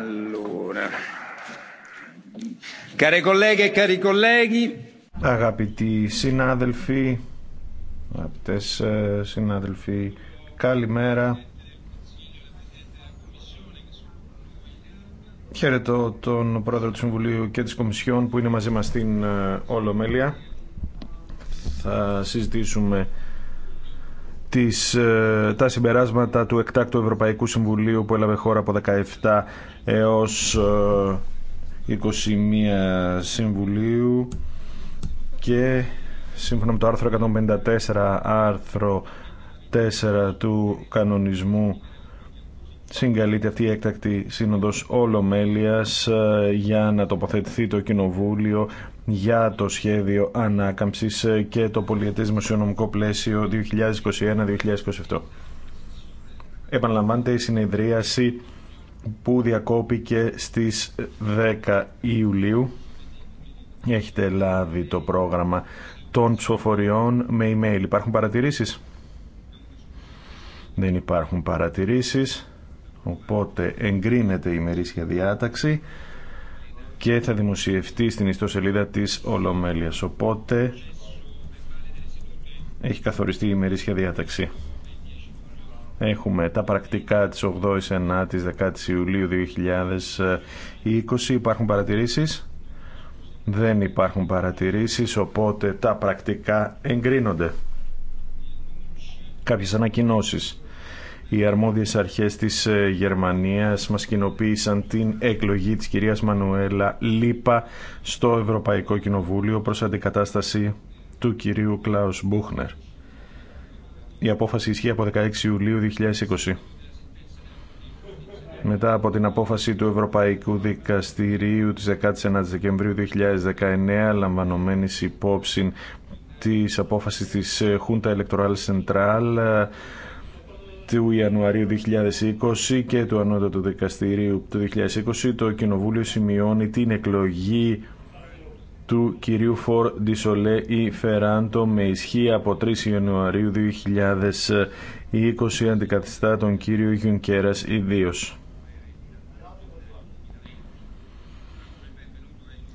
Allora. Care colleghe, e cari colleghi. Αγαπητοί συνάδελφοι, αγαπητέ ε, συνάδελφοι, καλημέρα. Χαιρετώ τον Πρόεδρο του Συμβουλίου και τη Κομισιόν που είναι μαζί μα στην ε, Ολομέλεια. Θα συζητήσουμε τις, ε, τα συμπεράσματα του εκτάκτου Ευρωπαϊκού Συμβουλίου που έλαβε χώρα από 17 έως 21 ε, Συμβουλίου και σύμφωνα με το άρθρο 154 άρθρο 4 του κανονισμού συγκαλείται αυτή η έκτακτη σύνοδος ολομέλειας ε, για να τοποθετηθεί το Κοινοβούλιο για το σχέδιο ανάκαμψης και το πολιετές δημοσιονομικό πλαίσιο 2021-2027. Επαναλαμβάνεται η συνεδρίαση που διακόπηκε στις 10 Ιουλίου. Έχετε λάβει το πρόγραμμα των ψηφοφοριών με email. Υπάρχουν παρατηρήσεις? Δεν υπάρχουν παρατηρήσεις, οπότε εγκρίνεται η μερίσια διάταξη και θα δημοσιευτεί στην ιστοσελίδα της Ολομέλειας. Οπότε έχει καθοριστεί η ημερήσια διάταξη. Έχουμε τα πρακτικά της 8ης 9ης 10ης Ιουλίου 2020. Υπάρχουν παρατηρήσεις. Δεν υπάρχουν παρατηρήσεις, οπότε τα πρακτικά εγκρίνονται. Κάποιες ανακοινώσεις. Οι αρμόδιες αρχές της ε, Γερμανίας μας κοινοποίησαν την εκλογή της κυρίας Μανουέλα Λίπα στο Ευρωπαϊκό Κοινοβούλιο προς αντικατάσταση του κυρίου Κλάους Μπούχνερ. Η απόφαση ισχύει από 16 Ιουλίου 2020 μετά από την απόφαση του Ευρωπαϊκού Δικαστηρίου της 19 Δεκεμβρίου 2019 λαμβανωμένης υπόψη της απόφασης της ε, Χούντα Electoral Σεντράλ του Ιανουαρίου 2020 και του Ανώτατου Δικαστηρίου του 2020 το Κοινοβούλιο σημειώνει την εκλογή του κυρίου Φορ Ντισολέ ή Φεράντο με ισχύ από 3 Ιανουαρίου 2020 αντικαθιστά τον κύριο Γιουνκέρας ιδίως.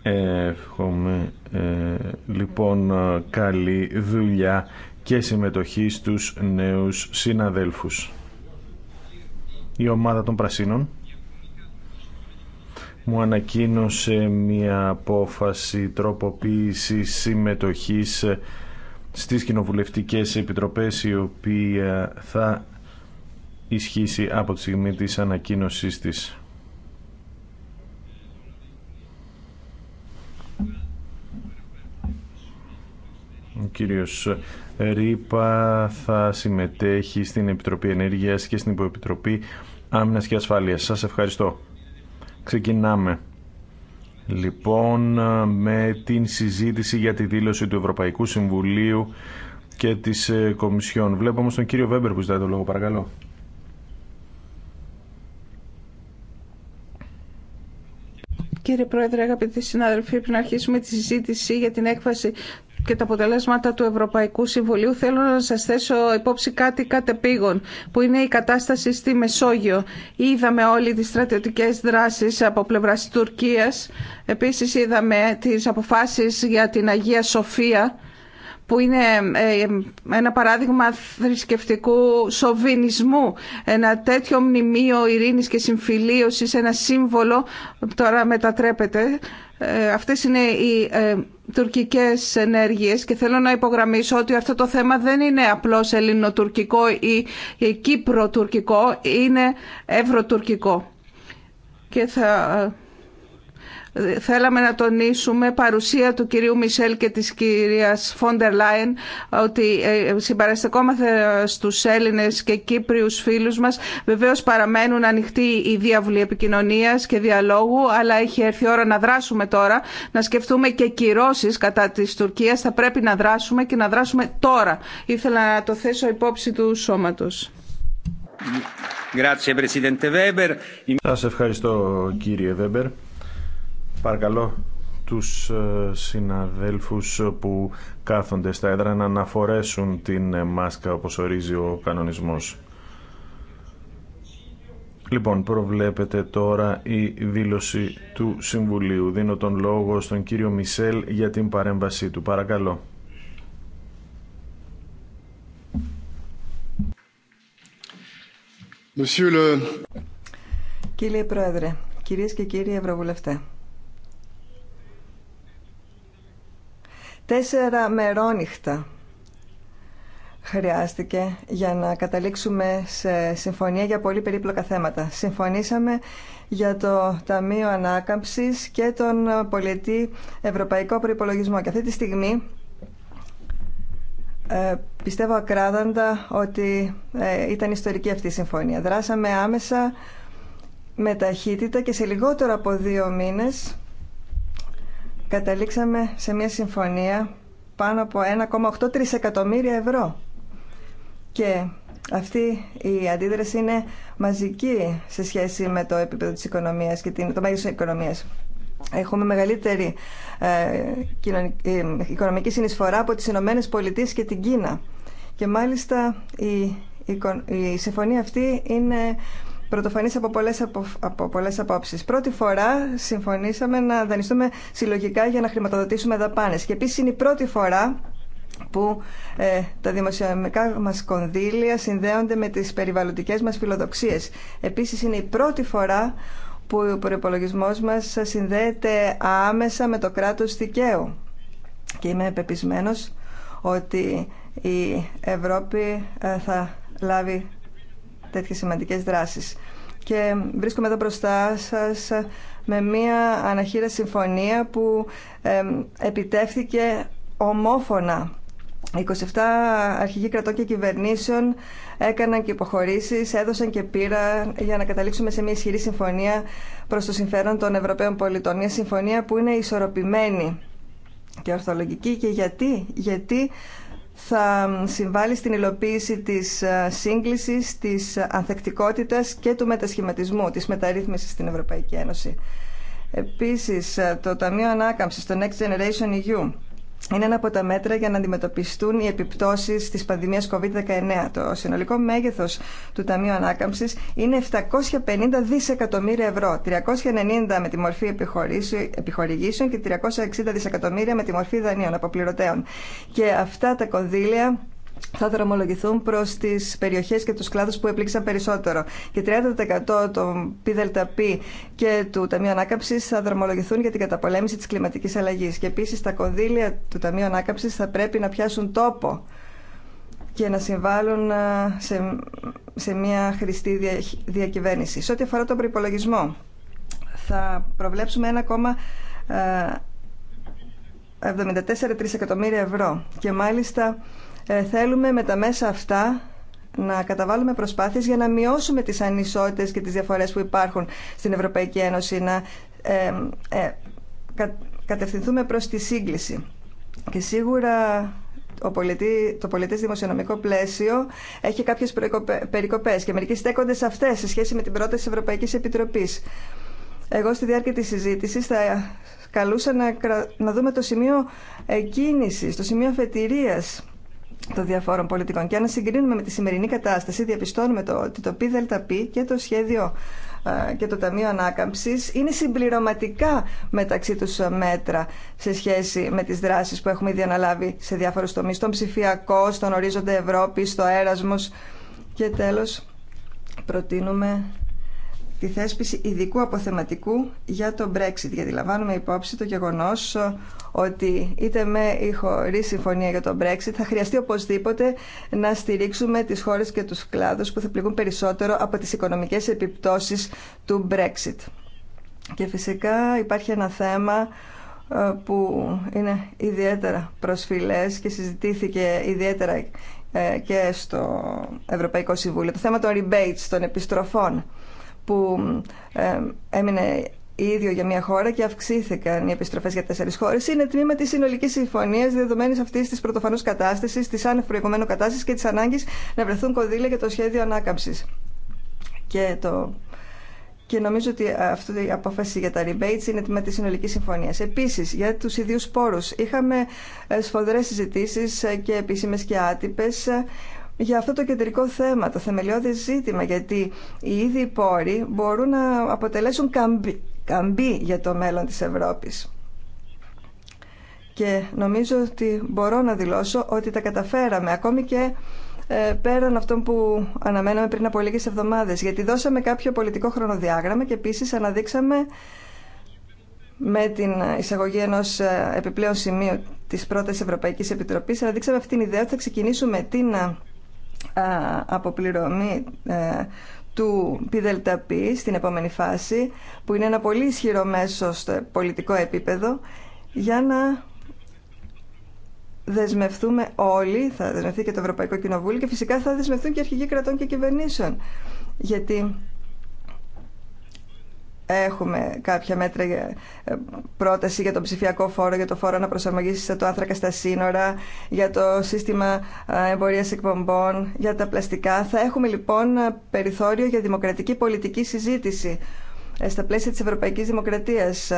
Εύχομαι ε, λοιπόν καλή δουλειά και συμμετοχή στους νέους συναδέλφους. Η ομάδα των Πρασίνων μου ανακοίνωσε μια απόφαση τροποποίησης συμμετοχής στις κοινοβουλευτικές επιτροπές η οποία θα ισχύσει από τη στιγμή της ανακοίνωσής της. Ο κύριος Ρήπα θα συμμετέχει στην Επιτροπή Ενέργειας και στην Υποεπιτροπή Άμυνας και Ασφάλειας. Σας ευχαριστώ. Ξεκινάμε. Λοιπόν, με την συζήτηση για τη δήλωση του Ευρωπαϊκού Συμβουλίου και της ε, Κομισιόν. Βλέπω όμως τον κύριο Βέμπερ που ζητάει το λόγο, παρακαλώ. Κύριε Πρόεδρε, αγαπητοί συνάδελφοι, πριν αρχίσουμε τη συζήτηση για την έκφαση και τα αποτελέσματα του Ευρωπαϊκού Συμβουλίου θέλω να σας θέσω υπόψη κάτι κατεπήγον που είναι η κατάσταση στη Μεσόγειο. Είδαμε όλοι τις στρατιωτικές δράσεις από πλευράς Τουρκίας. Επίσης είδαμε τις αποφάσεις για την Αγία Σοφία που είναι ε, ένα παράδειγμα θρησκευτικού σοβινισμού. Ένα τέτοιο μνημείο ειρήνης και συμφιλίωσης, ένα σύμβολο, τώρα μετατρέπεται. Ε, αυτές είναι οι ε, τουρκικές ενέργειες και θέλω να υπογραμμίσω ότι αυτό το θέμα δεν είναι απλώς ελληνοτουρκικό ή κύπρο-τουρκικό, είναι ευρωτουρκικό. Και θα Θέλαμε να τονίσουμε παρουσία του κυρίου Μισελ και της κυρίας Φόντερ Λάιν ότι ε, συμπαραστεκόμαστε στους Έλληνες και Κύπριους φίλους μας. Βεβαίως παραμένουν ανοιχτή η διαβουλή επικοινωνίας και διαλόγου, αλλά έχει έρθει η ώρα να δράσουμε τώρα, να σκεφτούμε και κυρώσει κατά της Τουρκίας. Θα πρέπει να δράσουμε και να δράσουμε τώρα. Ήθελα να το θέσω υπόψη του σώματος. Σας ευχαριστώ κύριε Βέμπερ παρακαλώ τους ε, συναδέλφους που κάθονται στα έδρα να αναφορέσουν την ε, μάσκα όπως ορίζει ο κανονισμός. Λοιπόν, προβλέπεται τώρα η δήλωση του Συμβουλίου. Δίνω τον λόγο στον κύριο Μισελ για την παρέμβασή του. Παρακαλώ. Κύριε Πρόεδρε, κυρίες και κύριοι Ευρωβουλευτές. Τέσσερα μερόνυχτα χρειάστηκε για να καταλήξουμε σε συμφωνία για πολύ περίπλοκα θέματα. Συμφωνήσαμε για το Ταμείο Ανάκαμψης και τον πολιτή Ευρωπαϊκό Προϋπολογισμό. Και αυτή τη στιγμή ε, πιστεύω ακράδαντα ότι ε, ήταν ιστορική αυτή η συμφωνία. Δράσαμε άμεσα με ταχύτητα και σε λιγότερο από δύο μήνες καταλήξαμε σε μια συμφωνία πάνω από 1,8 τρισεκατομμύρια ευρώ. Και αυτή η αντίδραση είναι μαζική σε σχέση με το επίπεδο της οικονομίας και το μέγεθος της οικονομίας. Έχουμε μεγαλύτερη ε, ε, οικονομική συνεισφορά από τις Ηνωμένε Πολιτείες και την Κίνα. Και μάλιστα η, η συμφωνία αυτή είναι πρωτοφανή από πολλέ από πολλές απόψει. Πρώτη φορά συμφωνήσαμε να δανειστούμε συλλογικά για να χρηματοδοτήσουμε δαπάνε. Και επίση είναι η πρώτη φορά που ε, τα δημοσιονομικά μας κονδύλια συνδέονται με τις περιβαλλοντικές μας φιλοδοξίες. Επίσης είναι η πρώτη φορά που ο προπολογισμό μας συνδέεται άμεσα με το κράτος δικαίου. Και είμαι πεπισμένος ότι η Ευρώπη ε, θα λάβει τέτοιες σημαντικές δράσεις. Και βρίσκομαι εδώ μπροστά σας με μία αναχείρα συμφωνία που επιτεύθηκε ομόφωνα 27 αρχηγοί κρατών και κυβερνήσεων έκαναν και υποχωρήσεις, έδωσαν και πήρα για να καταλήξουμε σε μια ισχυρή συμφωνία προς το συμφέρον των Ευρωπαίων πολιτών. Μια συμφωνία που είναι ισορροπημένη και ορθολογική και γιατί, γιατί θα συμβάλλει στην υλοποίηση της ε, σύγκλησης, της ανθεκτικότητας και του μετασχηματισμού, της μεταρρύθμισης στην Ευρωπαϊκή Ένωση. Επίσης, ε, το Ταμείο Ανάκαμψης, το Next Generation EU, είναι ένα από τα μέτρα για να αντιμετωπιστούν οι επιπτώσει τη πανδημια covid COVID-19. Το συνολικό μέγεθο του Ταμείου ανάκαμψη είναι 750 δισεκατομμύρια ευρώ, 390 με τη μορφή επιχορηγήσεων και 360 δισεκατομμύρια με τη μορφή δανείων αποπληρωτέων. Και αυτά τα κονδύλια θα δρομολογηθούν προς τις περιοχές και τους κλάδους που επλήξαν περισσότερο. Και 30% των ΠΔΠ και του Ταμείου Ανάκαμψη θα δρομολογηθούν για την καταπολέμηση της κλιματικής αλλαγή. Και επίση τα κονδύλια του Ταμείου Ανάκαμψη θα πρέπει να πιάσουν τόπο και να συμβάλλουν ε, σε, σε μια χρηστή διακυβέρνηση. Σε ό,τι αφορά τον προπολογισμό, θα προβλέψουμε 74 ε, τρισεκατομμύρια ευρώ και μάλιστα ε, θέλουμε με τα μέσα αυτά να καταβάλουμε προσπάθειες για να μειώσουμε τις ανισότητες και τις διαφορές που υπάρχουν στην Ευρωπαϊκή Ένωση, να ε, ε, κατευθυνθούμε προς τη σύγκληση. Και σίγουρα ο πολιτή, το πολιτές δημοσιονομικό πλαίσιο έχει κάποιες περικοπές και μερικοί στέκονται σε αυτές σε σχέση με την πρόταση της Ευρωπαϊκής Επιτροπής. Εγώ στη διάρκεια της συζήτησης θα καλούσα να, δούμε το σημείο κίνησης, το σημείο αφετηρίας των διαφόρων πολιτικών. Και αν συγκρίνουμε με τη σημερινή κατάσταση, διαπιστώνουμε το, ότι το ΠΔΠ και το σχέδιο και το Ταμείο Ανάκαμψης είναι συμπληρωματικά μεταξύ τους μέτρα σε σχέση με τις δράσεις που έχουμε ήδη αναλάβει σε διάφορους τομείς, στον ψηφιακό, στον ορίζοντα Ευρώπη, στο έρασμος και τέλος προτείνουμε τη θέσπιση ειδικού αποθεματικού για το Brexit. Γιατί λαμβάνουμε υπόψη το γεγονό ε, ότι είτε με ή χωρί συμφωνία για το Brexit θα χρειαστεί οπωσδήποτε να στηρίξουμε τις χώρες και τους κλάδους που θα πληγούν περισσότερο από τις οικονομικές επιπτώσεις του Brexit. Και φυσικά υπάρχει ένα θέμα ε, που είναι ιδιαίτερα προσφυλές και συζητήθηκε ιδιαίτερα ε, και στο Ευρωπαϊκό Συμβούλιο. Το θέμα των rebates, των επιστροφών που έμεινε ίδιο για μια χώρα και αυξήθηκαν οι επιστροφές για τέσσερις χώρες, είναι τμήμα τη συνολική συμφωνία δεδομένης αυτή τη πρωτοφανού κατάσταση, τη άνευ προηγουμένου κατάσταση και της ανάγκης να βρεθούν κονδύλια για το σχέδιο ανάκαμψη. Και, το... και νομίζω ότι αυτή η απόφαση για τα rebates είναι τμήμα τη συνολική συμφωνία. Επίση, για του ιδίου πόρου, είχαμε σφοδρέ συζητήσει και επίσημε και άτυπε για αυτό το κεντρικό θέμα, το θεμελιώδη ζήτημα, γιατί οι ίδιοι πόροι μπορούν να αποτελέσουν καμπή, για το μέλλον της Ευρώπης. Και νομίζω ότι μπορώ να δηλώσω ότι τα καταφέραμε, ακόμη και ε, πέραν αυτών που αναμέναμε πριν από λίγες εβδομάδες, γιατί δώσαμε κάποιο πολιτικό χρονοδιάγραμμα και επίσης αναδείξαμε με την εισαγωγή ενό ε, επιπλέον σημείου τη πρώτη Ευρωπαϊκή Επιτροπή, αναδείξαμε αυτήν την ιδέα ότι θα ξεκινήσουμε την ε, αποπληρωμή ε, του ΠΙΔΕΛΤΑΠΗ στην επόμενη φάση, που είναι ένα πολύ ισχυρό μέσο στο πολιτικό επίπεδο, για να δεσμευτούμε όλοι, θα δεσμευτεί και το Ευρωπαϊκό Κοινοβούλιο και φυσικά θα δεσμευτούν και αρχηγοί κρατών και κυβερνήσεων. Γιατί έχουμε κάποια μέτρα ε, πρόταση για τον ψηφιακό φόρο, για το φόρο αναπροσαρμογή το άνθρακα στα σύνορα, για το σύστημα εμπορία εκπομπών, για τα πλαστικά. Θα έχουμε λοιπόν περιθώριο για δημοκρατική πολιτική συζήτηση ε, στα πλαίσια της Ευρωπαϊκής Δημοκρατίας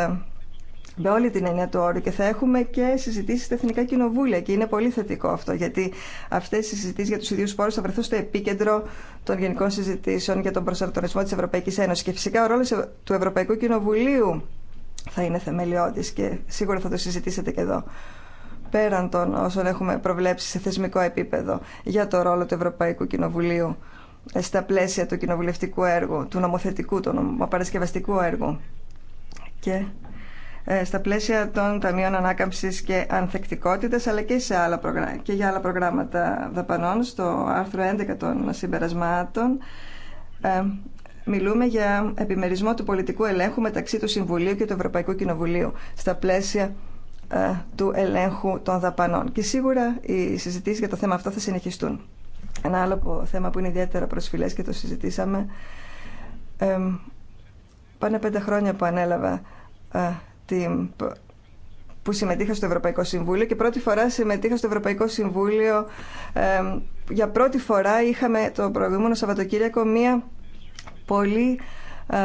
με όλη την έννοια του όρου και θα έχουμε και συζητήσει στα εθνικά κοινοβούλια και είναι πολύ θετικό αυτό γιατί αυτέ οι συζητήσει για του ίδιου πόρου θα βρεθούν στο επίκεντρο των γενικών συζητήσεων για τον προσαρτορισμό τη Ευρωπαϊκή Ένωση. και φυσικά ο ρόλο του Ευρωπαϊκού Κοινοβουλίου θα είναι θεμελιώδη. και σίγουρα θα το συζητήσετε και εδώ πέραν των όσων έχουμε προβλέψει σε θεσμικό επίπεδο για το ρόλο του Ευρωπαϊκού Κοινοβουλίου ε, στα πλαίσια του κοινοβουλευτικού έργου, του νομοθετικού, του παρασκευαστικού έργου. Και ε, στα πλαίσια των Ταμείων Ανάκαμψης και Ανθεκτικότητας αλλά και, σε άλλα και για άλλα προγράμματα δαπανών στο άρθρο 11 των συμπερασμάτων ε, μιλούμε για επιμερισμό του πολιτικού ελέγχου μεταξύ του Συμβουλίου και του Ευρωπαϊκού Κοινοβουλίου στα πλαίσια ε, του ελέγχου των δαπανών. Και σίγουρα οι συζητήσεις για το θέμα αυτό θα συνεχιστούν. Ένα άλλο θέμα που είναι ιδιαίτερα προσφυλές και το συζητήσαμε. Ε, πάνε πέντε χρόνια που ανέλαβα που συμμετείχα στο Ευρωπαϊκό Συμβούλιο και πρώτη φορά συμμετείχα στο Ευρωπαϊκό Συμβούλιο. Ε, για πρώτη φορά είχαμε το προηγούμενο Σαββατοκύριακο μία πολύ ε,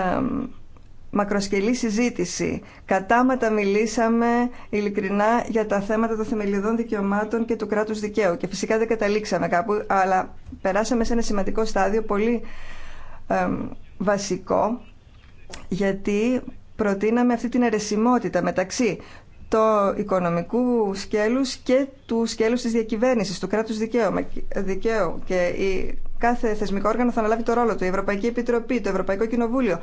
μακροσκελή συζήτηση. Κατάματα μιλήσαμε ειλικρινά για τα θέματα των θεμελιωδών δικαιωμάτων και του κράτους δικαίου. Και φυσικά δεν καταλήξαμε κάπου, αλλά περάσαμε σε ένα σημαντικό στάδιο, πολύ ε, βασικό, γιατί προτείναμε αυτή την αιρεσιμότητα μεταξύ το οικονομικού σκέλους και του σκέλους της διακυβέρνησης, του κράτους δικαίου. Και η κάθε θεσμικό όργανο θα αναλάβει το ρόλο του, η Ευρωπαϊκή Επιτροπή, το Ευρωπαϊκό Κοινοβούλιο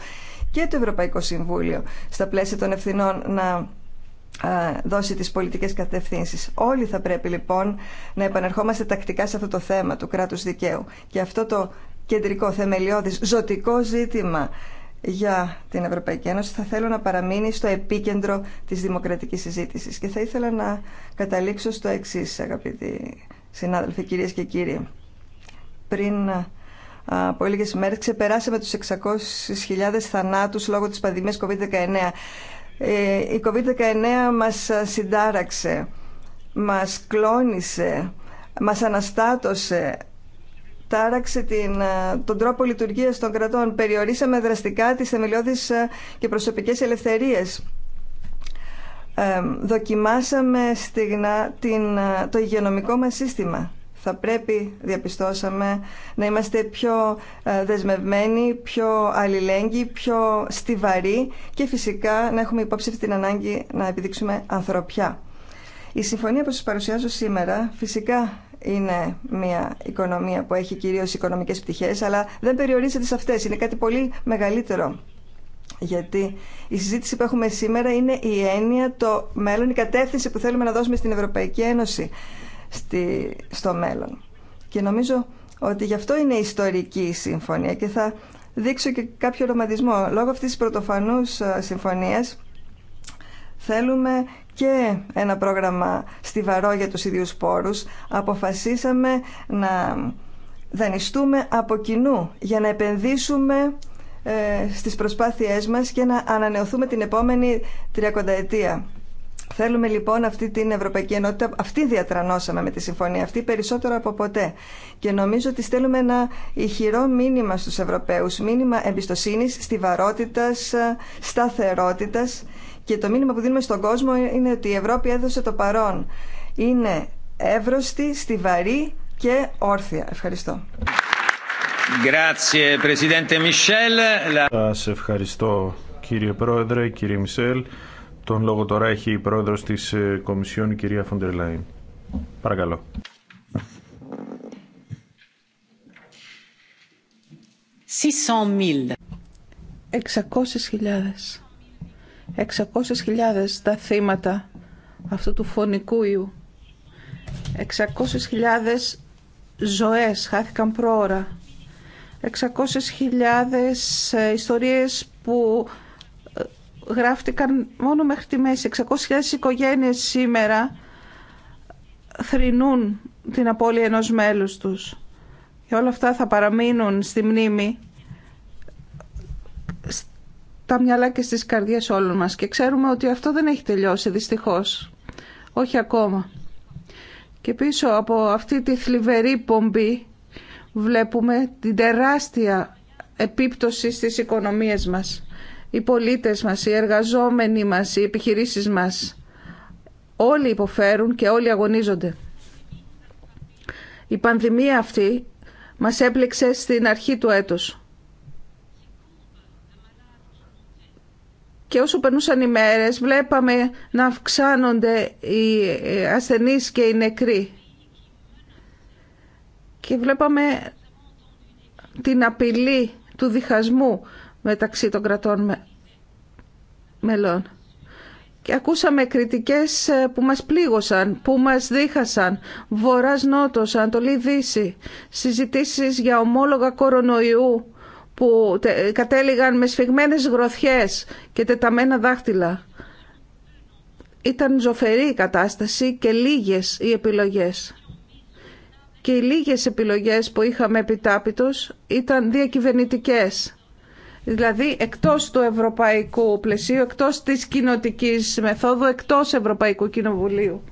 και το Ευρωπαϊκό Συμβούλιο στα πλαίσια των ευθυνών να δώσει τις πολιτικές κατευθύνσεις. Όλοι θα πρέπει λοιπόν να επανερχόμαστε τακτικά σε αυτό το θέμα του κράτους δικαίου. Και αυτό το κεντρικό, θεμελιώδης, ζωτικό ζήτημα για την Ευρωπαϊκή Ένωση θα θέλω να παραμείνει στο επίκεντρο της δημοκρατικής συζήτησης. Και θα ήθελα να καταλήξω στο εξή, αγαπητοί συνάδελφοι, κυρίες και κύριοι. Πριν από λίγε μέρες ξεπεράσαμε τους 600.000 θανάτους λόγω της πανδημίας COVID-19. Ε, η COVID-19 μας συντάραξε, μας κλώνησε, μας αναστάτωσε, τάραξε την, ε, τον τρόπο λειτουργίας των κρατών. Περιορίσαμε δραστικά τις θεμελιώδεις ε, και προσωπικές ελευθερίες. δοκιμάσαμε στιγνά την, ε, το υγειονομικό μας σύστημα. Θα πρέπει, διαπιστώσαμε, να είμαστε πιο δεσμευμένοι, πιο αλληλέγγυοι, πιο στιβαροί και φυσικά να έχουμε υπόψη την ανάγκη να επιδείξουμε ανθρωπιά. Η συμφωνία που σας παρουσιάζω σήμερα φυσικά είναι μια οικονομία που έχει κυρίως οικονομικές πτυχές, αλλά δεν περιορίζεται σε αυτές. Είναι κάτι πολύ μεγαλύτερο. Γιατί η συζήτηση που έχουμε σήμερα είναι η έννοια, το μέλλον, η κατεύθυνση που θέλουμε να δώσουμε στην Ευρωπαϊκή Ένωση στη, στο μέλλον. Και νομίζω ότι γι' αυτό είναι ιστορική η συμφωνία και θα δείξω και κάποιο ρομαντισμό. Λόγω αυτής της πρωτοφανούς συμφωνίας θέλουμε και ένα πρόγραμμα στιβαρό για τους ίδιους πόρους, αποφασίσαμε να δανειστούμε από κοινού για να επενδύσουμε ε, στις προσπάθειές μας και να ανανεωθούμε την επόμενη τριακονταετία. Θέλουμε λοιπόν αυτή την Ευρωπαϊκή Ενότητα, αυτή διατρανώσαμε με τη συμφωνία αυτή περισσότερο από ποτέ. Και νομίζω ότι στέλνουμε ένα ηχηρό μήνυμα στους Ευρωπαίους, μήνυμα εμπιστοσύνης, στιβαρότητας, σταθερότητας και το μήνυμα που δίνουμε στον κόσμο είναι ότι η Ευρώπη έδωσε το παρόν. Είναι εύρωστη, στιβαρή και όρθια. Ευχαριστώ. Σας ευχαριστώ κύριε Πρόεδρε, κύριε Μισελ. Τον λόγο τώρα έχει η Πρόεδρος της ε, Κομισιόν, η κυρία Φοντερ Λάιν. Παρακαλώ. Εξακόσες χιλιάδες. 600.000 τα θύματα αυτού του φωνικού ιού. 600.000 ζωές χάθηκαν πρόωρα. 600.000 ε, ιστορίες που ε, γράφτηκαν μόνο μέχρι τη μέση. 600.000 οικογένειες σήμερα θρηνούν την απώλεια ενός μέλους τους. Και όλα αυτά θα παραμείνουν στη μνήμη τα μυαλά και στις καρδιές όλων μας και ξέρουμε ότι αυτό δεν έχει τελειώσει δυστυχώς. Όχι ακόμα. Και πίσω από αυτή τη θλιβερή πομπή βλέπουμε την τεράστια επίπτωση στις οικονομίες μας. Οι πολίτες μας, οι εργαζόμενοι μας, οι επιχειρήσεις μας. Όλοι υποφέρουν και όλοι αγωνίζονται. Η πανδημία αυτή μας έπληξε στην αρχή του έτους και όσο περνούσαν οι μέρες βλέπαμε να αυξάνονται οι ασθενείς και οι νεκροί. Και βλέπαμε την απειλή του διχασμού μεταξύ των κρατών μελών. Και ακούσαμε κριτικές ε, που μας πλήγωσαν, που μας δίχασαν, βορράς νότος, ανατολή δύση, συζητήσεις για ομόλογα κορονοϊού, που κατέληγαν με σφιγμένες γροθιές και τεταμένα δάχτυλα. Ήταν ζωφερή η κατάσταση και λίγες οι επιλογές. Και οι λίγες επιλογές που είχαμε επιτάπητος ήταν διακυβερνητικές. Δηλαδή εκτός του ευρωπαϊκού πλαισίου, εκτός της κοινοτικής μεθόδου, εκτός Ευρωπαϊκού Κοινοβουλίου.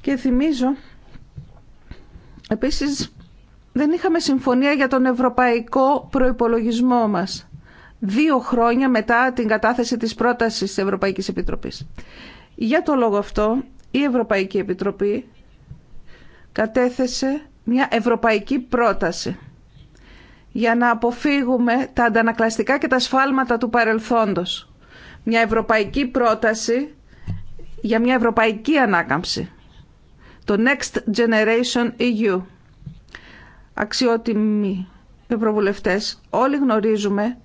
Και θυμίζω επίσης δεν είχαμε συμφωνία για τον ευρωπαϊκό προϋπολογισμό μας. Δύο χρόνια μετά την κατάθεση της πρότασης της Ευρωπαϊκής Επιτροπής. Για το λόγο αυτό, η Ευρωπαϊκή Επιτροπή κατέθεσε μια ευρωπαϊκή πρόταση για να αποφύγουμε τα αντανακλαστικά και τα σφάλματα του παρελθόντος. Μια ευρωπαϊκή πρόταση για μια ευρωπαϊκή ανάκαμψη. Το Next Generation EU αξιότιμοι ευρωβουλευτές, όλοι γνωρίζουμε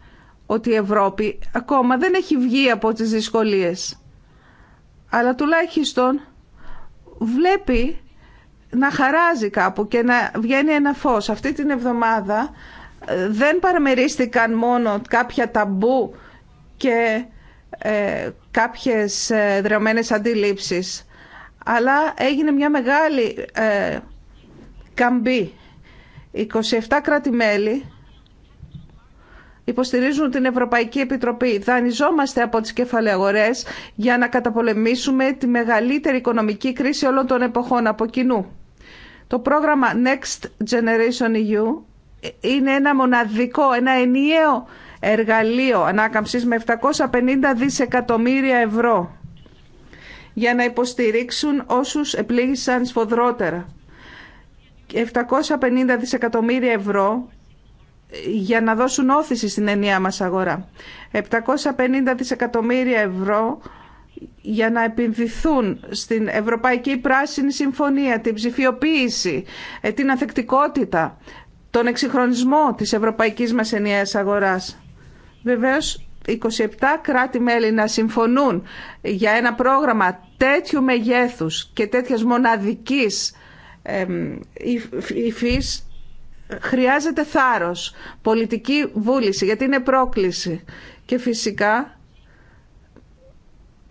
ότι η Ευρώπη ακόμα δεν έχει βγει από τις δυσκολίες. Αλλά τουλάχιστον βλέπει να χαράζει κάπου και να βγαίνει ένα φως. Αυτή την εβδομάδα ε, δεν παραμερίστηκαν μόνο κάποια ταμπού και ε, κάποιες ε, δρεωμένες αντιλήψεις, αλλά έγινε μια μεγάλη ε, καμπή 27 κράτη-μέλη υποστηρίζουν την Ευρωπαϊκή Επιτροπή. Δανειζόμαστε από τις κεφαλαιαγορές για να καταπολεμήσουμε τη μεγαλύτερη οικονομική κρίση όλων των εποχών από κοινού. Το πρόγραμμα Next Generation EU είναι ένα μοναδικό, ένα ενιαίο εργαλείο ανάκαμψης με 750 δισεκατομμύρια ευρώ για να υποστηρίξουν όσους επλήγησαν σφοδρότερα. 750 δισεκατομμύρια ευρώ για να δώσουν όθηση στην ενιαία μας αγορά. 750 δισεκατομμύρια ευρώ για να επενδυθούν στην Ευρωπαϊκή Πράσινη Συμφωνία, την ψηφιοποίηση, ε, την αθεκτικότητα, τον εξυγχρονισμό της Ευρωπαϊκής μας ενιαίας αγοράς. Βεβαίως, 27 κράτη-μέλη να συμφωνούν για ένα πρόγραμμα τέτοιου μεγέθους και τέτοιας μοναδικής η φύση χρειάζεται θάρρος, πολιτική βούληση, γιατί είναι πρόκληση. Και φυσικά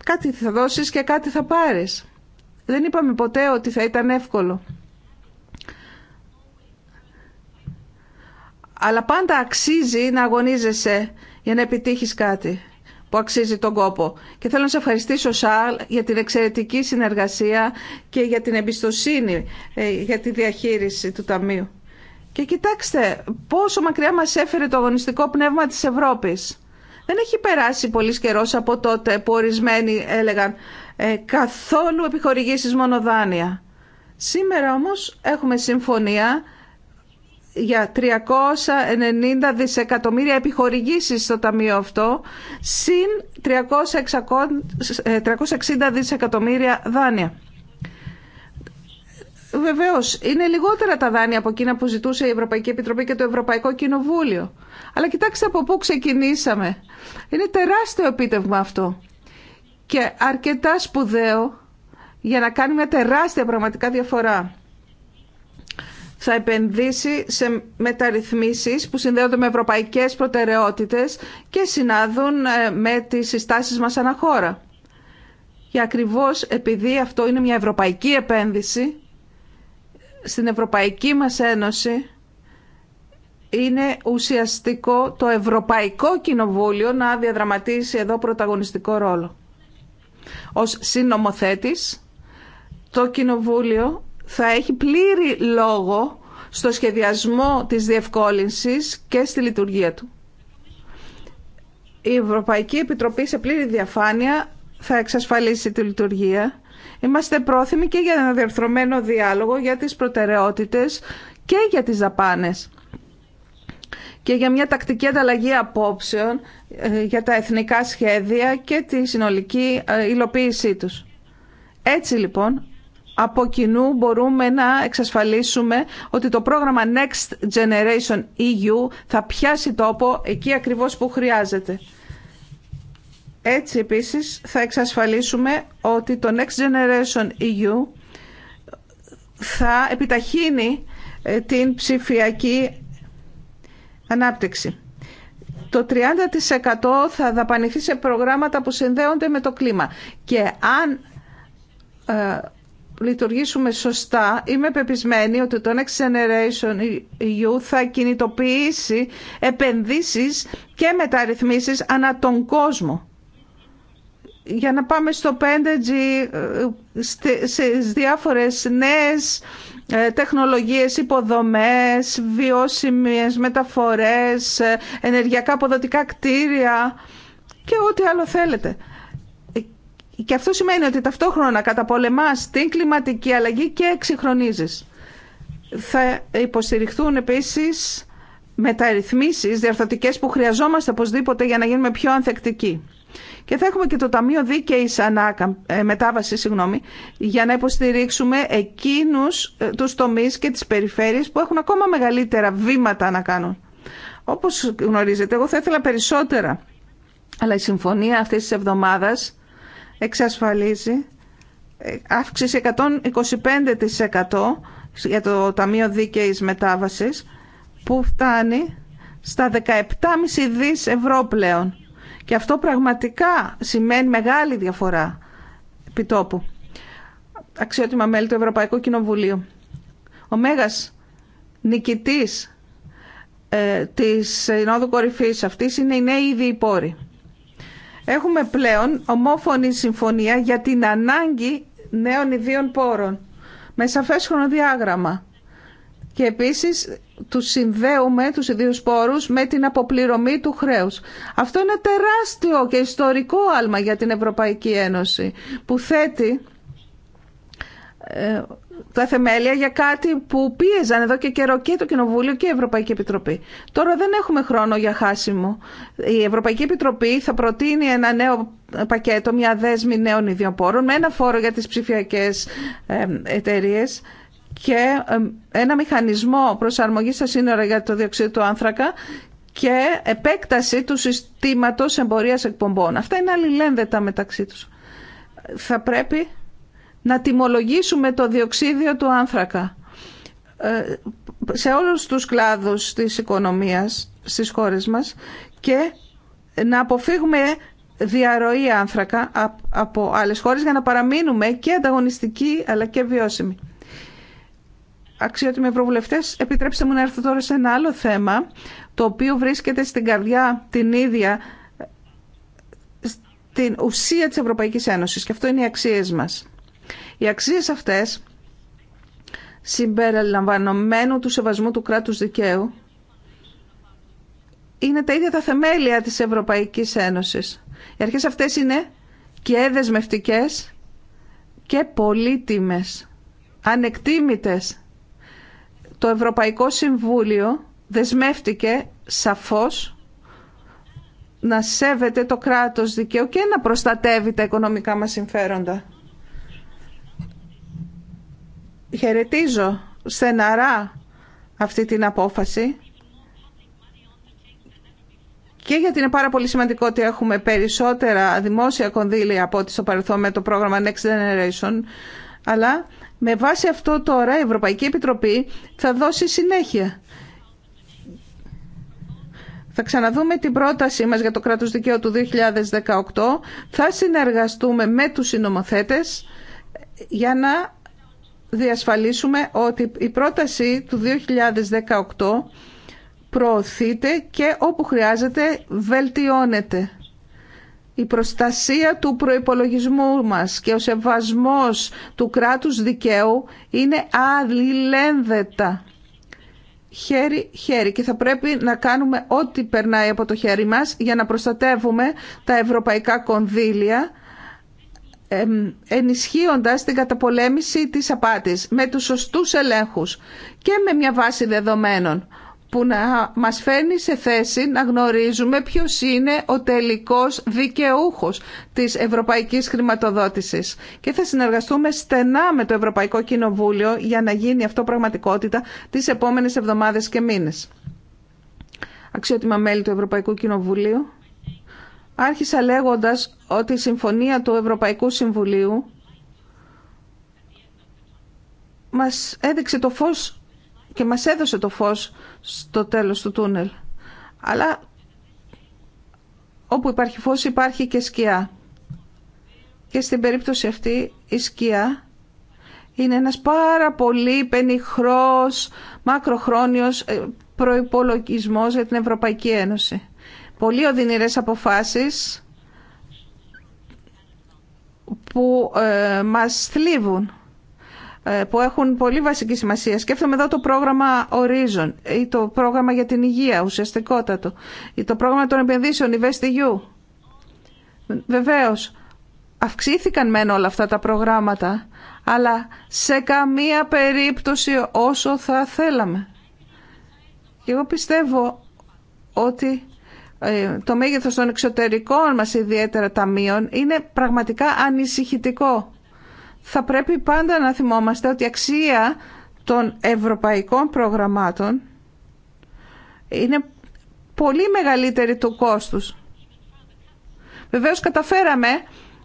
κάτι θα δώσεις και κάτι θα πάρεις. Δεν είπαμε ποτέ ότι θα ήταν εύκολο. Αλλά πάντα αξίζει να αγωνίζεσαι για να επιτύχεις κάτι που αξίζει τον κόπο. Και θέλω να σε ευχαριστήσω, Σαλ, για την εξαιρετική συνεργασία και για την εμπιστοσύνη ε, για τη διαχείριση του Ταμείου. Και κοιτάξτε πόσο μακριά μας έφερε το αγωνιστικό πνεύμα της Ευρώπης. Δεν έχει περάσει πολύ καιρό από τότε που ορισμένοι έλεγαν ε, καθόλου επιχορηγήσεις μονοδάνεια». Σήμερα όμως έχουμε συμφωνία για 390 δισεκατομμύρια επιχορηγήσεις στο ταμείο αυτό, συν 360 ε, δισεκατομμύρια δάνεια. Βεβαίω, είναι λιγότερα τα δάνεια από εκείνα που ζητούσε η Ευρωπαϊκή Επιτροπή και το Ευρωπαϊκό Κοινοβούλιο. Αλλά κοιτάξτε από πού ξεκινήσαμε. Είναι τεράστιο επίτευγμα αυτό. Και αρκετά σπουδαίο για να κάνει μια τεράστια πραγματικά διαφορά θα επενδύσει σε μεταρρυθμίσεις που συνδέονται με ευρωπαϊκές προτεραιότητες και συνάδουν ε, με τις συστάσεις μας αναχώρα. Και ακριβώς επειδή αυτό είναι μια ευρωπαϊκή επένδυση, στην Ευρωπαϊκή μας Ένωση είναι ουσιαστικό το Ευρωπαϊκό Κοινοβούλιο να διαδραματίσει εδώ πρωταγωνιστικό ρόλο. Ως συνομοθέτης, το Κοινοβούλιο θα έχει πλήρη λόγο στο σχεδιασμό της διευκόλυνσης και στη λειτουργία του. Η Ευρωπαϊκή Επιτροπή σε πλήρη διαφάνεια θα εξασφαλίσει τη λειτουργία. Είμαστε πρόθυμοι και για ένα διαρθρωμένο διάλογο για τις προτεραιότητες και για τις δαπάνες και για μια τακτική ανταλλαγή απόψεων ε, για τα εθνικά σχέδια και τη συνολική ε, υλοποίησή τους. Έτσι λοιπόν από κοινού μπορούμε να εξασφαλίσουμε ότι το πρόγραμμα Next Generation EU θα πιάσει τόπο εκεί ακριβώς που χρειάζεται. Έτσι επίσης θα εξασφαλίσουμε ότι το Next Generation EU θα επιταχύνει ε, την ψηφιακή ανάπτυξη. Το 30% θα δαπανηθεί σε προγράμματα που συνδέονται με το κλίμα. Και αν ε, λειτουργήσουμε σωστά, είμαι πεπισμένη ότι το Next Generation EU θα κινητοποιήσει επενδύσεις και μεταρρυθμίσεις ανά τον κόσμο. Για να πάμε στο 5G, στις διάφορες νέες ε, τεχνολογίες, υποδομές, βιώσιμες μεταφορές, ε, ενεργειακά αποδοτικά κτίρια και ό,τι άλλο θέλετε. Και αυτό σημαίνει ότι ταυτόχρονα καταπολεμάς την κλιματική αλλαγή και εξυγχρονίζεις. Θα υποστηριχθούν επίσης μεταρρυθμίσεις διαρθωτικές που χρειαζόμαστε οπωσδήποτε για να γίνουμε πιο ανθεκτικοί. Και θα έχουμε και το Ταμείο δίκαιη Ανάκα, ε, Μετάβαση συγγνώμη, για να υποστηρίξουμε εκείνου ε, του τομεί και τι περιφέρειες που έχουν ακόμα μεγαλύτερα βήματα να κάνουν. Όπω γνωρίζετε, εγώ θα ήθελα περισσότερα. Αλλά η συμφωνία αυτή τη εβδομάδα εξασφαλίζει ε, αύξηση 125% για το Ταμείο Δίκαιης Μετάβασης που φτάνει στα 17,5 δις ευρώ πλέον. Και αυτό πραγματικά σημαίνει μεγάλη διαφορά επιτόπου. Αξιότιμα μέλη του Ευρωπαϊκού Κοινοβουλίου. Ο Μέγας νικητής ε, της Συνόδου Κορυφής αυτής είναι οι νέοι ήδη Έχουμε πλέον ομόφωνη συμφωνία για την ανάγκη νέων ιδίων πόρων με σαφές χρονοδιάγραμμα. Και επίσης τους συνδέουμε τους ιδίους πόρους με την αποπληρωμή του χρέους. Αυτό είναι τεράστιο και ιστορικό άλμα για την Ευρωπαϊκή Ένωση που θέτει ε, τα θεμέλια για κάτι που πίεζαν εδώ και καιρό και το Κοινοβούλιο και η Ευρωπαϊκή Επιτροπή. Τώρα δεν έχουμε χρόνο για χάσιμο. Η Ευρωπαϊκή Επιτροπή θα προτείνει ένα νέο πακέτο, μια δέσμη νέων ιδιοπόρων με ένα φόρο για τις ψηφιακές εταιρείε και ένα μηχανισμό προσαρμογής στα σύνορα για το διοξείδιο του άνθρακα και επέκταση του συστήματος εμπορίας εκπομπών. Αυτά είναι αλληλένδετα μεταξύ τους. Θα πρέπει να τιμολογήσουμε το διοξίδιο του άνθρακα ε, σε όλους τους κλάδους της οικονομίας στις χώρες μας και να αποφύγουμε διαρροή άνθρακα από άλλες χώρες για να παραμείνουμε και ανταγωνιστικοί αλλά και βιώσιμοι. Αξιότιμοι ευρωβουλευτέ, επιτρέψτε μου να έρθω τώρα σε ένα άλλο θέμα το οποίο βρίσκεται στην καρδιά την ίδια ε, την ουσία της Ευρωπαϊκής Ένωσης και αυτό είναι οι αξίες μας. Οι αξίες αυτές συμπεριλαμβανομένου του σεβασμού του κράτους δικαίου είναι τα ίδια τα θεμέλια της Ευρωπαϊκής Ένωσης. Οι αρχές αυτές είναι και δεσμευτικές και πολύτιμες, ανεκτήμητες. Το Ευρωπαϊκό Συμβούλιο δεσμεύτηκε σαφώς να σέβεται το κράτος δικαίου και να προστατεύει τα οικονομικά μας συμφέροντα. Χαιρετίζω στεναρά αυτή την απόφαση και γιατί είναι πάρα πολύ σημαντικό ότι έχουμε περισσότερα δημόσια κονδύλια από ό,τι στο παρελθόν με το πρόγραμμα Next Generation, αλλά με βάση αυτό τώρα η Ευρωπαϊκή Επιτροπή θα δώσει συνέχεια. Θα ξαναδούμε την πρότασή μας για το κράτος δικαίου του 2018. Θα συνεργαστούμε με τους συνομοθέτες για να διασφαλίσουμε ότι η πρόταση του 2018 προωθείται και όπου χρειάζεται βελτιώνεται. Η προστασία του προϋπολογισμού μας και ο σεβασμός του κράτους δικαίου είναι αλληλένδετα. Χέρι, χέρι και θα πρέπει να κάνουμε ό,τι περνάει από το χέρι μας για να προστατεύουμε τα ευρωπαϊκά κονδύλια ενισχύοντας την καταπολέμηση της απάτης με τους σωστούς ελέγχους και με μια βάση δεδομένων που να μας φέρνει σε θέση να γνωρίζουμε ποιος είναι ο τελικός δικαιούχος της ευρωπαϊκής χρηματοδότησης. Και θα συνεργαστούμε στενά με το Ευρωπαϊκό Κοινοβούλιο για να γίνει αυτό πραγματικότητα τις επόμενες εβδομάδες και μήνες. Αξιότιμα μέλη του Ευρωπαϊκού Κοινοβουλίου. Άρχισα λέγοντας ότι η συμφωνία του Ευρωπαϊκού Συμβουλίου μας έδειξε το φως και μας έδωσε το φως στο τέλος του τούνελ. Αλλά όπου υπάρχει φως υπάρχει και σκιά. Και στην περίπτωση αυτή η σκιά είναι ένας πάρα πολύ πενιχρός, μακροχρόνιος ε, προϋπολογισμός για την Ευρωπαϊκή Ένωση πολύ οδυνηρές αποφάσεις που ε, μας θλίβουν ε, που έχουν πολύ βασική σημασία. Σκέφτομαι εδώ το πρόγραμμα Horizon ή το πρόγραμμα για την υγεία, ουσιαστικότατο, ή το πρόγραμμα των επενδύσεων, InvestEU. Βεβαίως, αυξήθηκαν μεν όλα αυτά τα προγράμματα, αλλά σε καμία περίπτωση όσο θα θέλαμε. Και εγώ πιστεύω ότι ε, το μέγεθος των εξωτερικών μας ιδιαίτερα ταμείων είναι πραγματικά ανησυχητικό. Θα πρέπει πάντα να θυμόμαστε ότι η αξία των ευρωπαϊκών προγραμμάτων είναι πολύ μεγαλύτερη του κόστους. Βεβαίως καταφέραμε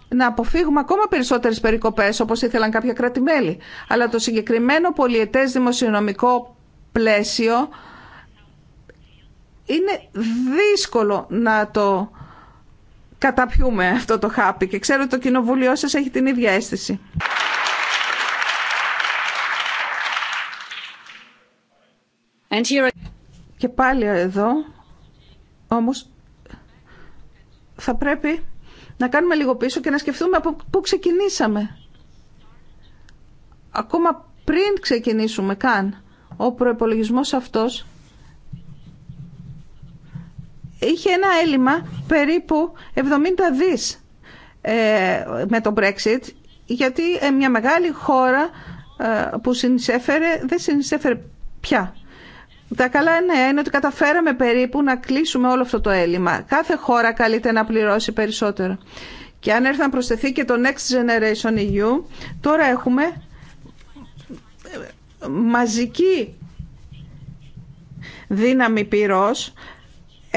να αποφύγουμε ακόμα περισσότερες περικοπές όπως ήθελαν κάποια κράτη-μέλη. Αλλά το συγκεκριμένο πολιετές δημοσιονομικό πλαίσιο είναι δύσκολο να το καταπιούμε αυτό το χάπι και ξέρω ότι το κοινοβούλιο σας έχει την ίδια αίσθηση. Και πάλι εδώ, όμως, θα πρέπει να κάνουμε λίγο πίσω και να σκεφτούμε από πού ξεκινήσαμε. Ακόμα πριν ξεκινήσουμε καν, ο προϋπολογισμός αυτός είχε ένα έλλειμμα περίπου 70 δις ε, με το Brexit γιατί ε, μια μεγάλη χώρα ε, που συνεισέφερε δεν συνεισέφερε πια. Τα καλά νέα είναι ότι καταφέραμε περίπου να κλείσουμε όλο αυτό το έλλειμμα. Κάθε χώρα καλείται να πληρώσει περισσότερο. Και αν έρθει να προσθεθεί και το Next Generation EU, τώρα έχουμε μαζική δύναμη πυρός 1,83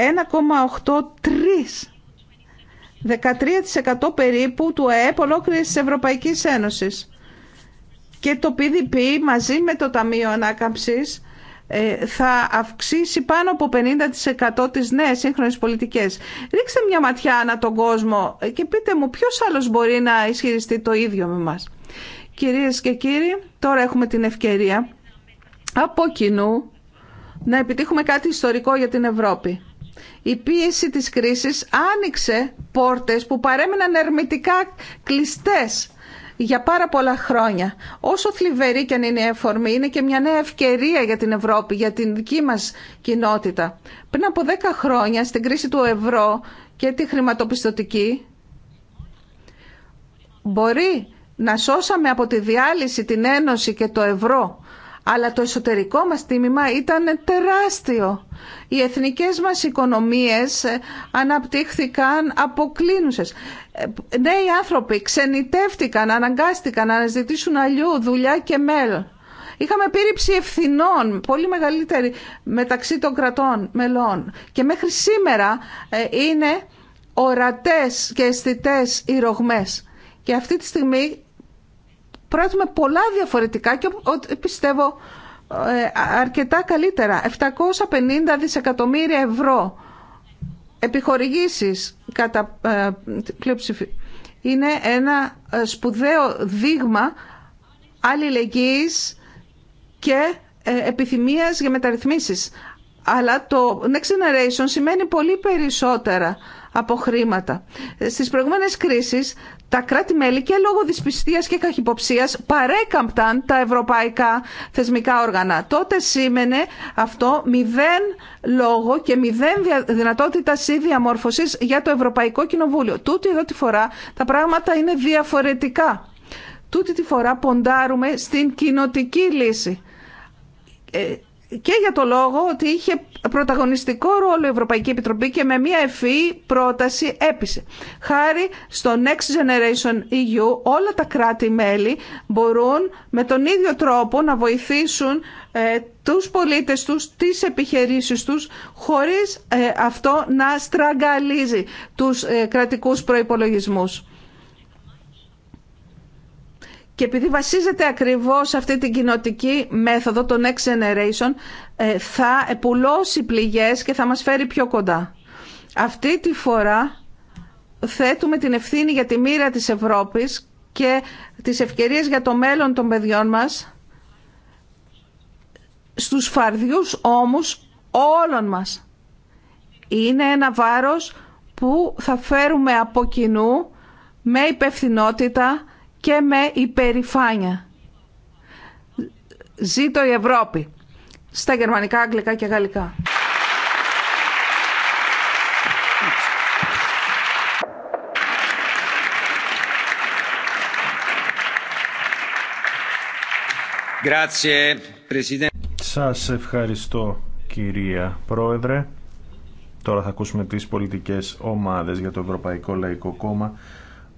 13% περίπου του ΕΕΠ ολόκληρης τη Ευρωπαϊκής Ένωσης. Και το PDP μαζί με το Ταμείο Ανάκαμψης ε, θα αυξήσει πάνω από 50% τις νέες σύγχρονες πολιτικές. Ρίξτε μια ματιά ανά τον κόσμο και πείτε μου ποιος άλλος μπορεί να ισχυριστεί το ίδιο με μας. Κυρίες και κύριοι, τώρα έχουμε την ευκαιρία από κοινού να επιτύχουμε κάτι ιστορικό για την Ευρώπη η πίεση της κρίσης άνοιξε πόρτες που παρέμειναν ερμητικά κλειστές για πάρα πολλά χρόνια. Όσο θλιβερή και αν είναι η εφορμή, είναι και μια νέα ευκαιρία για την Ευρώπη, για την δική μας κοινότητα. Πριν από 10 χρόνια, στην κρίση του ευρώ και τη χρηματοπιστωτική, μπορεί να σώσαμε από τη διάλυση την Ένωση και το ευρώ αλλά το εσωτερικό μας τίμημα ήταν τεράστιο. Οι εθνικές μας οικονομίες ε, αναπτύχθηκαν αποκλίνουσες. Ε, Νέοι ναι, άνθρωποι ξενιτεύτηκαν, αναγκάστηκαν να αναζητήσουν αλλιού δουλειά και μέλλον. Είχαμε πήρυψη ευθυνών, πολύ μεγαλύτερη μεταξύ των κρατών μελών. Και μέχρι σήμερα ε, είναι ορατές και αισθητέ οι ρογμές. Και αυτή τη στιγμή πράττουμε πολλά διαφορετικά και πιστεύω ε, αρκετά καλύτερα. 750 δισεκατομμύρια ευρώ επιχορηγήσεις κατά ε, Είναι ένα ε, σπουδαίο δείγμα αλληλεγγύης και επιθυμίας για μεταρρυθμίσεις. Αλλά το Next Generation σημαίνει πολύ περισσότερα από χρήματα. Στις προηγούμενες κρίσεις τα κράτη-μέλη και λόγω δυσπιστίας και καχυποψίας παρέκαμπταν τα ευρωπαϊκά θεσμικά όργανα. Τότε σήμαινε αυτό μηδέν λόγο και μηδέν δυνατότητα ή διαμόρφωσης για το Ευρωπαϊκό Κοινοβούλιο. Τούτη εδώ τη φορά τα πράγματα είναι διαφορετικά. Τούτη τη φορά ποντάρουμε στην κοινοτική λύση ε, και για το λόγο ότι είχε πρωταγωνιστικό ρόλο η Ευρωπαϊκή Επιτροπή και με μια ευφυή πρόταση έπεισε. Χάρη στο Next Generation EU όλα τα κράτη-μέλη μπορούν με τον ίδιο τρόπο να βοηθήσουν ε, τους πολίτες τους, τις επιχειρήσεις τους χωρίς ε, αυτό να στραγγαλίζει τους ε, κρατικούς προϋπολογισμούς. Και επειδή βασίζεται ακριβώς αυτή την κοινοτική μέθοδο, το Next Generation, ε, θα επουλώσει πληγές και θα μας φέρει πιο κοντά. Αυτή τη φορά θέτουμε την ευθύνη για τη μοίρα της Ευρώπης και τις ευκαιρίες για το μέλλον των παιδιών μας στους φαρδιούς όμως όλων μας. Είναι ένα βάρος που θα φέρουμε από κοινού με υπευθυνότητα και με υπερηφάνεια. Ζήτω η Ευρώπη. Στα γερμανικά, αγγλικά και γαλλικά. Σας ευχαριστώ κυρία Πρόεδρε. Τώρα θα ακούσουμε τις πολιτικές ομάδες για το Ευρωπαϊκό Λαϊκό Κόμμα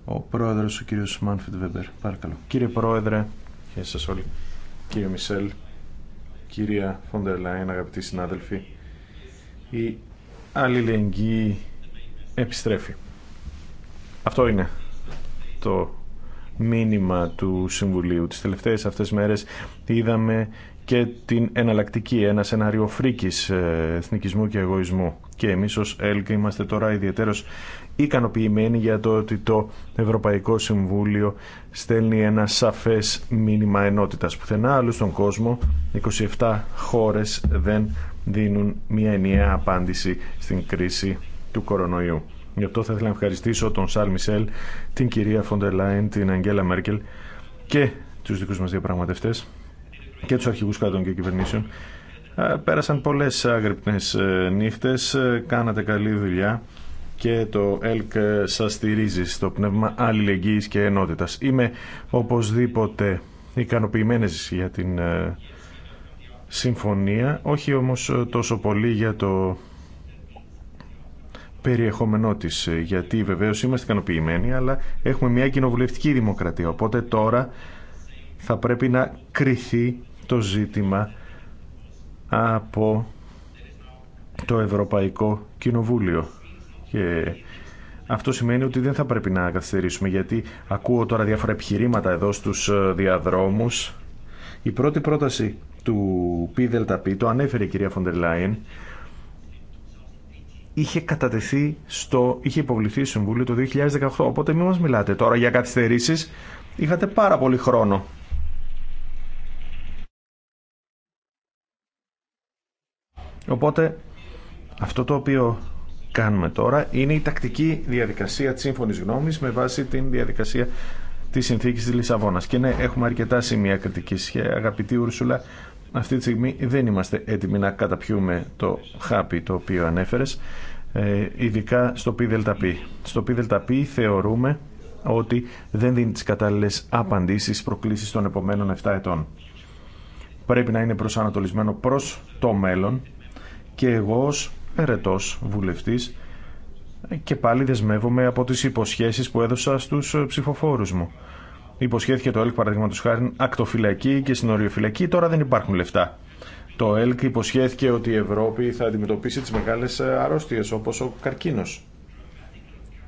ο πρόεδρος ο κύριος Μάνφιντ Βέμπερ. Παρακαλώ. Κύριε Πρόεδρε, γεια όλοι. Κύριε Μισελ, κυρία Φόντερ Λάιν, αγαπητοί συνάδελφοι, η αλληλεγγύη επιστρέφει. Αυτό είναι το μήνυμα του Συμβουλίου. Τις τελευταίες αυτές μέρες είδαμε και την εναλλακτική, ένα σενάριο φρίκης ε, εθνικισμού και εγωισμού. Και εμείς ως ΕΛΚ είμαστε τώρα ιδιαίτερος ικανοποιημένοι για το ότι το Ευρωπαϊκό Συμβούλιο στέλνει ένα σαφές μήνυμα ενότητας. Πουθενά άλλου στον κόσμο 27 χώρες δεν δίνουν μια ενιαία απάντηση στην κρίση του κορονοϊού. Γι' αυτό θα ήθελα να ευχαριστήσω τον Σαλ Μισελ, την κυρία Φοντελάιν την Αγγέλα Μέρκελ και τους δικούς μας διαπραγματευτές και τους αρχηγούς κρατών και κυβερνήσεων. Ε, πέρασαν πολλές άγρυπνες ε, ε, νύχτες, κάνατε καλή δουλειά και το ΕΛΚ σας στηρίζει στο πνεύμα αλληλεγγύης και ενότητας. Είμαι οπωσδήποτε ικανοποιημένες για την ε, συμφωνία, όχι όμως τόσο πολύ για το περιεχόμενό της, ε, γιατί βεβαίως είμαστε ικανοποιημένοι, αλλά έχουμε μια κοινοβουλευτική δημοκρατία, οπότε τώρα θα πρέπει να κριθεί το ζήτημα από το Ευρωπαϊκό Κοινοβούλιο. Και αυτό σημαίνει ότι δεν θα πρέπει να καθυστερήσουμε γιατί ακούω τώρα διάφορα επιχειρήματα εδώ στους ε, διαδρόμους. Η πρώτη πρόταση του ΠΔΠ, το ανέφερε η κυρία Φοντερ Λάιεν, είχε κατατεθεί στο, είχε υποβληθεί στο Συμβούλιο το 2018. Οπότε μην μας μιλάτε τώρα για καθυστερήσει. Είχατε πάρα πολύ χρόνο. Οπότε αυτό το οποίο κάνουμε τώρα είναι η τακτική διαδικασία τη σύμφωνη γνώμη με βάση την διαδικασία τη συνθήκη τη Λισαβόνα. Και ναι, έχουμε αρκετά σημεία κριτική. Αγαπητή Ούρσουλα, αυτή τη στιγμή δεν είμαστε έτοιμοι να καταπιούμε το χάπι το οποίο ανέφερε, ε, ειδικά στο ΠΔΠ. Στο ΠΔΠ θεωρούμε ότι δεν δίνει τις κατάλληλες απαντήσεις στις προκλήσεις των επομένων 7 ετών. Πρέπει να είναι προσανατολισμένο προς το μέλλον και εγώ ως ερετός βουλευτής και πάλι δεσμεύομαι από τις υποσχέσεις που έδωσα στους ε, ψηφοφόρους μου. Υποσχέθηκε το ΕΛΚ παραδείγματος χάρη ακτοφυλακή και συνοριοφυλακή, τώρα δεν υπάρχουν λεφτά. Το ΕΛΚ υποσχέθηκε ότι η Ευρώπη θα αντιμετωπίσει τις μεγάλες ε, αρρώστιες όπως ο καρκίνος.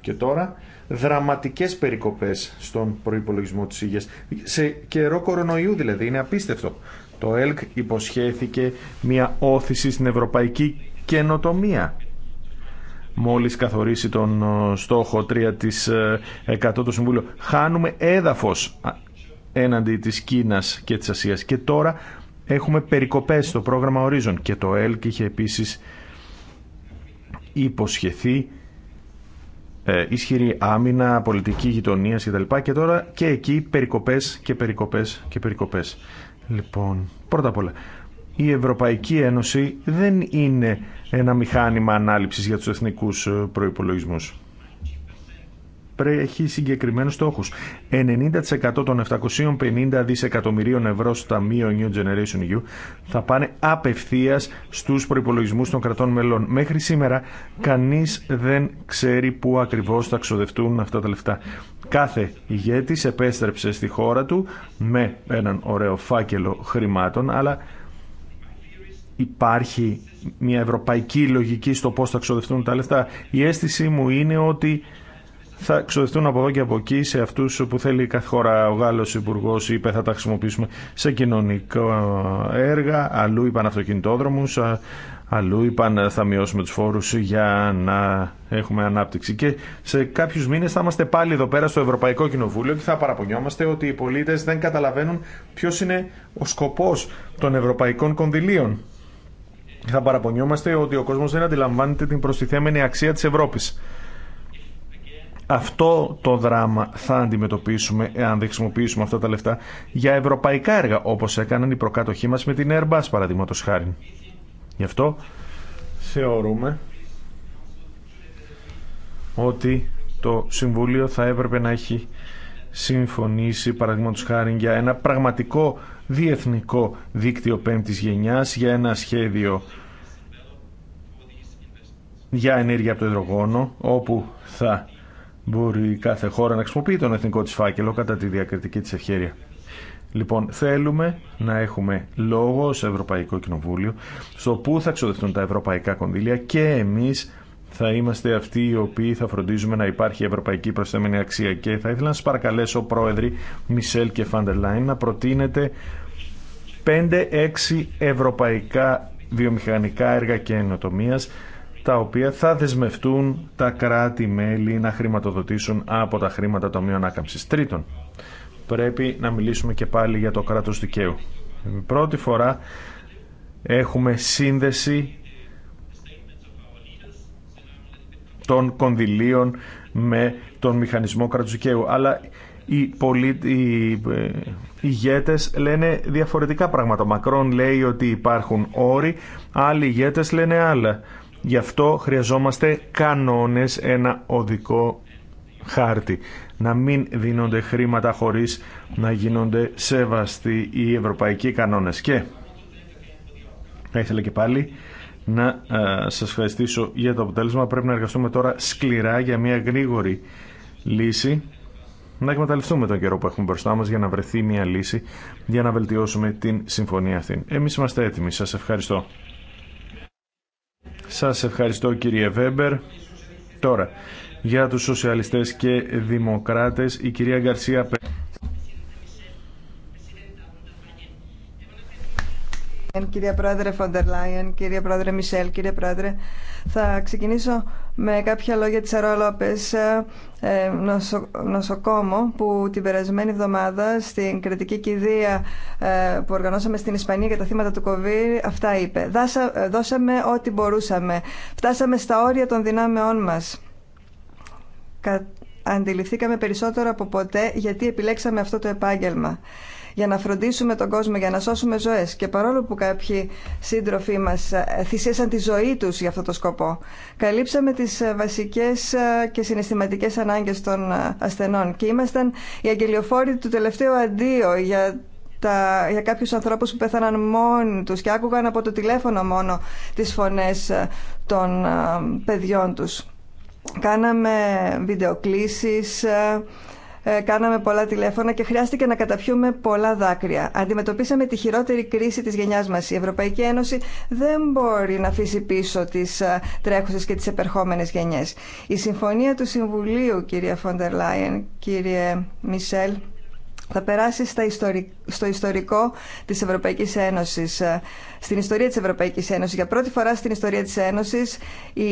Και τώρα δραματικές περικοπές στον προϋπολογισμό της υγείας. Σε καιρό κορονοϊού δηλαδή, είναι απίστευτο. Το ΕΛΚ υποσχέθηκε μια όθηση στην ευρωπαϊκή καινοτομία. Μόλις καθορίσει τον ε, στόχο 3% ε, του Συμβούλιο, χάνουμε έδαφος έναντι της Κίνας και της Ασίας. Και τώρα έχουμε περικοπές στο πρόγραμμα Horizon και το ΕΛΚ είχε επίσης υποσχεθεί ε, ισχυρή άμυνα, πολιτική γειτονία κτλ. Και, και τώρα και εκεί περικοπές και περικοπές και περικοπές. Λοιπόν, πρώτα απ' όλα, η Ευρωπαϊκή Ένωση δεν είναι ένα μηχάνημα ανάληψης για τους εθνικούς ε, προϋπολογισμούς. Έχει συγκεκριμένους στόχους. 90% των 750 δισεκατομμυρίων ευρώ στο Ταμείο New Generation EU θα πάνε απευθείας στους προϋπολογισμούς των κρατών μελών. Μέχρι σήμερα κανείς δεν ξέρει πού ακριβώς θα ξοδευτούν αυτά τα λεφτά. Κάθε ηγέτης επέστρεψε στη χώρα του με έναν ωραίο φάκελο χρημάτων, αλλά υπάρχει μια ευρωπαϊκή λογική στο πώς θα ξοδευτούν τα λεφτά. Η αίσθηση μου είναι ότι θα ξοδευτούν από εδώ και από εκεί σε αυτούς που θέλει κάθε χώρα ο Γάλλος υπουργό είπε θα τα χρησιμοποιήσουμε σε κοινωνικό έργα, αλλού είπαν αυτοκινητόδρομους, αλλού είπαν θα μειώσουμε τους φόρους για να έχουμε ανάπτυξη. Και σε κάποιους μήνες θα είμαστε πάλι εδώ πέρα στο Ευρωπαϊκό Κοινοβούλιο και θα παραπονιόμαστε ότι οι πολίτες δεν καταλαβαίνουν ποιο είναι ο σκοπός των ευρωπαϊκών κονδυλίων θα παραπονιόμαστε ότι ο κόσμος δεν αντιλαμβάνεται την προστιθέμενη αξία της Ευρώπης. Αυτό το δράμα θα αντιμετωπίσουμε εάν δεν χρησιμοποιήσουμε αυτά τα λεφτά για ευρωπαϊκά έργα όπως έκαναν οι προκάτοχοί μας με την Airbus παραδείγματος χάρη. Γι' αυτό θεωρούμε ότι το Συμβούλιο θα έπρεπε να έχει συμφωνήσει παραδείγματος χάρη για ένα πραγματικό διεθνικό δίκτυο πέμπτης γενιάς για ένα σχέδιο για ενέργεια από το υδρογόνο, όπου θα μπορεί κάθε χώρα να χρησιμοποιεί τον εθνικό της φάκελο κατά τη διακριτική της ευχαίρεια. Λοιπόν, θέλουμε να έχουμε λόγο σε Ευρωπαϊκό Κοινοβούλιο στο πού θα ξοδευτούν τα ευρωπαϊκά κονδύλια και εμείς θα είμαστε αυτοί οι οποίοι θα φροντίζουμε να υπάρχει ευρωπαϊκή προσθέμενη αξία. Και θα ήθελα να σα παρακαλέσω, πρόεδροι Μισελ και Φάντερ Λάιν, να προτείνετε 5-6 ευρωπαϊκά βιομηχανικά έργα και ενοτομία τα οποία θα δεσμευτούν τα κράτη-μέλη να χρηματοδοτήσουν από τα χρήματα τομείων ανάκαμψη. Τρίτον, πρέπει να μιλήσουμε και πάλι για το κράτο δικαίου. Πρώτη φορά έχουμε σύνδεση των κονδυλίων με τον μηχανισμό κρατουσικαίου. Αλλά οι, πολίτες, οι ε, ηγέτες λένε διαφορετικά πράγματα. Ο Μακρόν λέει ότι υπάρχουν όροι, άλλοι ηγέτες λένε άλλα. Γι' αυτό χρειαζόμαστε κανόνες, ένα οδικό χάρτη. Να μην δίνονται χρήματα χωρίς να γίνονται σεβαστοί οι ευρωπαϊκοί κανόνες. Και θα ήθελα και πάλι να ε, σας ευχαριστήσω για το αποτέλεσμα. Πρέπει να εργαστούμε τώρα σκληρά για μια γρήγορη λύση. Να εκμεταλλευτούμε τον καιρό που έχουμε μπροστά μας για να βρεθεί μια λύση για να βελτιώσουμε την συμφωνία αυτή. Εμείς είμαστε έτοιμοι. Σας ευχαριστώ. Σας ευχαριστώ κύριε Βέμπερ. Τώρα, για τους σοσιαλιστές και δημοκράτες, η κυρία Γκαρσία κυρία Πρόεδρε Φοντερ Λάιεν, κυρία Πρόεδρε Μισελ, κύριε Πρόεδρε. Θα ξεκινήσω με κάποια λόγια της Αρώ Λόπες, ε, ε, νοσοκόμο, που την περασμένη εβδομάδα στην κρατική κηδεία ε, που οργανώσαμε στην Ισπανία για τα θύματα του COVID, αυτά είπε. Δώσαμε ό,τι μπορούσαμε. Φτάσαμε στα όρια των δυνάμεών μας. Αντιληφθήκαμε περισσότερο από ποτέ γιατί επιλέξαμε αυτό το επάγγελμα για να φροντίσουμε τον κόσμο, για να σώσουμε ζωές. Και παρόλο που κάποιοι σύντροφοί μας ε, θυσίασαν τη ζωή τους για αυτό το σκοπό, καλύψαμε τις ε, βασικές ε, και συναισθηματικέ ανάγκες των ασθενών και ήμασταν οι αγγελιοφόροι του τελευταίου αντίο για τα, για κάποιους ανθρώπους που πέθαναν μόνοι τους και άκουγαν από το τηλέφωνο μόνο τις φωνές των παιδιών τους. Κάναμε βιντεοκλήσεις, ε, κάναμε πολλά τηλέφωνα και χρειάστηκε να καταπιούμε πολλά δάκρυα. Αντιμετωπίσαμε τη χειρότερη κρίση τη γενιά μα. Η Ευρωπαϊκή Ένωση δεν μπορεί να αφήσει πίσω τι ε, τρέχουσε και τι επερχόμενε γενιέ. Η συμφωνία του Συμβουλίου, κυρία Φόντερ Λάιεν, κύριε Μισελ, θα περάσει στα στο ιστορικό της Ευρωπαϊκής Ένωσης. Ε, στην ιστορία της Ευρωπαϊκής Ένωσης, για πρώτη φορά στην ιστορία της Ένωσης, οι...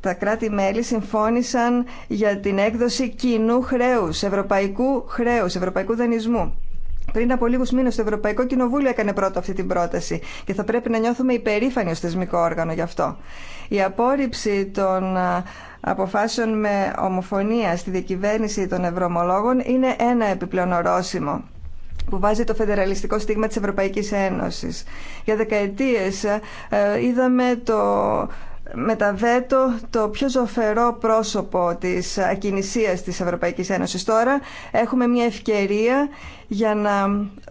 τα κράτη-μέλη συμφώνησαν για την έκδοση κοινού χρέους, ευρωπαϊκού χρέους, ευρωπαϊκού δανεισμού. Πριν από λίγου μήνε το Ευρωπαϊκό Κοινοβούλιο έκανε πρώτο αυτή την πρόταση και θα πρέπει να νιώθουμε υπερήφανοι ω θεσμικό όργανο γι' αυτό. Η απόρριψη των ε, αποφάσεων με ομοφωνία στη διακυβέρνηση των ευρωομολόγων είναι ένα επιπλέον ορόσημο που βάζει το φεδεραλιστικό στίγμα της Ευρωπαϊκής Ένωσης. Για δεκαετίες ε, είδαμε το μεταβέτο το πιο ζωφερό πρόσωπο της ακινησίας της Ευρωπαϊκής Ένωσης. Τώρα έχουμε μια ευκαιρία για να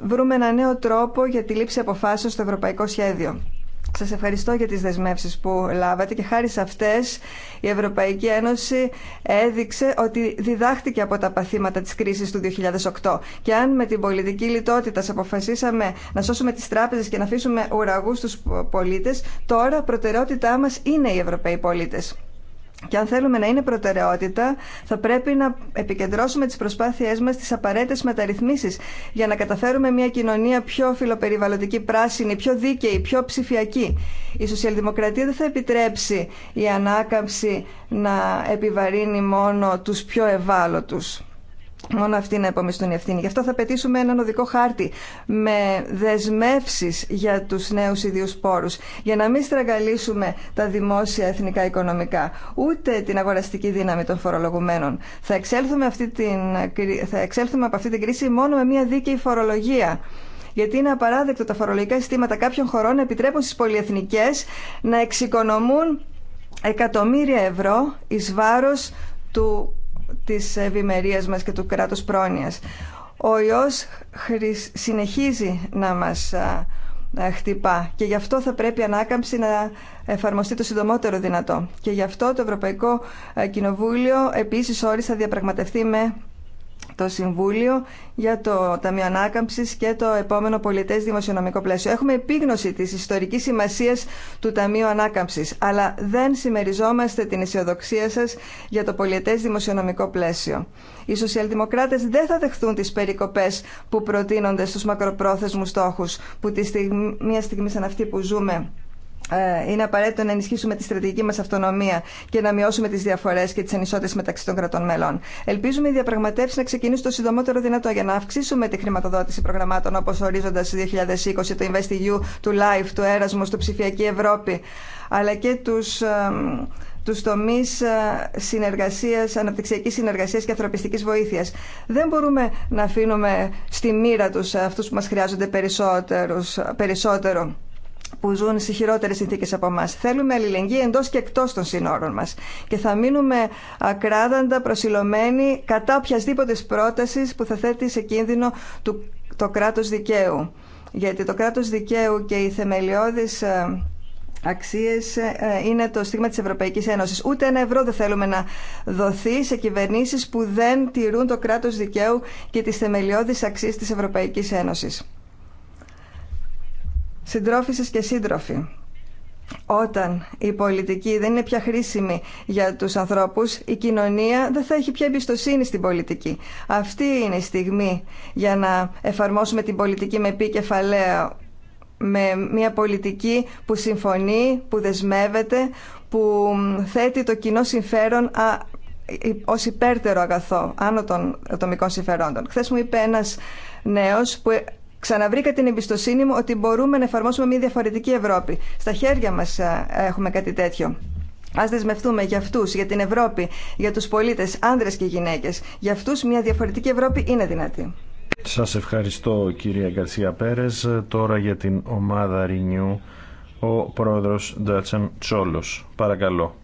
βρούμε ένα νέο τρόπο για τη λήψη αποφάσεων στο ευρωπαϊκό σχέδιο. Σας ευχαριστώ για τις δεσμεύσεις που λάβατε και χάρη σε αυτές η Ευρωπαϊκή Ένωση έδειξε ότι διδάχτηκε από τα παθήματα της κρίσης του 2008. Και αν με την πολιτική λιτότητα αποφασίσαμε να σώσουμε τις τράπεζες και να αφήσουμε ουραγούς στους πολίτες, τώρα προτεραιότητά μας είναι οι Ευρωπαίοι πολίτες. Και αν θέλουμε να είναι προτεραιότητα, θα πρέπει να επικεντρώσουμε τις προσπάθειές μας στις απαραίτητες μεταρρυθμίσεις για να καταφέρουμε μια κοινωνία πιο φιλοπεριβαλλοντική, πράσινη, πιο δίκαιη, πιο ψηφιακή. Η σοσιαλδημοκρατία δεν θα επιτρέψει η ανάκαμψη να επιβαρύνει μόνο τους πιο ευάλωτους μόνο αυτοί να επομιστούν οι ευθύνη. Γι' αυτό θα πετήσουμε έναν οδικό χάρτη με δεσμεύσει για του νέου ιδίου πόρου, για να μην στραγγαλίσουμε τα δημόσια εθνικά οικονομικά, ούτε την αγοραστική δύναμη των φορολογουμένων. Θα εξέλθουμε, αυτή την, θα εξέλθουμε από αυτή την κρίση μόνο με μια δίκαιη φορολογία. Γιατί είναι απαράδεκτο τα φορολογικά συστήματα κάποιων χωρών να επιτρέπουν στι πολυεθνικέ να εξοικονομούν εκατομμύρια ευρώ ει βάρο του της ευημερία μας και του κράτους πρόνοιας. Ο ιός συνεχίζει να μας χτυπά και γι' αυτό θα πρέπει η ανάκαμψη να εφαρμοστεί το συντομότερο δυνατό. Και γι' αυτό το Ευρωπαϊκό Κοινοβούλιο επίσης όρισε θα διαπραγματευτεί με το Συμβούλιο για το Ταμείο Ανάκαμψη και το επόμενο πολιτέ δημοσιονομικό πλαίσιο. Έχουμε επίγνωση τη ιστορική σημασία του Ταμείου Ανάκαμψη, αλλά δεν συμμεριζόμαστε την αισιοδοξία σα για το πολιτέ δημοσιονομικό πλαίσιο. Οι σοσιαλδημοκράτε δεν θα δεχθούν τι περικοπέ που προτείνονται στου μακροπρόθεσμου στόχου, που τη μια στιγμή σαν αυτή που ζούμε ε, είναι απαραίτητο να ενισχύσουμε τη στρατηγική μα αυτονομία και να μειώσουμε τι διαφορέ και τι ανισότητε μεταξύ των κρατών μελών. Ελπίζουμε οι διαπραγματεύσει να ξεκινήσουν το συντομότερο δυνατό για να αυξήσουμε τη χρηματοδότηση προγραμμάτων όπω Ορίζοντα 2020, το InvestEU, του LIFE, του Erasmus, του Ψηφιακή Ευρώπη, αλλά και του τους τομείς ε, συνεργασίας, αναπτυξιακής συνεργασίας και ανθρωπιστικής βοήθειας. Δεν μπορούμε να αφήνουμε στη μοίρα του αυτού που μα χρειάζονται ε, περισσότερο που ζουν σε χειρότερε συνθήκε από εμά. Θέλουμε αλληλεγγύη εντό και εκτό των συνόρων μα. Και θα μείνουμε ακράδαντα προσιλωμένοι κατά οποιασδήποτε πρόταση που θα θέτει σε κίνδυνο το κράτο δικαίου. Γιατί το κράτο δικαίου και οι θεμελιώδει ε, αξίε ε, είναι το στίγμα τη Ευρωπαϊκή Ένωση. Ούτε ένα ευρώ δεν θέλουμε να δοθεί σε κυβερνήσει που δεν τηρούν το κράτο δικαίου και τι θεμελιώδει αξίε τη Ευρωπαϊκή Ένωση συντρόφισσες και σύντροφοι. Όταν η πολιτική δεν είναι πια χρήσιμη για τους ανθρώπους, η κοινωνία δεν θα έχει πια εμπιστοσύνη στην πολιτική. Αυτή είναι η στιγμή για να εφαρμόσουμε την πολιτική με πι με μια πολιτική που συμφωνεί, που δεσμεύεται, που θέτει το κοινό συμφέρον ως υπέρτερο αγαθό, άνω των ατομικών συμφερόντων. Χθε μου είπε ένας νέος που ξαναβρήκα την εμπιστοσύνη μου ότι μπορούμε να εφαρμόσουμε μια διαφορετική Ευρώπη. Στα χέρια μα ε, έχουμε κάτι τέτοιο. Α δεσμευτούμε για αυτού, για την Ευρώπη, για του πολίτε, άνδρε και γυναίκε. Για αυτού μια διαφορετική Ευρώπη είναι δυνατή. Σα ευχαριστώ κυρία Γκαρσία Πέρε. Τώρα για την ομάδα Renew, ο πρόεδρο Ντάτσεν Τσόλο. Παρακαλώ.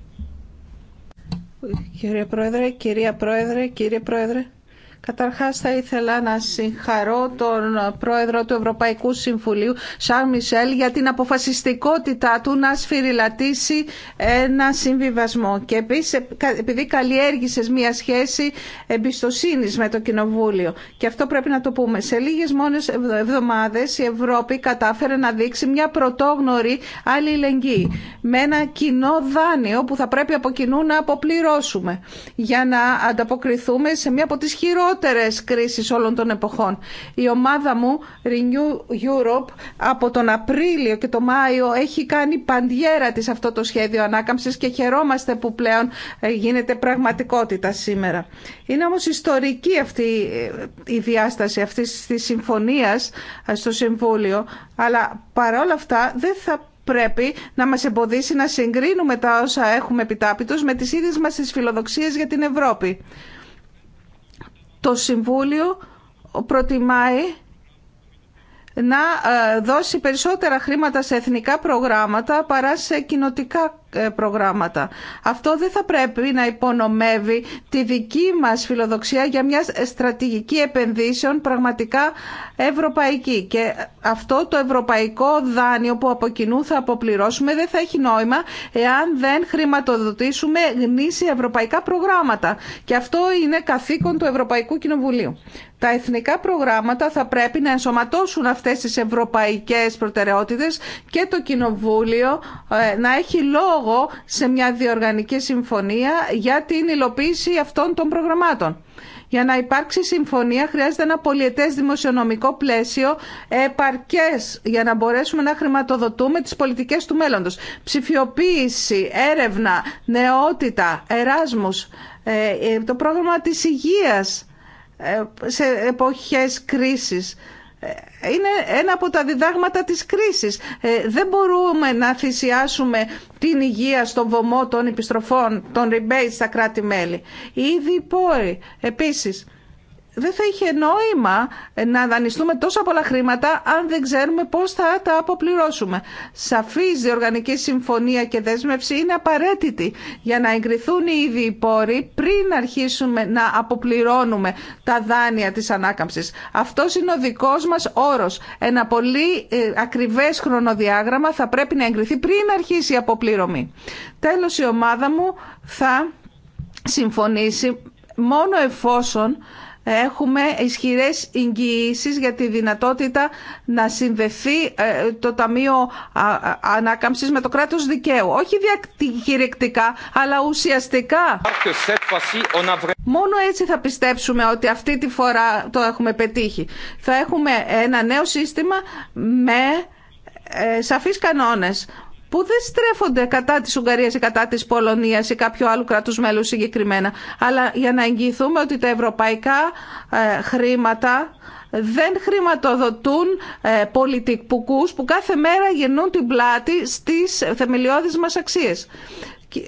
Κύριε Πρόεδρε, κυρία Πρόεδρε, κύριε Πρόεδρε. Καταρχάς θα ήθελα να συγχαρώ τον πρόεδρο του Ευρωπαϊκού Συμβουλίου, Σαν Μισελ, για την αποφασιστικότητά του να σφυριλατήσει ένα συμβιβασμό. Και επίσης, επειδή καλλιέργησες μια σχέση εμπιστοσύνης με το Κοινοβούλιο. Και αυτό πρέπει να το πούμε. Σε λίγες μόνες εβδομάδες η Ευρώπη κατάφερε να δείξει μια πρωτόγνωρη αλληλεγγύη. Με ένα κοινό δάνειο που θα πρέπει από κοινού να αποπληρώσουμε για να ανταποκριθούμε σε μια από χειρότερες κρίσεις όλων των εποχών. Η ομάδα μου, Renew Europe, από τον Απρίλιο και τον Μάιο έχει κάνει παντιέρα της αυτό το σχέδιο ανάκαμψης και χαιρόμαστε που πλέον ε, γίνεται πραγματικότητα σήμερα. Είναι όμως ιστορική αυτή ε, η διάσταση αυτής της συμφωνίας ε, στο Συμβούλιο, αλλά παρόλα αυτά δεν θα πρέπει να μας εμποδίσει να συγκρίνουμε τα όσα έχουμε επιτάπητος με τις ίδιες μας τις φιλοδοξίες για την Ευρώπη το Συμβούλιο προτιμάει να ε, δώσει περισσότερα χρήματα σε εθνικά προγράμματα παρά σε κοινοτικά ε, προγράμματα. Αυτό δεν θα πρέπει να υπονομεύει τη δική μας φιλοδοξία για μια στρατηγική επενδύσεων πραγματικά ευρωπαϊκή. Και αυτό το ευρωπαϊκό δάνειο που από κοινού θα αποπληρώσουμε δεν θα έχει νόημα εάν δεν χρηματοδοτήσουμε γνήσια ευρωπαϊκά προγράμματα. Και αυτό είναι καθήκον του Ευρωπαϊκού Κοινοβουλίου. Τα εθνικά προγράμματα θα πρέπει να ενσωματώσουν αυτές τις ευρωπαϊκές προτεραιότητες και το Κοινοβούλιο ε, να έχει λόγο σε μια διοργανική συμφωνία για την υλοποίηση αυτών των προγραμμάτων. Για να υπάρξει συμφωνία χρειάζεται ένα πολιετές δημοσιονομικό πλαίσιο επαρκές για να μπορέσουμε να χρηματοδοτούμε τις πολιτικές του μέλλοντος. Ψηφιοποίηση, έρευνα, νεότητα, εράσμους, ε, το πρόγραμμα της υγείας ε, σε εποχές κρίσης είναι ένα από τα διδάγματα της κρίσης. Ε, δεν μπορούμε να θυσιάσουμε την υγεία στον βωμό των επιστροφών, των rebates στα κράτη-μέλη. Ήδη πόροι. Επίσης, δεν θα είχε νόημα να δανειστούμε τόσα πολλά χρήματα αν δεν ξέρουμε πώς θα τα αποπληρώσουμε. Σαφής διοργανική συμφωνία και δέσμευση είναι απαραίτητη για να εγκριθούν οι ίδιοι οι πριν αρχίσουμε να αποπληρώνουμε τα δάνεια της ανάκαμψης. Αυτός είναι ο δικός μας όρος. Ένα πολύ ε, ακριβές χρονοδιάγραμμα θα πρέπει να εγκριθεί πριν αρχίσει η αποπληρωμή. Τέλος η ομάδα μου θα συμφωνήσει μόνο εφόσον έχουμε ισχυρές εγγυήσεις για τη δυνατότητα να συνδεθεί ε, το Ταμείο Ανάκαμψης με το κράτος δικαίου. Όχι διακηρυκτικά, αλλά ουσιαστικά. Μόνο έτσι θα πιστέψουμε ότι αυτή τη φορά το έχουμε πετύχει. Θα έχουμε ένα νέο σύστημα με ε, σαφείς κανόνες που δεν στρέφονται κατά της Ουγγαρίας ή κατά της Πολωνίας ή κάποιο άλλου κράτους μέλους συγκεκριμένα, αλλά για να εγγυηθούμε ότι τα ευρωπαϊκά ε, χρήματα δεν χρηματοδοτούν ε, πολιτικούς που κάθε μέρα γεννούν την πλάτη στις θεμελιώδεις μας αξίες.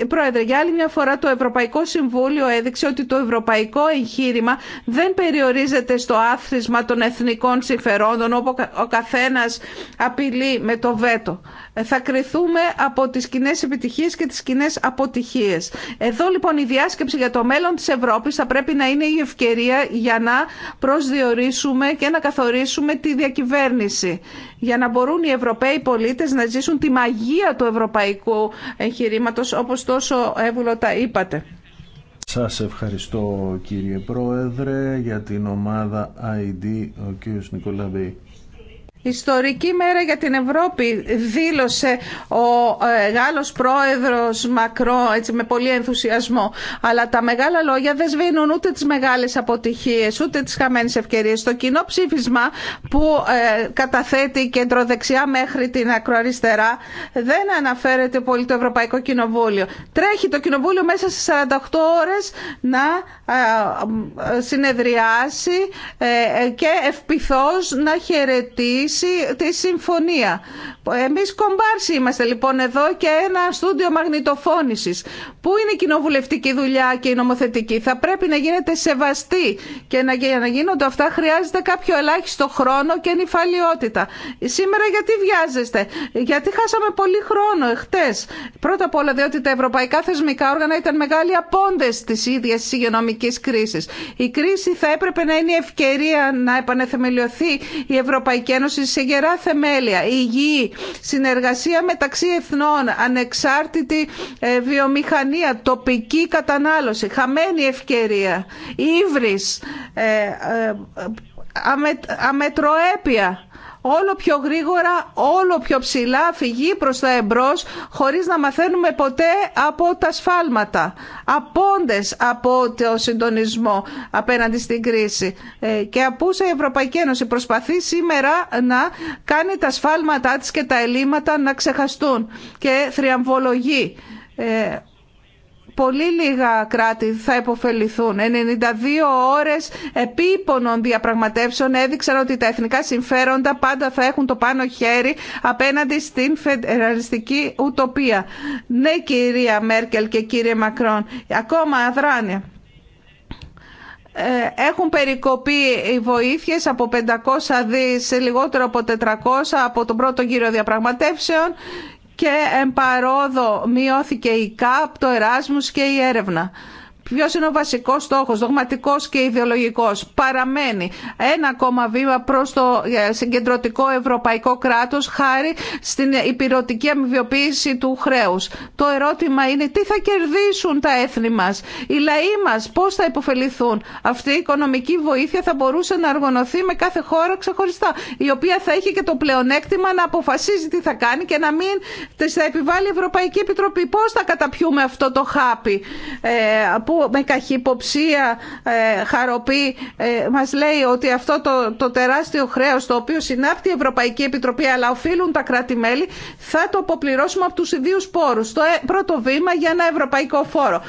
Πρόεδρε, για άλλη μια φορά το Ευρωπαϊκό Συμβούλιο έδειξε ότι το ευρωπαϊκό εγχείρημα δεν περιορίζεται στο άθροισμα των εθνικών συμφερόντων όπου ο καθένας απειλεί με το βέτο θα κρυθούμε από τις κοινέ επιτυχίες και τις κοινέ αποτυχίες. Εδώ λοιπόν η διάσκεψη για το μέλλον της Ευρώπης θα πρέπει να είναι η ευκαιρία για να προσδιορίσουμε και να καθορίσουμε τη διακυβέρνηση για να μπορούν οι Ευρωπαίοι πολίτες να ζήσουν τη μαγεία του ευρωπαϊκού εγχειρήματος όπως τόσο τα είπατε. Σας ευχαριστώ κύριε Πρόεδρε για την ομάδα ID ο κύριος Νικολαβή. Ιστορική μέρα για την Ευρώπη δήλωσε ο ε, Γάλλος πρόεδρος Μακρό έτσι, με πολύ ενθουσιασμό. Αλλά τα μεγάλα λόγια δεν σβήνουν ούτε τις μεγάλες αποτυχίες ούτε τις χαμένες ευκαιρίες. Το κοινό ψήφισμα που ε, καταθέτει κεντροδεξιά μέχρι την ακροαριστερά δεν αναφέρεται πολύ το Ευρωπαϊκό Κοινοβούλιο. Τρέχει το Κοινοβούλιο μέσα σε 48 ώρες να ε, συνεδριάσει ε, και ευπηθώς να χαιρετήσει τη συμφωνία. Εμείς κομπάρσι είμαστε λοιπόν εδώ και ένα στούντιο μαγνητοφώνησης. Πού είναι η κοινοβουλευτική δουλειά και η νομοθετική. Θα πρέπει να γίνεται σεβαστή και να, για να γίνονται αυτά χρειάζεται κάποιο ελάχιστο χρόνο και νυφαλιότητα. Σήμερα γιατί βιάζεστε. Γιατί χάσαμε πολύ χρόνο εχθές. Πρώτα απ' όλα διότι τα ευρωπαϊκά θεσμικά όργανα ήταν μεγάλοι απόντες της ίδιας της υγειονομικής κρίσης. Η κρίση θα έπρεπε να είναι η ευκαιρία να επανεθεμελιωθεί η Ευρωπαϊκή Ένωση σε γερά θεμέλια, υγιή, συνεργασία μεταξύ εθνών, ανεξάρτητη ε, βιομηχανία, τοπική κατανάλωση, χαμένη ευκαιρία, ύβρις, ε, ε, αμετροέπεια όλο πιο γρήγορα, όλο πιο ψηλά, φυγή προς τα εμπρός, χωρίς να μαθαίνουμε ποτέ από τα σφάλματα, απόντες από το συντονισμό απέναντι στην κρίση. Ε, και απούσα η Ευρωπαϊκή Ένωση προσπαθεί σήμερα να κάνει τα σφάλματά της και τα ελλείμματα να ξεχαστούν και θριαμβολογεί ε, Πολύ λίγα κράτη θα υποφεληθούν. 92 ώρες επίπονων διαπραγματεύσεων έδειξαν ότι τα εθνικά συμφέροντα πάντα θα έχουν το πάνω χέρι απέναντι στην φεδεραλιστική ουτοπία. Ναι κυρία Μέρκελ και κύριε Μακρόν, ακόμα αδράνεια ε, έχουν περικοπεί οι βοήθειες από 500 δις σε λιγότερο από 400 από τον πρώτο γύρο διαπραγματεύσεων και εμπαρόδο μειώθηκε η ΚΑΠ, το Εράσμους και η έρευνα ποιο είναι ο βασικό στόχο, δογματικό και ιδεολογικό, παραμένει ένα ακόμα βήμα προ το ε, συγκεντρωτικό ευρωπαϊκό κράτο χάρη στην υπηρετική αμοιβιοποίηση του χρέου. Το ερώτημα είναι τι θα κερδίσουν τα έθνη μα, οι λαοί μα, πώ θα υποφεληθούν. Αυτή η οικονομική βοήθεια θα μπορούσε να αργωνωθεί με κάθε χώρα ξεχωριστά, η οποία θα έχει και το πλεονέκτημα να αποφασίζει τι θα κάνει και να μην τη θα επιβάλλει η Ευρωπαϊκή Επιτροπή. Πώ θα καταπιούμε αυτό το χάπι ε, που με καχυποψία ε, χαροπή ε, μας λέει ότι αυτό το, το τεράστιο χρέος το οποίο συνάπτει η Ευρωπαϊκή Επιτροπή αλλά οφείλουν τα κράτη-μέλη θα το αποπληρώσουμε από τους ιδίους πόρους. Το ε, πρώτο βήμα για ένα ευρωπαϊκό φόρο.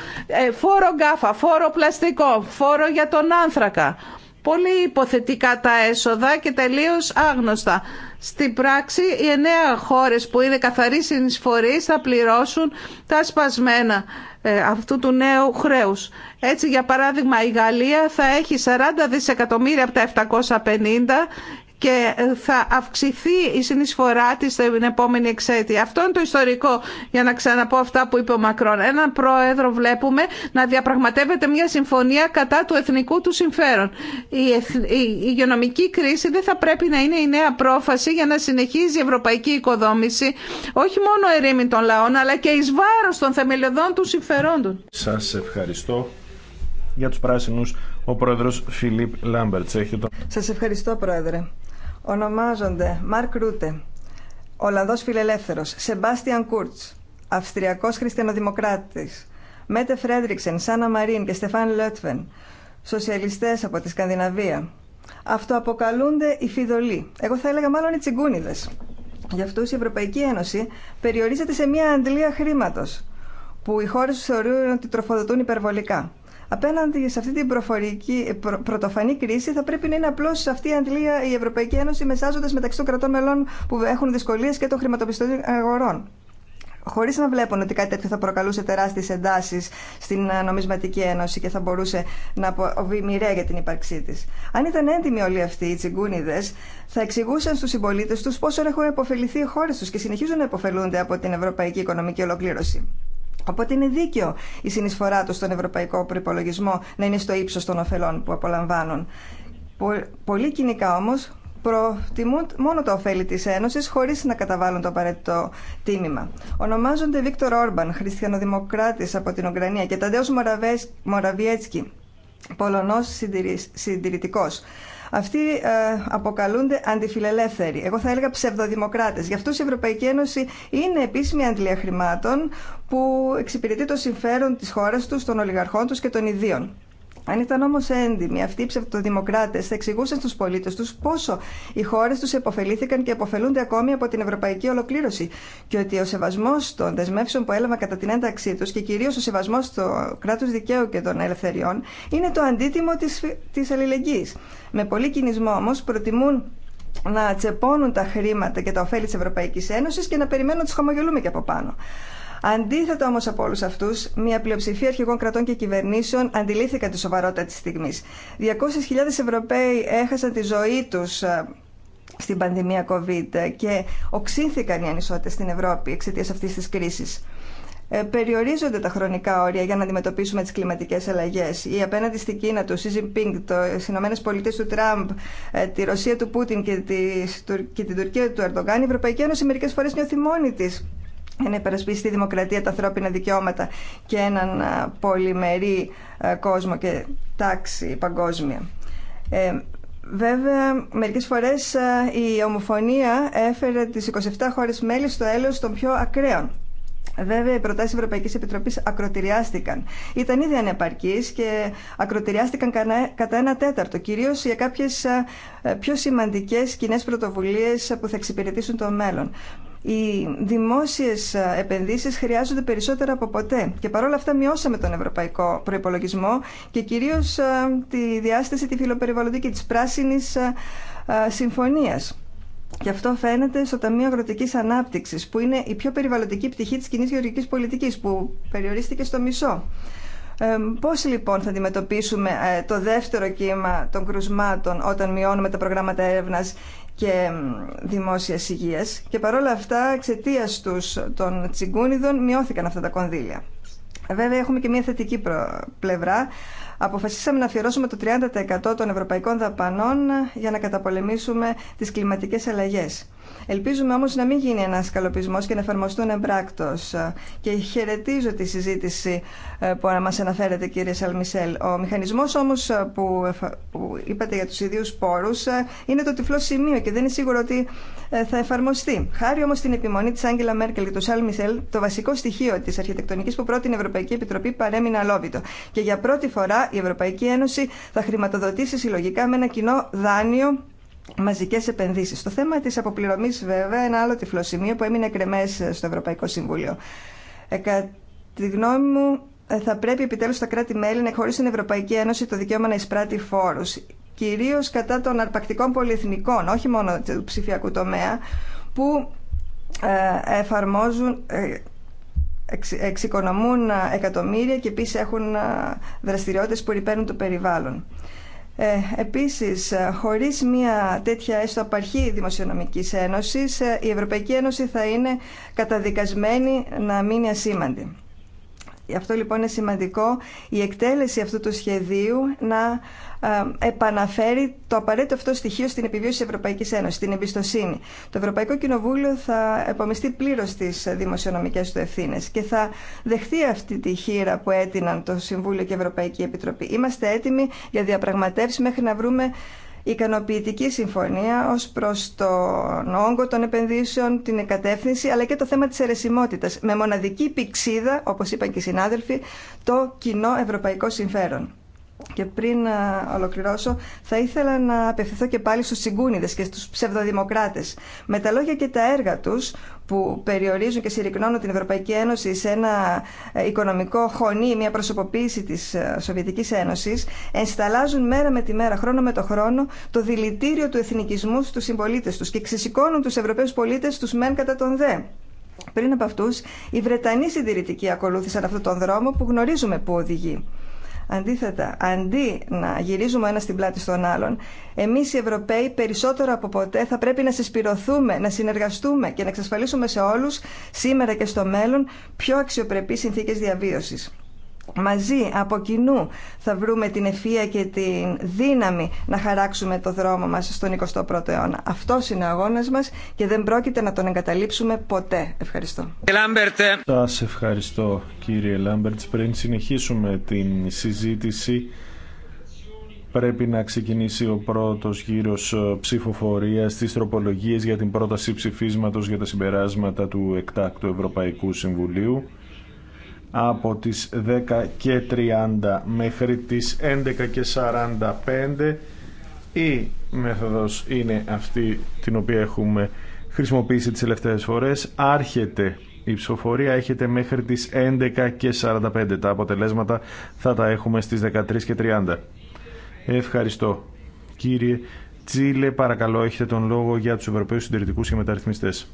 φόρο γκάφα, φόρο πλαστικό, φόρο για τον άνθρακα. Πολύ υποθετικά τα έσοδα και τελείως άγνωστα. Στην πράξη, οι εννέα χώρες που είναι καθαροί συνεισφορείς θα πληρώσουν τα σπασμένα ε, αυτού του νέου χρέους. Έτσι, για παράδειγμα, η Γαλλία θα έχει 40 δισεκατομμύρια από τα 750 και ε, θα αυξηθεί η συνεισφορά τη στην επόμενη εξέτεια. Αυτό είναι το ιστορικό για να ξαναπώ αυτά που είπε ο Μακρόν. Έναν πρόεδρο βλέπουμε να διαπραγματεύεται μια συμφωνία κατά του εθνικού του συμφέρον. Η, εθ... η υγειονομική κρίση δεν θα πρέπει να είναι η νέα πρόφαση για να συνεχίζει η ευρωπαϊκή οικοδόμηση όχι μόνο ερήμην των λαών αλλά και εις βάρος των θεμελιωδών του συμφερόντων. Σας ευχαριστώ για τους πράσινους ο πρόεδρος Φιλίπ Λάμπερτς. Έχετε το... Σας ευχαριστώ πρόεδρε. Ονομάζονται Μαρκ Ρούτε, Ολλανδός Φιλελεύθερος, Σεμπάστιαν Κούρτς, Αυστριακός Χριστιανοδημοκράτης, Μέτε Φρέντριξεν, Σάνα Μαρίν και Στεφάν Λότβεν, σοσιαλιστές από τη Σκανδιναβία. Αυτοαποκαλούνται οι φιδωλοί. Εγώ θα έλεγα μάλλον οι τσιγκούνιδες. Γι' αυτούς η Ευρωπαϊκή Ένωση περιορίζεται σε μια αντλία χρήματος που οι χώρες του θεωρούν ότι τροφοδοτούν υπερβολικά. Απέναντι σε αυτή την προφορική, πρωτοφανή κρίση θα πρέπει να είναι απλώ αυτή η αντλία η Ευρωπαϊκή Ένωση μεσάζοντα μεταξύ των κρατών μελών που έχουν δυσκολίε και των χρηματοπιστωτικών αγορών. Χωρί να βλέπουν ότι κάτι τέτοιο θα προκαλούσε τεράστιε εντάσει στην ε, νομισματική ένωση και θα μπορούσε να αποβεί για την ύπαρξή τη. Αν ήταν έντιμοι όλοι αυτοί οι τσιγκούνιδε, θα εξηγούσαν στου συμπολίτε του πόσο έχουν υποφεληθεί οι χώρε του και συνεχίζουν να υποφελούνται από την ευρωπαϊκή οικονομική ολοκλήρωση. Οπότε είναι δίκαιο η συνεισφορά του στον ευρωπαϊκό προπολογισμό να είναι στο ύψο των ωφελών που απολαμβάνουν. Πολύ κοινικά όμω προτιμούν μόνο το ωφέλη τη Ένωση χωρί να καταβάλουν το απαραίτητο τίμημα. Ονομάζονται Βίκτορ Όρμπαν, χριστιανοδημοκράτη από την Ουγγρανία και Ταντέο Μοραβιέτσκι, Πολωνό συντηρητικό αυτοί ε, αποκαλούνται αντιφιλελεύθεροι. Εγώ θα έλεγα ψευδοδημοκράτε. Γι' αυτό η Ευρωπαϊκή Ένωση είναι επίσημη αντλία χρημάτων που εξυπηρετεί το συμφέρον τη χώρα του, των ολιγαρχών του και των ιδίων. Αν ήταν όμω έντιμοι αυτοί οι ψευτοδημοκράτε, θα εξηγούσαν στου πολίτε του πόσο οι χώρε του επωφελήθηκαν και επωφελούνται ακόμη από την ευρωπαϊκή ολοκλήρωση και ότι ο σεβασμό των δεσμεύσεων που έλαβαν κατά την ένταξή του και κυρίω ο σεβασμό του κράτου δικαίου και των ελευθεριών είναι το αντίτιμο τη αλληλεγγύη. Με πολύ κινησμό όμω προτιμούν να τσεπώνουν τα χρήματα και τα ωφέλη τη Ευρωπαϊκή Ένωση και να περιμένουν να του χαμογελούμε και από πάνω. Αντίθετα όμω από όλου αυτού, μια πλειοψηφία αρχηγών κρατών και κυβερνήσεων αντιλήφθηκαν τη σοβαρότητα τη στιγμή. 200.000 Ευρωπαίοι έχασαν τη ζωή του ε, στην πανδημία COVID και οξύνθηκαν οι ανισότητε στην Ευρώπη εξαιτίας αυτής της κρίσης. Ε, περιορίζονται τα χρονικά όρια για να αντιμετωπίσουμε τι κλιματικέ αλλαγέ. Η απέναντι στην Κίνα το Xi Jinping, το, Ηνωμένε Πολιτείε του Τραμπ, ε, τη Ρωσία του Πούτιν και, και την Τουρκία του Ερντογάν, η Ευρωπαϊκή Ένωση μερικέ φορέ νιώθει μόνη τη να υπερασπίσει δημοκρατία, τα ανθρώπινα δικαιώματα και έναν πολυμερή κόσμο και τάξη παγκόσμια. Ε, βέβαια, μερικές φορές η ομοφωνία έφερε τις 27 χώρες μέλη στο έλεος των πιο ακραίων. Βέβαια, οι προτάσει Ευρωπαϊκή Επιτροπή ακροτηριάστηκαν. Ήταν ήδη ανεπαρκή και ακροτηριάστηκαν κατά ένα τέταρτο, κυρίω για κάποιε πιο σημαντικέ κοινέ πρωτοβουλίε που θα εξυπηρετήσουν το μέλλον. Οι δημόσιες επενδύσεις χρειάζονται περισσότερα από ποτέ και παρόλα αυτά μειώσαμε τον ευρωπαϊκό προϋπολογισμό και κυρίως ε, τη διάσταση τη φιλοπεριβαλλοντική της πράσινης ε, ε, συμφωνίας. Και αυτό φαίνεται στο Ταμείο Αγροτική ανάπτυξη, που είναι η πιο περιβαλλοντική πτυχή τη κοινή γεωργική πολιτική που περιορίστηκε στο μισό. Ε, πώς λοιπόν θα αντιμετωπίσουμε το δεύτερο κύμα των κρουσμάτων όταν μειώνουμε τα προγράμματα έρευνα και δημόσιας υγείας και παρόλα αυτά εξαιτία του των τσιγκούνιδων μειώθηκαν αυτά τα κονδύλια. Βέβαια έχουμε και μια θετική πλευρά. Αποφασίσαμε να αφιερώσουμε το 30% των ευρωπαϊκών δαπανών για να καταπολεμήσουμε τις κλιματικές αλλαγές. Ελπίζουμε όμως να μην γίνει ένας καλοπισμός και να εφαρμοστούν εμπράκτος. Και χαιρετίζω τη συζήτηση ε, που μας αναφέρετε κύριε Σαλμισέλ. Ο μηχανισμός όμως ε, που είπατε για τους ιδίους πόρους ε, είναι το τυφλό σημείο και δεν είναι σίγουρο ότι θα εφαρμοστεί. Χάρη όμως την επιμονή της Άγγελα Μέρκελ και του Σαλμισέλ, το βασικό στοιχείο της αρχιτεκτονικής που πρότεινε η Ευρωπαϊκή Επιτροπή παρέμεινε αλόβητο. Και για πρώτη φορά η Ευρωπαϊκή Ένωση θα χρηματοδοτήσει συλλογικά με ένα κοινό δάνειο μαζικέ επενδύσει. Το θέμα τη αποπληρωμή, βέβαια, ένα άλλο τυφλό σημείο που έμεινε κρεμέ στο Ευρωπαϊκό Συμβούλιο. Ε, κατά τη γνώμη μου, ε, θα πρέπει επιτέλου τα κράτη-μέλη να χωρίσουν την Ευρωπαϊκή Ένωση το δικαίωμα να εισπράττει φόρου. Κυρίω κατά των αρπακτικών πολυεθνικών, όχι μόνο του ψηφιακού τομέα, που ε, εφαρμόζουν, ε, εξοικονομούν εκατομμύρια και επίση έχουν δραστηριότητε που ρηπαίνουν το περιβάλλον. Ε, επίσης, χωρίς μια τέτοια έστω απαρχή δημοσιονομικής ένωσης, ε, η Ευρωπαϊκή Ένωση θα είναι καταδικασμένη να μείνει ασήμαντη. Γι' αυτό λοιπόν είναι σημαντικό η εκτέλεση αυτού του σχεδίου να ε, επαναφέρει το απαραίτητο αυτό στοιχείο στην επιβίωση της Ευρωπαϊκής Ένωσης, την εμπιστοσύνη. Το Ευρωπαϊκό Κοινοβούλιο θα επομιστεί πλήρως τις δημοσιονομικές του ευθύνε και θα δεχτεί αυτή τη χείρα που έτειναν το Συμβούλιο και η Ευρωπαϊκή Επιτροπή. Είμαστε έτοιμοι για διαπραγματεύσει μέχρι να βρούμε ικανοποιητική συμφωνία ως προς τον όγκο των επενδύσεων, την κατεύθυνση, αλλά και το θέμα της αιρεσιμότητα με μοναδική πηξίδα, όπως είπαν και οι συνάδελφοι, το κοινό ευρωπαϊκό συμφέρον. Και πριν ε, ολοκληρώσω, θα ήθελα να απευθυνθώ και πάλι στους συγκούνιδες και στους ψευδοδημοκράτες. Με τα λόγια και τα έργα τους που περιορίζουν και συρρυκνώνουν την Ευρωπαϊκή Ένωση σε ένα ε, οικονομικό χωνί, μια προσωποποίηση της ε, Σοβιετικής Ένωσης, ενσταλάζουν μέρα με τη μέρα, χρόνο με το χρόνο, το δηλητήριο του εθνικισμού στους συμπολίτε τους και ξεσηκώνουν τους Ευρωπαίους πολίτες τους μεν κατά τον δε. Πριν από αυτούς, οι Βρετανοί συντηρητικοί ακολούθησαν αυτόν τον δρόμο που γνωρίζουμε που οδηγεί. Αντίθετα, αντί να γυρίζουμε ένα στην πλάτη στον άλλον, εμείς οι Ευρωπαίοι περισσότερο από ποτέ θα πρέπει να συσπηρωθούμε, να συνεργαστούμε και να εξασφαλίσουμε σε όλους σήμερα και στο μέλλον πιο αξιοπρεπείς συνθήκες διαβίωσης μαζί από κοινού θα βρούμε την ευφία και την δύναμη να χαράξουμε το δρόμο μας στον 21ο αιώνα. Αυτό είναι ο αγώνας μας και δεν πρόκειται να τον εγκαταλείψουμε ποτέ. Ευχαριστώ. Σας ευχαριστώ κύριε Λάμπερτ. Πριν συνεχίσουμε την συζήτηση πρέπει να ξεκινήσει ο πρώτος γύρος ε, ψηφοφορίας στις τροπολογίες για την πρόταση ψηφίσματος για τα συμπεράσματα του εκτάκτου Ευρωπαϊκού Συμβουλίου από τις 10 και 30 μέχρι τις 11 και 45 η μέθοδος είναι αυτή την οποία έχουμε χρησιμοποιήσει τις τελευταίες φορές άρχεται η ψηφοφορία έχετε μέχρι τις 11 και 45 τα αποτελέσματα θα τα έχουμε στις 13 και 30 ευχαριστώ κύριε Τσίλε παρακαλώ έχετε τον λόγο για τους Ευρωπαίους Συντηρητικούς και Μεταρρυθμιστές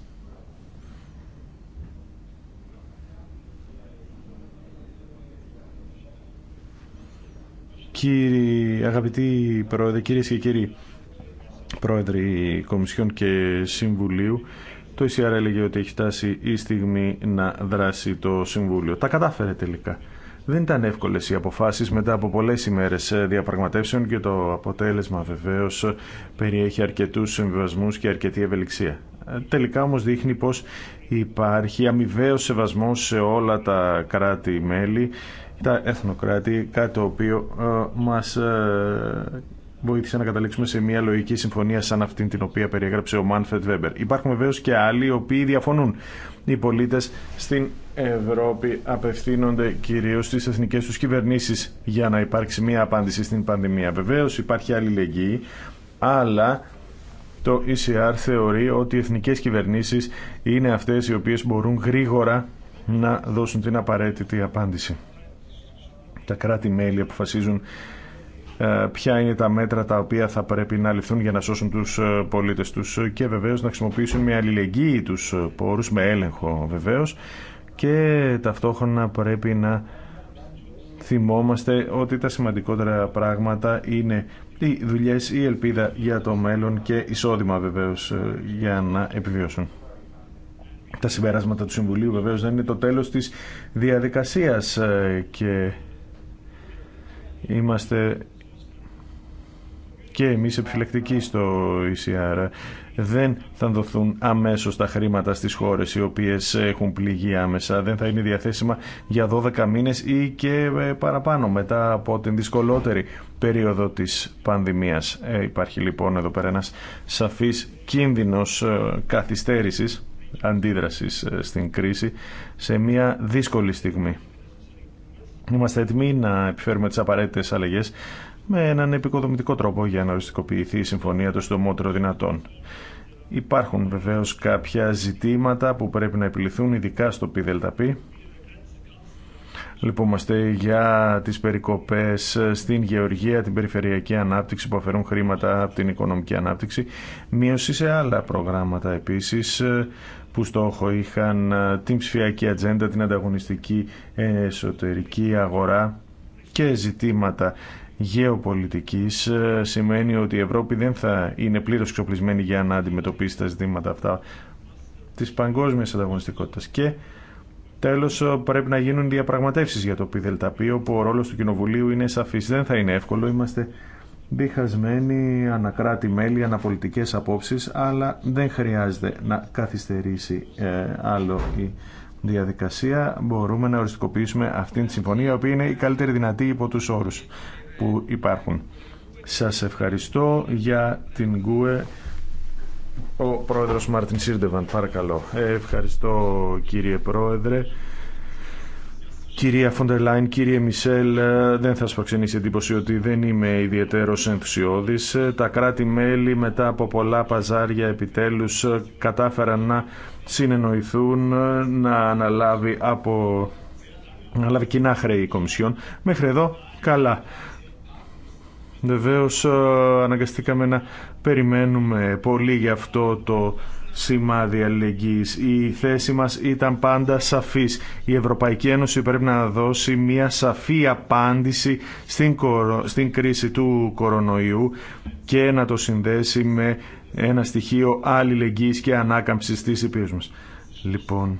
κύριοι, αγαπητοί πρόεδροι, κυρίες και κύριοι πρόεδροι Κομισιόν και Συμβουλίου, το ECR έλεγε ότι έχει φτάσει η στιγμή να δράσει το Συμβούλιο. Τα κατάφερε τελικά. Δεν ήταν εύκολες οι αποφάσεις μετά από πολλές ημέρες διαπραγματεύσεων και το αποτέλεσμα βεβαίως περιέχει αρκετούς συμβιβασμούς και αρκετή ευελιξία. Τελικά όμως δείχνει πως υπάρχει αμοιβαίος σεβασμός σε όλα τα κράτη-μέλη τα εθνοκράτη, κάτι το οποίο ε, μας ε, βοήθησε να καταλήξουμε σε μια λογική συμφωνία σαν αυτήν την οποία περιέγραψε ο Μάνφετ Βέμπερ. Υπάρχουν βεβαίω και άλλοι οι οποίοι διαφωνούν. Οι πολίτες στην Ευρώπη απευθύνονται κυρίως στις εθνικές του κυβερνήσει για να υπάρξει μια απάντηση στην πανδημία. Βεβαίω υπάρχει αλληλεγγύη, αλλά το ECR θεωρεί ότι οι εθνικές κυβερνήσεις είναι αυτές οι οποίες μπορούν γρήγορα να δώσουν την απαραίτητη απάντηση. Τα κράτη-μέλη αποφασίζουν ε, ποια είναι τα μέτρα τα οποία θα πρέπει να ληφθούν για να σώσουν τους ε, πολίτες τους και βεβαίως να χρησιμοποιήσουν μια αλληλεγγύη τους ε, πόρους με έλεγχο βεβαίως και ταυτόχρονα πρέπει να θυμόμαστε ότι τα σημαντικότερα πράγματα είναι οι δουλειές, η ελπίδα για το μέλλον και εισόδημα βεβαίως για να επιβιώσουν. Τα συμπεράσματα του Συμβουλίου βεβαίως δεν είναι το τέλος της διαδικασίας και Είμαστε και εμείς επιφυλακτικοί στο ECR. Δεν θα δοθούν αμέσως τα χρήματα στις χώρες οι οποίες έχουν πληγεί άμεσα. Δεν θα είναι διαθέσιμα για 12 μήνες ή και ε, παραπάνω μετά από την δυσκολότερη περίοδο της πανδημίας. Ε, υπάρχει λοιπόν εδώ πέρα ένας σαφής κίνδυνος ε, καθυστέρησης αντίδρασης στην κρίση σε μια δύσκολη στιγμή. Είμαστε έτοιμοι να επιφέρουμε τις απαραίτητες αλλαγέ με έναν επικοδομητικό τρόπο για να οριστικοποιηθεί η συμφωνία το συντομότερο δυνατόν. Υπάρχουν βεβαίως κάποια ζητήματα που πρέπει να επιληθούν ειδικά στο ΠΔΠ. Λυπόμαστε για τις περικοπές στην γεωργία, την περιφερειακή ανάπτυξη που αφαιρούν χρήματα από την οικονομική ανάπτυξη, μείωση σε άλλα προγράμματα επίσης που στόχο είχαν ε, την ψηφιακή ατζέντα, την ανταγωνιστική εσωτερική αγορά και ζητήματα γεωπολιτικής ε, σημαίνει ότι η Ευρώπη δεν θα είναι πλήρως εξοπλισμένη για να αντιμετωπίσει τα ζητήματα αυτά της παγκόσμιας ανταγωνιστικότητας και Τέλος, ε, πρέπει να γίνουν διαπραγματεύσεις για το ΠΙΔΕΛΤΑΠΗ όπου ο ρόλος του Κοινοβουλίου είναι σαφής. Δεν θα είναι εύκολο, είμαστε διχασμένοι ανακράτη-μέλη, αναπολιτικές απόψεις, αλλά δεν χρειάζεται να καθυστερήσει ε, άλλο η διαδικασία. Μπορούμε να οριστικοποιήσουμε αυτήν τη συμφωνία, η οποία είναι η καλύτερη δυνατή υπό τους όρους που υπάρχουν. Σας ευχαριστώ για την ΚΟΕ. Ο πρόεδρος Μάρτιν Σίρντεβαν, παρακαλώ. Ε, ευχαριστώ κύριε πρόεδρε. Κυρία Φοντερ Λάιν, κύριε Μισελ, ε, δεν θα σας προξενήσει εντύπωση ότι δεν είμαι ιδιαίτερο ενθουσιώδης. Ε, τα κράτη-μέλη μετά από πολλά παζάρια επιτέλους ε, κατάφεραν να συνεννοηθούν, να αναλάβει, από... αναλάβει κοινά χρέη η Κομισιόν. Μέχρι εδώ καλά. Βεβαίω αναγκαστήκαμε να περιμένουμε πολύ για αυτό το σημάδι αλληλεγγύης. Η θέση μας ήταν πάντα σαφής. Η Ευρωπαϊκή Ένωση πρέπει να δώσει μια σαφή απάντηση στην, κρίση του κορονοϊού και να το συνδέσει με ένα στοιχείο αλληλεγγύης και ανάκαμψης της υπήρους μας. Λοιπόν,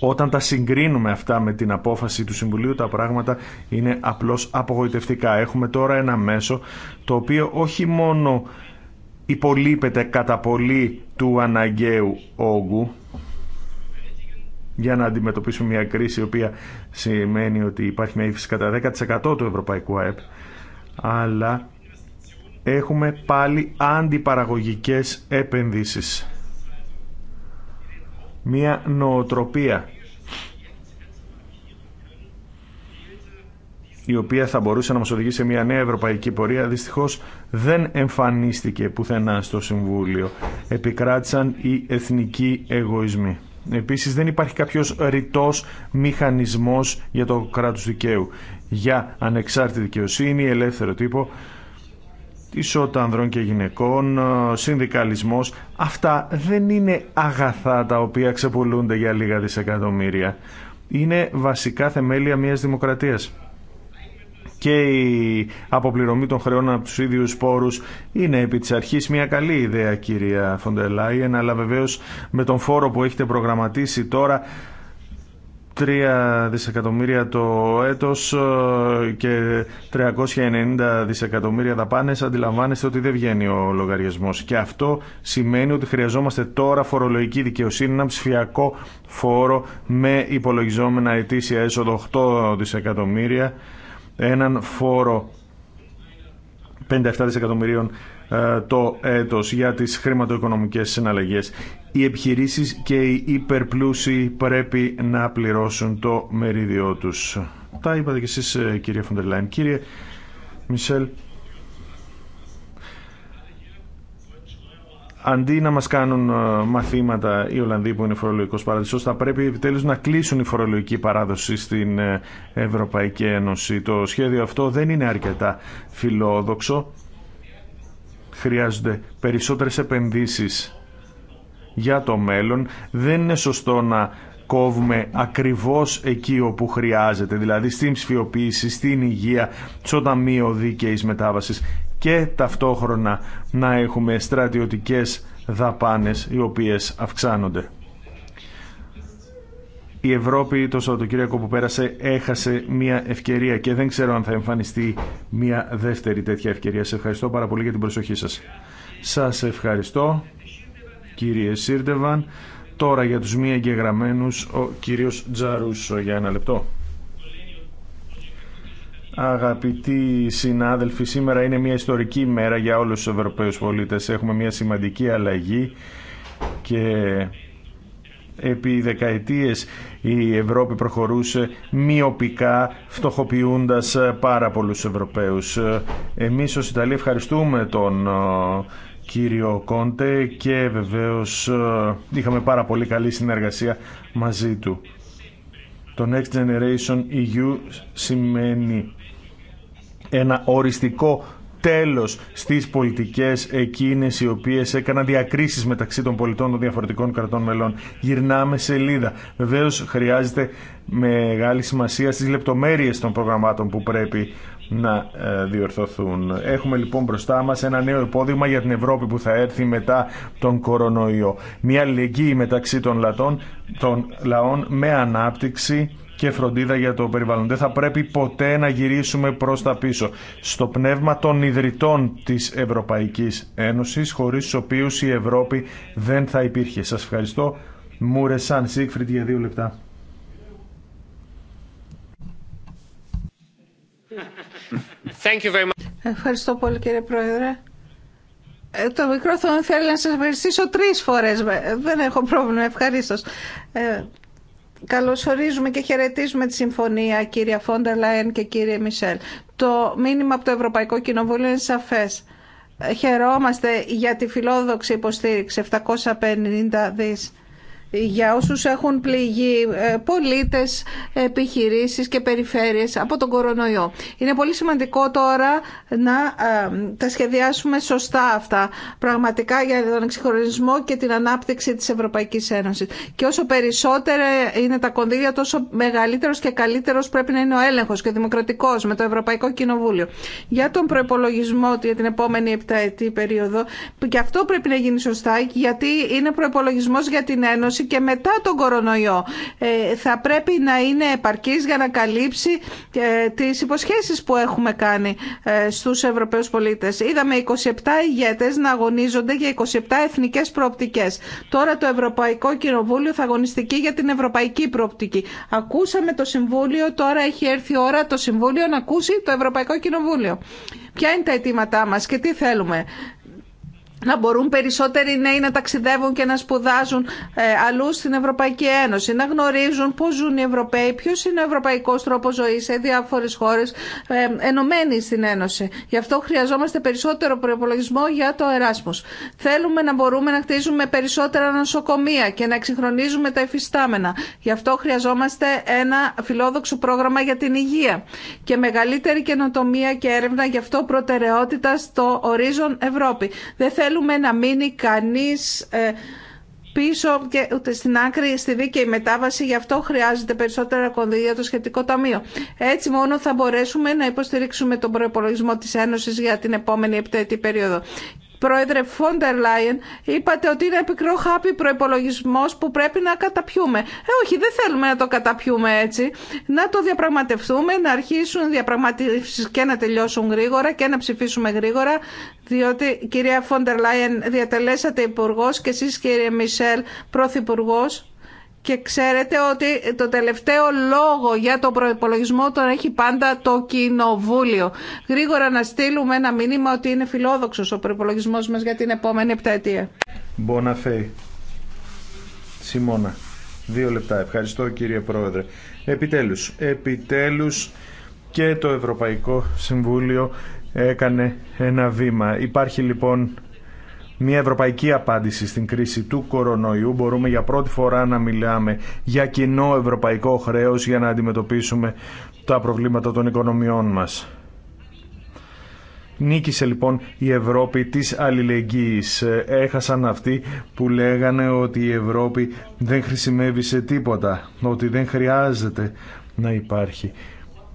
όταν τα συγκρίνουμε αυτά με την απόφαση του Συμβουλίου, τα πράγματα είναι απλώς απογοητευτικά. Έχουμε τώρα ένα μέσο το οποίο όχι μόνο υπολείπεται κατά πολύ του αναγκαίου όγκου για να αντιμετωπίσουμε μια κρίση η οποία σημαίνει ότι υπάρχει μια ύφεση κατά 10% του ευρωπαϊκού ΑΕΠ αλλά έχουμε πάλι αντιπαραγωγικές επενδύσεις. Μια νοοτροπία η οποία θα μπορούσε να μας οδηγήσει σε μια νέα ευρωπαϊκή πορεία, δυστυχώς δεν εμφανίστηκε πουθενά στο Συμβούλιο. Επικράτησαν οι εθνικοί εγωισμοί. Επίσης δεν υπάρχει κάποιος ρητός μηχανισμός για το κράτος δικαίου, για ανεξάρτητη δικαιοσύνη, ελεύθερο τύπο, ισότητα ανδρών και γυναικών, συνδικαλισμός. Αυτά δεν είναι αγαθά τα οποία ξεπουλούνται για λίγα δισεκατομμύρια. Είναι βασικά θεμέλια μιας δημοκρατίας και η αποπληρωμή των χρεών από τους ίδιους πόρους είναι επί της αρχής μια καλή ιδέα κυρία Φοντελάιεν αλλά βεβαίως με τον φόρο που έχετε προγραμματίσει τώρα 3 δισεκατομμύρια το έτος ε, και 390 δισεκατομμύρια δαπάνες αντιλαμβάνεστε ότι δεν βγαίνει ο λογαριασμός και αυτό σημαίνει ότι χρειαζόμαστε τώρα φορολογική δικαιοσύνη ένα ψηφιακό φόρο με υπολογιζόμενα ετήσια έσοδο 8 δισεκατομμύρια έναν φόρο 57 δισεκατομμυρίων ε, το έτος για τις χρηματοοικονομικές συναλλαγές. Οι επιχειρήσεις και οι υπερπλούσιοι πρέπει να πληρώσουν το μερίδιό τους. Τα είπατε κι εσείς ε, κύριε Φοντερλάιν. Κύριε Μισελ, αντί να μας κάνουν ε, μαθήματα οι Ολλανδοί που είναι φορολογικός παραδείσος, θα πρέπει επιτέλους να κλείσουν η φορολογική παράδοση στην ε, Ευρωπαϊκή Ένωση. Το σχέδιο αυτό δεν είναι αρκετά φιλόδοξο. Χρειάζονται περισσότερες επενδύσεις για το μέλλον. Δεν είναι σωστό να κόβουμε ακριβώς εκεί όπου χρειάζεται, δηλαδή στην ψηφιοποίηση, στην υγεία, στο Ταμείο Δίκαιης Μετάβασης και ταυτόχρονα να έχουμε στρατιωτικές δαπάνες οι οποίες αυξάνονται. Η Ευρώπη το Σαββατοκύριακο που πέρασε έχασε μια ευκαιρία και δεν ξέρω αν θα εμφανιστεί μια δεύτερη τέτοια ευκαιρία. Σε ευχαριστώ πάρα πολύ για την προσοχή σας. Σας ευχαριστώ κύριε Σίρτεβαν. Τώρα για τους μη εγγεγραμμένους ο κύριος Τζαρούσο για ένα λεπτό. Αγαπητοί συνάδελφοι, σήμερα είναι μια ιστορική μέρα για όλους τους Ευρωπαίους πολίτες. Έχουμε μια σημαντική αλλαγή και επί δεκαετίες η Ευρώπη προχωρούσε μειοπικά φτωχοποιούντας πάρα πολλούς Ευρωπαίους. Εμείς ως Ιταλία ευχαριστούμε τον ε, κύριο Κόντε και βεβαίως ε, είχαμε πάρα πολύ καλή συνεργασία μαζί του. Το Next Generation EU σημαίνει ένα οριστικό τέλος στις πολιτικές εκείνες οι οποίες έκαναν διακρίσεις μεταξύ των πολιτών των διαφορετικών κρατών μελών. Γυρνάμε σελίδα. Βεβαίω χρειάζεται μεγάλη σημασία στις λεπτομέρειες των προγραμμάτων που πρέπει να ε, διορθωθούν. Έχουμε λοιπόν μπροστά μας ένα νέο υπόδειγμα για την Ευρώπη που θα έρθει μετά τον κορονοϊό. Μια αλληλεγγύη μεταξύ των, λατών, των λαών με ανάπτυξη και φροντίδα για το περιβάλλον. Δεν θα πρέπει ποτέ να γυρίσουμε προς τα πίσω. Στο πνεύμα των ιδρυτών της Ευρωπαϊκής Ένωσης, χωρίς τους οποίους η Ευρώπη δεν θα υπήρχε. Σας ευχαριστώ. Μουρεσάν Σίγφριντ για δύο λεπτά. Thank you very much. Ευχαριστώ πολύ κύριε Πρόεδρε. Ε, το μικρό θέλει να σας ευχαριστήσω τρεις φορές. Ε, δεν έχω πρόβλημα. ευχαριστώ. Ε, Καλωσορίζουμε και χαιρετίζουμε τη συμφωνία κύρια Φόντερ Λάιεν και κύριε Μισελ. Το μήνυμα από το Ευρωπαϊκό Κοινοβούλιο είναι σαφές. Χαιρόμαστε για τη φιλόδοξη υποστήριξη 750 δις για όσους έχουν πληγεί ε, πολίτες, επιχειρήσεις και περιφέρειες από τον κορονοϊό. Είναι πολύ σημαντικό τώρα να ε, τα σχεδιάσουμε σωστά αυτά πραγματικά για τον εξυγχρονισμό και την ανάπτυξη της Ευρωπαϊκής Ένωσης. Και όσο περισσότερα είναι τα κονδύλια τόσο μεγαλύτερος και καλύτερος πρέπει να είναι ο έλεγχος και ο δημοκρατικός με το Ευρωπαϊκό Κοινοβούλιο. Για τον προπολογισμό για την επόμενη ετή περίοδο και αυτό πρέπει να γίνει σωστά γιατί είναι προπολογισμό για την Ένωση και μετά τον κορονοϊό ε, θα πρέπει να είναι επαρκής για να καλύψει ε, τις υποσχέσεις που έχουμε κάνει ε, στους Ευρωπαίους πολίτες. Είδαμε 27 ηγέτες να αγωνίζονται για 27 εθνικές προοπτικές. Τώρα το Ευρωπαϊκό Κοινοβούλιο θα αγωνιστική για την Ευρωπαϊκή Προοπτική. Ακούσαμε το Συμβούλιο, τώρα έχει έρθει η ώρα το Συμβούλιο να ακούσει το Ευρωπαϊκό Κοινοβούλιο. Ποια είναι τα αιτήματά μας και τι θέλουμε να μπορούν περισσότεροι νέοι να ταξιδεύουν και να σπουδάζουν ε, αλλού στην Ευρωπαϊκή Ένωση, να γνωρίζουν πώς ζουν οι Ευρωπαίοι, ποιο είναι ο Ευρωπαϊκό τρόπο ζωή σε διάφορες χώρες ε, ενωμένοι στην Ένωση. Γι' αυτό χρειαζόμαστε περισσότερο προπολογισμό για το Εράσμο. Θέλουμε να μπορούμε να χτίζουμε περισσότερα νοσοκομεία και να εξυγχρονίζουμε τα εφιστάμενα. Γι' αυτό χρειαζόμαστε ένα φιλόδοξο πρόγραμμα για την υγεία και μεγαλύτερη καινοτομία και έρευνα γι' αυτό προτεραιότητα στο ορίζον Ευρώπη. Δεν θέλουμε να μείνει κανείς ε, πίσω και ούτε στην άκρη στη δίκαιη μετάβαση. Γι' αυτό χρειάζεται περισσότερα κονδύλια το σχετικό ταμείο. Έτσι μόνο θα μπορέσουμε να υποστηρίξουμε τον προπολογισμό της Ένωσης για την επόμενη επτάετη περίοδο. Πρόεδρε Φόντερ Λάιεν, είπατε ότι είναι πικρό χάπι προπολογισμό που πρέπει να καταπιούμε. Ε, όχι, δεν θέλουμε να το καταπιούμε έτσι. Να το διαπραγματευτούμε, να αρχίσουν διαπραγματεύσει και να τελειώσουν γρήγορα και να ψηφίσουμε γρήγορα. Διότι, κυρία Φόντερ Λάιεν, διατελέσατε υπουργό και εσεί, κύριε Μισελ, πρωθυπουργό και ξέρετε ότι το τελευταίο λόγο για το προπολογισμό τον έχει πάντα το Κοινοβούλιο. Γρήγορα να στείλουμε ένα μήνυμα ότι είναι φιλόδοξος ο προπολογισμό μας για την επόμενη επταετία. Μποναφέη. Σιμώνα. Δύο λεπτά. Ευχαριστώ κύριε Πρόεδρε. Επιτέλους, επιτέλους και το Ευρωπαϊκό Συμβούλιο έκανε ένα βήμα. Υπάρχει λοιπόν μια ευρωπαϊκή απάντηση στην κρίση του κορονοϊού. Μπορούμε για πρώτη φορά να μιλάμε για κοινό ευρωπαϊκό χρέος για να αντιμετωπίσουμε τα προβλήματα των οικονομιών μας. Νίκησε λοιπόν η Ευρώπη της αλληλεγγύης. Έχασαν αυτοί που λέγανε ότι η Ευρώπη δεν χρησιμεύει σε τίποτα, ότι δεν χρειάζεται να υπάρχει.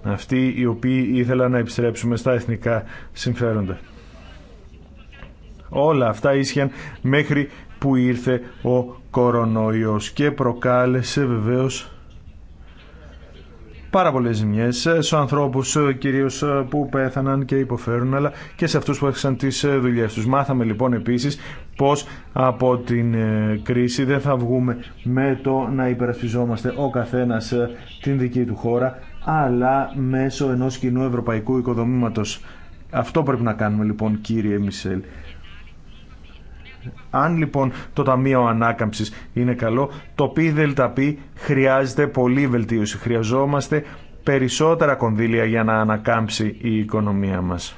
Αυτοί οι οποίοι ήθελαν να επιστρέψουμε στα εθνικά συμφέροντα. Όλα αυτά ίσχυαν μέχρι που ήρθε ο κορονοϊός και προκάλεσε βεβαίως πάρα πολλές ζημιές στους ανθρώπους ε, κυρίως ε, που πέθαναν και υποφέρουν αλλά και σε αυτούς που έχασαν τις ε, δουλειές τους. Μάθαμε λοιπόν επίσης πως από την κρίση δεν θα βγούμε με το να υπερασπιζόμαστε ο καθένας την δική του χώρα αλλά μέσω ενός κοινού ευρωπαϊκού οικοδομήματος. Αυτό πρέπει να κάνουμε λοιπόν κύριε Μισελ. Αν λοιπόν το Ταμείο ανάκαμψη είναι καλό, το ΠΔΠ χρειάζεται πολύ βελτίωση. Χρειαζόμαστε περισσότερα κονδύλια για να ανακάμψει η οικονομία μας.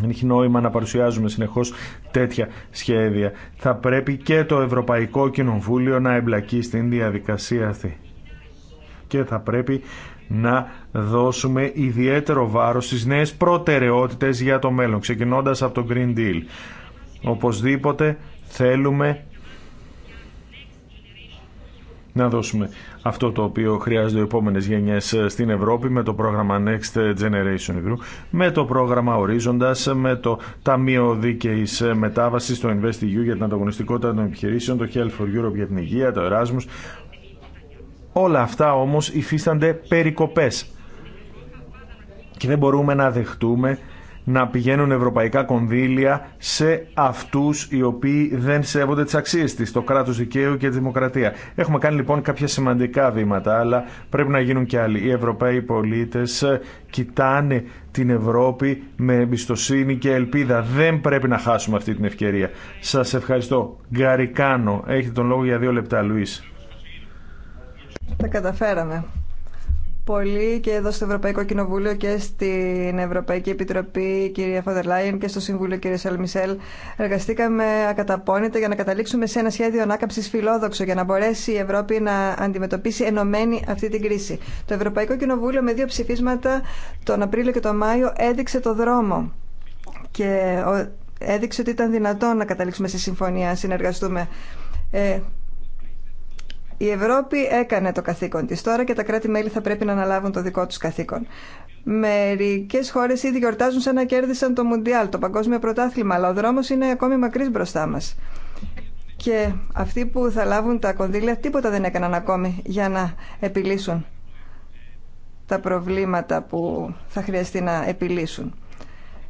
Δεν έχει νόημα να παρουσιάζουμε συνεχώς τέτοια σχέδια. Θα πρέπει και το Ευρωπαϊκό Κοινοβούλιο να εμπλακεί στην διαδικασία αυτή. Και θα πρέπει να δώσουμε ιδιαίτερο βάρος στις νέες προτεραιότητες για το μέλλον, ξεκινώντας από το Green Deal. Οπωσδήποτε θέλουμε να δώσουμε αυτό το οποίο χρειάζονται οι επόμενες γενιές στην Ευρώπη με το πρόγραμμα Next Generation Group, με το πρόγραμμα ορίζοντα, με το Ταμείο δίκαιη Μετάβαση, το InvestEU για την ανταγωνιστικότητα των επιχειρήσεων, το Health for Europe για την υγεία, το Erasmus. Όλα αυτά όμως υφίστανται περικοπές και δεν μπορούμε να δεχτούμε να πηγαίνουν ευρωπαϊκά κονδύλια σε αυτούς οι οποίοι δεν σέβονται τις αξίες της, το κράτος δικαίου και τη δημοκρατία. Έχουμε κάνει λοιπόν κάποια σημαντικά βήματα, αλλά πρέπει να γίνουν και άλλοι. Οι Ευρωπαίοι πολίτες ε, κοιτάνε την Ευρώπη με εμπιστοσύνη και ελπίδα. Δεν πρέπει να χάσουμε αυτή την ευκαιρία. Σας ευχαριστώ. Γκαρικάνο, έχετε τον λόγο για δύο λεπτά, Λουίς. Τα καταφέραμε πολύ και εδώ στο Ευρωπαϊκό Κοινοβούλιο και στην Ευρωπαϊκή Επιτροπή κυρία Φαδερλάιν, και στο Συμβούλιο κύριε Σαλμισέλ. Εργαστήκαμε ακαταπώνητα για να καταλήξουμε σε ένα σχέδιο ανάκαμψη φιλόδοξο για να μπορέσει η Ευρώπη να αντιμετωπίσει ενωμένη αυτή την κρίση. Το Ευρωπαϊκό Κοινοβούλιο με δύο ψηφίσματα τον Απρίλιο και τον Μάιο έδειξε το δρόμο και έδειξε ότι ήταν δυνατόν να καταλήξουμε σε συμφωνία, συνεργαστούμε. Ε, η Ευρώπη έκανε το καθήκον της τώρα και τα κράτη-μέλη θα πρέπει να αναλάβουν το δικό τους καθήκον. Μερικέ χώρε ήδη γιορτάζουν σαν να κέρδισαν το Μουντιάλ, το Παγκόσμιο Πρωτάθλημα, αλλά ο δρόμο είναι ακόμη μακρύ μπροστά μα. Και αυτοί που θα λάβουν τα κονδύλια τίποτα δεν έκαναν ακόμη για να επιλύσουν τα προβλήματα που θα χρειαστεί να επιλύσουν.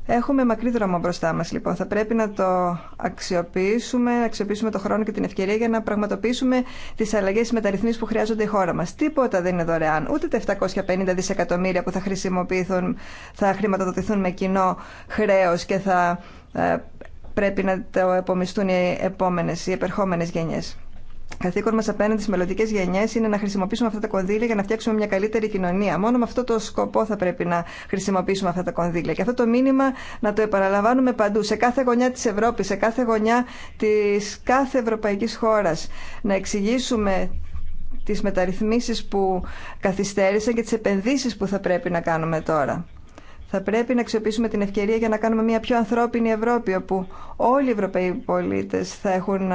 Έχουμε μακρύ δρόμο μπροστά μας λοιπόν. Θα πρέπει να το αξιοποιήσουμε, να αξιοποιήσουμε το χρόνο και την ευκαιρία για να πραγματοποιήσουμε τις αλλαγές μεταρρυθμίσεις που χρειάζονται η χώρα μας. Τίποτα δεν είναι δωρεάν. Ούτε τα 750 δισεκατομμύρια που θα χρησιμοποιηθούν, θα χρηματοδοτηθούν με κοινό χρέος και θα ε, πρέπει να το επομιστούν οι επόμενες, οι επερχόμενες γενιές καθήκον μα απέναντι στι μελλοντικέ γενιέ είναι να χρησιμοποιήσουμε αυτά τα κονδύλια για να φτιάξουμε μια καλύτερη κοινωνία. Μόνο με αυτό το σκοπό θα πρέπει να χρησιμοποιήσουμε αυτά τα κονδύλια. Και αυτό το μήνυμα να το επαναλαμβάνουμε παντού, σε κάθε γωνιά τη Ευρώπη, σε κάθε γωνιά τη κάθε ευρωπαϊκή χώρα. Να εξηγήσουμε τις μεταρρυθμίσεις που καθυστέρησαν και τις επενδύσεις που θα πρέπει να κάνουμε τώρα. Θα πρέπει να αξιοποιήσουμε την ευκαιρία για να κάνουμε μια πιο ανθρώπινη Ευρώπη, όπου όλοι οι Ευρωπαίοι πολίτες θα έχουν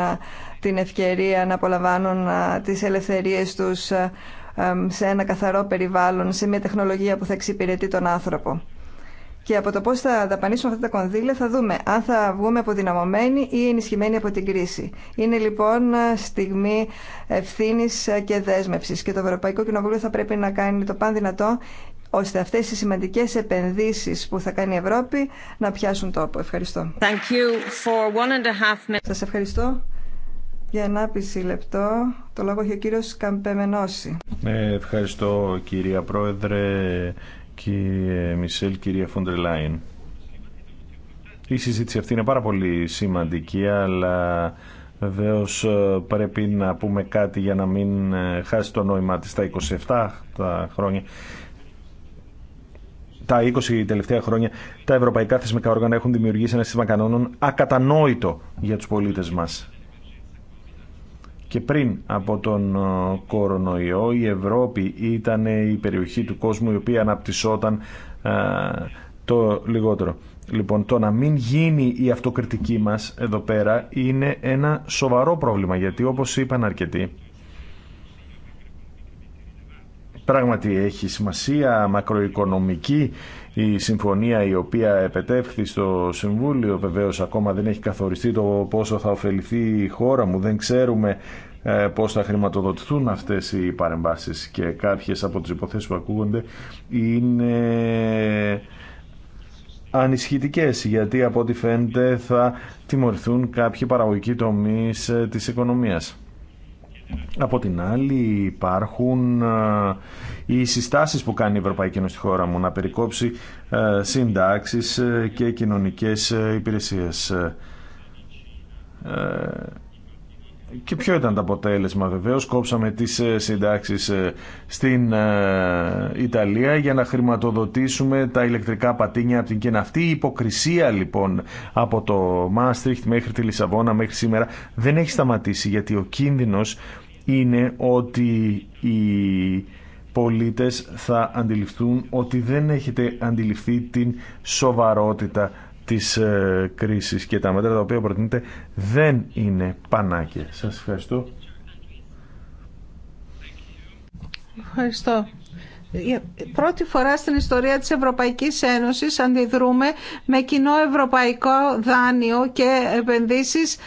την ευκαιρία να απολαμβάνουν τις ελευθερίες τους σε ένα καθαρό περιβάλλον, σε μια τεχνολογία που θα εξυπηρετεί τον άνθρωπο. Και από το πώς θα δαπανίσουμε αυτά τα κονδύλια θα δούμε αν θα βγούμε αποδυναμωμένοι ή ενισχυμένοι από την κρίση. Είναι λοιπόν στιγμή ευθύνη και δέσμευση. Και το Ευρωπαϊκό Κοινοβούλιο θα πρέπει να κάνει το παν δυνατό ώστε αυτές οι σημαντικές επενδύσεις που θα κάνει η Ευρώπη να πιάσουν τόπο. Ευχαριστώ. Thank ευχαριστώ. Για 1,5 λεπτό το λόγο έχει ο κύριο Καμπεμενώση. Ε, ευχαριστώ κυρία Πρόεδρε, κύριε Μισελ, κυρία φοντρελάιν. Λάιν. Η συζήτηση αυτή είναι πάρα πολύ σημαντική, αλλά βεβαίω ε, πρέπει να πούμε κάτι για να μην ε, χάσει το νόημά της τα 27 τα χρόνια τα 20 τελευταία χρόνια τα ευρωπαϊκά θεσμικά όργανα έχουν δημιουργήσει ένα σύστημα κανόνων ακατανόητο για τους πολίτες μας και πριν από τον ε, κορονοϊό η Ευρώπη ήταν η περιοχή του κόσμου η οποία αναπτυσσόταν ε, το λιγότερο. Λοιπόν, το να μην γίνει η αυτοκριτική μας εδώ πέρα είναι ένα σοβαρό πρόβλημα γιατί όπως είπαν αρκετοί Πράγματι έχει σημασία μακροοικονομική η συμφωνία η οποία επετεύχθη στο Συμβούλιο. Βεβαίως ακόμα δεν έχει καθοριστεί το πόσο θα ωφεληθεί η χώρα μου. Δεν ξέρουμε ε, πώς θα χρηματοδοτηθούν αυτές οι παρεμβάσεις και κάποιες από τις υποθέσεις που ακούγονται είναι ανισχυτικές γιατί από ό,τι φαίνεται θα τιμωρηθούν κάποιοι παραγωγικοί τομείς ε, της οικονομίας. Από την άλλη υπάρχουν ε, οι συστάσεις που κάνει η Ευρωπαϊκή Ένωση στη χώρα μου να περικόψει ε, συντάξεις ε, και κοινωνικές υπηρεσίες. Και ποιο ήταν το αποτέλεσμα βεβαίως, κόψαμε τις ε, συντάξεις ε, στην ε, Ιταλία για να χρηματοδοτήσουμε τα ηλεκτρικά πατίνια από την Κένα. Αυτή η υποκρισία λοιπόν από το Μάστριχτ μέχρι τη Λισαβόνα μέχρι σήμερα δεν έχει σταματήσει γιατί ο κίνδυνος είναι ότι οι πολίτες θα αντιληφθούν ότι δεν έχετε αντιληφθεί την σοβαρότητα της ε, κρίσης και τα μέτρα τα οποία προτείνετε δεν είναι πανάκια. Σας ευχαριστώ. Ευχαριστώ. Πρώτη φορά στην ιστορία της Ευρωπαϊκής Ένωσης αντιδρούμε με κοινό ευρωπαϊκό δάνειο και επενδύσεις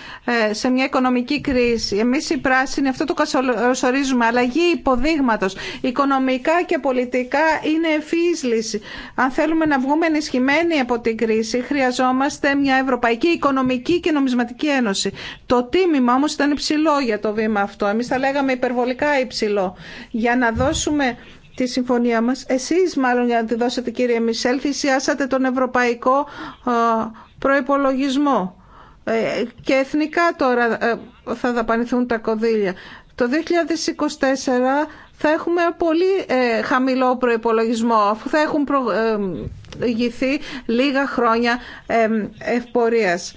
ε, σε μια οικονομική κρίση. Εμείς οι πράσινοι αυτό το κασορίζουμε. Αλλαγή υποδείγματος. Οικονομικά και πολιτικά είναι ευφύης λύση. Αν θέλουμε να βγούμε ενισχυμένοι από την κρίση χρειαζόμαστε μια Ευρωπαϊκή Οικονομική και Νομισματική Ένωση. Το τίμημα όμως ήταν υψηλό για το βήμα αυτό. Εμείς θα λέγαμε υπερβολικά υψηλό. Για να δώσουμε τη συμφωνία μας. Εσείς μάλλον για να τη δώσετε κύριε Μισελ θυσιάσατε τον ευρωπαϊκό ε, προϋπολογισμό ε, και εθνικά τώρα ε, θα δαπανηθούν τα κονδύλια. Το 2024 θα έχουμε πολύ χαμηλό προπολογισμό. αφού θα έχουν προηγηθεί λίγα χρόνια ευπορίας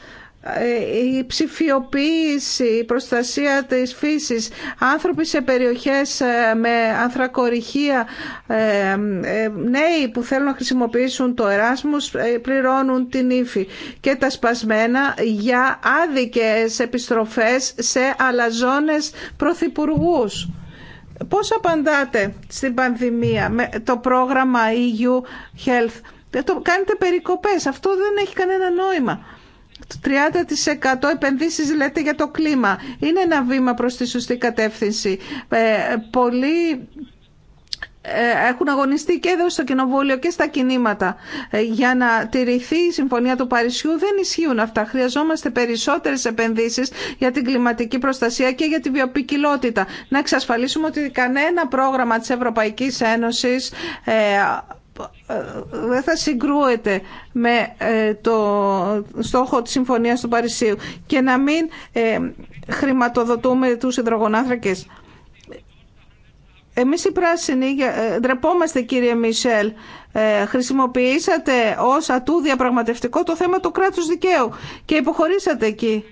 η ψηφιοποίηση, η προστασία της φύσης, άνθρωποι σε περιοχές ε, με ανθρακοριχεία, ε, ε, νέοι που θέλουν να χρησιμοποιήσουν το εράσμους πληρώνουν την ύφη και τα σπασμένα για άδικες επιστροφές σε αλαζόνες πρωθυπουργού. Πώς απαντάτε στην πανδημία με το πρόγραμμα EU Health. Το κάνετε περικοπές. Αυτό δεν έχει κανένα νόημα. 30% επενδύσεις λέτε για το κλίμα. Είναι ένα βήμα προς τη σωστή κατεύθυνση. Ε, πολλοί ε, έχουν αγωνιστεί και εδώ στο Κοινοβούλιο και στα κινήματα ε, για να τηρηθεί η Συμφωνία του Παρισιού. Δεν ισχύουν αυτά. Χρειαζόμαστε περισσότερες επενδύσεις για την κλιματική προστασία και για τη βιοπικιλότητα. Να εξασφαλίσουμε ότι κανένα πρόγραμμα τη Ευρωπαϊκή Ένωση δεν θα συγκρούεται με ε, το στόχο της Συμφωνίας του Παρισίου και να μην ε, χρηματοδοτούμε τους υδρογονάθρακες. Εμείς οι πράσινοι, ε, ντρεπόμαστε κύριε Μισελ, χρησιμοποιήσατε ως ατού διαπραγματευτικό το θέμα του κράτους δικαίου και υποχωρήσατε εκεί.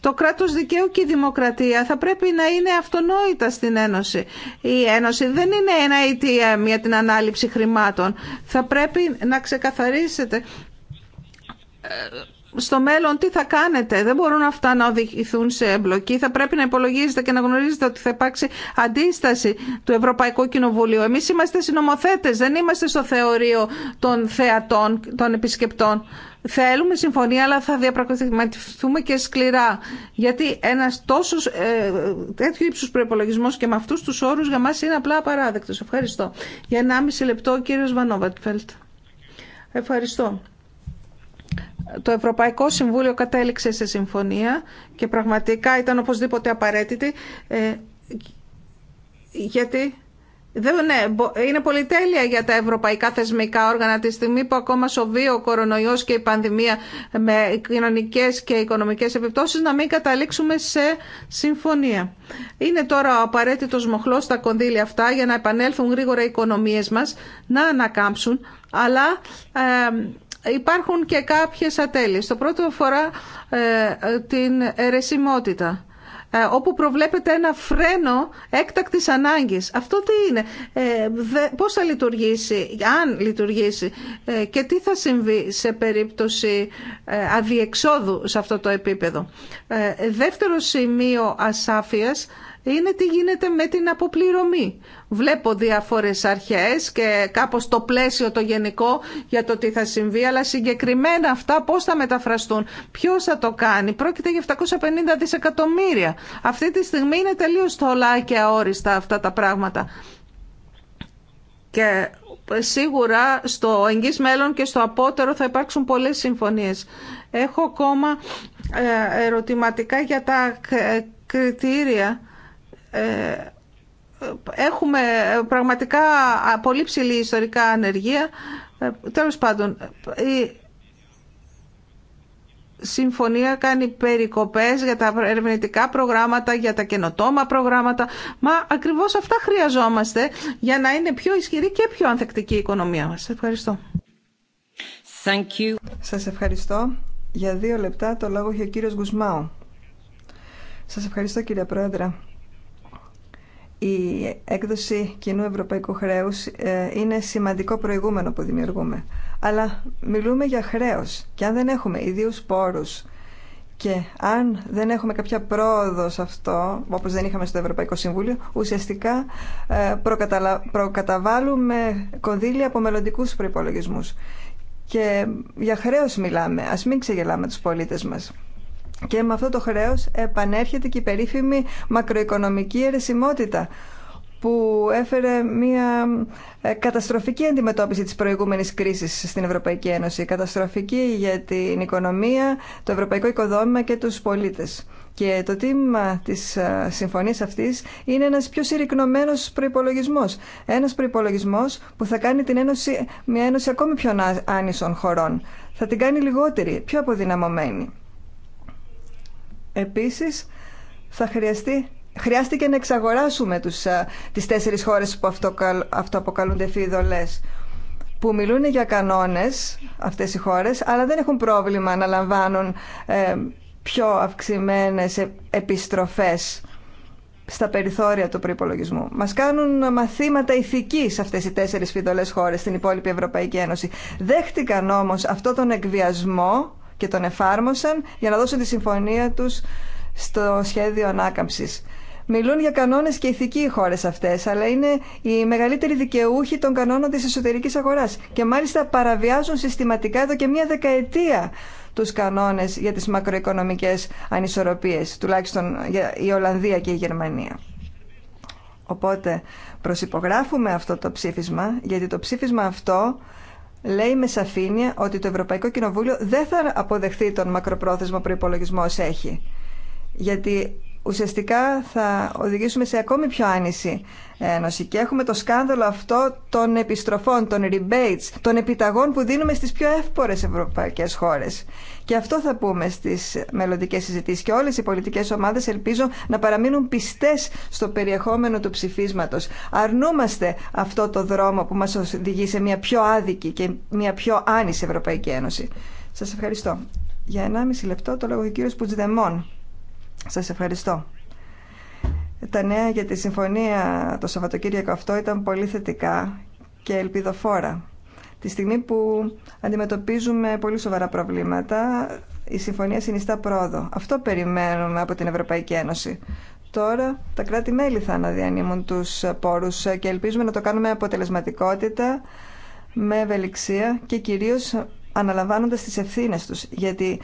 Το κράτος δικαίου και η δημοκρατία θα πρέπει να είναι αυτονόητα στην Ένωση. Η Ένωση δεν είναι ένα ATM για την ανάληψη χρημάτων. Θα πρέπει να ξεκαθαρίσετε ε, στο μέλλον τι θα κάνετε. Δεν μπορούν αυτά να οδηγηθούν σε εμπλοκή. Θα πρέπει να υπολογίζετε και να γνωρίζετε ότι θα υπάρξει αντίσταση του Ευρωπαϊκού Κοινοβουλίου. Εμείς είμαστε συνομοθέτες, δεν είμαστε στο θεωρείο των θεατών, των επισκεπτών. Θέλουμε συμφωνία, αλλά θα διαπραγματευτούμε και σκληρά. Γιατί ένα τόσο ε, τέτοιου ύψου προπολογισμό και με αυτού του όρου για μα είναι απλά απαράδεκτο. Ευχαριστώ. Για 1,5 λεπτό ο κύριο Βανόβατφελτ. Ευχαριστώ. Το Ευρωπαϊκό Συμβούλιο κατέληξε σε συμφωνία και πραγματικά ήταν οπωσδήποτε απαραίτητη. Ε, γιατί δεν, ναι, είναι πολυτέλεια για τα ευρωπαϊκά θεσμικά όργανα τη στιγμή που ακόμα σοβεί ο κορονοϊός και η πανδημία με κοινωνικέ και οικονομικές επιπτώσεις να μην καταλήξουμε σε συμφωνία. Είναι τώρα ο απαραίτητο μοχλός στα κονδύλια αυτά για να επανέλθουν γρήγορα οι οικονομίες μας, να ανακάμψουν, αλλά... Ε, υπάρχουν και κάποιε ατέλειε. Το πρώτο αφορά ε, την αιρεσιμότητα. Ε, όπου προβλέπεται ένα φρένο έκτακτης ανάγκης. Αυτό τι είναι, ε, πώς θα λειτουργήσει, αν λειτουργήσει ε, και τι θα συμβεί σε περίπτωση αδιεξόδου σε αυτό το επίπεδο. Δεύτερο σημείο ασάφειας είναι τι γίνεται με την αποπληρωμή. Βλέπω διάφορες αρχές και κάπως το πλαίσιο το γενικό για το τι θα συμβεί, αλλά συγκεκριμένα αυτά πώς θα μεταφραστούν, ποιος θα το κάνει. Πρόκειται για 750 δισεκατομμύρια. Αυτή τη στιγμή είναι τελείως θολά και αόριστα αυτά τα πράγματα. Και σίγουρα στο εγγύς μέλλον και στο απότερο θα υπάρξουν πολλές συμφωνίες. Έχω ακόμα ε, ερωτηματικά για τα ε, κριτήρια ε, έχουμε πραγματικά πολύ ψηλή ιστορικά ανεργία. Ε, τέλος πάντων, η συμφωνία κάνει περικοπές για τα ερευνητικά προγράμματα, για τα καινοτόμα προγράμματα. Μα ακριβώς αυτά χρειαζόμαστε για να είναι πιο ισχυρή και πιο ανθεκτική η οικονομία μας. Ευχαριστώ. Thank you. Σας ευχαριστώ. Για δύο λεπτά το λόγο έχει ο κύριος Γκουσμάου. Σας ευχαριστώ κύριε Πρόεδρε η έκδοση κοινού ευρωπαϊκού χρέους ε, είναι σημαντικό προηγούμενο που δημιουργούμε. Αλλά μιλούμε για χρέος και αν δεν έχουμε ιδίους πόρους και αν δεν έχουμε κάποια πρόοδο σε αυτό, όπως δεν είχαμε στο Ευρωπαϊκό Συμβούλιο, ουσιαστικά ε, προκαταλα... προκαταβάλουμε κονδύλια από μελλοντικού προπολογισμού. Και για χρέος μιλάμε, ας μην ξεγελάμε τους πολίτες μας. Και με αυτό το χρέος επανέρχεται και η περίφημη μακροοικονομική αιρεσιμότητα που έφερε μια ε, καταστροφική αντιμετώπιση της προηγούμενης κρίσης στην Ευρωπαϊκή Ένωση. Καταστροφική για την οικονομία, το ευρωπαϊκό οικοδόμημα και τους πολίτες. Και το τίμημα της ε, συμφωνίας αυτής είναι ένας πιο συρρυκνωμένος προϋπολογισμός. Ένας προϋπολογισμός που θα κάνει την Ένωση μια Ένωση ακόμη πιο άνισων χωρών. Θα την κάνει λιγότερη, πιο αποδυναμωμένη. Επίσης, θα χρειαστεί χρειάστηκε να εξαγοράσουμε τους, α, τις τέσσερις χώρες που αυτοαποκαλούνται φιδωλές που μιλούν για κανόνες αυτές οι χώρες αλλά δεν έχουν πρόβλημα να λαμβάνουν ε, πιο αυξημένες ε, επιστροφές στα περιθώρια του προϋπολογισμού. Μας κάνουν μαθήματα ηθικής αυτές οι τέσσερις φίδωλες χώρε στην υπόλοιπη Ευρωπαϊκή Ένωση. Δέχτηκαν όμω αυτό τον εκβιασμό και τον εφάρμοσαν για να δώσουν τη συμφωνία τους στο σχέδιο ανάκαμψης. Μιλούν για κανόνες και ηθικοί οι χώρες αυτές, αλλά είναι οι μεγαλύτεροι δικαιούχοι των κανόνων της εσωτερικής αγοράς και μάλιστα παραβιάζουν συστηματικά εδώ και μία δεκαετία τους κανόνες για τις μακροοικονομικές ανισορροπίες, τουλάχιστον για η Ολλανδία και η Γερμανία. Οπότε προσυπογράφουμε αυτό το ψήφισμα, γιατί το ψήφισμα αυτό λέει με σαφήνεια ότι το Ευρωπαϊκό Κοινοβούλιο δεν θα αποδεχθεί τον μακροπρόθεσμο προπολογισμό ως έχει. Γιατί ουσιαστικά θα οδηγήσουμε σε ακόμη πιο άνηση ένωση. Και έχουμε το σκάνδαλο αυτό των επιστροφών, των rebates, των επιταγών που δίνουμε στις πιο εύπορες ευρωπαϊκές χώρες. Και αυτό θα πούμε στις μελλοντικέ συζητήσεις και όλες οι πολιτικές ομάδες ελπίζω να παραμείνουν πιστές στο περιεχόμενο του ψηφίσματος. Αρνούμαστε αυτό το δρόμο που μας οδηγεί σε μια πιο άδικη και μια πιο άνηση Ευρωπαϊκή Ένωση. Σας ευχαριστώ. Για 1,5 λεπτό το λόγο ο κύριος Πουτσδεμόν. Σας ευχαριστώ. Τα νέα για τη συμφωνία το Σαββατοκύριακο αυτό ήταν πολύ θετικά και ελπιδοφόρα. Τη στιγμή που αντιμετωπίζουμε πολύ σοβαρά προβλήματα, η συμφωνία συνιστά πρόοδο. Αυτό περιμένουμε από την Ευρωπαϊκή Ένωση. Τώρα τα κράτη-μέλη θα αναδιανύμουν τους πόρους και ελπίζουμε να το κάνουμε αποτελεσματικότητα, με ευελιξία και κυρίως αναλαμβάνοντας τις ευθύνες τους. Γιατί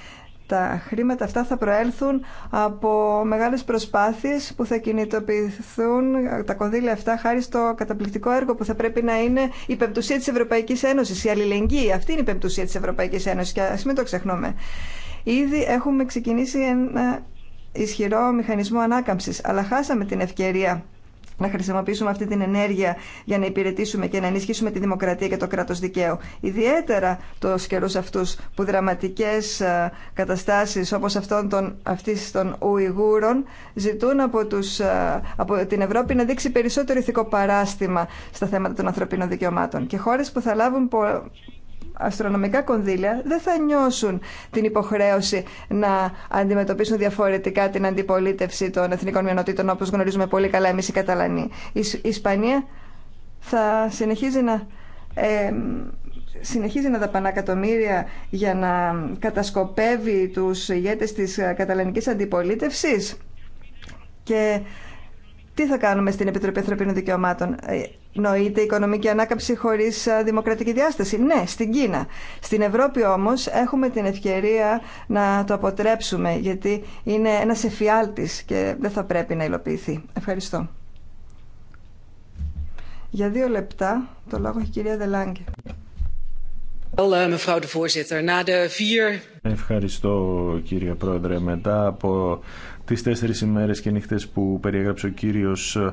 τα χρήματα αυτά θα προέλθουν από μεγάλες προσπάθειες που θα κινητοποιηθούν τα κονδύλια αυτά χάρη στο καταπληκτικό έργο που θα πρέπει να είναι η πεμπτουσία της Ευρωπαϊκής Ένωσης, η αλληλεγγύη. Αυτή είναι η πεμπτουσία της Ευρωπαϊκής Ένωσης και ας μην το ξεχνούμε. Ήδη έχουμε ξεκινήσει ένα ισχυρό μηχανισμό ανάκαμψης, αλλά χάσαμε την ευκαιρία να χρησιμοποιήσουμε αυτή την ενέργεια για να υπηρετήσουμε και να ενισχύσουμε τη δημοκρατία και το κράτος δικαίου. Ιδιαίτερα τους καιρού αυτού, που δραματικές ε, καταστάσεις όπως αυτών των, αυτής των Ουιγούρων ζητούν από, τους, ε, από την Ευρώπη να δείξει περισσότερο ηθικό παράστημα στα θέματα των ανθρωπίνων δικαιωμάτων. Και χώρες που θα λάβουν αστρονομικά κονδύλια δεν θα νιώσουν την υποχρέωση να αντιμετωπίσουν διαφορετικά την αντιπολίτευση των εθνικών μειονοτήτων όπως γνωρίζουμε πολύ καλά εμείς οι Καταλανοί. Η Ισπανία θα συνεχίζει να... Ε, συνεχίζει να δαπανά εκατομμύρια για να κατασκοπεύει τους ηγέτες της καταλανικής αντιπολίτευσης και τι θα κάνουμε στην Επιτροπή Ανθρωπίνων Δικαιωμάτων. Ε, νοείται οικονομική ανάκαμψη χωρί ε, δημοκρατική διάσταση. Ναι, στην Κίνα. Στην Ευρώπη όμω έχουμε την ευκαιρία να το αποτρέψουμε, γιατί είναι ένα εφιάλτη και δεν θα πρέπει να υλοποιηθεί. Ευχαριστώ. Για δύο λεπτά το λόγο έχει η κυρία Δελάγκη. Ευχαριστώ κύριε Πρόεδρε. Μετά από τις τέσσερις ημέρες και νύχτες που περιέγραψε ο κύριος ε,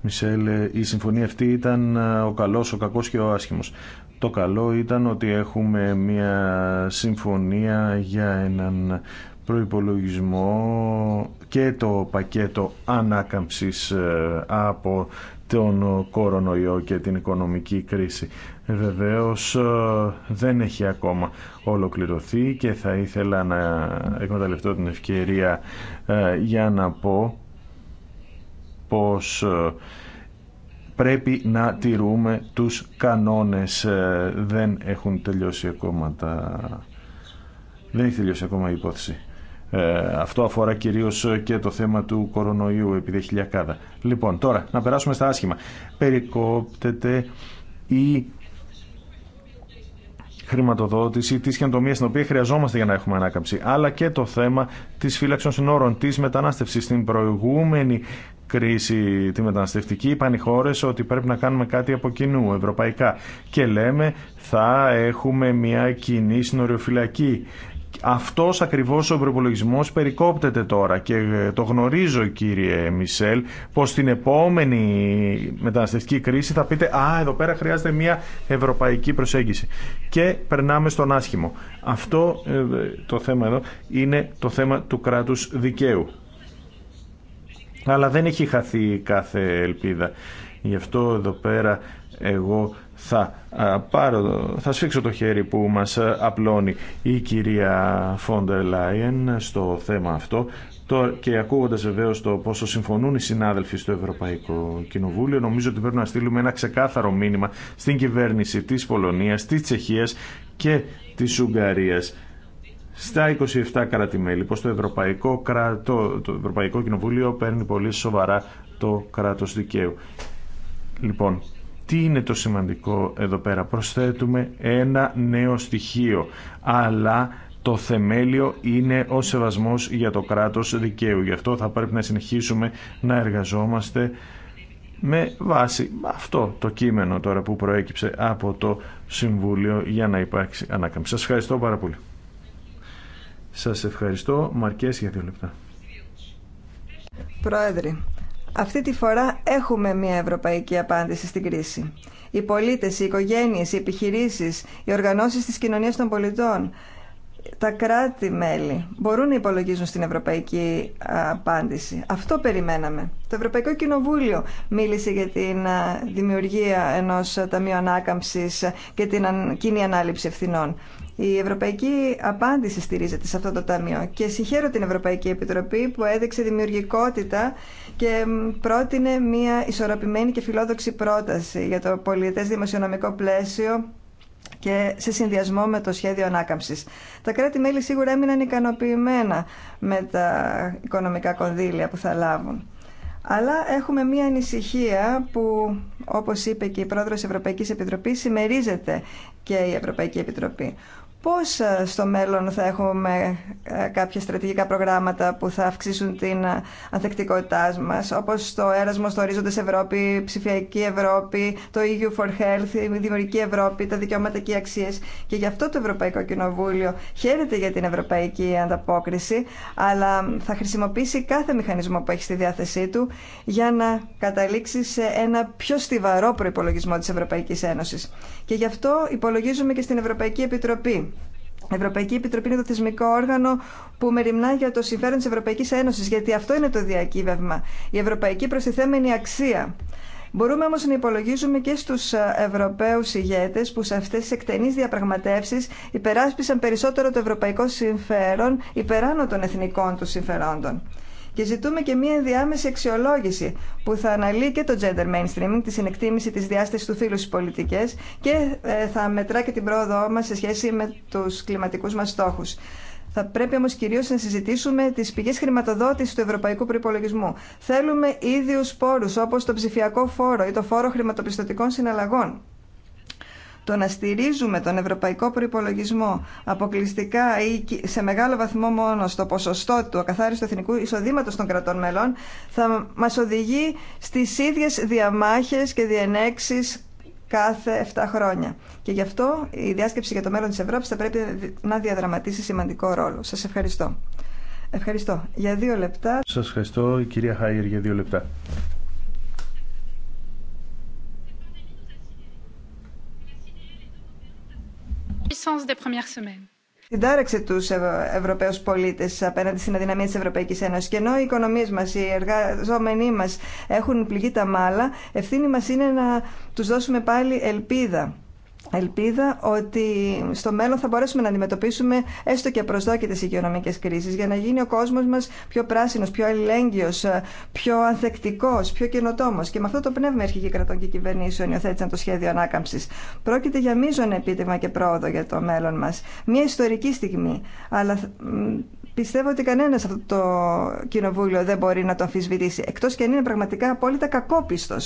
Μισελ, ε, η συμφωνία αυτή ήταν ε, ο καλός, ο κακός και ο άσχημος. Το καλό ήταν ότι έχουμε μια συμφωνία για έναν προϋπολογισμό και το πακέτο ανάκαμψης από τον ε, κορονοϊό και την οικονομική κρίση. Ε, βεβαίως ε, δεν έχει ακόμα ολοκληρωθεί και θα ήθελα να εκμεταλλευτώ την ευκαιρία για να πω πως πρέπει να τηρούμε τους κανόνες. Δεν έχουν τελειώσει ακόμα τα... Δεν έχει τελειώσει ακόμα η υπόθεση. Ε, αυτό αφορά κυρίω ε, και το θέμα του κορονοϊού επειδή χιλιακάδα. Λοιπόν, τώρα να περάσουμε στα άσχημα. Περικόπτεται η χρηματοδότηση τη καινοτομία την οποία χρειαζόμαστε για να έχουμε ανάκαμψη, αλλά και το θέμα τη φύλαξη συνόρων, τη μετανάστευση. Στην προηγούμενη κρίση τη μεταναστευτική είπαν οι χώρε ότι πρέπει να κάνουμε κάτι από κοινού, ευρωπαϊκά. Και λέμε θα έχουμε μια κοινή συνοριοφυλακή αυτό ακριβώς ο προπολογισμό περικόπτεται τώρα και ε, το γνωρίζω κύριε Μισελ πως στην επόμενη μεταναστευτική κρίση θα πείτε «Α, εδώ πέρα χρειάζεται μια ευρωπαϊκή προσέγγιση» και περνάμε στον άσχημο. Αυτό ε, το θέμα εδώ είναι το θέμα του κράτους δικαίου. Αλλά δεν έχει χαθεί κάθε ελπίδα. Γι' αυτό εδώ πέρα εγώ θα πάρω, θα σφίξω το χέρι που μας απλώνει η κυρία Φόντερ Λάιεν στο θέμα αυτό και ακούγοντα βεβαίω το πόσο συμφωνούν οι συνάδελφοι στο Ευρωπαϊκό Κοινοβούλιο, νομίζω ότι πρέπει να στείλουμε ένα ξεκάθαρο μήνυμα στην κυβέρνηση τη Πολωνία, τη Τσεχίας και τη Ουγγαρίας στα 27 κράτη-μέλη, πως το Ευρωπαϊκό, κράτο, το Ευρωπαϊκό Κοινοβούλιο παίρνει πολύ σοβαρά το κράτος δικαίου. Λοιπόν, τι είναι το σημαντικό εδώ πέρα. Προσθέτουμε ένα νέο στοιχείο, αλλά το θεμέλιο είναι ο σεβασμός για το κράτος δικαίου. Γι' αυτό θα πρέπει να συνεχίσουμε να εργαζόμαστε με βάση αυτό το κείμενο τώρα που προέκυψε από το Συμβούλιο για να υπάρξει ανάκαμψη. Σας ευχαριστώ πάρα πολύ. Σας ευχαριστώ. Μαρκές για δύο λεπτά. Πρόεδρε, αυτή τη φορά έχουμε μια ευρωπαϊκή απάντηση στην κρίση. Οι πολίτες, οι οικογένειες, οι επιχειρήσεις, οι οργανώσεις της κοινωνίας των πολιτών, τα κράτη-μέλη μπορούν να υπολογίζουν στην ευρωπαϊκή απάντηση. Αυτό περιμέναμε. Το Ευρωπαϊκό Κοινοβούλιο μίλησε για την δημιουργία ενός Ταμείου ανάκαμψη και την κοινή ανάληψη ευθυνών. Η ευρωπαϊκή απάντηση στηρίζεται σε αυτό το Ταμείο και συγχαίρω την Ευρωπαϊκή Επιτροπή που έδειξε δημιουργικότητα και πρότεινε μια ισορροπημένη και φιλόδοξη πρόταση για το πολιετές δημοσιονομικό πλαίσιο και σε συνδυασμό με το σχέδιο ανάκαμψη. Τα κράτη-μέλη σίγουρα έμειναν ικανοποιημένα με τα οικονομικά κονδύλια που θα λάβουν. Αλλά έχουμε μία ανησυχία που, όπως είπε και η πρόεδρος Ευρωπαϊκής Επιτροπής, συμμερίζεται και η Ευρωπαϊκή Επιτροπή πώς ε, στο μέλλον θα έχουμε ε, κάποια στρατηγικά προγράμματα που θα αυξήσουν την ε, ανθεκτικότητά μας, όπως το έρασμο στο ορίζοντες Ευρώπη, ψηφιακή Ευρώπη, το EU for Health, η δημιουργική Ευρώπη, τα δικαιώματα και οι αξίες. Και γι' αυτό το Ευρωπαϊκό Κοινοβούλιο χαίρεται για την ευρωπαϊκή ανταπόκριση, αλλά θα χρησιμοποιήσει κάθε μηχανισμό που έχει στη διάθεσή του για να καταλήξει σε ένα πιο στιβαρό προπολογισμό της Ευρωπαϊκής Ένωσης. Και γι' αυτό υπολογίζουμε και στην Ευρωπαϊκή Επιτροπή. Η Ευρωπαϊκή Επιτροπή είναι το θεσμικό όργανο που μεριμνά για το συμφέρον τη Ευρωπαϊκή Ένωση, γιατί αυτό είναι το διακύβευμα. Η ευρωπαϊκή προστιθέμενη αξία. Μπορούμε όμως να υπολογίζουμε και στους ε, Ευρωπαίους ηγέτε που σε αυτές τι εκτενείς διαπραγματεύσει υπεράσπισαν περισσότερο το ευρωπαϊκό συμφέρον υπεράνω των εθνικών του συμφερόντων. Και ζητούμε και μία ενδιάμεση αξιολόγηση που θα αναλύει και το gender mainstreaming, τη συνεκτίμηση τη διάσταση του φύλου στι πολιτικέ και ε, θα μετρά και την πρόοδό μα σε σχέση με του κλιματικού μα στόχου. Θα πρέπει όμω κυρίω να συζητήσουμε τι πηγέ χρηματοδότηση του ευρωπαϊκού προπολογισμού. Θέλουμε ίδιου πόρου όπω το ψηφιακό φόρο ή το φόρο χρηματοπιστωτικών συναλλαγών. Το να στηρίζουμε τον ευρωπαϊκό προπολογισμό αποκλειστικά ή σε μεγάλο βαθμό μόνο στο ποσοστό του ακαθάριστου εθνικού εισοδήματο των κρατών μελών θα μα οδηγεί στι ίδιε διαμάχε και διενέξει κάθε 7 χρόνια. Και γι' αυτό η διάσκεψη για το μέλλον τη Ευρώπη θα πρέπει να διαδραματίσει σημαντικό ρόλο. Σα ευχαριστώ. Ευχαριστώ. Για δύο λεπτά. Σας ευχαριστώ, η κυρία Χάιερ, για δύο λεπτά. συντάραξε του Ευρωπαίου πολίτε απέναντι στην αδυναμία τη Ευρωπαϊκή Ένωση. Και ενώ οι οικονομίε μα, οι εργαζόμενοι μα έχουν πληγεί τα μάλα, ευθύνη μα είναι να του δώσουμε πάλι ελπίδα ελπίδα ότι στο μέλλον θα μπορέσουμε να αντιμετωπίσουμε έστω και προσδόκητες οικονομικές κρίσεις για να γίνει ο κόσμος μας πιο πράσινος, πιο αλληλέγγυος, πιο ανθεκτικός, πιο καινοτόμος. Και με αυτό το πνεύμα έρχεται κρατών και κυβερνήσεων υιοθέτησαν το σχέδιο ανάκαμψης. Πρόκειται για μείζον επίτευγμα και πρόοδο για το μέλλον μας. Μια ιστορική στιγμή, αλλά πιστεύω ότι κανένα αυτό το κοινοβούλιο δεν μπορεί να το αμφισβητήσει, εκτό και αν είναι πραγματικά απόλυτα κακόπιστο.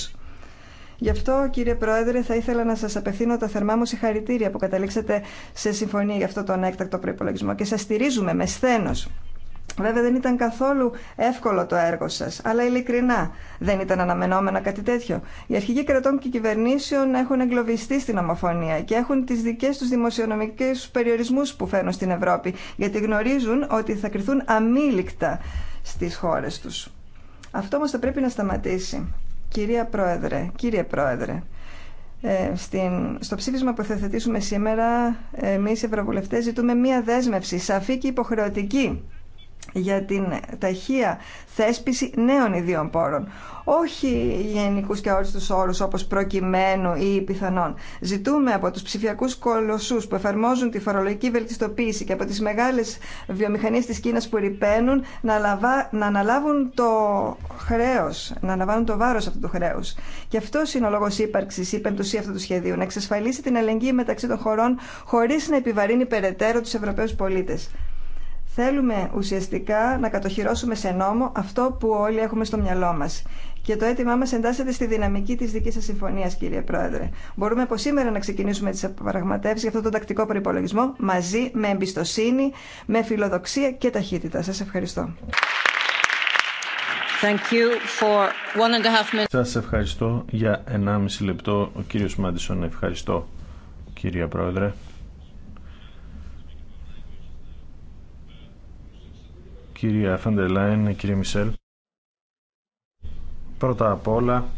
Γι' αυτό, κύριε Πρόεδρε, θα ήθελα να σα απευθύνω τα θερμά μου συγχαρητήρια που καταλήξατε σε συμφωνία για αυτό τον έκτακτο προπολογισμό και σα στηρίζουμε με σθένο. Βέβαια δεν ήταν καθόλου εύκολο το έργο σα, αλλά ειλικρινά δεν ήταν αναμενόμενα κάτι τέτοιο. Οι αρχηγοί κρατών και κυβερνήσεων έχουν εγκλωβιστεί στην ομοφωνία και έχουν τι δικέ του δημοσιονομικέ περιορισμού που φέρνουν στην Ευρώπη, γιατί γνωρίζουν ότι θα κρυθούν αμήλικτα στι χώρε του. Αυτό όμω θα πρέπει να σταματήσει. Κυρία Πρόεδρε, κύριε Πρόεδρε, ε, στην, στο ψήφισμα που θα θετήσουμε σήμερα, εμείς οι Ευρωβουλευτές ζητούμε μία δέσμευση, σαφή και υποχρεωτική για την ταχεία θέσπιση νέων ιδίων πόρων. Όχι γενικού και όριστους όρου, όπω προκειμένου ή πιθανόν. Ζητούμε από του ψηφιακού κολοσσού που εφαρμόζουν τη φορολογική βελτιστοποίηση και από τι μεγάλε βιομηχανίε τη κίνα που ρηπαίνουν να, να αναλάβουν το χρέο, να αναβάνουν το βάρο αυτού του χρέου. Και αυτό είναι ο λόγο ύπαρξη ή πεντουσία αυτού του σχεδίου, να εξασφαλίσει την αλληλεγγύη μεταξύ των χωρών χωρί να επιβαρύνει περαιτέρω του Ευρωπαίου πολίτε. Θέλουμε ουσιαστικά να κατοχυρώσουμε σε νόμο αυτό που όλοι έχουμε στο μυαλό μας. Και το αίτημά μα εντάσσεται στη δυναμική της δικής σα συμφωνία, κύριε Πρόεδρε. Μπορούμε από σήμερα να ξεκινήσουμε τις απαραγματεύσεις για αυτόν τον τακτικό προπολογισμό μαζί με εμπιστοσύνη, με φιλοδοξία και ταχύτητα. Σας ευχαριστώ. Σα ευχαριστώ για 1,5 λεπτό. Ο κύριο Μάντισον, ευχαριστώ, κύριε Πρόεδρε. κυρία Φαντελάιν, κύριε Μισελ. Πρώτα απ' όλα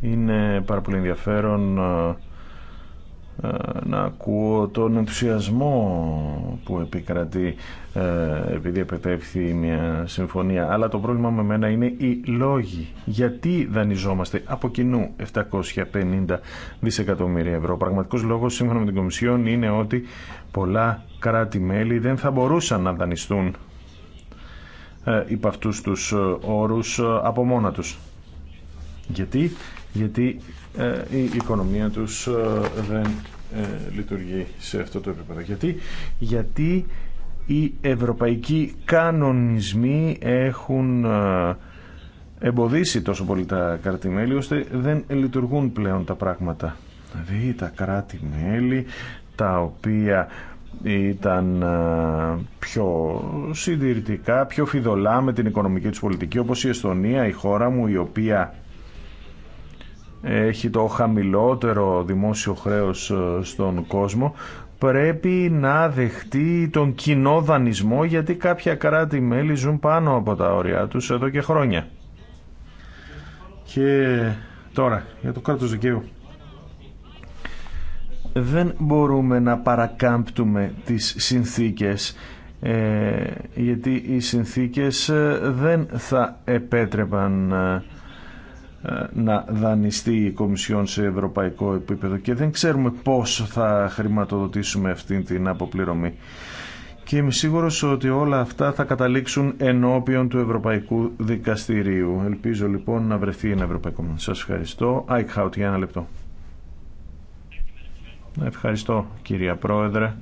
είναι πάρα πολύ ενδιαφέρον ε, ε, να ακούω τον ενθουσιασμό που επικρατεί ε, επειδή επετεύχθη μια συμφωνία. Αλλά το πρόβλημα με μένα είναι οι λόγοι. Γιατί δανειζόμαστε από κοινού 750 δισεκατομμύρια ευρώ. Ο πραγματικός λόγος σύμφωνα με την Κομισιόν είναι ότι πολλά κράτη-μέλη δεν θα μπορούσαν να δανειστούν ε, υπ' αυτούς τους όρους από μόνα τους. Γιατί, γιατί ε, η οικονομία τους ε, δεν ε, λειτουργεί σε αυτό το επίπεδο. Γιατί, γιατί οι ευρωπαϊκοί κανονισμοί έχουν εμποδίσει τόσο πολύ τα κρατη ώστε δεν λειτουργούν πλέον τα πράγματα. Δηλαδή τα κράτη-μέλη τα οποία ήταν πιο συντηρητικά, πιο φιδωλά με την οικονομική τους πολιτική όπως η Εστονία, η χώρα μου η οποία έχει το χαμηλότερο δημόσιο χρέος ε, στον κόσμο πρέπει να δεχτεί τον κοινό δανεισμό γιατί κάποια κράτη-μέλη ζουν πάνω από τα όρια τους εδώ και χρόνια. Και τώρα για το κράτος δικαίου. Δεν μπορούμε να παρακάμπτουμε τις συνθήκες ε, γιατί οι συνθήκες ε, δεν θα επέτρεπαν ε, να δανειστεί η Κομισιόν σε ευρωπαϊκό επίπεδο και δεν ξέρουμε πώς θα χρηματοδοτήσουμε αυτή την αποπληρωμή. Και είμαι σίγουρος ότι όλα αυτά θα καταλήξουν ενώπιον του Ευρωπαϊκού Δικαστηρίου. Ελπίζω λοιπόν να βρεθεί ένα ευρωπαϊκό μόνο. Σας ευχαριστώ. Χαουτ, για ένα λεπτό. Ευχαριστώ κυρία Πρόεδρε.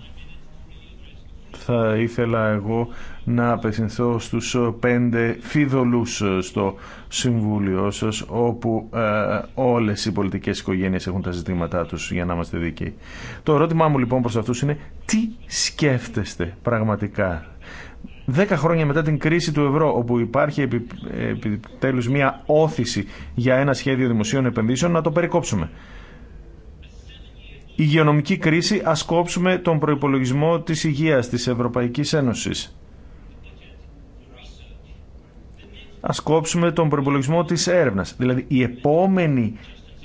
Θα ήθελα εγώ να απευθυνθώ στους πέντε φίδωλους ε, στο Συμβούλιο σας, όπου ε, όλες οι πολιτικές οικογένειες έχουν τα ζητήματά τους για να είμαστε δίκαιοι. Το ερώτημά μου λοιπόν προς αυτούς είναι τι σκέφτεστε πραγματικά. Δέκα χρόνια μετά την κρίση του ευρώ, όπου υπάρχει επι, επιτέλους μια όθηση για ένα σχέδιο δημοσίων επενδύσεων, να το περικόψουμε υγειονομική κρίση ας κόψουμε τον προϋπολογισμό της υγείας της Ευρωπαϊκής Ένωσης. Α κόψουμε τον προπολογισμό της έρευνα. Δηλαδή η επόμενη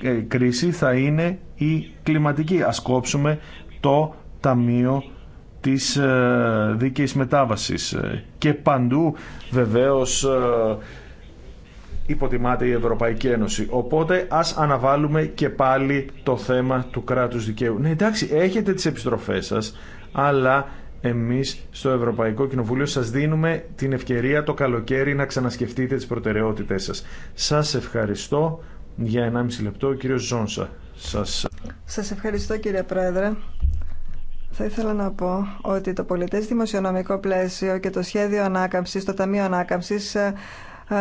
ε, κρίση θα είναι η κλιματική. Ας κόψουμε το Ταμείο της ε, Δίκαιης Μετάβασης. Ε, και παντού βεβαίως υποτιμάται η Ευρωπαϊκή Ένωση. Οπότε ας αναβάλουμε και πάλι το θέμα του κράτους δικαίου. Ναι εντάξει έχετε τις επιστροφές σας αλλά εμείς στο Ευρωπαϊκό Κοινοβούλιο σας δίνουμε την ευκαιρία το καλοκαίρι να ξανασκεφτείτε τις προτεραιότητές σας. Σας ευχαριστώ για 1,5 λεπτό Κύριο Ζόνσα. Σας... σας ευχαριστώ κύριε Πρόεδρε. Θα ήθελα να πω ότι το πολιτές δημοσιονομικό πλαίσιο και το σχέδιο ανάκαμψης, το Ταμείο Ανάκαμψης ε, ε,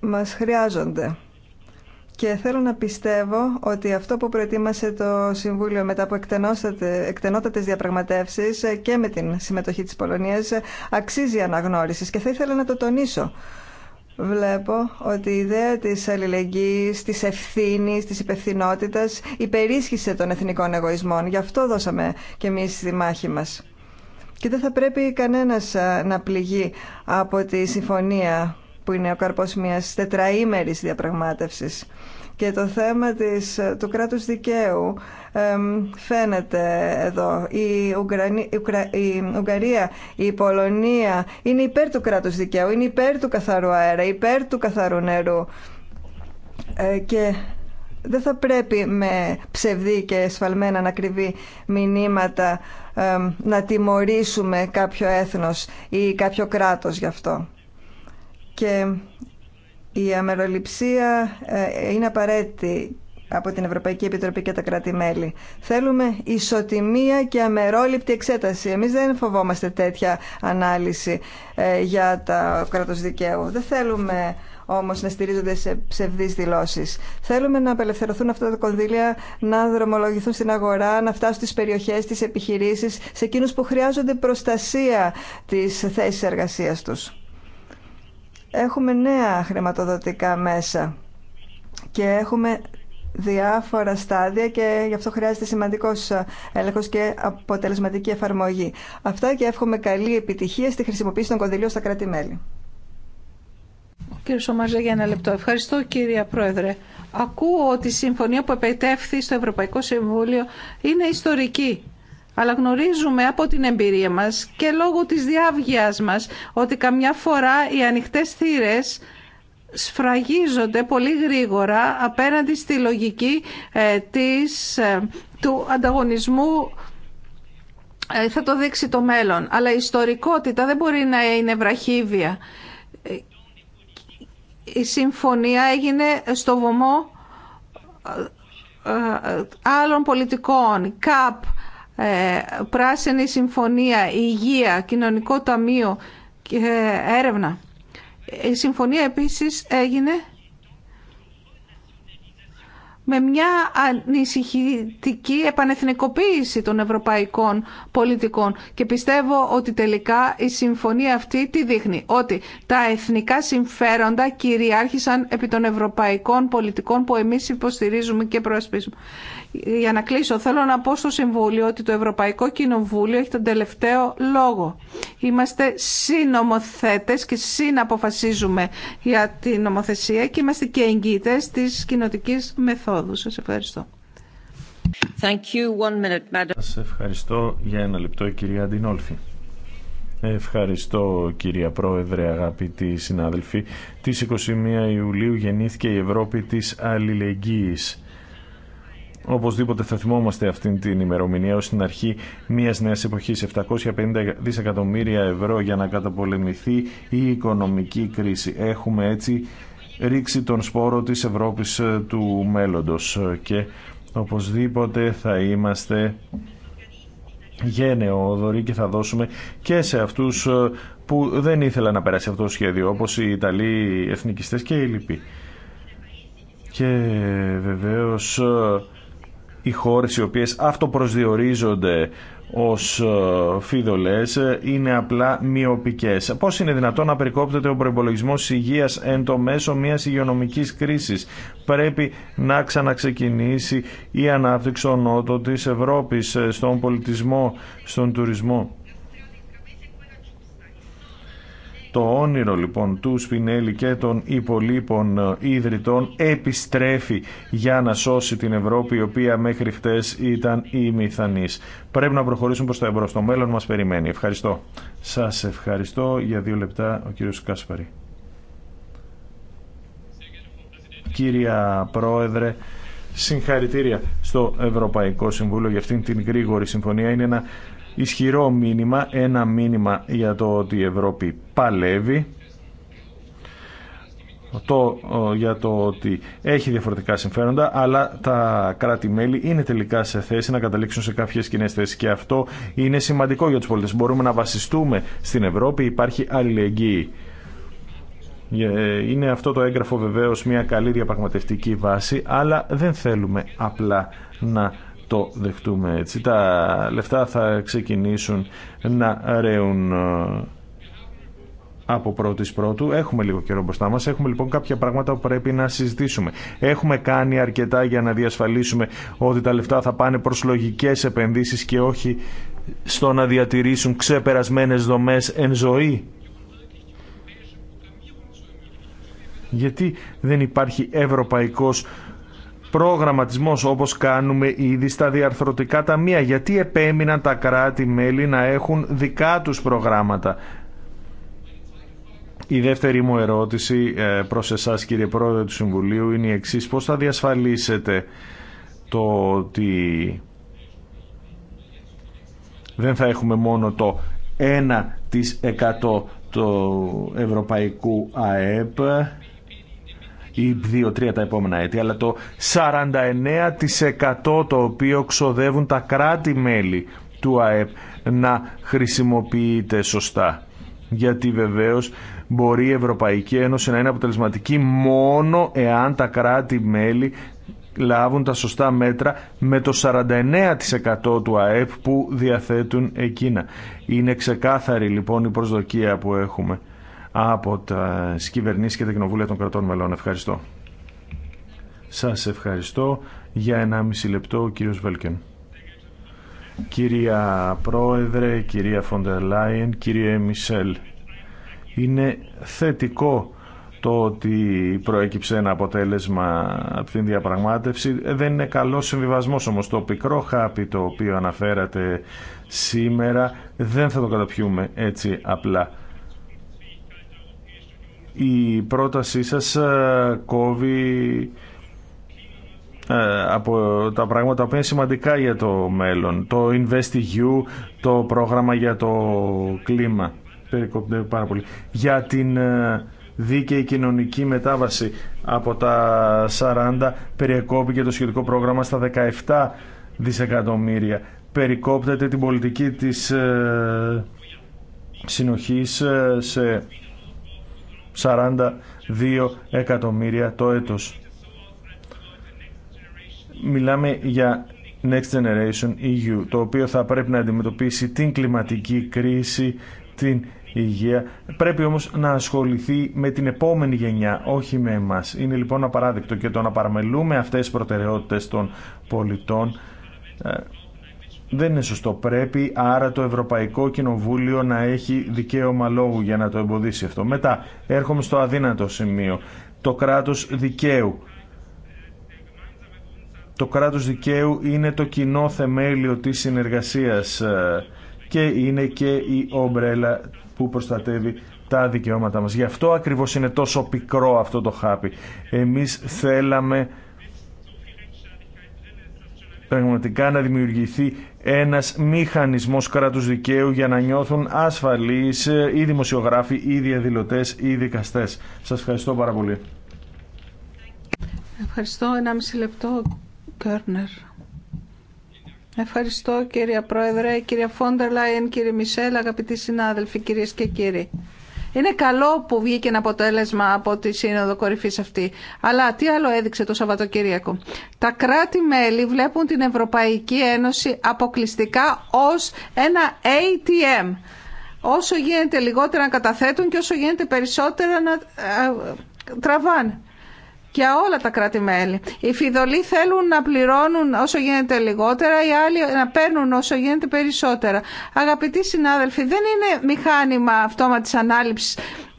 μας χρειάζονται. Και θέλω να πιστεύω ότι αυτό που προετοίμασε το Συμβούλιο μετά από εκτενότατες διαπραγματεύσεις και με την συμμετοχή της Πολωνίας αξίζει αναγνώρισης και θα ήθελα να το τονίσω. Βλέπω ότι η ιδέα της αλληλεγγύης, της ευθύνη, της υπευθυνότητα, υπερίσχυσε των εθνικών εγωισμών. Γι' αυτό δώσαμε και εμεί τη μάχη μα. Και δεν θα πρέπει κανένας ε, να πληγεί από τη συμφωνία που είναι ο καρπός μιας τετραήμερης διαπραγμάτευσης. Και το θέμα της, του κράτους δικαίου φαίνεται εδώ. Η, Ουγγρανή, η Ουγγαρία, η Πολωνία είναι υπέρ του κράτους δικαίου, είναι υπέρ του καθαρού αέρα, υπέρ του καθαρού νερού. Ε, και δεν θα πρέπει με ψευδή και εσφαλμένα να κρυβεί μηνύματα να τιμωρήσουμε κάποιο έθνος ή κάποιο κράτος γι' αυτό και η αμεροληψία ε, είναι απαραίτητη από την Ευρωπαϊκή Επιτροπή και τα κράτη-μέλη. Θέλουμε ισοτιμία και αμερόληπτη εξέταση. Εμείς δεν φοβόμαστε τέτοια ανάλυση ε, για τα κράτος δικαίου. Δεν θέλουμε όμως να στηρίζονται σε ψευδείς δηλώσεις. Θέλουμε να απελευθερωθούν αυτά τα κονδύλια, να δρομολογηθούν στην αγορά, να φτάσουν στις περιοχές, στις επιχειρήσεις, σε εκείνους που χρειάζονται προστασία της θέσης εργασίας τους έχουμε νέα χρηματοδοτικά μέσα και έχουμε διάφορα στάδια και γι' αυτό χρειάζεται σημαντικός έλεγχος και αποτελεσματική εφαρμογή. Αυτά και εύχομαι καλή επιτυχία στη χρησιμοποίηση των κονδυλίων στα κράτη-μέλη. Κύριε Σομαζέ, για ένα λεπτό. Ευχαριστώ, κύρια Πρόεδρε. Ακούω ότι η συμφωνία που επετεύχθη στο Ευρωπαϊκό Συμβούλιο είναι ιστορική αλλά γνωρίζουμε από την εμπειρία μας και λόγω της διάβγειας μας ότι καμιά φορά οι ανοιχτές θύρες σφραγίζονται πολύ γρήγορα απέναντι στη λογική ε, της, ε, του ανταγωνισμού ε, θα το δείξει το μέλλον. Αλλά η ιστορικότητα δεν μπορεί να είναι βραχύβια. Η συμφωνία έγινε στο βωμό άλλων πολιτικών, ΚΑΠ, ε, πράσινη συμφωνία, υγεία, κοινωνικό ταμείο και έρευνα. Η συμφωνία επίσης έγινε με μια ανησυχητική επανεθνικοποίηση των ευρωπαϊκών πολιτικών. Και πιστεύω ότι τελικά η συμφωνία αυτή τι δείχνει. Ότι τα εθνικά συμφέροντα κυριάρχησαν επί των ευρωπαϊκών πολιτικών που εμείς υποστηρίζουμε και προασπίζουμε για να κλείσω, θέλω να πω στο Συμβούλιο ότι το Ευρωπαϊκό Κοινοβούλιο έχει τον τελευταίο λόγο. Είμαστε συνομοθέτες και συναποφασίζουμε για την νομοθεσία και είμαστε και εγγυητέ της κοινοτική μεθόδου. Σας ευχαριστώ. Thank you. One minute, madam. Σας ευχαριστώ για ένα λεπτό, κυρία Αντινόλφη. Ευχαριστώ κυρία Πρόεδρε, αγαπητοί συνάδελφοι. Τη 21 Ιουλίου γεννήθηκε η Ευρώπη της Αλληλεγγύης Οπωσδήποτε θα θυμόμαστε αυτή την ημερομηνία ως την αρχή μιας νέας εποχής 750 δισεκατομμύρια ευρώ για να καταπολεμηθεί η οικονομική κρίση. Έχουμε έτσι ρίξει τον σπόρο της Ευρώπης ε, του μέλλοντος και οπωσδήποτε θα είμαστε γενναιόδοροι και θα δώσουμε και σε αυτούς ε, που δεν ήθελαν να περάσει αυτό το σχέδιο όπως οι Ιταλοί εθνικιστές και οι λοιποί. Και βεβαίω. Ε, οι χώρες οι οποίες αυτοπροσδιορίζονται ως ε, φίδωλες ε, είναι απλά μειοπικές. Πώς είναι δυνατόν να περικόπτεται ο προπολογισμό υγείας εν το μέσο μιας υγειονομικής κρίσης. Πρέπει να ξαναξεκινήσει η ανάπτυξη ονότο της Ευρώπης ε, στον πολιτισμό, στον τουρισμό. Το όνειρο λοιπόν του Σπινέλη και των υπολείπων ίδρυτων ε, επιστρέφει για να σώσει την Ευρώπη η οποία μέχρι χτες ήταν η μηθανής. Πρέπει να προχωρήσουμε προς το εμπρός. Το μέλλον μας περιμένει. Ευχαριστώ. Σας ευχαριστώ. Για δύο λεπτά ο κύριος Κάσπαρη. Κύρια Πρόεδρε, συγχαρητήρια στο Ευρωπαϊκό Συμβούλιο για αυτήν την γρήγορη συμφωνία. Είναι ένα ισχυρό μήνυμα, ένα μήνυμα για το ότι η Ευρώπη παλεύει, το, για το ότι έχει διαφορετικά συμφέροντα, αλλά τα κράτη-μέλη είναι τελικά σε θέση να καταλήξουν σε κάποιε κοινέ θέσει. Και αυτό είναι σημαντικό για του πολίτε. Μπορούμε να βασιστούμε στην Ευρώπη, υπάρχει αλληλεγγύη. Ε, είναι αυτό το έγγραφο βεβαίως μια καλή διαπραγματευτική βάση, αλλά δεν θέλουμε απλά να το δεχτούμε έτσι. Τα λεφτά θα ξεκινήσουν να ρέουν ε, από πρώτη πρώτου. Έχουμε λίγο καιρό μπροστά μα. Έχουμε λοιπόν κάποια πράγματα που πρέπει να συζητήσουμε. Έχουμε κάνει αρκετά για να διασφαλίσουμε ότι τα λεφτά θα πάνε προ λογικέ επενδύσει και όχι στο να διατηρήσουν ξεπερασμένες δομές εν ζωή. Γιατί δεν υπάρχει ευρωπαϊκός προγραμματισμός όπως κάνουμε ήδη στα διαρθρωτικά ταμεία. Γιατί επέμειναν τα κράτη-μέλη να έχουν δικά τους προγράμματα. Η δεύτερη μου ερώτηση ε, προς εσάς κύριε Πρόεδρε του Συμβουλίου είναι η εξής. Πώς θα διασφαλίσετε το ότι δεν θα έχουμε μόνο το 1% του ευρωπαϊκού ΑΕΠ ή 2-3 τα επόμενα έτη, αλλά το 49% το οποίο ξοδεύουν τα κράτη-μέλη του ΑΕΠ να χρησιμοποιείται σωστά. Γιατί βεβαίως μπορεί η Ευρωπαϊκή Ένωση να είναι αποτελεσματική μόνο εάν τα κράτη-μέλη λάβουν τα σωστά μέτρα με το 49% του ΑΕΠ που διαθέτουν εκείνα. Είναι ξεκάθαρη λοιπόν η προσδοκία που έχουμε από τα κυβερνήσει και τα κοινοβούλια των κρατών μελών. Ευχαριστώ. Σας ευχαριστώ. Για 1,5 λεπτό ο κύριος Βέλκεν. Κυρία Πρόεδρε, κυρία Φοντερ Λάιεν, κύριε Μισελ, είναι θετικό το ότι προέκυψε ένα αποτέλεσμα από την διαπραγμάτευση. Δεν είναι καλό συμβιβασμό όμω. Το πικρό χάπι το οποίο αναφέρατε σήμερα δεν θα το καταπιούμε έτσι απλά η πρότασή σας ε, κόβει ε, από τα πράγματα που είναι σημαντικά για το μέλλον. Το InvestEU, το πρόγραμμα για το κλίμα. Περικόπτεται πάρα πολύ. Για την ε, δίκαιη κοινωνική μετάβαση από τα 40 περιεκόπηκε το σχετικό πρόγραμμα στα 17 δισεκατομμύρια. Περικόπτεται την πολιτική της συνοχής σε 42 εκατομμύρια το έτος. Μιλάμε για Next Generation EU, το οποίο θα πρέπει να αντιμετωπίσει την κλιματική κρίση, την υγεία. Πρέπει όμως να ασχοληθεί με την επόμενη γενιά, όχι με εμάς. Είναι λοιπόν απαράδεκτο και το να παραμελούμε αυτές τις προτεραιότητες των πολιτών ε, δεν είναι σωστό. Πρέπει άρα το Ευρωπαϊκό Κοινοβούλιο να έχει δικαίωμα λόγου για να το εμποδίσει αυτό. Μετά έρχομαι στο αδύνατο σημείο. Το κράτος δικαίου. Το κράτος δικαίου είναι το κοινό θεμέλιο της συνεργασίας ε, και είναι και η ομπρέλα που προστατεύει τα δικαιώματα μας. Γι' αυτό ακριβώς είναι τόσο πικρό αυτό το χάπι. Εμείς θέλαμε πραγματικά να δημιουργηθεί ένας μηχανισμός κράτους δικαίου για να νιώθουν ασφαλείς ε, οι δημοσιογράφοι, οι διαδηλωτέ, οι δικαστές. Σας ευχαριστώ πάρα πολύ. Ευχαριστώ. Ένα μισή λεπτό, Κέρνερ. Ευχαριστώ κύριε Πρόεδρε, κύριε Φόντερ Λάιεν, κύριε Μισελ, αγαπητοί συνάδελφοι, κυρίες και κύριοι. Είναι καλό που βγήκε ένα αποτέλεσμα από τη Σύνοδο Κορυφή αυτή. Αλλά τι άλλο έδειξε το Σαββατοκύριακο. Τα κράτη-μέλη βλέπουν την Ευρωπαϊκή Ένωση αποκλειστικά ως ένα ATM. Όσο γίνεται λιγότερα να καταθέτουν και όσο γίνεται περισσότερα να ε, ε, τραβάνε για όλα τα κράτη-μέλη. Οι φιδωλοί θέλουν να πληρώνουν όσο γίνεται λιγότερα, οι άλλοι να παίρνουν όσο γίνεται περισσότερα. Αγαπητοί συνάδελφοι, δεν είναι μηχάνημα αυτόματης ανάληψης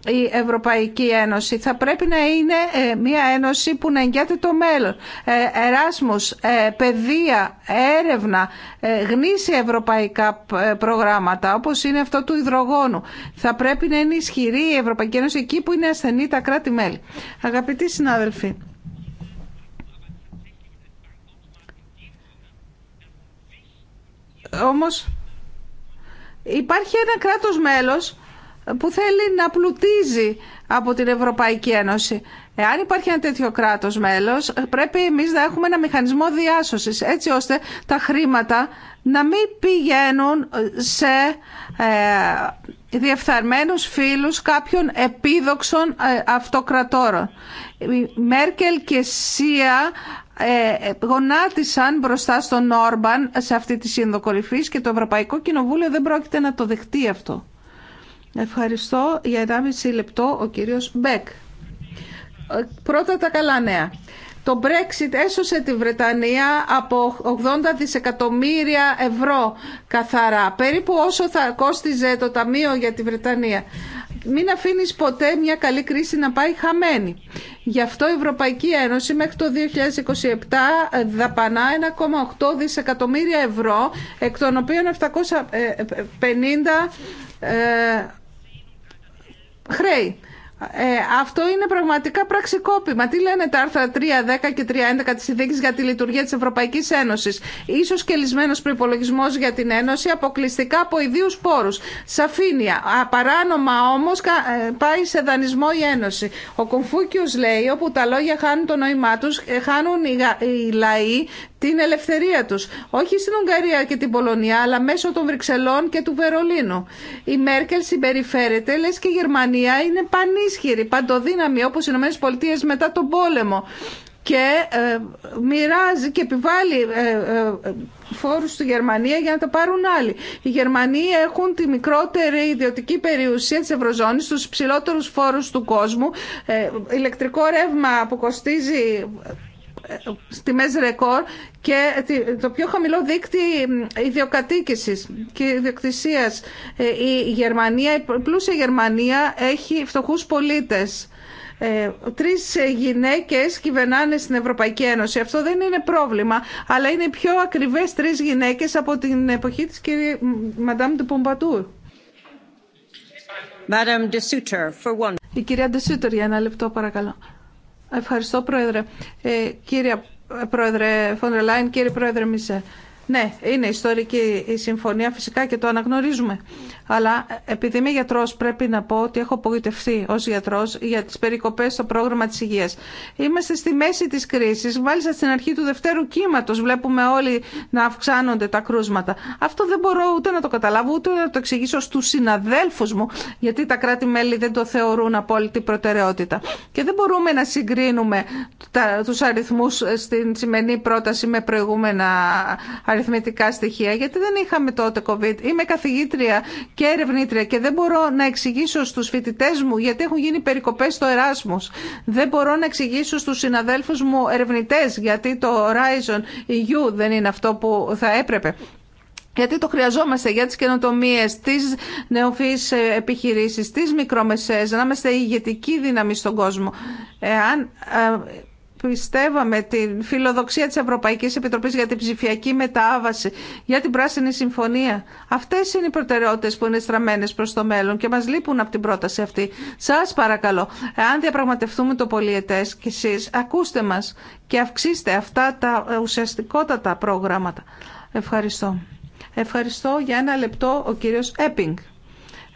η Ευρωπαϊκή Ένωση. Θα πρέπει να είναι ε, μια ένωση που να εγγυάται το μέλλον. Ε, Εράσμους, ε, παιδεία, έρευνα, γνήσια ευρωπαϊκά προγράμματα, όπως είναι αυτό του υδρογόνου. Θα πρέπει να είναι ισχυρή η Ευρωπαϊκή Ένωση εκεί που είναι ασθενή τα κράτη-μέλη. Αγαπητοί συνάδελφοι, όμως υπάρχει ένα κράτος μέλος που θέλει να πλουτίζει από την Ευρωπαϊκή Ένωση. Εάν υπάρχει ένα τέτοιο κράτος μέλος, πρέπει εμείς να έχουμε ένα μηχανισμό διάσωσης, έτσι ώστε τα χρήματα να μην πηγαίνουν σε ε, διεφθαρμένους φίλους κάποιων επίδοξων ε, αυτοκρατόρων. Μέρκελ και Σία ε, γονάτισαν μπροστά στον Όρμπαν σε αυτή τη σύνδοκορυφή και το Ευρωπαϊκό Κοινοβούλιο δεν πρόκειται να το δεχτεί αυτό. Ευχαριστώ για 1,5 λεπτό ο κύριος Μπέκ. Ε, πρώτα τα καλά νέα. Το Brexit έσωσε τη Βρετανία από 80 δισεκατομμύρια ευρώ καθαρά, περίπου όσο θα κόστιζε το Ταμείο για τη Βρετανία. Μην αφήνεις ποτέ μια καλή κρίση να πάει χαμένη. Γι' αυτό η Ευρωπαϊκή Ένωση μέχρι το 2027 δαπανά 1,8 δισεκατομμύρια ευρώ, εκ των οποίων 750 χρέη. Ε, αυτό είναι πραγματικά πραξικόπημα. Τι λένε τα άρθρα 3.10 και 3.11 τη της για τη λειτουργία τη Ευρωπαϊκή Ένωση. Ίσως και προπολογισμό για την Ένωση αποκλειστικά από ιδίου πόρου. Σαφήνεια. Παράνομα όμω, ε, πάει σε δανεισμό η Ένωση. Ο Κομφούκιο λέει όπου τα λόγια χάνουν το νόημά τους, ε, χάνουν οι λαοί την ελευθερία τους. Όχι στην Ουγγαρία και την Πολωνία, αλλά μέσω των Βρυξελών και του Βερολίνου. Η Μέρκελ συμπεριφέρεται, λες και η Γερμανία είναι πανί ισχυρή, παντοδύναμη όπως οι ΗΠΑ μετά τον πόλεμο και ε, μοιράζει και επιβάλλει ε, ε, φόρους στη Γερμανία για να τα πάρουν άλλοι. Οι Γερμανοί έχουν τη μικρότερη ιδιωτική περιουσία της Ευρωζώνης, τους ψηλότερους φόρους του κόσμου, ε, ηλεκτρικό ρεύμα που κοστίζει στη μέση ρεκόρ και το πιο χαμηλό δίκτυ ιδιοκατοίκησης και ιδιοκτησίας. Ε, η Γερμανία, η πλούσια Γερμανία έχει φτωχούς πολίτες. Ε, τρεις γυναίκες κυβερνάνε στην Ευρωπαϊκή Ένωση. Αυτό δεν είναι πρόβλημα, αλλά είναι πιο ακριβές τρεις γυναίκες από την εποχή της κυρία Μαντάμ του Η κυρία Ντεσούτερ για ένα λεπτό παρακαλώ. Ευχαριστώ, Πρόεδρε. Ε, κύριε Πρόεδρε Φοντερ κύριε Πρόεδρε Μισε. Ναι, είναι ιστορική η συμφωνία φυσικά και το αναγνωρίζουμε. Αλλά επειδή είμαι γιατρό, πρέπει να πω ότι έχω απογοητευτεί ω γιατρό για τι περικοπέ στο πρόγραμμα τη υγεία. Είμαστε στη μέση τη κρίση, μάλιστα στην αρχή του δευτέρου κύματο. Βλέπουμε όλοι να αυξάνονται τα κρούσματα. Αυτό δεν μπορώ ούτε να το καταλάβω, ούτε να το εξηγήσω στου συναδέλφου μου, γιατί τα κράτη-μέλη δεν το θεωρούν απόλυτη προτεραιότητα. Και δεν μπορούμε να συγκρίνουμε του αριθμού στην σημερινή πρόταση με προηγούμενα αριθμού αριθμητικά στοιχεία, γιατί δεν είχαμε τότε COVID. Είμαι καθηγήτρια και ερευνήτρια και δεν μπορώ να εξηγήσω στου φοιτητέ μου γιατί έχουν γίνει περικοπέ στο Εράσμο. Δεν μπορώ να εξηγήσω στου συναδέλφου μου ερευνητέ γιατί το Horizon EU δεν είναι αυτό που θα έπρεπε. Γιατί το χρειαζόμαστε για τις καινοτομίε, τι νεοφυεί ε, επιχειρήσεις, τι μικρομεσαίες, να είμαστε ηγετική δύναμη στον κόσμο. Εάν ε, πιστεύαμε την φιλοδοξία της Ευρωπαϊκής Επιτροπής για την ψηφιακή μετάβαση, για την Πράσινη Συμφωνία. Αυτές είναι οι προτεραιότητες που είναι στραμμένες προς το μέλλον και μας λείπουν από την πρόταση αυτή. Σας παρακαλώ, αν διαπραγματευτούμε το πολιετές και εσείς, ακούστε μας και αυξήστε αυτά τα ουσιαστικότατα προγράμματα. Ευχαριστώ. Ευχαριστώ για ένα λεπτό ο κύριος Έπινγκ.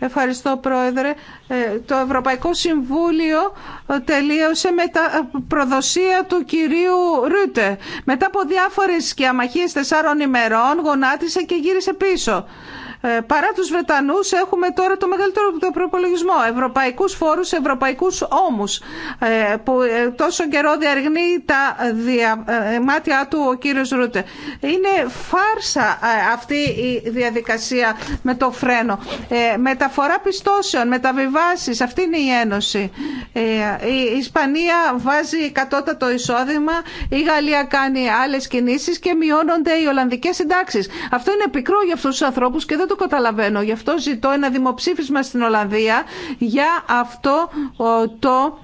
Ευχαριστώ Πρόεδρε. Ε, το Ευρωπαϊκό Συμβούλιο ε, τελείωσε με τα ε, προδοσία του κυρίου Ρούτε. Μετά από διάφορες και αμαχίες τεσσάρων ημερών γονάτισε και γύρισε πίσω. Ε, παρά τους Βρετανούς έχουμε τώρα το μεγαλύτερο το προπολογισμό. Ευρωπαϊκούς φόρους, ευρωπαϊκούς όμους ε, που ε, τόσο καιρό διαρριγνύει τα μάτια του ο κύριος Ρούτε. Είναι φάρσα αυτή η διαδικασία με το φρένο. Μεταφορά πιστώσεων, μεταβιβάσεις, αυτή είναι η Ένωση. Η Ισπανία βάζει κατώτατο εισόδημα, η Γαλλία κάνει άλλες κινήσεις και μειώνονται οι Ολλανδικές συντάξεις. Αυτό είναι πικρό για αυτούς τους ανθρώπους και δεν το καταλαβαίνω. Γι' αυτό ζητώ ένα δημοψήφισμα στην Ολλανδία για αυτό το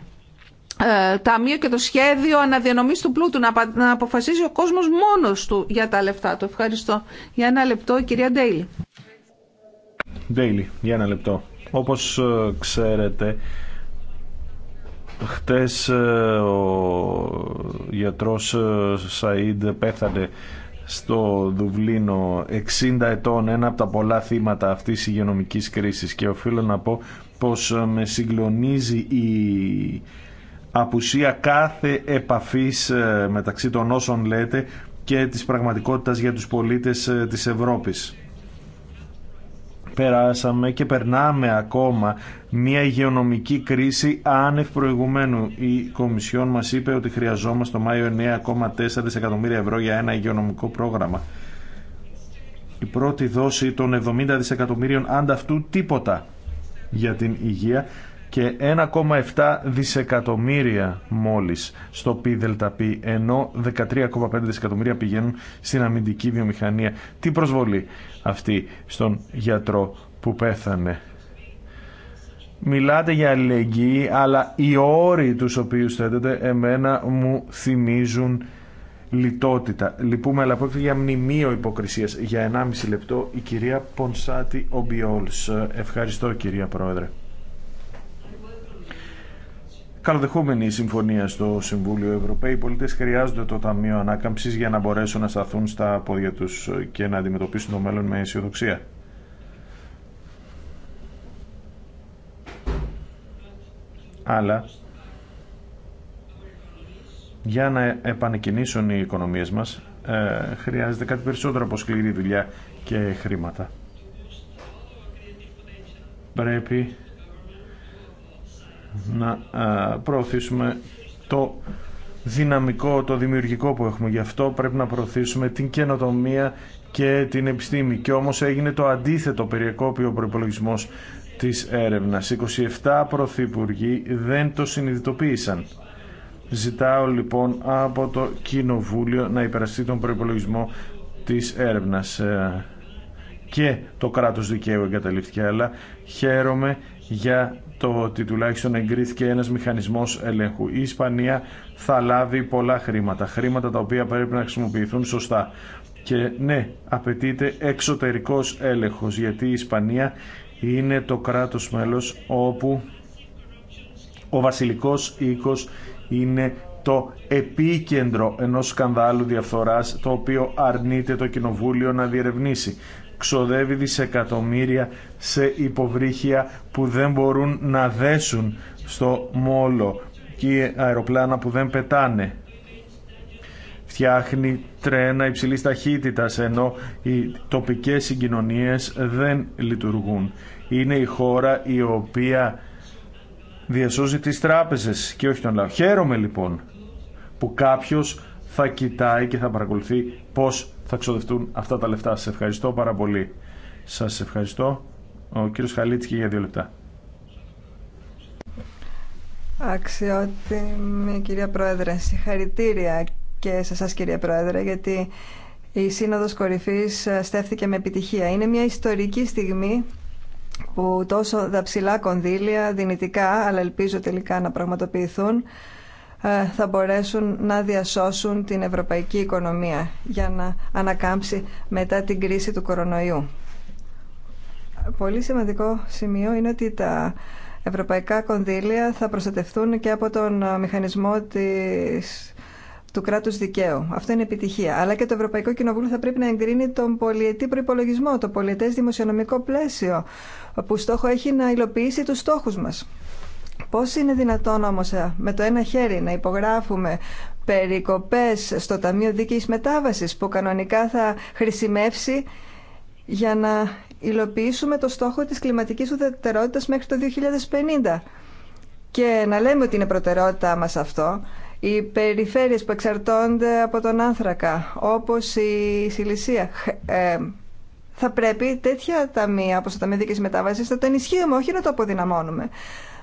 ε, ταμείο και το σχέδιο αναδιανομής του πλούτου να αποφασίζει ο κόσμος μόνος του για τα λεφτά του. Ευχαριστώ. Για ένα λεπτό η κυρία Ντέιλι. Ντέιλι, για ένα λεπτό. Όπως ε, ξέρετε, χτες ε, ο γιατρός Σαΐντ πέθανε στο Δουβλίνο 60 ετών, ένα από τα πολλά θύματα αυτής της υγειονομικής κρίσης και οφείλω να πω πως ε, με συγκλονίζει η απουσία κάθε επαφής ε, μεταξύ των όσων λέτε και της πραγματικότητας για τους πολίτες ε, της Ευρώπης περάσαμε και περνάμε ακόμα μια υγειονομική κρίση άνευ προηγουμένου. Η Κομισιόν μας είπε ότι χρειαζόμαστε το Μάιο 9,4 δισεκατομμύρια ευρώ για ένα υγειονομικό πρόγραμμα. Η πρώτη δόση των 70 δισεκατομμύριων ανταυτού τίποτα για την υγεία και 1,7 δισεκατομμύρια μόλις στο ΠΔΠ, ενώ 13,5 δισεκατομμύρια πηγαίνουν στην αμυντική βιομηχανία. Τι προσβολή αυτή στον γιατρό που πέθανε. Μιλάτε για αλληλεγγύη, αλλά οι όροι τους οποίους θέτετε εμένα μου θυμίζουν λιτότητα. Λυπούμε, αλλά πρόκειται για μνημείο υποκρισίας. Για 1,5 λεπτό η κυρία Πονσάτη Ομπιόλς. Ευχαριστώ κυρία Πρόεδρε η συμφωνία στο Συμβούλιο Ευρωπαίοι. Οι πολίτες χρειάζονται το Ταμείο Ανάκαμψης για να μπορέσουν να σταθούν στα πόδια τους και να αντιμετωπίσουν το μέλλον με αισιοδοξία. Αλλά για να επανεκκινήσουν οι οικονομίες μας ε, χρειάζεται κάτι περισσότερο από σκληρή δουλειά και χρήματα. Πρέπει να προωθήσουμε το δυναμικό, το δημιουργικό που έχουμε. Γι' αυτό πρέπει να προωθήσουμε την καινοτομία και την επιστήμη. Και όμως έγινε το αντίθετο περιεκόπιο ο προπολογισμό της έρευνας. 27 πρωθυπουργοί δεν το συνειδητοποίησαν. Ζητάω λοιπόν από το Κοινοβούλιο να υπεραστεί τον προπολογισμό της έρευνας ε, και το κράτος δικαίου εγκαταλειφθήκε αλλά χαίρομαι για το ότι τουλάχιστον εγκρίθηκε ένας μηχανισμός ελέγχου. Η Ισπανία θα λάβει πολλά χρήματα, χρήματα τα οποία πρέπει να χρησιμοποιηθούν σωστά. Και ναι, απαιτείται εξωτερικός έλεγχος, γιατί η Ισπανία είναι το κράτος μέλος όπου ο βασιλικός οίκος είναι το επίκεντρο ενός σκανδάλου διαφθοράς το οποίο αρνείται το Κοινοβούλιο να διερευνήσει ξοδεύει δισεκατομμύρια σε υποβρύχια που δεν μπορούν να δέσουν στο μόλο και αεροπλάνα που δεν πετάνε. Φτιάχνει τρένα υψηλής ταχύτητας ενώ οι τοπικές συγκοινωνίες δεν λειτουργούν. Είναι η χώρα η οποία διασώζει τις τράπεζες και όχι τον λαό. Χαίρομαι λοιπόν που κάποιος θα κοιτάει και θα παρακολουθεί πώς θα ξοδευτούν αυτά τα λεφτά. Σας ευχαριστώ πάρα πολύ. Σας ευχαριστώ. Ο κύριος Χαλίτσκι για δύο λεπτά. Αξιότιμη κυρία Πρόεδρε, συγχαρητήρια και σε εσά κυρία Πρόεδρε, γιατί η Σύνοδος Κορυφής ε, στέφθηκε με επιτυχία. Είναι μια ιστορική στιγμή που τόσο δαψιλά κονδύλια, δυνητικά, αλλά ελπίζω τελικά να πραγματοποιηθούν, ε, θα μπορέσουν να διασώσουν την ευρωπαϊκή οικονομία για να ανακάμψει μετά την κρίση του κορονοϊού. Πολύ σημαντικό σημείο είναι ότι τα ευρωπαϊκά κονδύλια θα προστατευτούν και από τον μηχανισμό του κράτου δικαίου. Αυτό είναι επιτυχία. Αλλά και το Ευρωπαϊκό Κοινοβούλιο θα πρέπει να εγκρίνει τον πολιετή προπολογισμό, το πολιετέ δημοσιονομικό πλαίσιο, που στόχο έχει να υλοποιήσει του στόχου μα. Πώς είναι δυνατόν όμως ε, με το ένα χέρι να υπογράφουμε περικοπές στο Ταμείο Δικής Μετάβασης που κανονικά θα χρησιμεύσει για να υλοποιήσουμε το στόχο της κλιματικής ουδετερότητας μέχρι το 2050. Και να λέμε ότι είναι προτεραιότητά μας αυτό, οι περιφέρειες που εξαρτώνται από τον άνθρακα, όπως η Σιλισία, ε, θα πρέπει τέτοια ταμεία, όπως το Ταμείο Δικής Μετάβασης, να το ενισχύουμε, όχι να το αποδυναμώνουμε.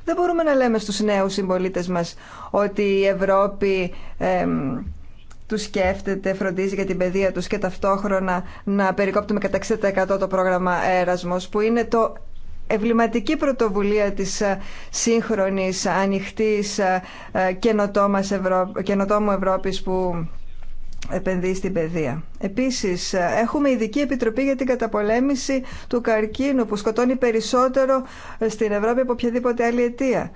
Δεν μπορούμε να λέμε στους νέους συμπολίτε μας ότι η Ευρώπη τους σκέφτεται, φροντίζει για την παιδεία τους και ταυτόχρονα να περικόπτουμε κατά 60% το πρόγραμμα Έρασμος που είναι το ευληματική πρωτοβουλία της ε, σύγχρονης, ανοιχτής, ε, ε, καινοτόμου Ευρώπης που επενδύει στην παιδεία. Επίσης, ε, έχουμε ειδική επιτροπή για την καταπολέμηση του καρκίνου που σκοτώνει περισσότερο ε, στην Ευρώπη από οποιαδήποτε άλλη αιτία.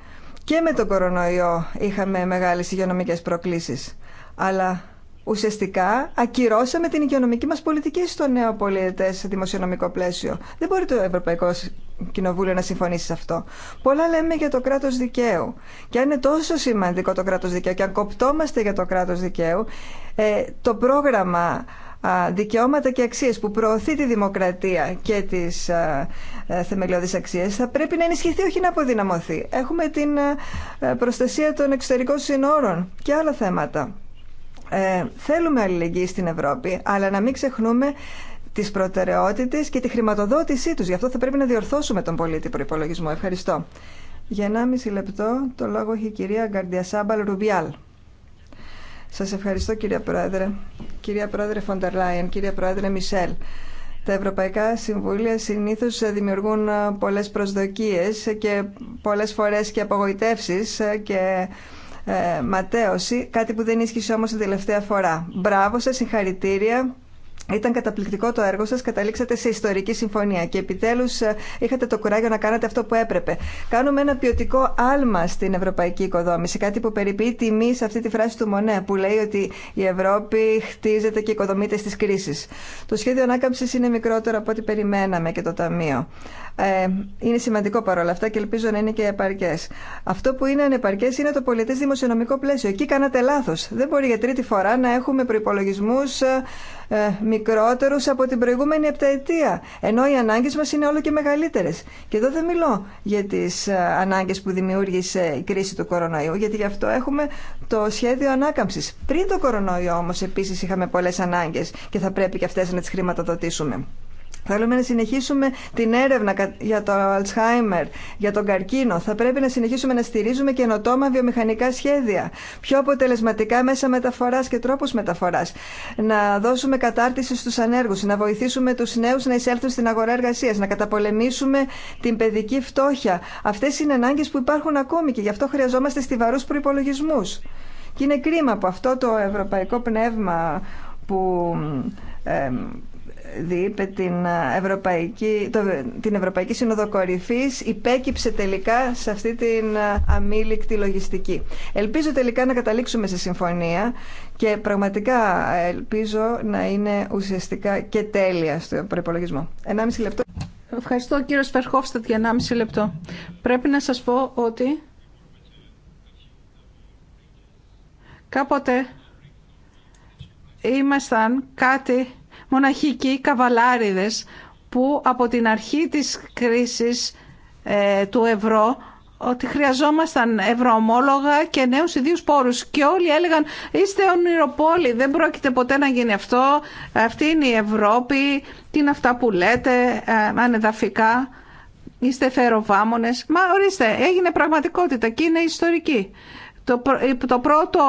Και με τον κορονοϊό είχαμε μεγάλες υγειονομικέ προκλήσεις. Αλλά ουσιαστικά ακυρώσαμε την οικονομική μας πολιτική στο νέο πολιετέ δημοσιονομικό πλαίσιο. Δεν μπορεί το Ευρωπαϊκό Κοινοβούλιο να συμφωνήσει σε αυτό. Πολλά λέμε για το κράτος δικαίου. Και αν είναι τόσο σημαντικό το κράτος δικαίου και αν κοπτόμαστε για το κράτος δικαίου, ε, το πρόγραμμα δικαιώματα και αξίες που προωθεί τη δημοκρατία και τις ε, θεμελιώδεις αξίες θα πρέπει να ενισχυθεί όχι να αποδυναμωθεί. Έχουμε την ε, προστασία των εξωτερικών συνόρων και άλλα θέματα. Ε, θέλουμε αλληλεγγύη στην Ευρώπη, αλλά να μην ξεχνούμε τι προτεραιότητε και τη χρηματοδότησή του, Γι' αυτό θα πρέπει να διορθώσουμε τον πολίτη προπολογισμό. Ευχαριστώ. Για 1,5 λεπτό το λόγο έχει η κυρία Γκαρδιασάμπαλ Ρουμπιάλ. Σα ευχαριστώ κυρία Πρόεδρε. Κυρία Πρόεδρε Φοντερ Λάιεν, κυρία Πρόεδρε Μισελ. Τα Ευρωπαϊκά Συμβούλια συνήθως δημιουργούν πολλές προσδοκίες και πολλές φορές και απογοητεύσεις και ε, ματέωση, κάτι που δεν ίσχυσε όμω την τελευταία φορά. Μπράβο σα, συγχαρητήρια ήταν καταπληκτικό το έργο σα. Καταλήξατε σε ιστορική συμφωνία και επιτέλου ε, είχατε το κουράγιο να κάνετε αυτό που έπρεπε. Κάνουμε ένα ποιοτικό άλμα στην ευρωπαϊκή οικοδόμηση. Κάτι που περιποιεί τιμή σε αυτή τη φράση του Μονέ, που λέει ότι η Ευρώπη χτίζεται και οικοδομείται στι κρίσει. Το σχέδιο ανάκαμψη είναι μικρότερο από ό,τι περιμέναμε και το Ταμείο. Ε, είναι σημαντικό παρόλα αυτά και ελπίζω να είναι και επαρκέ. Αυτό που είναι ανεπαρκέ είναι το πολιτέ δημοσιονομικό πλαίσιο. Εκεί κάνατε λάθο. Δεν μπορεί για τρίτη φορά να έχουμε προπολογισμού ε, ε, μικρότερου από την προηγούμενη επταετία. Ενώ οι ανάγκε μα είναι όλο και μεγαλύτερε. Και εδώ δεν μιλώ για τι ανάγκε που δημιούργησε η κρίση του κορονοϊού, γιατί γι' αυτό έχουμε το σχέδιο ανάκαμψη. Πριν το κορονοϊό όμω επίση είχαμε πολλέ ανάγκε και θα πρέπει και αυτέ να τι χρηματοδοτήσουμε. Θέλουμε να συνεχίσουμε την έρευνα για το Αλτσχάιμερ, για τον καρκίνο. Θα πρέπει να συνεχίσουμε να στηρίζουμε καινοτόμα βιομηχανικά σχέδια, πιο αποτελεσματικά μέσα μεταφορά και τρόπου μεταφορά. Να δώσουμε κατάρτιση στου ανέργου, να βοηθήσουμε του νέου να εισέλθουν στην αγορά εργασία, να καταπολεμήσουμε την παιδική φτώχεια. Αυτέ είναι ανάγκε που υπάρχουν ακόμη και γι' αυτό χρειαζόμαστε στιβαρού προπολογισμού. Και είναι κρίμα που αυτό το ευρωπαϊκό πνεύμα που διείπε την Ευρωπαϊκή, το, την Ευρωπαϊκή Σύνοδο Κορυφής υπέκυψε τελικά σε αυτή την αμήλικτη λογιστική. Ελπίζω τελικά να καταλήξουμε σε συμφωνία και πραγματικά ελπίζω να είναι ουσιαστικά και τέλεια στο προπολογισμό. 1,5 λεπτό. Ευχαριστώ κύριο Σφερχόφστατ για 1,5 λεπτό. Πρέπει να σας πω ότι κάποτε ήμασταν κάτι μοναχικοί καβαλάριδες που από την αρχή της κρίσης ε, του ευρώ ότι χρειαζόμασταν ευρωομόλογα και νέους ιδίους πόρους και όλοι έλεγαν είστε ονειροπόλοι, δεν πρόκειται ποτέ να γίνει αυτό, αυτή είναι η Ευρώπη, τι είναι αυτά που λέτε, ε, ανεδαφικά, είστε φεροβάμονες. Μα ορίστε, έγινε πραγματικότητα και είναι ιστορική. Το, πρώτο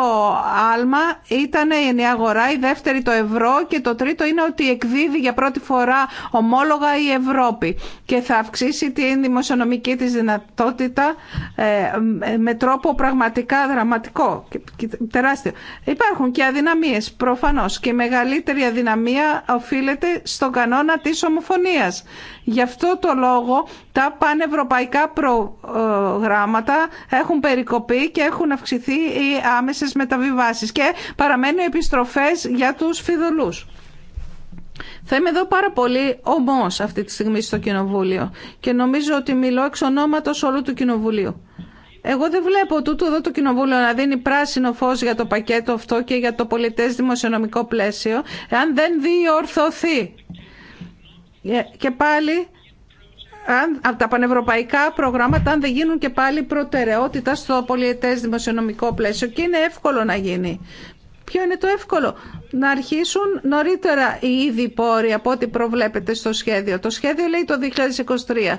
άλμα ήταν η ενιαγορά, αγορά, η δεύτερη το ευρώ και το τρίτο είναι ότι εκδίδει για πρώτη φορά ομόλογα η Ευρώπη και θα αυξήσει την δημοσιονομική της δυνατότητα ε, με τρόπο πραγματικά δραματικό και, τεράστιο. Υπάρχουν και αδυναμίες προφανώς και η μεγαλύτερη αδυναμία οφείλεται στον κανόνα της ομοφωνίας. Γι' αυτό το λόγο τα πανευρωπαϊκά προγράμματα έχουν περικοπεί και έχουν αυξηθεί οι άμεσες μεταβιβάσεις και παραμένουν επιστροφές για τους φιδωλούς. Θα είμαι εδώ πάρα πολύ ομός αυτή τη στιγμή στο Κοινοβούλιο και νομίζω ότι μιλώ εξ ονόματος όλου του Κοινοβουλίου. Εγώ δεν βλέπω τούτο εδώ το Κοινοβούλιο να δίνει πράσινο φω για το πακέτο αυτό και για το πολιτέ δημοσιονομικό πλαίσιο, αν δεν διορθωθεί. Ε, και πάλι τα πανευρωπαϊκά προγράμματα αν δεν γίνουν και πάλι προτεραιότητα στο πολιετέ δημοσιονομικό πλαίσιο και είναι εύκολο να γίνει. Ποιο είναι το εύκολο, να αρχίσουν νωρίτερα οι ήδη πόροι από ό,τι προβλέπεται στο σχέδιο. Το σχέδιο λέει το 2023.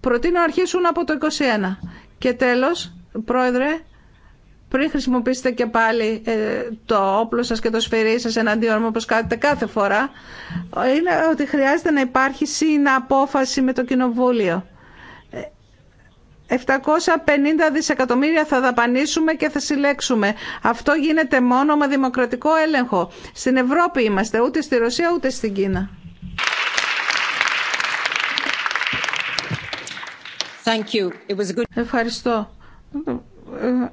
Προτείνω να αρχίσουν από το 2021. Και τέλος, πρόεδρε, πριν χρησιμοποιήσετε και πάλι ε, το όπλο σας και το σφυρί σας εναντίον μου όπως κάνετε κάθε φορά είναι ότι χρειάζεται να υπάρχει συναπόφαση με το κοινοβούλιο. 750 ε, δισεκατομμύρια θα δαπανίσουμε και θα συλλέξουμε. Αυτό γίνεται μόνο με δημοκρατικό έλεγχο. Στην Ευρώπη είμαστε, ούτε στη Ρωσία ούτε στην Κίνα. Thank you. It was good... Ευχαριστώ.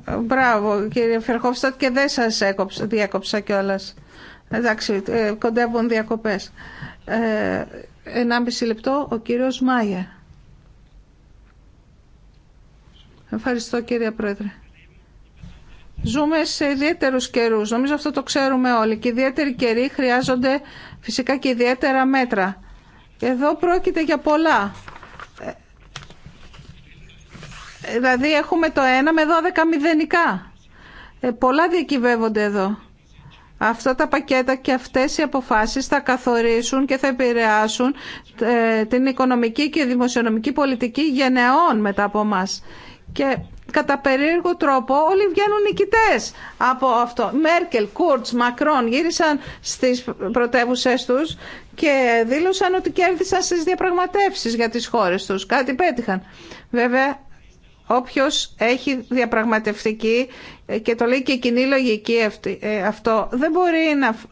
Ε, μπράβο κύριε Φερχόφστατ και δεν σας έκοψα, διέκοψα κιόλα. Εντάξει, ε, κοντεύουν διακοπές. Ε, λεπτό ο κύριος Μάγια. Ευχαριστώ κύριε Πρόεδρε. Ζούμε σε ιδιαίτερου καιρού. Νομίζω αυτό το ξέρουμε όλοι. Και ιδιαίτεροι καιροί χρειάζονται φυσικά και ιδιαίτερα μέτρα. Εδώ πρόκειται για πολλά. Ε, Δηλαδή έχουμε το 1 με 12 μηδενικά. Ε, πολλά διακυβεύονται εδώ. Αυτά τα πακέτα και αυτές οι αποφάσεις θα καθορίσουν και θα επηρεάσουν ε, την οικονομική και δημοσιονομική πολιτική γενεών μετά από μας. Και κατά περίεργο τρόπο όλοι βγαίνουν νικητές από αυτό. Μέρκελ, Κούρτς, Μακρόν γύρισαν στις πρωτεύουσές τους και δήλωσαν ότι κέρδισαν στις διαπραγματεύσεις για τις χώρες τους. Κάτι πέτυχαν. Βέβαια όποιος έχει διαπραγματευτική και το λέει και η κοινή λογική ε, αυτό δεν μπορεί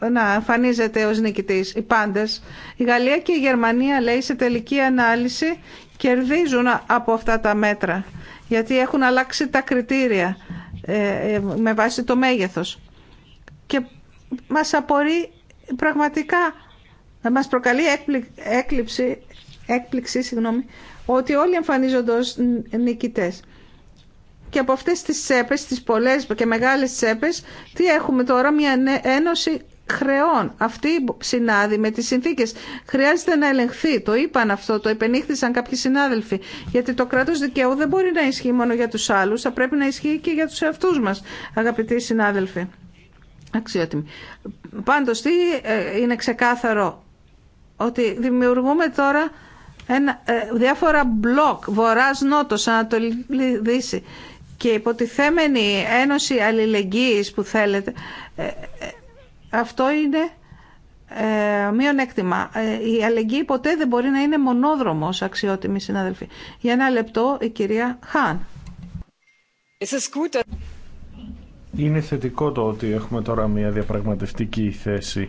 να, να εμφανίζεται ως νικητής οι πάντες. Η Γαλλία και η Γερμανία λέει σε τελική ανάλυση κερδίζουν από αυτά τα μέτρα γιατί έχουν αλλάξει τα κριτήρια ε, ε, με βάση το μέγεθος και μας απορεί πραγματικά μας προκαλεί έκπληξη, έκπληξη συγγνώμη, ότι όλοι εμφανίζονται ως νικητές. Και από αυτές τις τσέπες, τις πολλές και μεγάλες τσέπες, τι έχουμε τώρα, μια ένωση χρεών. Αυτή συνάδει με τις συνθήκες. Χρειάζεται να ελεγχθεί. Το είπαν αυτό, το επενήχθησαν κάποιοι συνάδελφοι. Γιατί το κράτος δικαίου δεν μπορεί να ισχύει μόνο για τους άλλους, θα πρέπει να ισχύει και για τους εαυτούς μας, αγαπητοί συνάδελφοι. Αξιότιμοι. Πάντως, τι ε, είναι ξεκάθαρο, ότι δημιουργούμε τώρα ένα, ε, διάφορα μπλοκ, βορράς, νότος, ανατολή, δύση και υποτιθέμενη ένωση αλληλεγγύης που θέλετε, ε, ε, αυτό είναι ε, μειονέκτημα. Η αλληλεγγύη ποτέ δεν μπορεί να είναι μονόδρομος, αξιότιμη συνάδελφοι. Για ένα λεπτό η κυρία Χάν. Είναι θετικό το ότι έχουμε τώρα μια διαπραγματευτική θέση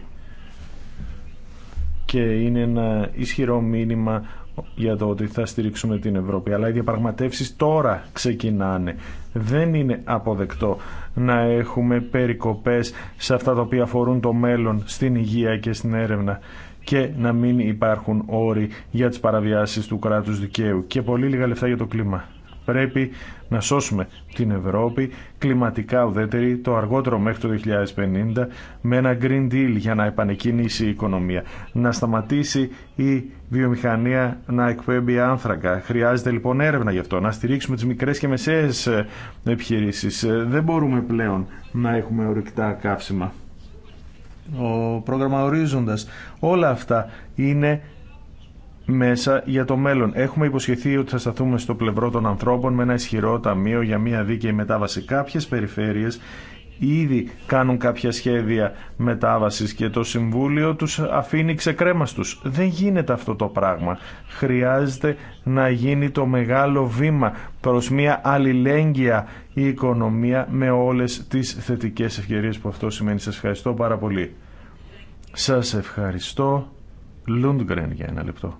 και είναι ένα ισχυρό μήνυμα για το ότι θα στηρίξουμε την Ευρώπη. Αλλά οι διαπραγματεύσεις τώρα ξεκινάνε. Δεν είναι αποδεκτό να έχουμε περικοπές σε αυτά τα οποία αφορούν το μέλλον στην υγεία και στην έρευνα και να μην υπάρχουν όροι για τις παραβιάσεις του κράτους δικαίου και πολύ λίγα λεφτά για το κλίμα. Πρέπει να σώσουμε την Ευρώπη κλιματικά ουδέτερη το αργότερο μέχρι το 2050 με ένα Green Deal για να επανεκκινήσει η οικονομία. Να σταματήσει η βιομηχανία να εκπέμπει άνθρακα. Χρειάζεται λοιπόν έρευνα γι' αυτό. Να στηρίξουμε τις μικρές και μεσαίες ε, επιχειρήσεις. Ε, δεν μπορούμε πλέον να έχουμε ορυκτά καύσιμα. Ο πρόγραμμα ορίζοντας. Όλα αυτά είναι μέσα για το μέλλον. Έχουμε υποσχεθεί ότι θα σταθούμε στο πλευρό των ανθρώπων με ένα ισχυρό ταμείο για μια δίκαιη μετάβαση. Κάποιε περιφέρειε ήδη κάνουν κάποια σχέδια μετάβασης και το Συμβούλιο τους αφήνει ξεκρέμαστους. Δεν γίνεται αυτό το πράγμα. Χρειάζεται να γίνει το μεγάλο βήμα προς μια αλληλέγγυα η οικονομία με όλες τις θετικές ευκαιρίες που αυτό σημαίνει. Σας ευχαριστώ πάρα πολύ. Σας ευχαριστώ. Λούντγκρεν για ένα λεπτό.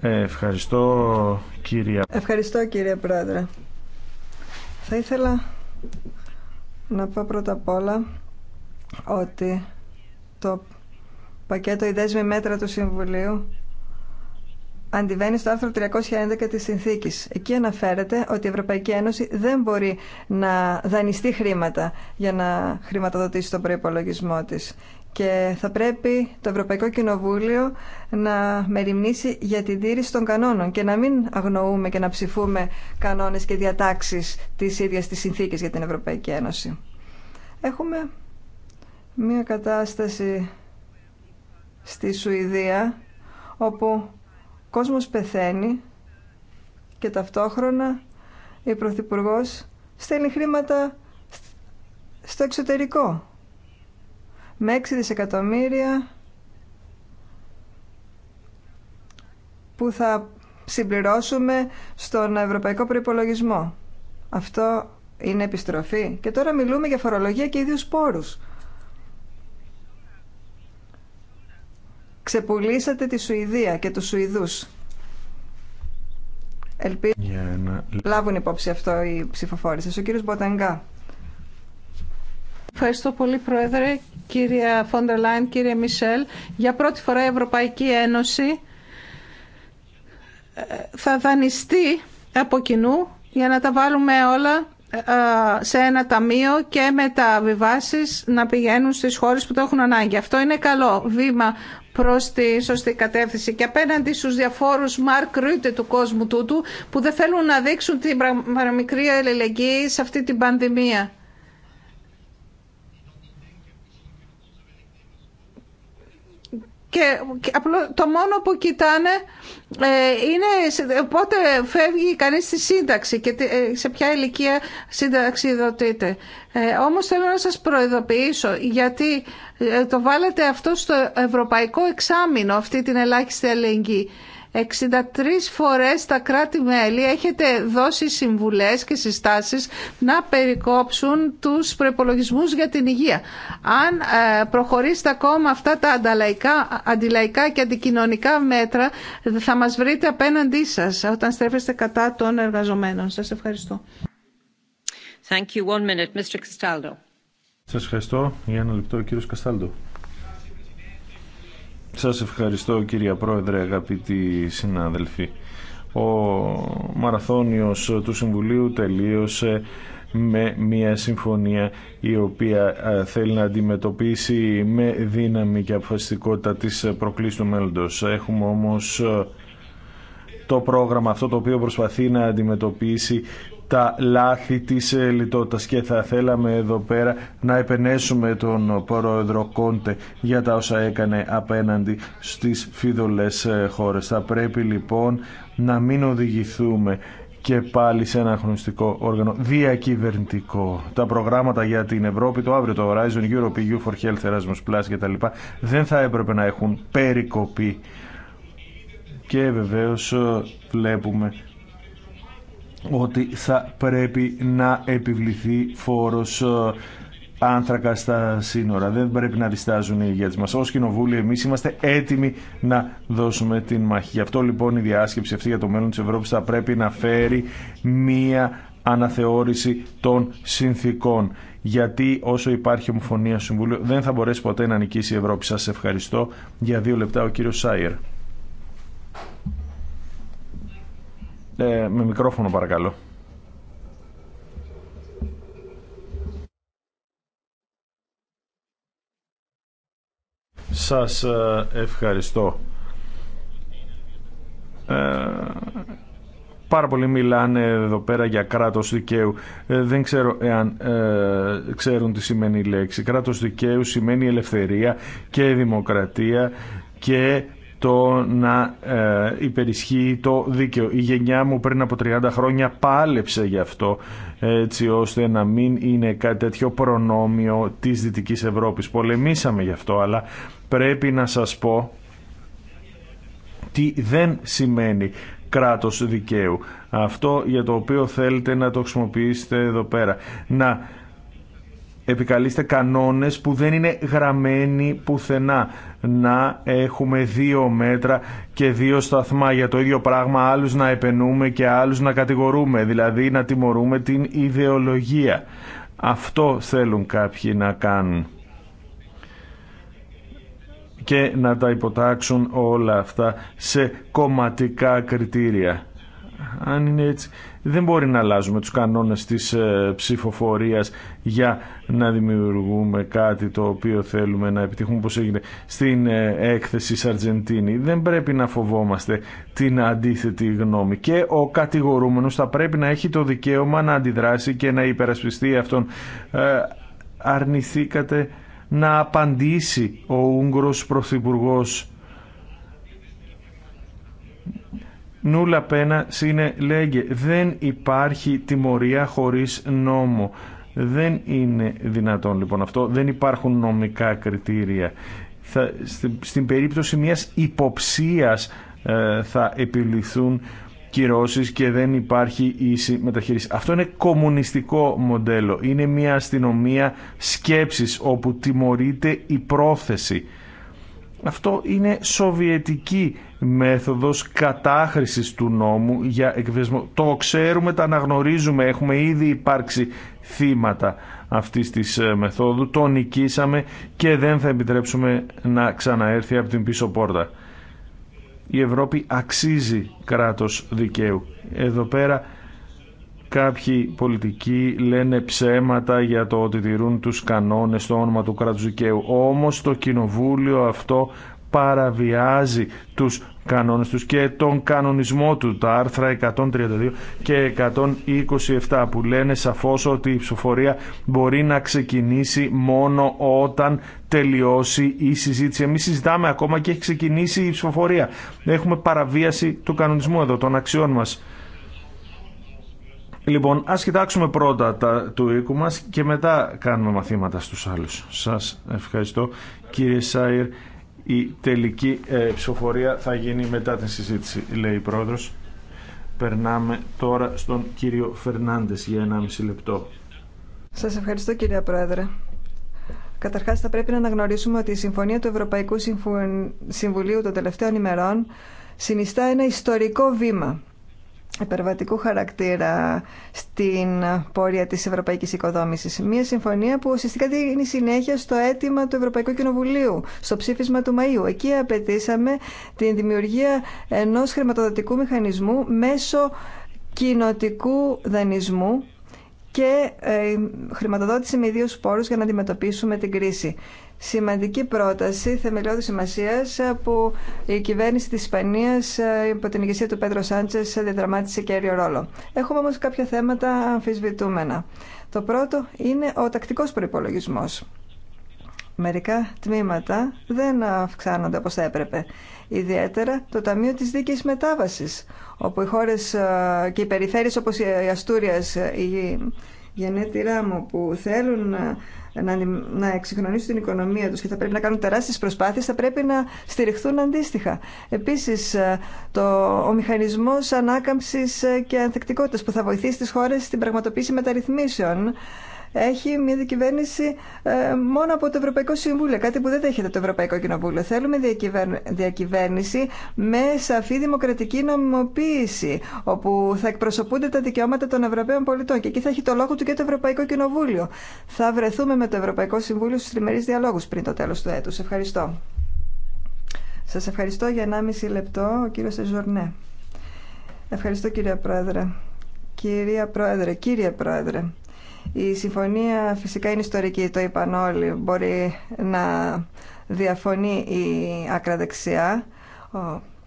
Ε, ευχαριστώ κύριε. Ευχαριστώ κύριε Πρόεδρε. Θα ήθελα να πω πρώτα απ' όλα ότι το πακέτο η δέσμη μέτρα του Συμβουλίου αντιβαίνει στο άρθρο 311 της Συνθήκης. Εκεί αναφέρεται ότι η Ευρωπαϊκή Ένωση δεν μπορεί να δανειστεί χρήματα για να χρηματοδοτήσει τον προϋπολογισμό της και θα πρέπει το Ευρωπαϊκό Κοινοβούλιο να μεριμνήσει για την τήρηση των κανόνων και να μην αγνοούμε και να ψηφούμε κανόνες και διατάξεις της ίδιας της συνθήκης για την Ευρωπαϊκή Ένωση. Έχουμε μία κατάσταση στη Σουηδία όπου κόσμος πεθαίνει και ταυτόχρονα η Πρωθυπουργός στέλνει χρήματα στο εξωτερικό με 6 δισεκατομμύρια που θα συμπληρώσουμε στον ευρωπαϊκό προϋπολογισμό. Αυτό είναι επιστροφή. Και τώρα μιλούμε για φορολογία και ίδιους πόρους. Ξεπουλήσατε τη Σουηδία και τους Σουηδούς. Ελπίζω να λάβουν υπόψη αυτό οι ψηφοφόροι Ο κύριος Μποτανγκά. Ευχαριστώ πολύ, Πρόεδρε, κυρία Φόντερ Λάιν, κύριε Μισελ. Για πρώτη φορά η Ευρωπαϊκή Ένωση ε, θα δανειστεί από κοινού για να τα βάλουμε όλα ε, σε ένα ταμείο και με τα βιβάσεις να πηγαίνουν στις χώρες που το έχουν ανάγκη. Αυτό είναι καλό βήμα προς τη σωστή κατεύθυνση και απέναντι στους διαφόρους Μαρκ Ρούτε του κόσμου τούτου που δεν θέλουν να δείξουν την παραμικρή αλληλεγγύη σε αυτή την πανδημία. και το μόνο που κοιτάνε ε, είναι πότε φεύγει κανείς στη σύνταξη και ε, σε ποια ηλικία σύνταξη δοτείται. Ε, όμως θέλω να σας προειδοποιήσω γιατί το βάλετε αυτό στο ευρωπαϊκό εξάμεινο αυτή την ελάχιστη ελεγγύη. 63 φορές τα κράτη-μέλη έχετε δώσει συμβουλές και συστάσεις να περικόψουν τους προϋπολογισμούς για την υγεία. Αν ε, προχωρήσετε ακόμα αυτά τα ανταλαϊκά, αντιλαϊκά και αντικοινωνικά μέτρα θα μας βρείτε απέναντί σας όταν στρέφεστε κατά των εργαζομένων. Σας ευχαριστώ. Thank you. One minute, Mr. Σας ευχαριστώ. Για ένα λεπτό, ο κύριος Καστάλντο. Σας ευχαριστώ κύριε Πρόεδρε, αγαπητοί συνάδελφοι. Ο μαραθώνιος του Συμβουλίου τελείωσε με μια συμφωνία η οποία ε, θέλει να αντιμετωπίσει με δύναμη και αποφασιστικότητα τις προκλήσεις του μέλλοντος. Έχουμε όμως ε, το πρόγραμμα αυτό το οποίο προσπαθεί να αντιμετωπίσει τα λάθη της ε, λιτότητας και θα θέλαμε εδώ πέρα να επενέσουμε τον πρόεδρο Κόντε για τα όσα έκανε απέναντι στις φιδωλές ε, χώρες. Θα πρέπει λοιπόν να μην οδηγηθούμε και πάλι σε ένα χρονιστικό όργανο διακυβερνητικό. Τα προγράμματα για την Ευρώπη, το αύριο, το Horizon Europe, EU for Health, Erasmus Plus λοιπά. δεν θα έπρεπε να έχουν περικοπή. Και βεβαίως ε, βλέπουμε ότι θα πρέπει να επιβληθεί φόρος ε, άνθρακα στα σύνορα. Δεν πρέπει να διστάζουν οι ηγέτες μας. Ως κοινοβούλιο εμείς είμαστε έτοιμοι να δώσουμε την μάχη. Γι' αυτό λοιπόν η διάσκεψη αυτή για το μέλλον της Ευρώπης θα πρέπει να φέρει μία αναθεώρηση των συνθήκων. Γιατί όσο υπάρχει ομοφωνία στο Συμβούλιο δεν θα μπορέσει ποτέ να νικήσει η Ευρώπη. Σας ευχαριστώ. Για δύο λεπτά ο κύριος Σάιερ. Ε, με μικρόφωνο παρακαλώ. Σας ε, ευχαριστώ. Ε, πάρα πολλοί μιλάνε εδώ πέρα για κράτος δικαίου. Ε, δεν ξέρω εάν ε, ξέρουν τι σημαίνει η λέξη. Κράτος δικαίου σημαίνει ελευθερία και δημοκρατία και το να ε, υπερισχύει το δίκαιο. Η γενιά μου πριν από 30 χρόνια πάλεψε γι' αυτό έτσι ώστε να μην είναι κάτι τέτοιο προνόμιο της Δυτικής Ευρώπης. Πολεμήσαμε γι' αυτό, αλλά πρέπει να σας πω τι δεν σημαίνει κράτος δικαίου. Αυτό για το οποίο θέλετε να το χρησιμοποιήσετε εδώ πέρα. Να επικαλείστε κανόνες που δεν είναι γραμμένοι πουθενά. Να έχουμε δύο μέτρα και δύο σταθμά για το ίδιο πράγμα, άλλους να επενούμε και άλλους να κατηγορούμε, δηλαδή να τιμωρούμε την ιδεολογία. Αυτό θέλουν κάποιοι να κάνουν και να τα υποτάξουν όλα αυτά σε κομματικά κριτήρια. Αν είναι έτσι, δεν μπορεί να αλλάζουμε τους κανόνες της ε, ψηφοφορίας για να δημιουργούμε κάτι το οποίο θέλουμε να επιτυχούμε όπως έγινε στην ε, έκθεση Σαρτζεντίνη. Δεν πρέπει να φοβόμαστε την αντίθετη γνώμη και ο κατηγορούμενος θα πρέπει να έχει το δικαίωμα να αντιδράσει και να υπερασπιστεί αυτόν. Ε, αρνηθήκατε να απαντήσει ο Ούγγρος Πρωθυπουργός Νούλα πένα σύνε λέγε. Δεν υπάρχει τιμωρία χωρίς νόμο. Δεν είναι δυνατόν λοιπόν αυτό. Δεν υπάρχουν νομικά κριτήρια. στην, περίπτωση μιας υποψίας ε, θα επιληθούν κυρώσεις και δεν υπάρχει ίση μεταχείριση. Αυτό είναι κομμουνιστικό μοντέλο. Είναι μια αστυνομία σκέψης όπου τιμωρείται η πρόθεση. Αυτό είναι σοβιετική μέθοδος κατάχρησης του νόμου για εκβιασμό. Το ξέρουμε, τα αναγνωρίζουμε, έχουμε ήδη υπάρξει θύματα αυτής της ε, μεθόδου, το νικήσαμε και δεν θα επιτρέψουμε να ξαναέρθει από την πίσω πόρτα. Η Ευρώπη αξίζει κράτος δικαίου. Εδώ πέρα κάποιοι πολιτικοί λένε ψέματα για το ότι τηρούν τους κανόνες στο όνομα του κράτους δικαίου. Όμως το κοινοβούλιο αυτό παραβιάζει τους κανόνες τους και τον κανονισμό του, τα άρθρα 132 και 127 που λένε σαφώς ότι η ψηφοφορία μπορεί να ξεκινήσει μόνο όταν τελειώσει η συζήτηση. Εμείς συζητάμε ακόμα και έχει ξεκινήσει η ψηφοφορία. Έχουμε παραβίαση του κανονισμού εδώ, των αξιών μας. Λοιπόν, ας κοιτάξουμε πρώτα τα του οίκου μας και μετά κάνουμε μαθήματα στους άλλους. Σας ευχαριστώ κύριε Σάιρ η τελική ε, ψηφοφορία θα γίνει μετά την συζήτηση, λέει η πρόεδρος. Περνάμε τώρα στον κύριο Φερνάντες για 1,5 λεπτό. Σας ευχαριστώ κύριε Πρόεδρε. Καταρχάς θα πρέπει να αναγνωρίσουμε ότι η Συμφωνία του Ευρωπαϊκού Συμβουλίου των τελευταίων ημερών συνιστά ένα ιστορικό βήμα υπερβατικού χαρακτήρα στην πορεία της ευρωπαϊκής οικοδόμησης. Μία συμφωνία που ουσιαστικά είναι η συνέχεια στο αίτημα του Ευρωπαϊκού Κοινοβουλίου, στο ψήφισμα του Μαΐου. Εκεί απαιτήσαμε την δημιουργία ενός χρηματοδοτικού μηχανισμού μέσω κοινοτικού δανεισμού και ε, χρηματοδότηση με ιδίους πόρους για να αντιμετωπίσουμε την κρίση σημαντική πρόταση θεμελιώδης σημασία που η κυβέρνηση τη Ισπανία ε, υπό την ηγεσία του Πέντρο Σάντσες διαδραμάτισε κέριο ρόλο. Έχουμε όμως κάποια θέματα αμφισβητούμενα. Το πρώτο είναι ο τακτικός προπολογισμό. Μερικά τμήματα δεν αυξάνονται όπως θα έπρεπε. Ιδιαίτερα το Ταμείο της δίκής Μετάβασης, όπου οι χώρες ε, και οι περιφέρειες όπως η Αστούρια, ε, η γενέτειρά μου, που θέλουν να, να εξυγχρονίσουν την οικονομία του και θα πρέπει να κάνουν τεράστιε προσπάθειες, θα πρέπει να στηριχθούν αντίστοιχα. Επίσης, ε, ο μηχανισμό ανάκαμψη ε, και ανθεκτικότητα, που θα βοηθήσει τις χώρες στην πραγματοποίηση μεταρρυθμίσεων έχει μια διακυβέρνηση ε, μόνο από το Ευρωπαϊκό Συμβούλιο, κάτι που δεν δέχεται το Ευρωπαϊκό Κοινοβούλιο. Θέλουμε διακυβέρνηση με σαφή δημοκρατική νομιμοποίηση, όπου θα εκπροσωπούνται τα δικαιώματα των Ευρωπαίων πολιτών και εκεί θα έχει το λόγο του και το Ευρωπαϊκό Κοινοβούλιο. Θα βρεθούμε με το Ευρωπαϊκό Συμβούλιο στου τριμερεί διαλόγου πριν το τέλο του έτου. Ευχαριστώ. Σα ευχαριστώ για 1,5 λεπτό, ο Σεζορνέ. Ευχαριστώ κύριε Πρόεδρε. Κυρία Πρόεδρε, κύριε Πρόεδρε, η συμφωνία φυσικά είναι ιστορική, το είπαν όλοι. Μπορεί να διαφωνεί η ακραδεξιά. Ο,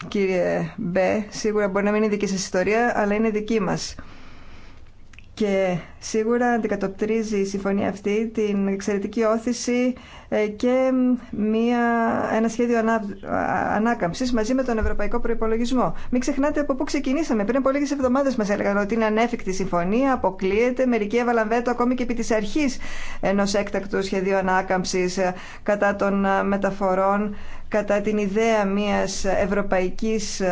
κύριε Μπέ, σίγουρα μπορεί να μην είναι δική σας ιστορία, αλλά είναι δική μας. Και σίγουρα αντικατοπτρίζει η συμφωνία αυτή την εξαιρετική όθηση ε, και μια, ένα σχέδιο ανά, ανάκαμψης μαζί με τον Ευρωπαϊκό Προπολογισμό. Μην ξεχνάτε από πού ξεκινήσαμε. Πριν από λίγε εβδομάδε μα έλεγαν ότι είναι ανέφικτη συμφωνία, αποκλείεται. Μερικοί έβαλαν βέτο ακόμη και επί τη αρχή ενό έκτακτου σχεδίου ανάκαμψη ε, κατά των ε, μεταφορών, κατά την ιδέα μιας ευρωπαϊκής ε,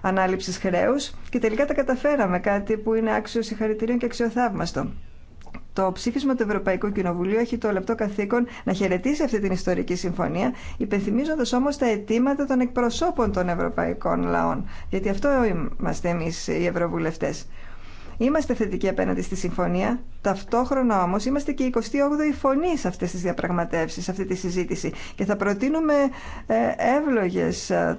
ανάληψης χρέους και τελικά τα καταφέραμε, κάτι που είναι άξιο συγχαρητηρίων και αξιοθαύμαστο. Το ψήφισμα του Ευρωπαϊκού Κοινοβουλίου έχει το λεπτό καθήκον να χαιρετήσει αυτή την ιστορική συμφωνία, υπενθυμίζοντα όμω τα αιτήματα των εκπροσώπων των ευρωπαϊκών λαών. Γιατί αυτό είμαστε εμεί οι Ευρωβουλευτέ. Είμαστε θετικοί απέναντι στη συμφωνία. Ταυτόχρονα όμω είμαστε και η 28η φωνή σε αυτέ τι διαπραγματεύσει, σε αυτή τη συζήτηση. Και θα προτείνουμε ε, εύλογε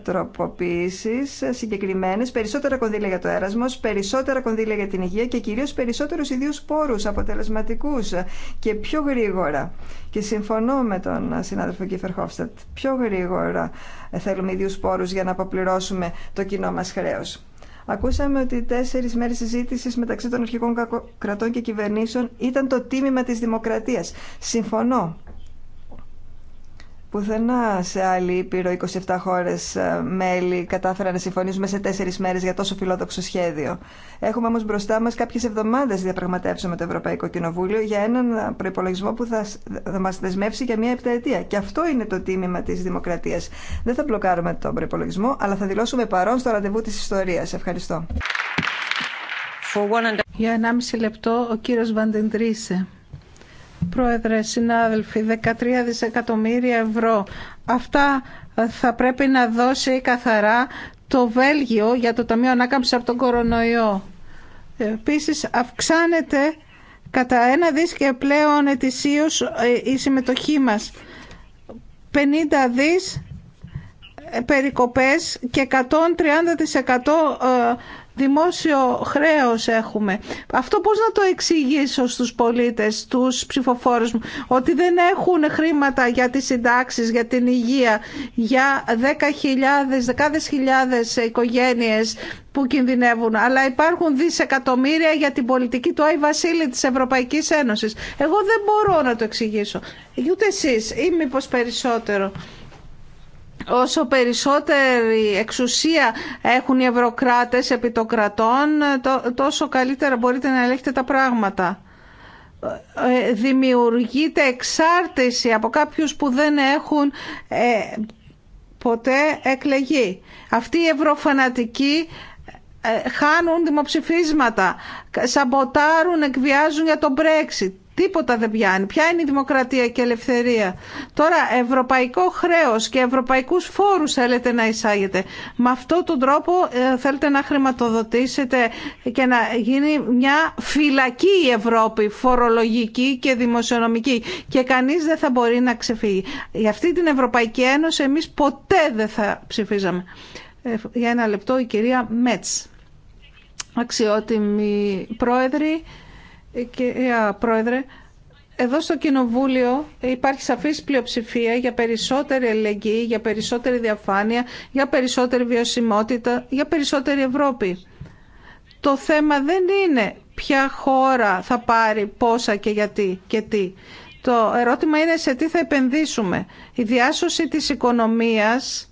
τροποποιήσει ε, συγκεκριμένε, περισσότερα κονδύλια για το έρασμο, περισσότερα κονδύλια για την υγεία και κυρίω περισσότερου ιδίου πόρου αποτελεσματικού και πιο γρήγορα. Και συμφωνώ με τον ε, συνάδελφο Κίφερ Χόφστατ. Πιο γρήγορα θέλουμε ιδίου πόρου για να αποπληρώσουμε το κοινό μα χρέο. Ακούσαμε ότι τέσσερι μέρε συζήτηση μεταξύ των αρχικών κρατών και κυβερνήσεων ήταν το τίμημα τη δημοκρατία. Συμφωνώ. Πουθενά σε άλλη ήπειρο 27 χώρε ε, μέλη κατάφεραν να συμφωνήσουμε σε τέσσερι μέρε για τόσο φιλόδοξο σχέδιο. Έχουμε όμω μπροστά μα κάποιε εβδομάδε διαπραγματεύσεων με το Ευρωπαϊκό Κοινοβούλιο για έναν προπολογισμό που θα, μα δεσμεύσει για μια επταετία. Και αυτό είναι το τίμημα τη δημοκρατία. Δεν θα μπλοκάρουμε τον προπολογισμό, αλλά θα δηλώσουμε παρόν στο ραντεβού τη ιστορία. Ευχαριστώ. Για 1,5 λεπτό ο κύριο Βαντεντρίσε. Πρόεδρε, συνάδελφοι, 13 δισεκατομμύρια ευρώ. Αυτά ε, θα πρέπει να δώσει καθαρά το Βέλγιο για το Ταμείο Ανάκαμψης από τον κορονοϊό. Επίσης αυξάνεται κατά ένα δις και πλέον ετησίως ε, η συμμετοχή μας. 50 δις ε, περικοπές και 130% δημόσιο χρέος έχουμε. Αυτό πώς να το εξηγήσω στους πολίτες, στους ψηφοφόρους μου, ότι δεν έχουν χρήματα για τις συντάξεις, για την υγεία, για δέκα χιλιάδες, δεκάδες χιλιάδες οικογένειες που κινδυνεύουν, αλλά υπάρχουν δισεκατομμύρια για την πολιτική του Άι Βασίλη της Ευρωπαϊκής Ένωσης. Εγώ δεν μπορώ να το εξηγήσω. Ούτε εσείς ή μήπως περισσότερο. Όσο περισσότερη εξουσία έχουν οι ευρωκράτες επί των κρατών, τόσο καλύτερα μπορείτε να ελέγχετε τα πράγματα. Ε, δημιουργείται εξάρτηση από κάποιους που δεν έχουν ε, ποτέ εκλεγεί. Αυτοί οι ευρωφανατικοί ε, χάνουν δημοψηφίσματα, σαμποτάρουν, εκβιάζουν για τον Brexit. Τίποτα δεν πιάνει. Ποια είναι η δημοκρατία και η ελευθερία. Τώρα ευρωπαϊκό χρέος και ευρωπαϊκούς φόρους θέλετε να εισάγετε. Με αυτόν τον τρόπο ε, θέλετε να χρηματοδοτήσετε και να γίνει μια φυλακή η Ευρώπη, φορολογική και δημοσιονομική. Και κανείς δεν θα μπορεί να ξεφύγει. Για αυτή την Ευρωπαϊκή Ένωση εμείς ποτέ δεν θα ψηφίζαμε. Ε, για ένα λεπτό η κυρία Μέτς. Αξιότιμη πρόεδρη, Κυρία Πρόεδρε, εδώ στο Κοινοβούλιο υπάρχει σαφής πλειοψηφία για περισσότερη ελεγγύη, για περισσότερη διαφάνεια, για περισσότερη βιωσιμότητα, για περισσότερη Ευρώπη. Το θέμα δεν είναι ποια χώρα θα πάρει πόσα και γιατί και τι. Το ερώτημα είναι σε τι θα επενδύσουμε. Η διάσωση της οικονομίας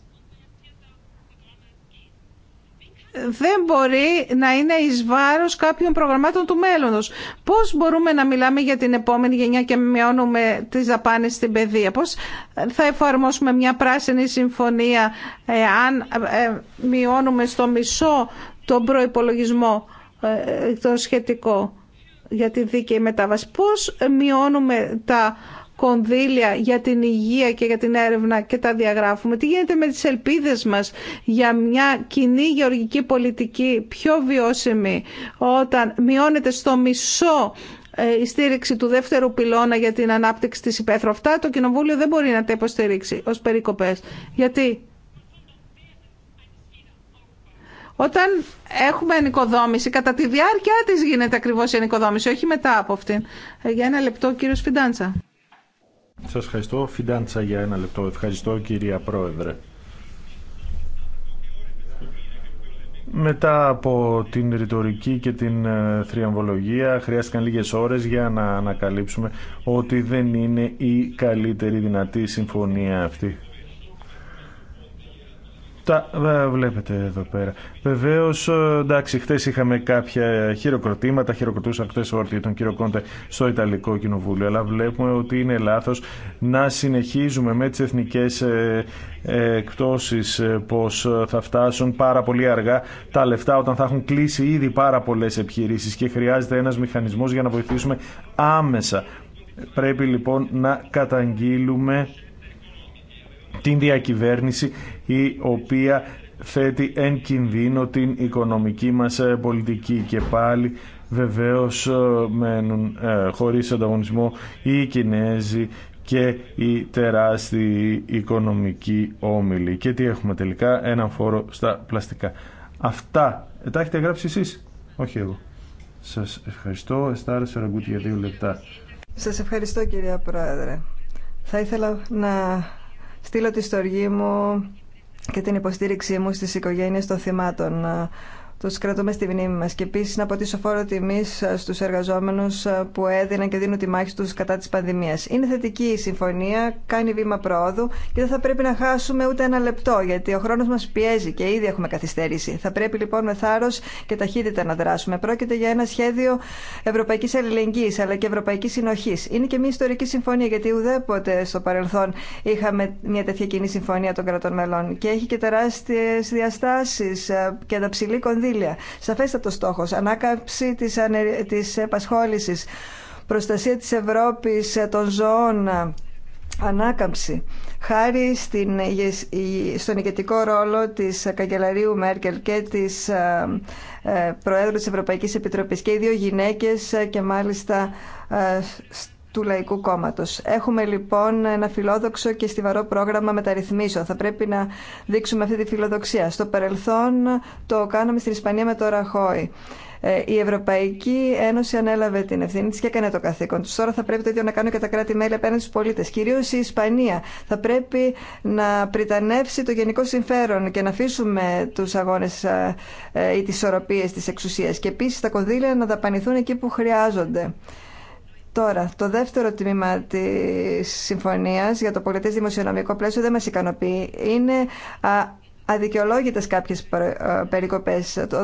δεν μπορεί να είναι εις βάρος κάποιων προγραμμάτων του μέλλοντος. Πώς μπορούμε να μιλάμε για την επόμενη γενιά και μειώνουμε τις δαπάνες στην παιδεία. Πώς θα εφαρμόσουμε μια πράσινη συμφωνία ε, αν ε, μειώνουμε στο μισό τον προϋπολογισμό ε, το σχετικό για τη δίκαιη μετάβαση. Πώς μειώνουμε τα κονδύλια για την υγεία και για την έρευνα και τα διαγράφουμε. Τι γίνεται με τις ελπίδες μας για μια κοινή γεωργική πολιτική πιο βιώσιμη όταν μειώνεται στο μισό ε, η στήριξη του δεύτερου πυλώνα για την ανάπτυξη της υπαίθρου. το Κοινοβούλιο δεν μπορεί να τα υποστηρίξει ως περίκοπες. Γιατί όταν έχουμε ενοικοδόμηση, κατά τη διάρκεια της γίνεται ακριβώς η ενοικοδόμηση, όχι μετά από αυτήν. Ε, για ένα λεπτό, κύριο Φιντάντσα. Σας ευχαριστώ. Φιντάντσα για ένα λεπτό. Ευχαριστώ κυρία Πρόεδρε. Μετά από την ρητορική και την ε, θριαμβολογία χρειάστηκαν λίγες ώρες για να ανακαλύψουμε ότι δεν είναι η καλύτερη δυνατή συμφωνία αυτή. Τα ε, βλέπετε εδώ πέρα. Βεβαίω, ε, εντάξει, χθε είχαμε κάποια χειροκροτήματα, Χειροκροτούσα χθε ο τον κύριο Κόντε στο Ιταλικό Κοινοβούλιο. Αλλά βλέπουμε ότι είναι λάθο να συνεχίζουμε με τι εθνικέ ε, εκπτώσει, πω θα φτάσουν πάρα πολύ αργά τα λεφτά όταν θα έχουν κλείσει ήδη πάρα πολλέ επιχειρήσει και χρειάζεται ένα μηχανισμό για να βοηθήσουμε άμεσα. Πρέπει λοιπόν να καταγγείλουμε την διακυβέρνηση η οποία θέτει εν κινδύνο την οικονομική μας ε, πολιτική και πάλι βεβαίως ε, μένουν ε, χωρίς ανταγωνισμό οι Κινέζοι και οι τεράστιοι οικονομική όμιλοι. Και τι έχουμε τελικά, ένα φόρο στα πλαστικά. Αυτά ε, τα έχετε γράψει εσείς, όχι εγώ. Σας ευχαριστώ, Εστάρα Σαραγκούτη για δύο λεπτά. Σας ευχαριστώ κυρία Πρόεδρε. Θα ήθελα να στείλω τη στοργή μου και την υποστήριξή μου στις οικογένειες των θυμάτων το κρατούμε στη μνήμη μα. και επίση να αποτίσω φόρο τιμή ε, στου εργαζόμενου ε, που έδιναν και δίνουν τη μάχη του κατά τη πανδημία. Είναι θετική η συμφωνία, κάνει βήμα προόδου και δεν θα πρέπει να χάσουμε ούτε ένα λεπτό γιατί ο χρόνο μα πιέζει και ήδη έχουμε καθυστέρηση. Θα πρέπει λοιπόν με θάρρο και ταχύτητα να δράσουμε. Πρόκειται για ένα σχέδιο ευρωπαϊκή αλληλεγγύη αλλά και ευρωπαϊκή συνοχή. Είναι και μια ιστορική συμφωνία γιατί ουδέποτε στο παρελθόν είχαμε μια τέτοια κοινή συμφωνία των κρατών μελών και έχει και τεράστιε διαστάσει ε, και τα κονδύλια. Σαφέστατο στόχο. Ανάκαμψη τη της επασχόληση. Προστασία τη Ευρώπη ε, των ζώων. Ανάκαμψη. Χάρη στην, στον ηγετικό ρόλο της καγκελαρίου Μέρκελ και της ε, ε, Προέδρου της Ευρωπαϊκής Επιτροπής και οι δύο γυναίκες και μάλιστα του Λαϊκού Κόμματο. Έχουμε λοιπόν ένα φιλόδοξο και στιβαρό πρόγραμμα μεταρρυθμίσεων. Θα πρέπει να δείξουμε αυτή τη φιλοδοξία. Στο παρελθόν το κάναμε στην Ισπανία με το Ραχώη. Ε, η Ευρωπαϊκή Ένωση ανέλαβε την ευθύνη τη και έκανε το καθήκον του. Τώρα θα πρέπει το ίδιο να κάνουν και τα κράτη-μέλη απέναντι στου πολίτε. Κυρίω η Ισπανία θα πρέπει να πριτανεύσει το γενικό συμφέρον και να αφήσουμε του αγώνε ε, ε, ή τι ισορροπίε τη εξουσία. Και επίση τα κονδύλια να δαπανηθούν εκεί που χρειάζονται. Τώρα, το δεύτερο τμήμα τη συμφωνία για το πολιτέ δημοσιονομικό πλαίσιο δεν μα ικανοποιεί. Είναι αδικαιολόγητε κάποιε περικοπέ. Το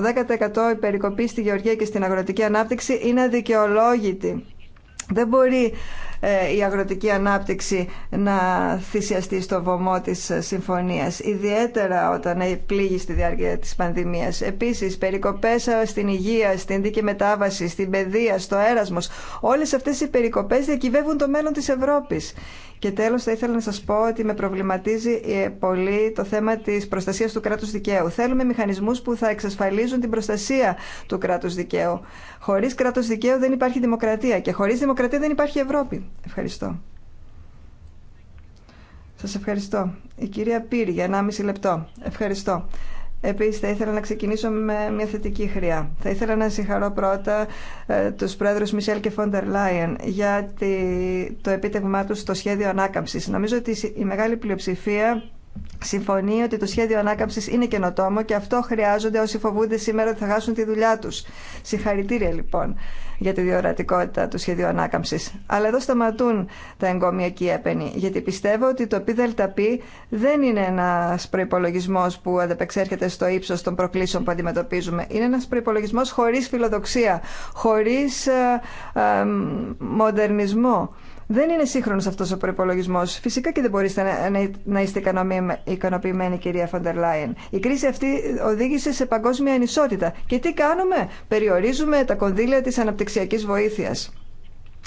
10% η περικοπή στη γεωργία και στην αγροτική ανάπτυξη είναι αδικαιολόγητη. Δεν μπορεί ε, η αγροτική ανάπτυξη να θυσιαστεί στο βωμό της συμφωνίας, ιδιαίτερα όταν πλήγει στη διάρκεια της πανδημίας. Επίσης, περικοπές στην υγεία, στην δίκη μετάβαση, στην παιδεία, στο έρασμος, όλες αυτές οι περικοπές διακυβεύουν το μέλλον της Ευρώπης. Και τέλος θα ήθελα να σας πω ότι με προβληματίζει ε, πολύ το θέμα της προστασίας του κράτους δικαίου. Θέλουμε μηχανισμούς που θα εξασφαλίζουν την προστασία του κράτους δικαίου. Χωρίς κράτος δικαίου δεν υπάρχει δημοκρατία και χωρίς δημοκρατία δεν υπάρχει Ευρώπη. Ευχαριστώ. Σα ευχαριστώ. Η κυρία Πύρη για 1,5 λεπτό. Ευχαριστώ. Επίση, θα ήθελα να ξεκινήσω με μια θετική χρειά. Θα ήθελα να συγχαρώ πρώτα ε, του πρόεδρου Μισελ και Φόντερ Λάιεν για το επίτευγμά του στο σχέδιο ανάκαμψη. Νομίζω ότι η μεγάλη πλειοψηφία συμφωνεί ότι το σχέδιο ανάκαμψη είναι καινοτόμο και αυτό χρειάζονται όσοι φοβούνται σήμερα ότι θα χάσουν τη δουλειά του. Συγχαρητήρια λοιπόν για τη διορατικότητα του σχεδίου ανάκαμψη. Αλλά εδώ σταματούν τα εγκομιακοί έπαινοι. γιατί πιστεύω ότι το ΠΔΠ δεν είναι ένα προπολογισμό που ανταπεξέρχεται στο ύψο των προκλήσεων που αντιμετωπίζουμε. Είναι ένα προπολογισμό χωρί φιλοδοξία, χωρί ε, ε, μοντερνισμό δεν είναι σύγχρονο αυτό ο προπολογισμό. Φυσικά και δεν μπορείτε να είστε ικανοποιημένοι, κυρία Φοντερ Λάιεν. Η κρίση αυτή οδήγησε σε παγκόσμια ανισότητα. Και τι κάνουμε, περιορίζουμε τα κονδύλια τη αναπτυξιακή βοήθεια.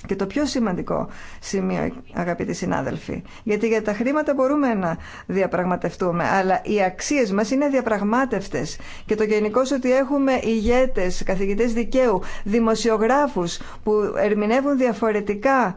Και το πιο σημαντικό σημείο, αγαπητοί συνάδελφοι, γιατί για τα χρήματα μπορούμε να διαπραγματευτούμε, αλλά οι αξίε μα είναι διαπραγματεύτε. Και το γενικό ότι έχουμε ηγέτες, καθηγητέ δικαίου, δημοσιογράφου που ερμηνεύουν διαφορετικά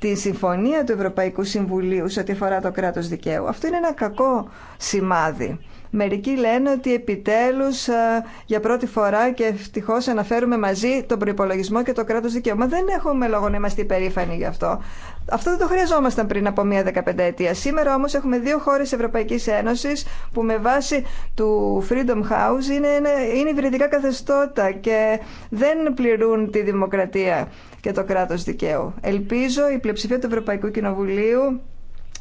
τη συμφωνία του Ευρωπαϊκού Συμβουλίου σε ό,τι αφορά το κράτος δικαίου. Αυτό είναι ένα κακό σημάδι. Μερικοί λένε ότι επιτέλους ε, για πρώτη φορά και ευτυχώ αναφέρουμε μαζί τον προπολογισμό και το κράτος δικαίωμα. Δεν έχουμε λόγο να είμαστε υπερήφανοι γι' αυτό. Αυτό δεν το χρειαζόμασταν πριν από μία δεκαπενταετία. Σήμερα όμως έχουμε δύο χώρες Ευρωπαϊκής Ένωσης που με βάση του Freedom House είναι, είναι υβριδικά καθεστώτα και δεν πληρούν τη δημοκρατία και το κράτος δικαίου. Ελπίζω η πλειοψηφία του Ευρωπαϊκού Κοινοβουλίου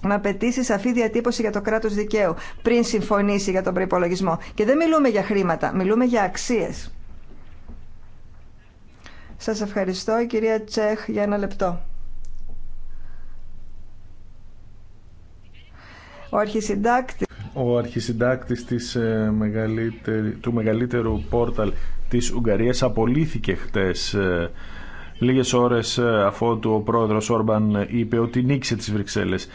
να απαιτήσει σαφή διατύπωση για το κράτος δικαίου πριν συμφωνήσει για τον προϋπολογισμό. Και δεν μιλούμε για χρήματα, μιλούμε για αξίες. Σας ευχαριστώ, κυρία Τσέχ, για ένα λεπτό. Ο αρχισυντάκτης, ο ε, του μεγαλύτερου πόρταλ της Ουγγαρίας απολύθηκε χτες ε, λίγες ώρες ε, αφότου ο πρόεδρος Όρμπαν είπε ότι νίκησε τις Βρυξέλλες.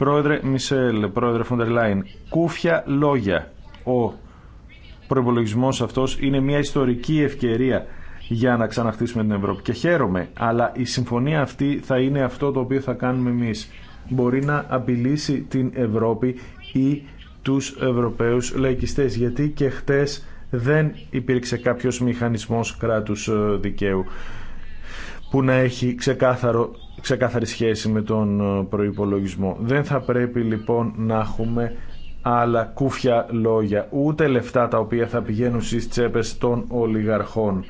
Πρόεδρε Μισελ, πρόεδρε Φοντερ Λάιν, κούφια λόγια. Ο προπολογισμό αυτό είναι μια ιστορική ευκαιρία για να ξαναχτίσουμε την Ευρώπη. Και χαίρομαι, αλλά η συμφωνία αυτή θα είναι αυτό το οποίο θα κάνουμε εμεί. Μπορεί να απειλήσει την Ευρώπη ή τους Ευρωπαίους λαϊκιστές γιατί και χτες δεν υπήρξε κάποιος μηχανισμός κράτους ε, δικαίου που να έχει ξεκάθαρο, ξεκάθαρη σχέση με τον ε, προϋπολογισμό. Δεν θα πρέπει λοιπόν να έχουμε άλλα κούφια λόγια, ούτε λεφτά τα οποία θα πηγαίνουν στις τσέπες των ολιγαρχών.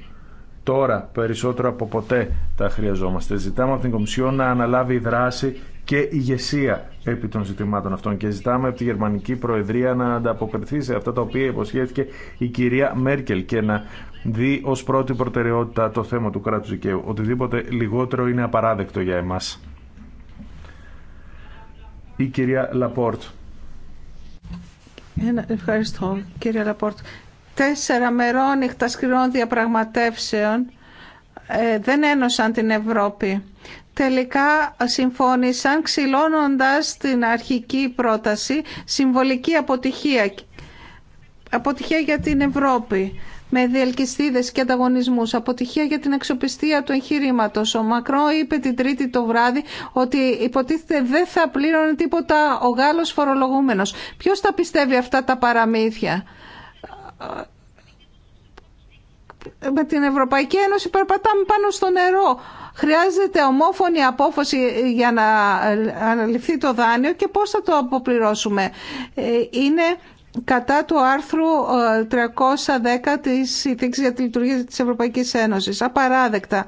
Τώρα, περισσότερο από ποτέ, τα χρειαζόμαστε. Ζητάμε από την Κομισιόν να αναλάβει δράση και ηγεσία επί των ζητημάτων αυτών και ζητάμε από τη Γερμανική Προεδρία να ανταποκριθεί σε αυτά τα οποία υποσχέθηκε η κυρία Μέρκελ και να δει ως πρώτη προτεραιότητα το θέμα του κράτους δικαίου. Οτιδήποτε λιγότερο είναι απαράδεκτο για εμάς. Η κυρία Λαπόρτ. Ευχαριστώ κύριε Λαπόρτ. Τέσσερα μερόνυχτα σκληρών διαπραγματεύσεων ε, δεν ένωσαν την Ευρώπη τελικά συμφώνησαν ξυλώνοντας την αρχική πρόταση συμβολική αποτυχία. Αποτυχία για την Ευρώπη με διελκυστίδες και ανταγωνισμούς. Αποτυχία για την αξιοπιστία του εγχειρήματο. Ο Μακρό είπε την Τρίτη το βράδυ ότι υποτίθεται δεν θα πλήρωνε τίποτα ο Γάλλος φορολογούμενος. Ποιος θα πιστεύει αυτά τα παραμύθια με την Ευρωπαϊκή Ένωση περπατάμε πάνω στο νερό. Χρειάζεται ομόφωνη απόφαση για να αναλυφθεί το δάνειο και πώς θα το αποπληρώσουμε. Ε, είναι κατά του άρθρου 310 ε, της Συνθήκης για τη Λειτουργία της Ευρωπαϊκής Ένωσης. Απαράδεκτα.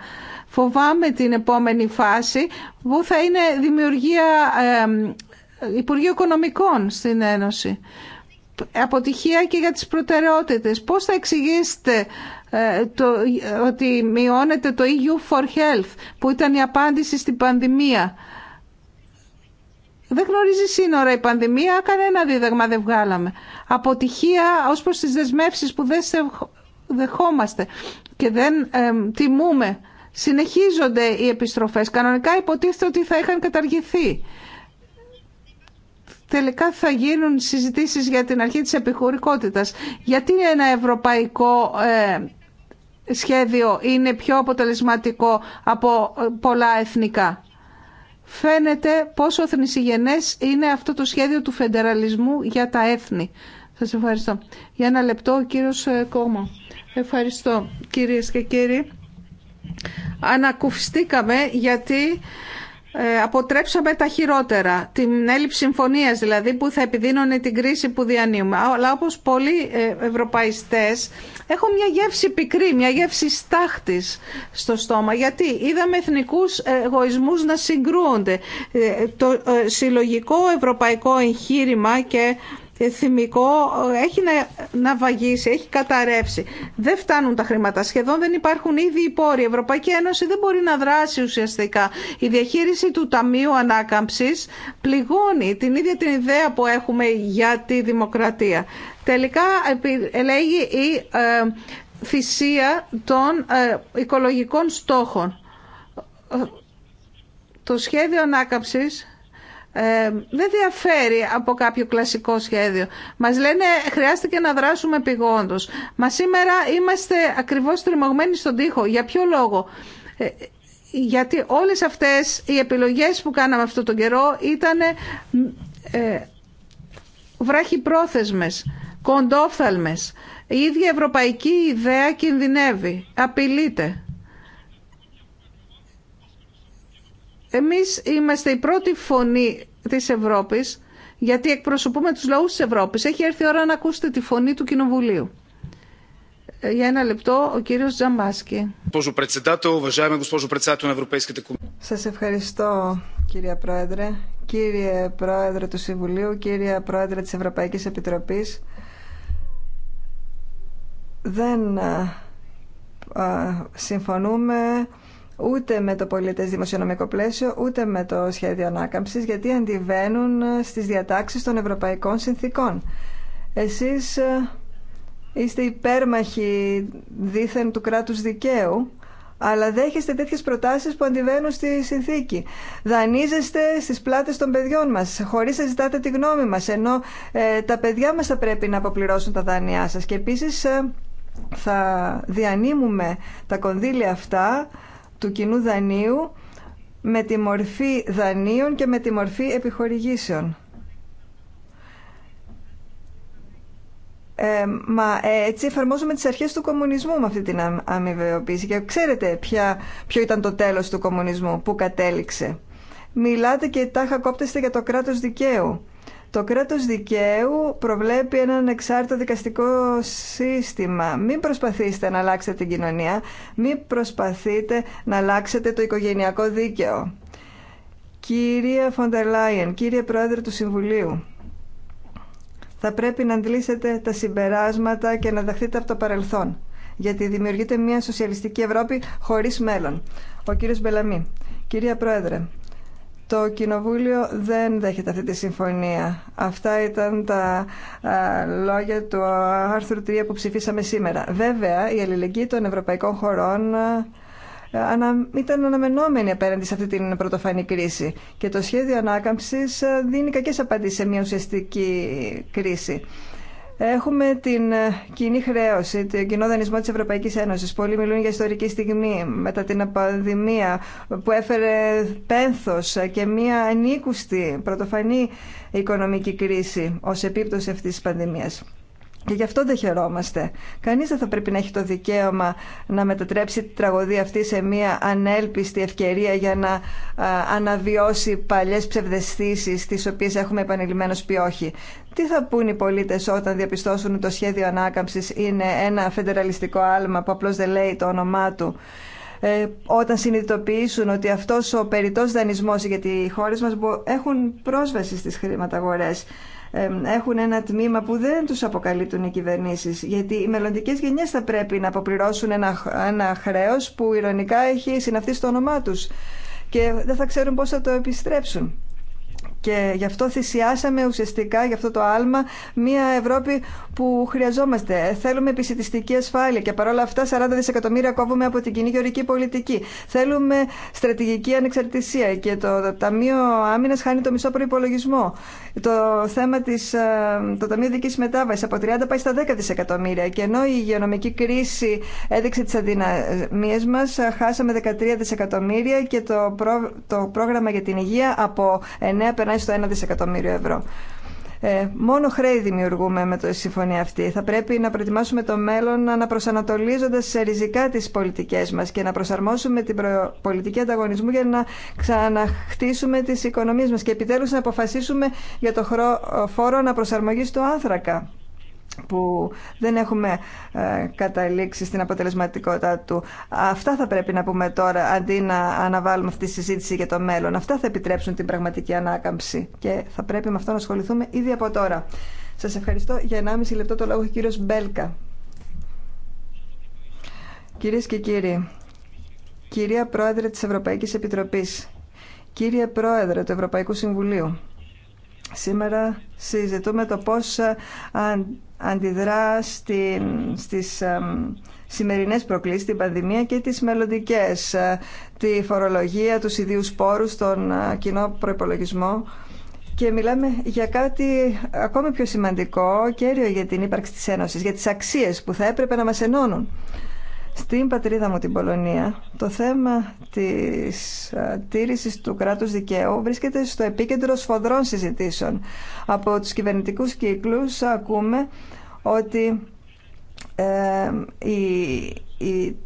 Φοβάμαι την επόμενη φάση που θα είναι δημιουργία ε, Υπουργείου Οικονομικών στην Ένωση αποτυχία και για τις προτεραιότητες. Πώς θα εξηγήσετε ε, το, ότι μειώνεται το EU for Health που ήταν η απάντηση στην πανδημία. Δεν γνωρίζει σύνορα η πανδημία, κανένα δίδαγμα δεν βγάλαμε. Αποτυχία ως προς τις δεσμεύσεις που δεν δεχόμαστε και δεν τιμούμε. Συνεχίζονται οι επιστροφές. Κανονικά υποτίθεται ότι θα είχαν καταργηθεί. Τελικά θα γίνουν συζητήσεις για την αρχή της επιχωρικότητας. Γιατί ένα ευρωπαϊκό ε, σχέδιο είναι πιο αποτελεσματικό από ε, πολλά εθνικά. Φαίνεται πόσο θνησιγενές είναι αυτό το σχέδιο του φεντεραλισμού για τα έθνη. Σας ευχαριστώ. Για ένα λεπτό ο κύριος ε, Κόμμα. Ευχαριστώ κυρίες και κύριοι. Ανακουφιστήκαμε γιατί ε, αποτρέψαμε τα χειρότερα, την έλλειψη συμφωνίας δηλαδή που θα επιδίνωνε την κρίση που διανύουμε. Αλλά όπως πολλοί ε, ευρωπαϊστές έχω μια γεύση πικρή, μια γεύση στάχτης στο στόμα γιατί είδαμε εθνικούς εγωισμούς να συγκρούονται. Ε, το συλλογικό ευρωπαϊκό εγχείρημα και θυμικό έχει να βαγίσει, έχει καταρρεύσει. Δεν φτάνουν τα χρήματα. Σχεδόν δεν υπάρχουν ήδη οι πόροι. Η Ευρωπαϊκή Ένωση δεν μπορεί να δράσει ουσιαστικά. Η διαχείριση του Ταμείου ανάκαμψη πληγώνει την ίδια την ιδέα που έχουμε για τη δημοκρατία. Τελικά λέγει η ε, θυσία των ε, οικολογικών στόχων. Ε, το σχέδιο ανάκαμψης ε, δεν διαφέρει από κάποιο κλασικό σχέδιο. Μας λένε χρειάστηκε να δράσουμε επιγόντως. Μα σήμερα είμαστε ακριβώς τριμωγμένοι στον τοίχο. Για ποιο λόγο. Ε, γιατί όλες αυτές οι επιλογές που κάναμε αυτόν τον καιρό ήταν ε, βράχυπρόθεσμες, κοντόφθαλμες. Η ίδια ευρωπαϊκή ιδέα κινδυνεύει, απειλείται. Εμείς είμαστε η πρώτη φωνή της Ευρώπης, γιατί εκπροσωπούμε τους λαούς της Ευρώπης. Έχει έρθει η ώρα να ακούσετε τη φωνή του Κοινοβουλίου. Ε, για ένα λεπτό, ο κύριος Τζαμπάσκι. Σας ευχαριστώ, κύριε Πρόεδρε. Κύριε Πρόεδρε του Συμβουλίου, κύριε Πρόεδρε της Ευρωπαϊκής Επιτροπής, δεν ε, ε, συμφωνούμε ούτε με το πολιτές δημοσιονομικό πλαίσιο, ούτε με το σχέδιο ανάκαμψη, γιατί αντιβαίνουν στις διατάξεις των ευρωπαϊκών συνθήκων. Εσείς ε, είστε υπέρμαχοι δήθεν του κράτους δικαίου, αλλά δέχεστε τέτοιε προτάσει που αντιβαίνουν στη συνθήκη. Δανείζεστε στι πλάτε των παιδιών μας, χωρί να ζητάτε τη γνώμη μα, ενώ ε, τα παιδιά μα θα πρέπει να αποπληρώσουν τα δάνειά σα. Και επίση ε, θα διανύμουμε τα κονδύλια αυτά του κοινού δανείου με τη μορφή δανείων και με τη μορφή επιχορηγήσεων. Ε, μα ε, έτσι εφαρμόζουμε τις αρχές του κομμουνισμού με αυτή την αμοιβεοποίηση και ξέρετε ποια, ποιο ήταν το τέλος του κομμουνισμού, που κατέληξε. Μιλάτε και τάχα κόπτεστε για το κράτος δικαίου. Το κράτος δικαίου προβλέπει έναν εξάρτητο δικαστικό σύστημα. Μην προσπαθήσετε να αλλάξετε την κοινωνία, μην προσπαθείτε να αλλάξετε το οικογενειακό δίκαιο. Κύριε Φοντερ κύριε Πρόεδρε του Συμβουλίου, θα πρέπει να αντλήσετε τα συμπεράσματα και να δαχθείτε από το παρελθόν. Γιατί δημιουργείται μια σοσιαλιστική Ευρώπη χωρίς μέλλον. Ο κύριος Μπελαμή. Κυρία Πρόεδρε, το Κοινοβούλιο δεν δέχεται αυτή τη συμφωνία. Αυτά ήταν τα λόγια του άρθρου 3 που ψηφίσαμε σήμερα. Βέβαια, η αλληλεγγύη των ευρωπαϊκών χωρών ήταν αναμενόμενη απέναντι σε αυτή την πρωτοφανή κρίση και το σχέδιο ανάκαμψης δίνει κακές απαντήσεις σε μια ουσιαστική κρίση. Έχουμε την ε, κοινή χρέωση, τον κοινό δανεισμό τη Ευρωπαϊκή Ένωση. Πολλοί μιλούν για ιστορική στιγμή μετά την πανδημία που έφερε πένθο και μια ανήκουστη πρωτοφανή οικονομική κρίση ω επίπτωση αυτή τη πανδημία. Και γι' αυτό δεν χαιρόμαστε. Κανείς δεν θα πρέπει να έχει το δικαίωμα να μετατρέψει τη τραγωδία αυτή σε μια ανέλπιστη ευκαιρία για να αναβιώσει παλιές ψευδεστήσει τις οποίες έχουμε επανειλημμένως πει όχι. Τι θα πούν οι πολίτες όταν διαπιστώσουν ότι το σχέδιο ανάκαμψης είναι ένα φεντεραλιστικό άλμα που απλώς δεν λέει το όνομά του ε, όταν συνειδητοποιήσουν ότι αυτός ο περιττός δανεισμός γιατί οι χώρες μας έχουν πρόσβαση στις χρηματαγορές έχουν ένα τμήμα που δεν τους αποκαλύπτουν οι κυβερνήσεις γιατί οι μελλοντικές γενιές θα πρέπει να αποπληρώσουν ένα, ένα χρέος που ηρωνικά έχει συναυτεί στο όνομά τους και δεν θα ξέρουν πώς θα το επιστρέψουν. Και γι' αυτό θυσιάσαμε ουσιαστικά, γι' αυτό το άλμα, μια Ευρώπη που χρειαζόμαστε. Θέλουμε επισητιστική ασφάλεια και παρόλα αυτά 40 δισεκατομμύρια κόβουμε από την κοινή γεωρική πολιτική. Θέλουμε στρατηγική ανεξαρτησία και το Ταμείο Άμυνα χάνει το μισό προπολογισμό. Το θέμα της, ε, το Ταμείο Δική Μετάβαση από 30 πάει στα 10 δισεκατομμύρια. Και ενώ η υγειονομική κρίση έδειξε τι αδυναμίε μα, χάσαμε 13 δισεκατομμύρια και το, το πρόγραμμα για την υγεία από 9 στο 1 δισεκατομμύριο ευρώ. Ε, μόνο χρέη δημιουργούμε με τη συμφωνία αυτή. Θα πρέπει να προετοιμάσουμε το μέλλον αναπροσανατολίζοντα σε ριζικά τι πολιτικέ μα και να προσαρμόσουμε την πολιτική ανταγωνισμού για να ξαναχτίσουμε τι οικονομίε μα και επιτέλου να αποφασίσουμε για το φόρο αναπροσαρμογή του άνθρακα που δεν έχουμε ε, καταλήξει στην αποτελεσματικότητά του. Αυτά θα πρέπει να πούμε τώρα, αντί να αναβάλουμε αυτή τη συζήτηση για το μέλλον. Αυτά θα επιτρέψουν την πραγματική ανάκαμψη και θα πρέπει με αυτό να ασχοληθούμε ήδη από τώρα. Σας ευχαριστώ. Για 1,5 λεπτό το λόγο ο κύριος Μπέλκα. Κυρίες και κύριοι, κυρία Πρόεδρε της Ευρωπαϊκής Επιτροπής, κύριε Πρόεδρε του Ευρωπαϊκού Συμβουλίου, Σήμερα συζητούμε το πώς ε, αντιδρά στις ε, σημερινές προκλήσεις, την πανδημία και τις μελλοντικές, ε, τη φορολογία, τους ιδίους πόρους, τον κοινό προϋπολογισμό. Και μιλάμε για κάτι ακόμη πιο σημαντικό, κέριο για την ύπαρξη της Ένωσης, για τις αξίες που θα έπρεπε να μας ενώνουν. Στην πατρίδα μου την Πολωνία το θέμα της ε, τήρησης του κράτους δικαίου βρίσκεται στο επίκεντρο σφοδρών συζητήσεων. Από τους κυβερνητικούς κύκλους ακούμε ότι ε, η, η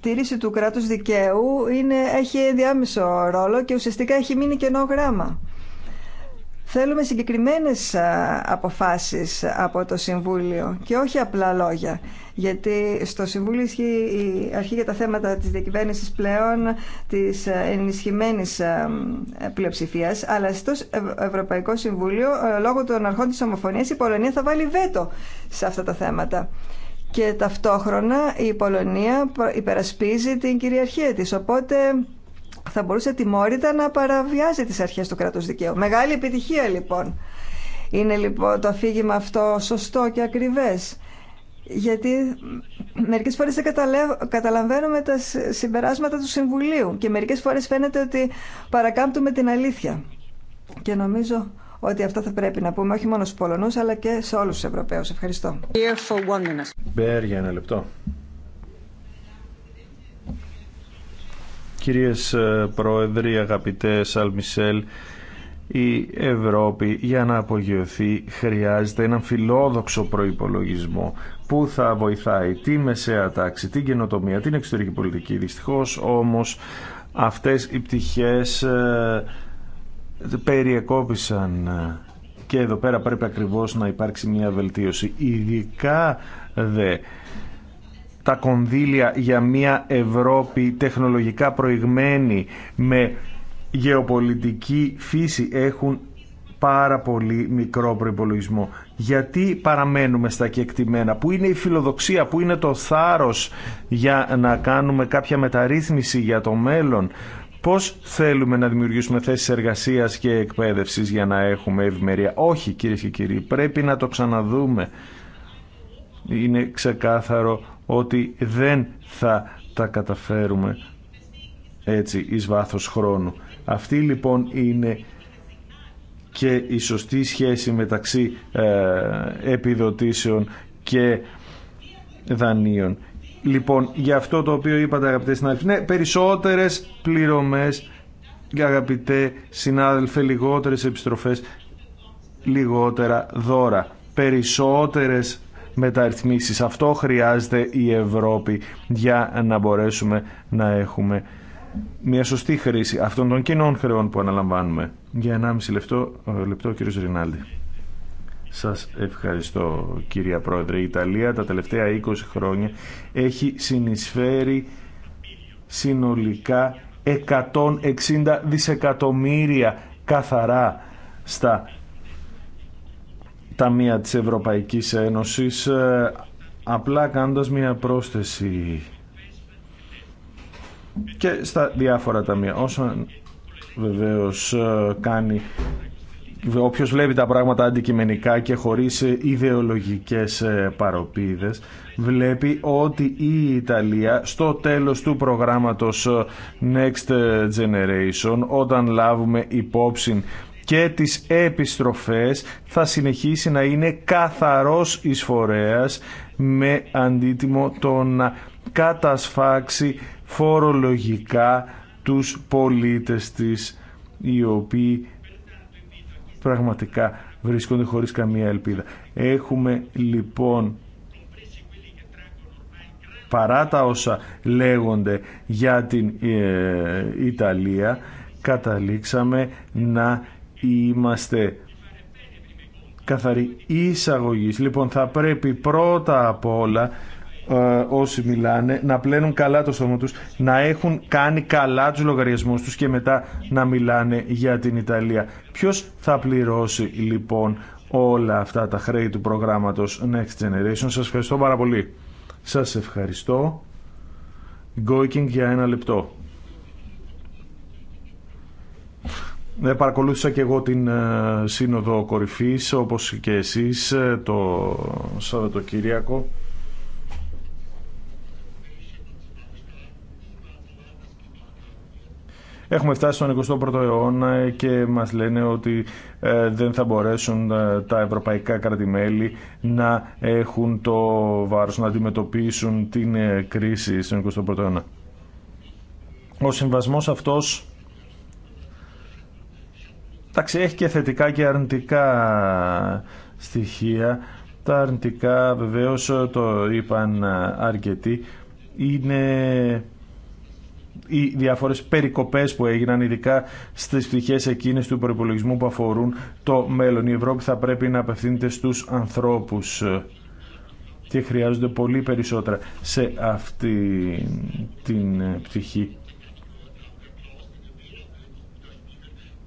τήρηση του κράτους δικαίου είναι, έχει διάμεσο ρόλο και ουσιαστικά έχει μείνει κενό γράμμα. Θέλουμε συγκεκριμένες αποφάσεις από το Συμβούλιο και όχι απλά λόγια. Γιατί στο Συμβούλιο ισχύει η αρχή για τα θέματα της διακυβέρνησης πλέον της ενισχυμένης πλειοψηφίας, αλλά στο Ευρωπαϊκό Συμβούλιο, ε, λόγω των αρχών της ομοφωνίας, η Πολωνία θα βάλει βέτο σε αυτά τα θέματα. Και ταυτόχρονα η Πολωνία υπερασπίζει την κυριαρχία της, οπότε θα μπορούσε τιμόρυτα να παραβιάζει τις αρχές του κράτους δικαίου. Μεγάλη επιτυχία λοιπόν. Είναι λοιπόν το αφήγημα αυτό σωστό και ακριβές. Γιατί μερικές φορές δεν καταλαβαίνουμε τα συμπεράσματα του Συμβουλίου και μερικές φορές φαίνεται ότι παρακάμπτουμε την αλήθεια. Και νομίζω ότι αυτό θα πρέπει να πούμε όχι μόνο στους Πολωνούς αλλά και σε όλους τους Ευρωπαίους. Ευχαριστώ. Μπέρ για ένα λεπτό. Κυρίες ε, Πρόεδροι, αγαπητέ Αλμισέλ, η Ευρώπη για να απογειωθεί χρειάζεται έναν φιλόδοξο προϋπολογισμό που θα βοηθάει τη μεσαία τάξη, την καινοτομία, την εξωτερική πολιτική. Δυστυχώς όμως αυτές οι πτυχές ε, περιεκόπησαν ε, και εδώ πέρα πρέπει ακριβώς να υπάρξει μια βελτίωση. Ειδικά δε τα κονδύλια για μια Ευρώπη τεχνολογικά προηγμένη με γεωπολιτική φύση έχουν πάρα πολύ μικρό προϋπολογισμό Γιατί παραμένουμε στα κεκτημένα, που είναι η φιλοδοξία, που είναι το θάρρος για να κάνουμε κάποια μεταρρύθμιση για το μέλλον. Πώς θέλουμε να δημιουργήσουμε θέσεις εργασίας και εκπαίδευσης για να έχουμε ευημερία. Όχι κύριε και κύριοι, πρέπει να το ξαναδούμε. Είναι ξεκάθαρο ότι δεν θα τα καταφέρουμε έτσι εις βάθος χρόνου. Αυτή λοιπόν είναι και η σωστή σχέση μεταξύ ε, επιδοτήσεων και δανείων. Λοιπόν, για αυτό το οποίο είπατε αγαπητέ συνάδελφοι, ναι, περισσότερες πληρωμές, αγαπητέ συνάδελφε, λιγότερες επιστροφές, λιγότερα δώρα. Περισσότερες μεταρρυθμίσεις. Αυτό χρειάζεται η Ευρώπη για να μπορέσουμε να έχουμε μια σωστή χρήση αυτών των κοινών χρεών που αναλαμβάνουμε. Για 1,5 λεπτό, ε, λεπτό κύριος Ρινάλντι. Σας ευχαριστώ κυρία Πρόεδρε. Η Ιταλία τα τελευταία 20 χρόνια έχει συνεισφέρει συνολικά 160 δισεκατομμύρια καθαρά στα ταμεία της Ευρωπαϊκής Ένωσης ε, απλά κάνοντας μια πρόσθεση και στα διάφορα ταμεία. Όσο βεβαίως ε, κάνει όποιος βλέπει τα πράγματα αντικειμενικά και χωρίς ε, ιδεολογικές παροπίδες βλέπει ότι η Ιταλία στο τέλος του προγράμματος Next Generation όταν λάβουμε υπόψη και τις επιστροφές θα συνεχίσει να είναι καθαρός εισφορέας με αντίτιμο το να κατασφάξει φορολογικά τους πολίτες της οι οποίοι πραγματικά βρίσκονται χωρίς καμία ελπίδα. Έχουμε λοιπόν παρά τα όσα λέγονται για την ε, Ιταλία καταλήξαμε να είμαστε καθαροί εισαγωγής. Λοιπόν, θα πρέπει πρώτα απ' όλα ε, όσοι μιλάνε να πλένουν καλά το στόμα τους, να έχουν κάνει καλά τους λογαριασμούς τους και μετά να μιλάνε για την Ιταλία. Ποιος θα πληρώσει λοιπόν όλα αυτά τα χρέη του προγράμματος Next Generation. Σας ευχαριστώ πάρα πολύ. Σας ευχαριστώ. Going για ένα λεπτό. Ε, παρακολούθησα και εγώ την ε, Σύνοδο Κορυφής, όπως και εσείς, ε, το Σαββατοκύριακο. Έχουμε φτάσει στον 21ο αιώνα και μας λένε ότι δεν θα μπορέσουν τα ευρωπαϊκά κρατημέλη να έχουν το βάρος να αντιμετωπίσουν την κρίση στον 21ο αιώνα. Ο συμβασμός αυτός Εντάξει, έχει και θετικά και αρνητικά στοιχεία. Τα αρνητικά βεβαίως το είπαν αρκετοί. Είναι οι διάφορες περικοπές που έγιναν ειδικά στις πτυχές εκείνες του προπολογισμού που αφορούν το μέλλον. Η Ευρώπη θα πρέπει να απευθύνεται στους ανθρώπους και χρειάζονται πολύ περισσότερα σε αυτή την πτυχή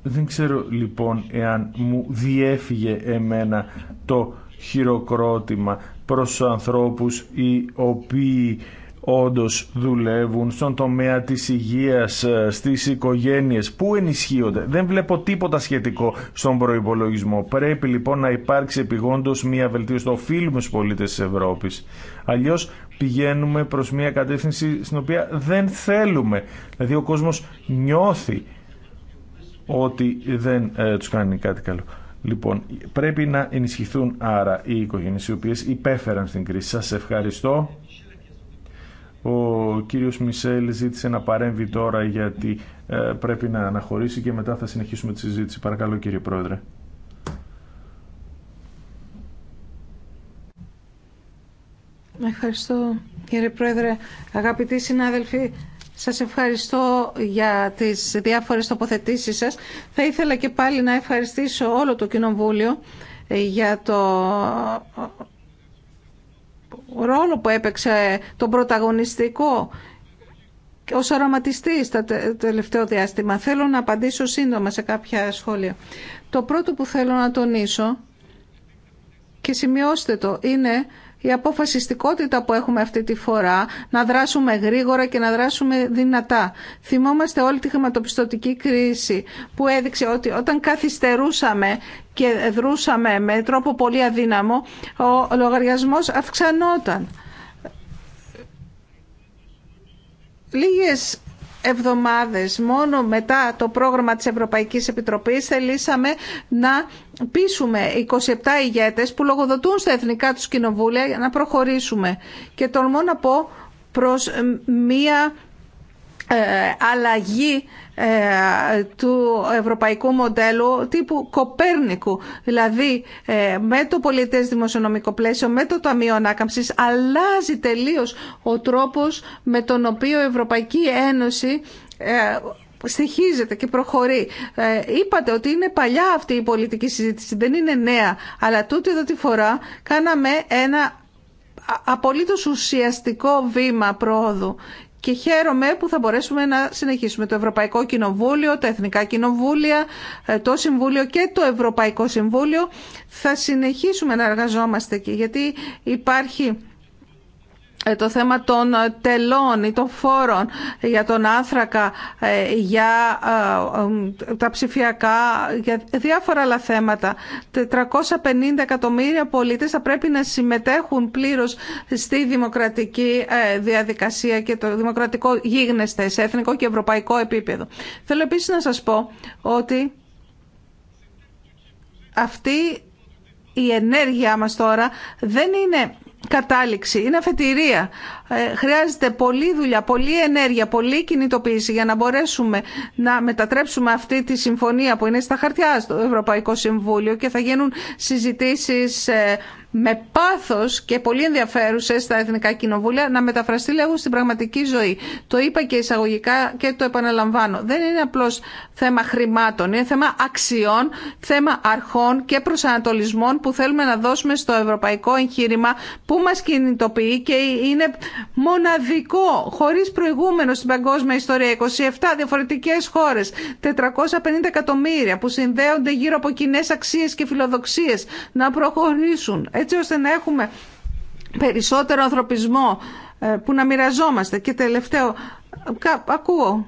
Δεν ξέρω λοιπόν εάν μου διέφυγε εμένα το χειροκρότημα προς ανθρώπους οι οποίοι όντως δουλεύουν στον τομέα της υγείας, ε, στις οικογένειες, που ενισχύονται. Δεν βλέπω τίποτα σχετικό στον προϋπολογισμό. Πρέπει λοιπόν να υπάρξει επιγόντως μια βελτίωση. Το οφείλουμε στους πολίτες της Ευρώπης. Αλλιώς πηγαίνουμε προς μια κατεύθυνση στην οποία δεν θέλουμε. Δηλαδή ο κόσμος νιώθει ότι δεν ε, τους κάνει κάτι καλό. Λοιπόν, πρέπει να ενισχυθούν άρα οι οικογένειες οι οποίες υπέφεραν στην κρίση. Σας ευχαριστώ. Ο κύριος Μισελ ζήτησε να παρέμβει τώρα γιατί ε, πρέπει να αναχωρήσει και μετά θα συνεχίσουμε τη συζήτηση. Παρακαλώ κύριε Πρόεδρε. Ευχαριστώ κύριε Πρόεδρε. Αγαπητοί συνάδελφοι, σας ευχαριστώ για τις διάφορες τοποθετήσεις σας. Θα ήθελα και πάλι να ευχαριστήσω όλο το Κοινοβούλιο ε, για το ρόλο που έπαιξε τον πρωταγωνιστικό ως οραματιστή στο τελευταίο διάστημα. Θέλω να απαντήσω σύντομα σε κάποια σχόλια. Το πρώτο που θέλω να τονίσω και σημειώστε το είναι η αποφασιστικότητα που έχουμε αυτή τη φορά να δράσουμε γρήγορα και να δράσουμε δυνατά. Θυμόμαστε όλη τη χρηματοπιστωτική κρίση που έδειξε ότι όταν καθυστερούσαμε και δρούσαμε με τρόπο πολύ αδύναμο, ο λογαριασμός αυξανόταν. Λίγες εβδομάδες μόνο μετά το πρόγραμμα της Ευρωπαϊκής Επιτροπής θελήσαμε να πείσουμε 27 ηγέτες που λογοδοτούν στα εθνικά τους κοινοβούλια να προχωρήσουμε. Και τολμώ να πω προς μία ε, αλλαγή ε, του ευρωπαϊκού μοντέλου τύπου Κοπέρνικου. Δηλαδή ε, με το πολιτές δημοσιονομικό πλαίσιο, με το Ταμείο Ανάκαμψης αλλάζει τελείως ο τρόπος με τον οποίο η Ευρωπαϊκή Ένωση στοιχίζεται και προχωρεί. Είπατε ότι είναι παλιά αυτή η πολιτική συζήτηση, δεν είναι νέα, αλλά τούτη εδώ τη φορά κάναμε ένα απολύτως ουσιαστικό βήμα πρόοδου και χαίρομαι που θα μπορέσουμε να συνεχίσουμε το Ευρωπαϊκό Κοινοβούλιο, τα Εθνικά Κοινοβούλια, ε, το Συμβούλιο και το Ευρωπαϊκό Συμβούλιο. Θα συνεχίσουμε να εργαζόμαστε εκεί γιατί υπάρχει ε, το θέμα των ε, τελών ή των φόρων για τον άνθρακα, ε, για τα ψηφιακά, για διάφορα άλλα θέματα. 450 εκατομμύρια πολίτες θα πρέπει να συμμετέχουν πλήρως στη δημοκρατική διαδικασία και το δημοκρατικό γίγνεσθε σε εθνικό και ευρωπαϊκό επίπεδο. Θέλω επίσης να σας πω ότι αυτή η ενέργειά μας τώρα δεν είναι κατάληξη. Είναι αφετηρία ε, χρειάζεται πολλή δουλειά, πολλή ενέργεια, πολλή κινητοποίηση για να μπορέσουμε να μετατρέψουμε αυτή τη συμφωνία που είναι στα χαρτιά στο Ευρωπαϊκό Συμβούλιο και θα γίνουν συζητήσεις ε, με πάθος και πολύ ενδιαφέρουσες στα Εθνικά Κοινοβούλια να μεταφραστεί λίγο στην πραγματική ζωή. Το είπα και εισαγωγικά και το επαναλαμβάνω. Δεν είναι απλώς θέμα χρημάτων, είναι θέμα αξιών, θέμα αρχών και προσανατολισμών που θέλουμε να δώσουμε στο ευρωπαϊκό εγχείρημα που μας κινητοποιεί και είναι μοναδικό, χωρίς προηγούμενο στην παγκόσμια ιστορία, 27 διαφορετικές χώρες, 450 εκατομμύρια που συνδέονται γύρω από κοινέ αξίες και φιλοδοξίες να προχωρήσουν έτσι ώστε να έχουμε περισσότερο ανθρωπισμό ε, που να μοιραζόμαστε. Και τελευταίο, ακούω,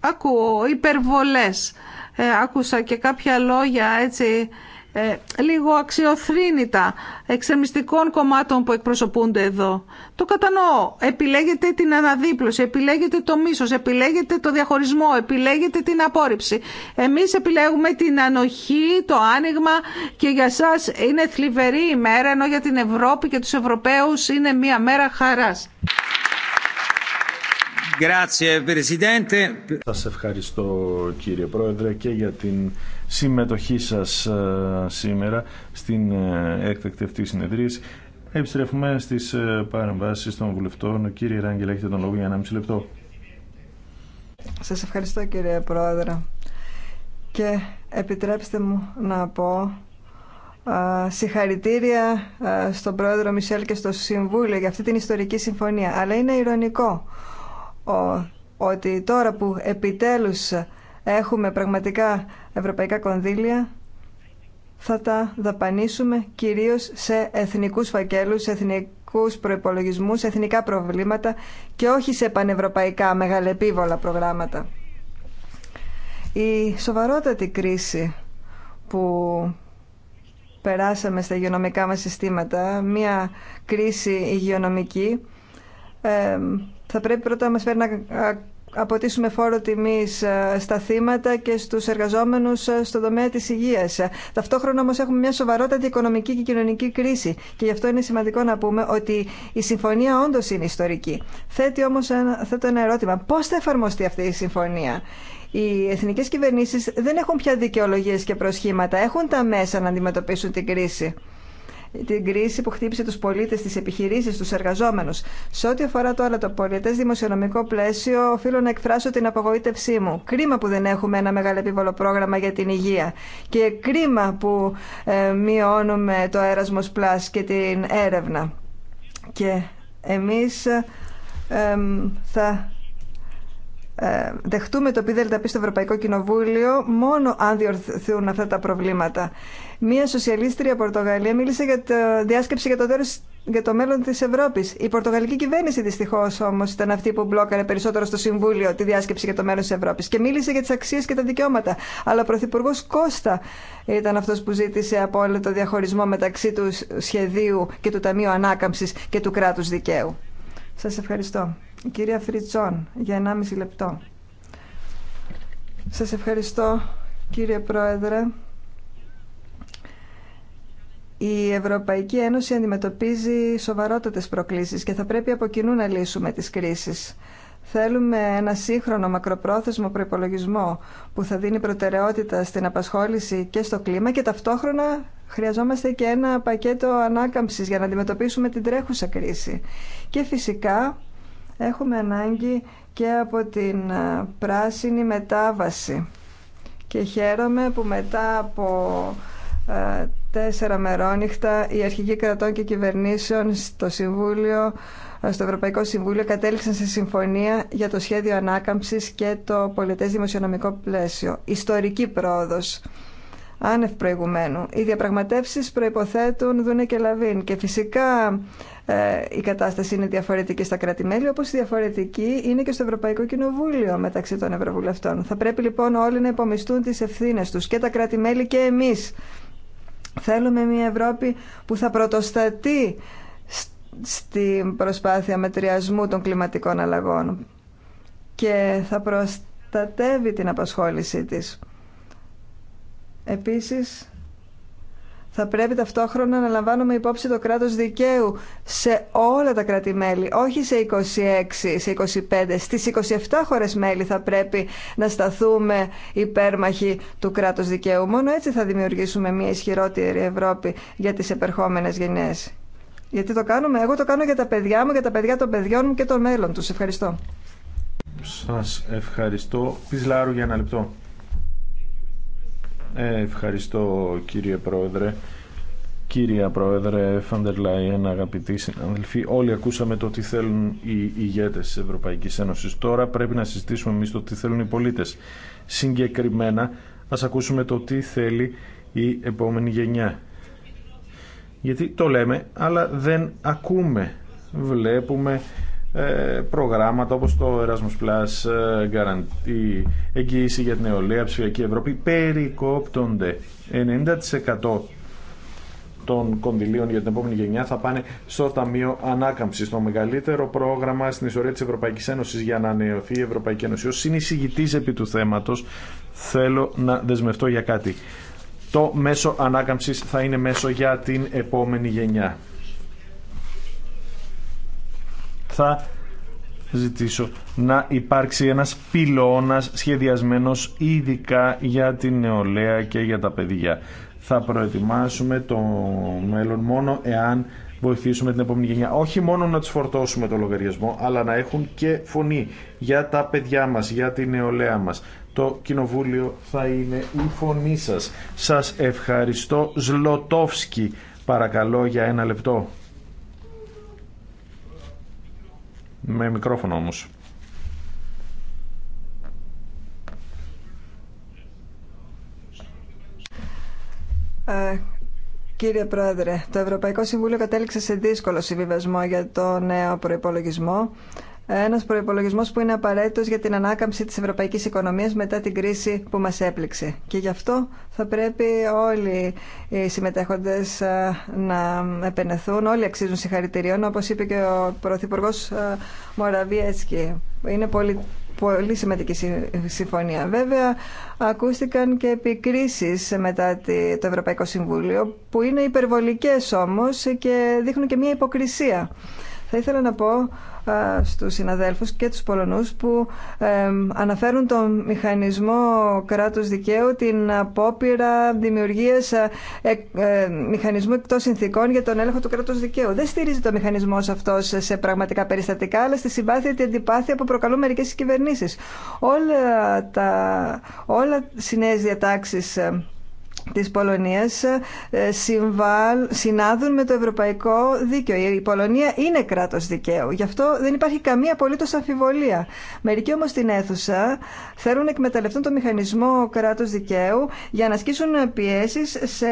ακούω υπερβολές. Ε, άκουσα και κάποια λόγια έτσι ε, λίγο αξιοθρύνητα εξερμιστικών κομμάτων που εκπροσωπούνται εδώ. Το κατανοώ. Επιλέγετε την αναδίπλωση, επιλέγετε το μίσος, επιλέγετε το διαχωρισμό, επιλέγετε την απόρριψη. Εμείς επιλέγουμε την ανοχή, το άνοιγμα και για σας είναι θλιβερή ημέρα, ενώ για την Ευρώπη και τους Ευρωπαίους είναι μια μέρα χαράς. Σας ευχαριστώ κύριε Πρόεδρε και για την συμμετοχή σας ε, σήμερα στην ε, έκτακτη αυτή συνεδρίαση. Επιστρέφουμε στις ε, παρεμβάσεις των βουλευτών. Κύριε Ράγκελ, έχετε τον λόγο για ένα μισή λεπτό. Σας ευχαριστώ κύριε Πρόεδρε. Και επιτρέψτε μου να πω συγχαρητήρια στον Πρόεδρο Μισελ και στο Συμβούλιο για αυτή την ιστορική συμφωνία. Αλλά είναι ηρωνικό ότι τώρα που επιτέλους έχουμε πραγματικά ευρωπαϊκά κονδύλια θα τα δαπανίσουμε κυρίως σε εθνικούς φακέλους, σε εθνικούς προϋπολογισμούς, εθνικά προβλήματα και όχι σε πανευρωπαϊκά μεγαλεπίβολα προγράμματα. Η σοβαρότατη κρίση που περάσαμε στα υγειονομικά μας συστήματα, μια κρίση υγειονομική, θα πρέπει πρώτα να μας φέρει να αποτίσουμε φόρο τιμής στα θύματα και στους εργαζόμενους στον τομέα της υγείας. Ταυτόχρονα όμως έχουμε μια σοβαρότατη οικονομική και κοινωνική κρίση και γι' αυτό είναι σημαντικό να πούμε ότι η συμφωνία όντως είναι ιστορική. Θέτει όμως ένα, ένα ερώτημα. Πώς θα εφαρμοστεί αυτή η συμφωνία. Οι εθνικές κυβερνήσεις δεν έχουν πια δικαιολογίες και προσχήματα. Έχουν τα μέσα να αντιμετωπίσουν την κρίση την κρίση που χτύπησε τους πολίτες, τι επιχειρήσεις, τους εργαζόμενου. Σε ό,τι αφορά τώρα το πολιτέ δημοσιονομικό πλαίσιο, οφείλω να εκφράσω την απογοήτευσή μου. Κρίμα που δεν έχουμε ένα μεγάλο επίβολο πρόγραμμα για την υγεία και κρίμα που ε, μειώνουμε το Erasmus Plus και την έρευνα. Και εμείς ε, θα ε, δεχτούμε το τα στο Ευρωπαϊκό Κοινοβούλιο μόνο αν διορθούν αυτά τα προβλήματα. Μία σοσιαλίστρια Πορτογαλία μίλησε για τη διάσκεψη για το, μέλλον της Ευρώπης. Η Πορτογαλική κυβέρνηση δυστυχώς όμως ήταν αυτή που μπλόκαρε περισσότερο στο Συμβούλιο τη διάσκεψη για το μέλλον της Ευρώπης και μίλησε για τις αξίες και τα δικαιώματα. Αλλά ο Πρωθυπουργό Κώστα ήταν αυτός που ζήτησε απόλυτο διαχωρισμό μεταξύ του σχεδίου και του Ταμείου Ανάκαμψης και του κράτους δικαίου. Σας ευχαριστώ. Η κυρία Φριτζόν, για 1,5 λεπτό. Σας ευχαριστώ, κύριε Πρόεδρε. Η Ευρωπαϊκή Ένωση αντιμετωπίζει σοβαρότατες προκλήσεις και θα πρέπει από κοινού να λύσουμε τις κρίσεις. Θέλουμε ένα σύγχρονο μακροπρόθεσμο προϋπολογισμό που θα δίνει προτεραιότητα στην απασχόληση και στο κλίμα και ταυτόχρονα χρειαζόμαστε και ένα πακέτο ανάκαμψης για να αντιμετωπίσουμε την τρέχουσα κρίση. Και φυσικά έχουμε ανάγκη και από την ε, πράσινη μετάβαση. Και χαίρομαι που μετά από ε, τέσσερα μερόνυχτα οι αρχηγοί κρατών και κυβερνήσεων στο Συμβούλιο ε, στο Ευρωπαϊκό Συμβούλιο κατέληξαν σε συμφωνία για το σχέδιο ανάκαμψης και το πολιτές δημοσιονομικό πλαίσιο. Ιστορική πρόοδος άνευ προηγουμένου. Οι διαπραγματεύσεις προϋποθέτουν δούνε και λαβίν και φυσικά ε, η κατάσταση είναι διαφορετική στα κράτη-μέλη, όπως διαφορετική είναι και στο Ευρωπαϊκό Κοινοβούλιο μεταξύ των Ευρωβουλευτών. Θα πρέπει λοιπόν όλοι να υπομιστούν τις ευθύνες τους, και τα κράτη-μέλη και εμείς. Θέλουμε μια Ευρώπη που θα πρωτοστατεί στην προσπάθεια μετριασμού των κλιματικών αλλαγών και θα προστατεύει την απασχόλησή της. Επίσης, θα πρέπει ταυτόχρονα να λαμβάνουμε υπόψη το κράτος δικαίου σε όλα τα κράτη-μέλη, όχι σε 26, σε 25. Στις 27 χώρες μέλη θα πρέπει να σταθούμε υπέρμαχοι του κράτους δικαίου. Μόνο έτσι θα δημιουργήσουμε μια ισχυρότερη Ευρώπη για τις επερχόμενες γενιές. Γιατί το κάνουμε, εγώ το κάνω για τα παιδιά μου, για τα παιδιά των παιδιών μου και των μέλων τους. Ευχαριστώ. Σας ευχαριστώ. Πισλάρου για ένα λεπτό. Ε, ευχαριστώ κύριε Πρόεδρε. κύριε Πρόεδρε, Φαντερ Λάιεν, αγαπητοί συναδελφοί, όλοι ακούσαμε το τι θέλουν οι ηγέτες της Ευρωπαϊκής Ένωσης. Τώρα πρέπει να συζητήσουμε εμείς το τι θέλουν οι πολίτες. Συγκεκριμένα, ας ακούσουμε το τι θέλει η επόμενη γενιά. Γιατί το λέμε, αλλά δεν ακούμε. Βλέπουμε ε, προγράμματα όπως το Erasmus Plus, η ε, εγγύηση για την νεολαία, ψηφιακή Ευρώπη, περικόπτονται. 90% των κονδυλίων για την επόμενη γενιά θα πάνε στο Ταμείο Ανάκαμψης, το μεγαλύτερο πρόγραμμα στην ιστορία της Ευρωπαϊκής Ένωσης για να νεωθεί η Ευρωπαϊκή Ένωση. Ως συνεισηγητής επί του θέματος θέλω να δεσμευτώ για κάτι. Το μέσο ανάκαμψης θα είναι μέσο για την επόμενη γενιά θα ζητήσω να υπάρξει ένας πυλώνας σχεδιασμένος ειδικά για την νεολαία και για τα παιδιά. Θα προετοιμάσουμε το μέλλον μόνο εάν βοηθήσουμε την επόμενη γενιά. Όχι μόνο να τους φορτώσουμε το λογαριασμό, αλλά να έχουν και φωνή για τα παιδιά μας, για την νεολαία μας. Το κοινοβούλιο θα είναι η φωνή σας. Σας ευχαριστώ. Ζλοτόφσκι, παρακαλώ για ένα λεπτό. Με μικρόφωνο όμως. Ε, κύριε Πρόεδρε, το Ευρωπαϊκό Συμβούλιο κατέληξε σε δύσκολο συμβιβασμό για το νέο προϋπολογισμό ένα προϋπολογισμός που είναι απαραίτητο για την ανάκαμψη τη Ευρωπαϊκή Οικονομία μετά την κρίση που μα έπληξε. Και γι' αυτό θα πρέπει όλοι οι συμμετέχοντε ε, να επενεθούν, όλοι αξίζουν συγχαρητηρίων, όπω είπε και ο Πρωθυπουργό ε, Μοραβιέτσκι. Είναι πολύ σημαντική συμφωνία. Βέβαια, ακούστηκαν και επικρίσεις μετά το Ευρωπαϊκό Συμβούλιο, που είναι υπερβολικές όμως και δείχνουν και μια υποκρισία. Θα ήθελα να πω ε, στους συναδέλφους και τους Πολωνούς που ε, αναφέρουν τον μηχανισμό κράτους δικαίου, την απόπειρα δημιουργίας ε, μηχανισμού εκτός συνθήκων για τον έλεγχο του κράτους δικαίου. Δεν στηρίζει το μηχανισμό αυτό σε πραγματικά περιστατικά, αλλά στη συμπάθεια την αντιπάθεια που προκαλούν μερικές κυβερνήσεις. Όλα τα όλα συνέες διατάξεις της Πολωνίας ε, συνάδουν με το ευρωπαϊκό δίκαιο. Η Πολωνία είναι κράτος δικαίου. Γι' αυτό δεν υπάρχει καμία απολύτως αμφιβολία. Μερικοί όμως στην αίθουσα θέλουν να εκμεταλλευτούν το μηχανισμό κράτος δικαίου για να ασκήσουν πιέσεις σε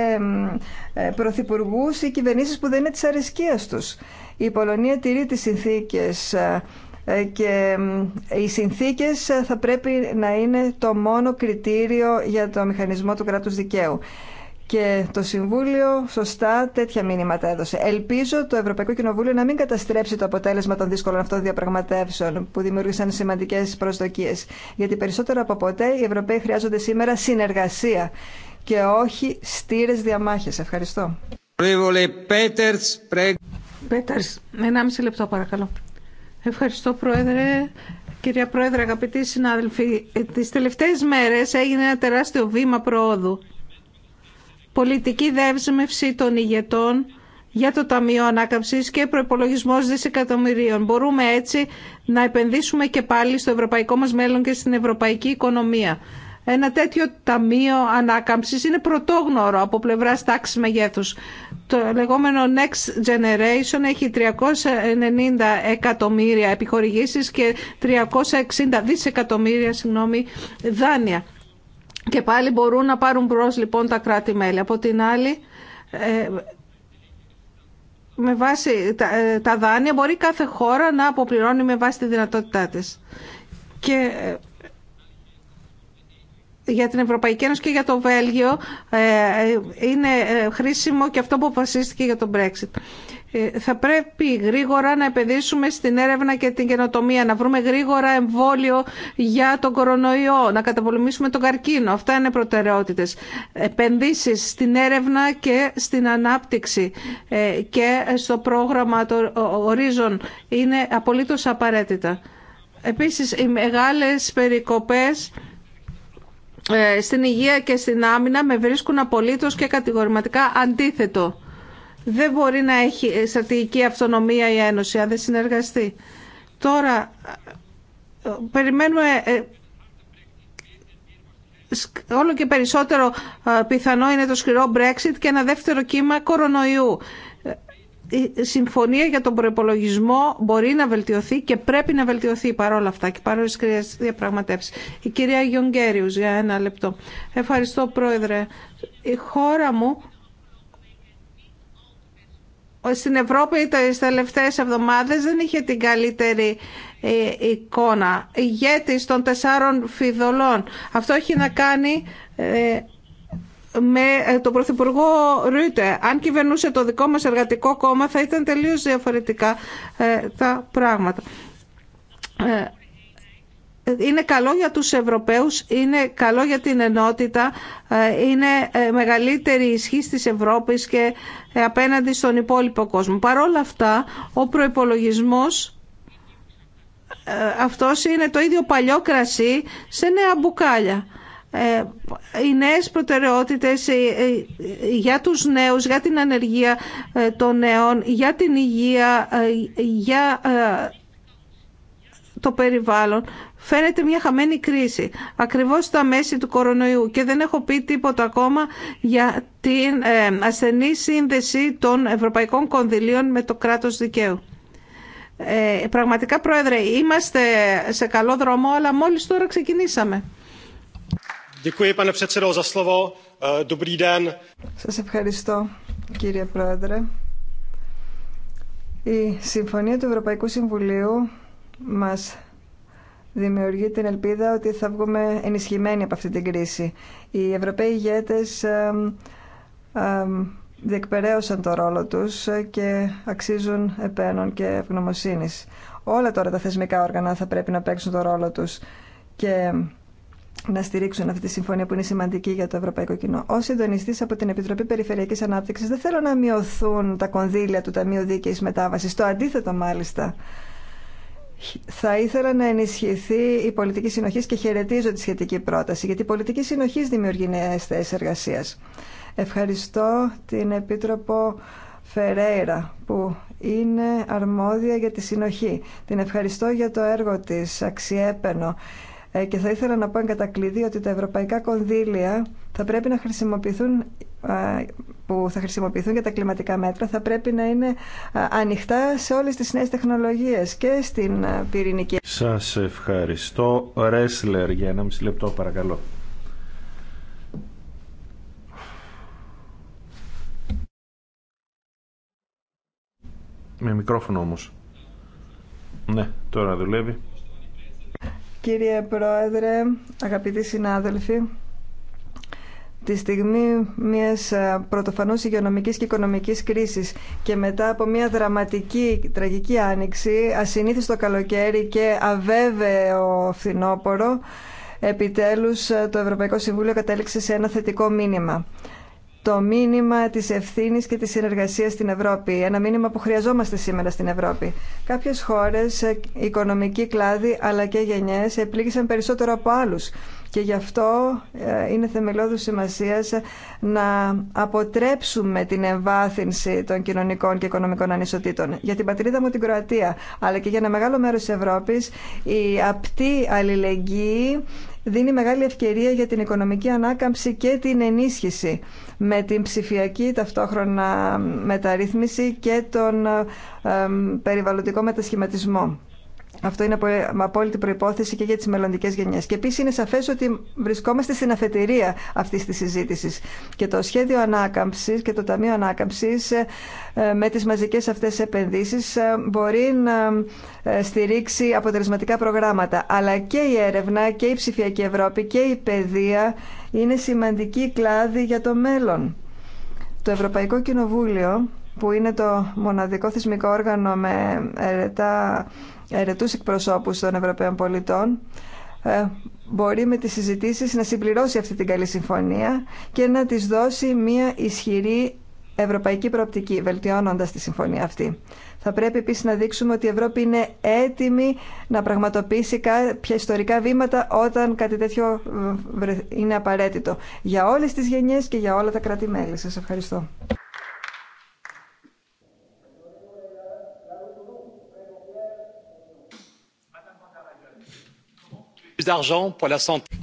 ε, πρωθυπουργούς ή κυβερνήσεις που δεν είναι της αρεσκίας τους. Η Πολωνία τηρεί τις συνθήκες ε, ε, και οι συνθήκες ε, θα πρέπει να είναι το μόνο κριτήριο για το μηχανισμό του κράτους δικαίου. Και το Συμβούλιο σωστά τέτοια μήνυματα έδωσε. Ελπίζω το Ευρωπαϊκό Κοινοβούλιο να μην καταστρέψει το αποτέλεσμα των δύσκολων αυτών διαπραγματεύσεων που δημιούργησαν σημαντικέ προσδοκίε. Γιατί περισσότερο από ποτέ οι Ευρωπαίοι χρειάζονται σήμερα συνεργασία και όχι στήρε διαμάχε. Ευχαριστώ. ένα 1,5 λεπτό παρακαλώ. Ευχαριστώ Πρόεδρε. Κυρία Πρόεδρε, αγαπητοί συνάδελφοι, τις τελευταίες μέρες έγινε ένα τεράστιο βήμα προόδου. Πολιτική δεύσμευση των ηγετών για το Ταμείο Ανάκαμψης και προπολογισμό δισεκατομμυρίων. Μπορούμε έτσι να επενδύσουμε και πάλι στο ευρωπαϊκό μας μέλλον και στην ευρωπαϊκή οικονομία. Ένα τέτοιο Ταμείο Ανάκαμψης είναι πρωτόγνωρο από πλευράς τάξης μεγέθους. Το λεγόμενο Next Generation έχει 390 εκατομμύρια επιχορηγήσεις και 360 δισεκατομμύρια συγγνώμη, δάνεια. Και πάλι μπορούν να πάρουν μπρος λοιπόν τα κράτη-μέλη. Από την άλλη, ε, με βάση ε, τα δάνεια μπορεί κάθε χώρα να αποπληρώνει με βάση τη δυνατότητά της. Και ε, για την Ευρωπαϊκή Ένωση και για το Βέλγιο ε, είναι ε, χρήσιμο και αυτό που αποφασίστηκε για τον Brexit. Ε, θα πρέπει γρήγορα να επενδύσουμε στην έρευνα και την καινοτομία, να βρούμε γρήγορα εμβόλιο για τον κορονοϊό, να καταπολεμήσουμε τον καρκίνο. Αυτά είναι προτεραιότητες. Επενδύσεις στην έρευνα και στην ανάπτυξη και στο πρόγραμμα των ορίζων είναι απολύτως απαραίτητα. Επίσης, οι μεγάλες περικοπές ε, στην υγεία και στην άμυνα με βρίσκουν απολύτως και κατηγορηματικά αντίθετο. Δεν μπορεί να έχει στρατηγική αυτονομία η Ένωση αν δεν συνεργαστεί. Τώρα περιμένουμε ε, όλο και περισσότερο ε, πιθανό είναι το σκληρό Brexit και ένα δεύτερο κύμα κορονοϊού η συμφωνία για τον προπολογισμό μπορεί να βελτιωθεί και πρέπει να βελτιωθεί παρόλα αυτά και παρόλε τι διαπραγματεύσει. Η κυρία Γιονγκέριου, για ένα λεπτό. Ευχαριστώ, Πρόεδρε. Η χώρα μου στην Ευρώπη τις τελευταίες εβδομάδες δεν είχε την καλύτερη ε, εικόνα. Ηγέτης των τεσσάρων φιδωλών. Αυτό έχει να κάνει ε, με ε, τον Πρωθυπουργό Ρούτε. Αν κυβερνούσε το δικό μας εργατικό κόμμα θα ήταν τελείως διαφορετικά ε, τα πράγματα. Ε, είναι καλό για τους Ευρωπαίους, είναι καλό για την ενότητα, είναι μεγαλύτερη ισχύ της Ευρώπης και απέναντι στον υπόλοιπο κόσμο. Παρ' όλα αυτά, ο προϋπολογισμός αυτός είναι το ίδιο παλιό κρασί σε νέα μπουκάλια. Ε, οι νέες προτεραιότητες ε, ε, για τους νέους, για την ανεργία των νέων, για την υγεία, για το περιβάλλον. Φαίνεται μια χαμένη κρίση, ακριβώς στα μέση του κορονοϊού και δεν έχω πει τίποτα ακόμα για την ασθενή σύνδεση των ευρωπαϊκών κονδυλίων με το κράτος δικαίου. Πραγματικά, Πρόεδρε, είμαστε σε καλό δρόμο, αλλά μόλις τώρα ξεκινήσαμε. Eh, Σας ευχαριστώ κύριε Πρόεδρε. Η Συμφωνία του Ευρωπαϊκού Συμβουλίου μας δημιουργεί την ελπίδα ότι θα βγούμε ενισχυμένοι από αυτή την κρίση. Οι Ευρωπαίοι ηγέτες διεκπαιρέωσαν το ρόλο τους και αξίζουν επένων και ευγνωμοσύνης. Όλα τώρα τα θεσμικά όργανα θα πρέπει να παίξουν το ρόλο τους και να στηρίξουν αυτή τη συμφωνία που είναι σημαντική για το ευρωπαϊκό κοινό. Ω συντονιστή από την Επιτροπή Περιφερειακή Ανάπτυξη, δεν θέλω να μειωθούν τα κονδύλια του Ταμείου Δίκαιη Μετάβαση. Το αντίθετο, μάλιστα. Θα ήθελα να ενισχυθεί η πολιτική συνοχή και χαιρετίζω τη σχετική πρόταση, γιατί η πολιτική συνοχή δημιουργεί νέε θέσει εργασία. Ευχαριστώ την Επίτροπο Φερέιρα, που είναι αρμόδια για τη συνοχή. Την ευχαριστώ για το έργο της, αξιέπαινο ε, και θα ήθελα να πω εγκατακλείδη ότι τα ευρωπαϊκά κονδύλια θα πρέπει να χρησιμοποιηθούν ε, που θα χρησιμοποιηθούν για τα κλιματικά μέτρα θα πρέπει να είναι ε, ανοιχτά σε όλες τις νέες τεχνολογίες και στην πυρηνική. Σας ευχαριστώ. Ρέσλερ για ένα μισή λεπτό παρακαλώ. Με μικρόφωνο όμως. Ναι, τώρα δουλεύει. Κύριε Πρόεδρε, αγαπητοί συνάδελφοι, τη στιγμή μιας ε, πρωτοφανούς υγειονομικής και οικονομικής κρίσης και μετά από μια δραματική, τραγική άνοιξη, ασυνήθιστο καλοκαίρι και αβέβαιο φθινόπωρο, επιτέλους ε, το Ευρωπαϊκό Συμβούλιο κατέληξε σε ένα θετικό μήνυμα το μήνυμα της ευθύνης και της συνεργασίας στην Ευρώπη. Ένα μήνυμα που χρειαζόμαστε σήμερα στην Ευρώπη. Κάποιες χώρες, ε, οικονομικοί κλάδοι αλλά και γενιές επλήγησαν περισσότερο από άλλους και γι' αυτό ε, είναι θεμελιώδους σημασίας ε, να αποτρέψουμε την εμβάθυνση των κοινωνικών και οικονομικών ανισοτήτων. Για την πατρίδα μου την Κροατία, αλλά και για ένα μεγάλο μέρος της Ευρώπης, η απτή αλληλεγγύη δίνει μεγάλη ευκαιρία για την οικονομική ανάκαμψη και την ενίσχυση με την ψηφιακή ταυτόχρονα μεταρρύθμιση και τον ε, ε, περιβαλλοντικό μετασχηματισμό. Αυτό είναι απόλυτη προπόθεση και για τι μελλοντικέ γενιέ. Και επίση είναι σαφέ ότι βρισκόμαστε στην αφετηρία αυτή τη συζήτηση. Και το σχέδιο ανάκαμψη και το Ταμείο Ανάκαμψη ε, ε, με τι μαζικέ αυτέ επενδύσει ε, μπορεί να στηρίξει αποτελεσματικά προγράμματα. Αλλά και η έρευνα και η ψηφιακή Ευρώπη και η παιδεία είναι σημαντική κλάδη για το μέλλον. Το Ευρωπαϊκό Κοινοβούλιο που είναι το μοναδικό θεσμικό όργανο με ερετά αιρετούς εκπροσώπους των Ευρωπαίων πολιτών ε, μπορεί με τις συζητήσεις να συμπληρώσει αυτή την καλή συμφωνία και να της δώσει μια ισχυρή ευρωπαϊκή προοπτική, βελτιώνοντας τη συμφωνία αυτή. Θα πρέπει επίσης να δείξουμε ότι η Ευρώπη είναι έτοιμη να πραγματοποιήσει κάποια ιστορικά βήματα όταν κάτι τέτοιο ε, είναι απαραίτητο για όλες τις γενιές και για όλα τα κράτη-μέλη. Σας ευχαριστώ.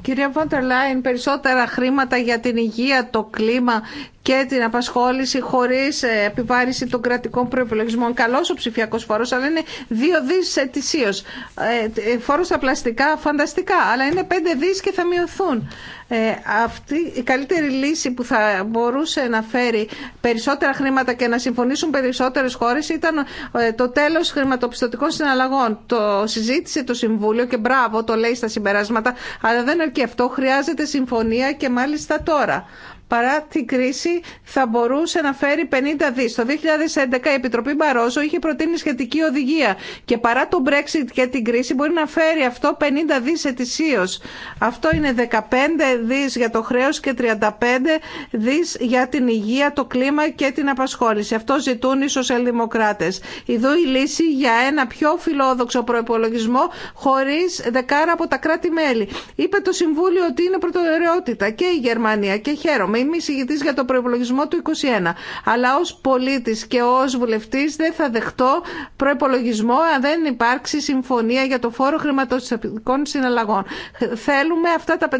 Κυρία Βόντερ Λάιν, περισσότερα χρήματα για την υγεία, το κλίμα και την απασχόληση χωρί ε, επιβάρηση των κρατικών προϋπολογισμών. Καλό ο ψηφιακό φόρος, αλλά είναι δύο δι ετησίω. Ε, ε, Φόρο στα πλαστικά φανταστικά, αλλά είναι πέντε δι και θα μειωθούν. αυτή η καλύτερη λύση που θα μπορούσε να φέρει περισσότερα χρήματα και να συμφωνήσουν περισσότερες χώρες ήταν το τέλος χρηματοπιστωτικών συναλλαγών. Το συζήτησε το Συμβούλιο και μπράβο το λέει στα συμπεράσματα, αλλά δεν αρκεί αυτό. Χρειάζεται συμφωνία και μάλιστα τώρα παρά την κρίση θα μπορούσε να φέρει 50 δις. Το 2011 η Επιτροπή Μπαρόζο είχε προτείνει σχετική οδηγία και παρά το Brexit και την κρίση μπορεί να φέρει αυτό 50 δις ετησίως. Αυτό είναι 15 δις για το χρέος και 35 δις για την υγεία, το κλίμα και την απασχόληση. Αυτό ζητούν οι σοσιαλδημοκράτες. Εδώ η λύση για ένα πιο φιλόδοξο προπολογισμό χωρίς δεκάρα από τα κράτη-μέλη. Είπε το Συμβούλιο ότι είναι προτεραιότητα και η Γερμανία και χαίρομαι Είμαι, είμαι για το προπολογισμό του 2021. Αλλά ως πολίτης και ως βουλευτής δεν θα δεχτώ προπολογισμό αν δεν υπάρξει συμφωνία για το φόρο χρηματοστατικών συναλλαγών. Θέλουμε αυτά τα 500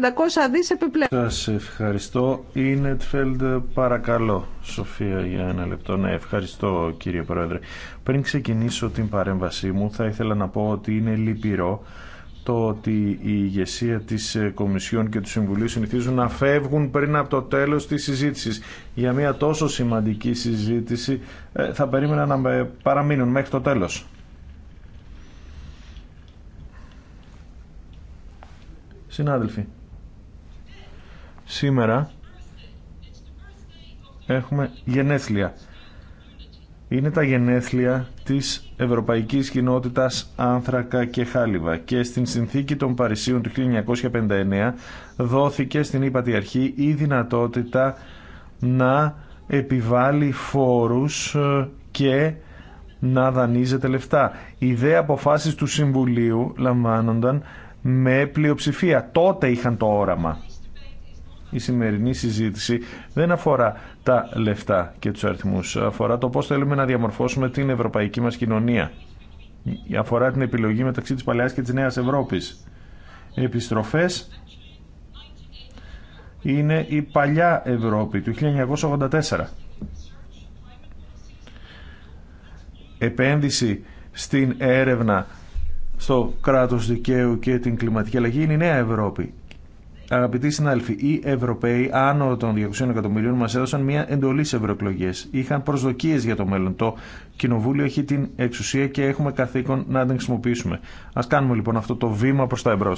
δις επιπλέον. Σας ευχαριστώ. Ινετφέλντ παρακαλώ. Σοφία για ένα λεπτό. Ναι, ευχαριστώ κύριε Πρόεδρε. Πριν ξεκινήσω την παρέμβασή μου θα ήθελα να πω ότι είναι λυπηρό το ότι η ηγεσία της ε, Κομισιόν και του Συμβουλίου συνηθίζουν να φεύγουν πριν από το τέλος της συζήτησης. Για μια τόσο σημαντική συζήτηση ε, θα περίμενα να παραμείνουν μέχρι το τέλος. Συνάδελφοι, σήμερα έχουμε γενέθλια είναι τα γενέθλια της Ευρωπαϊκής Κοινότητας Άνθρακα και Χάλιβα και στην Συνθήκη των Παρισίων του 1959 δόθηκε στην Υπατιαρχή η δυνατότητα να επιβάλλει φόρους ε, και να δανείζεται λεφτά. η δε αποφάσεις του Συμβουλίου λαμβάνονταν με πλειοψηφία. Τότε είχαν το όραμα η σημερινή συζήτηση δεν αφορά τα λεφτά και τους αριθμούς. Αφορά το πώς θέλουμε να διαμορφώσουμε την ευρωπαϊκή μας κοινωνία. Αφορά την επιλογή μεταξύ της παλαιάς και της νέας Ευρώπης. Επιστροφές είναι η παλιά Ευρώπη του 1984. Επένδυση στην έρευνα στο κράτος δικαίου και την κλιματική αλλαγή είναι η νέα Ευρώπη. Αγαπητοί συνάδελφοι, οι Ευρωπαίοι άνω των 200 εκατομμυρίων μα έδωσαν μια εντολή σε ευρωεκλογέ. Είχαν προσδοκίε για το μέλλον. Το Κοινοβούλιο έχει την εξουσία και έχουμε καθήκον να την χρησιμοποιήσουμε. Α κάνουμε λοιπόν αυτό το βήμα προ τα εμπρό.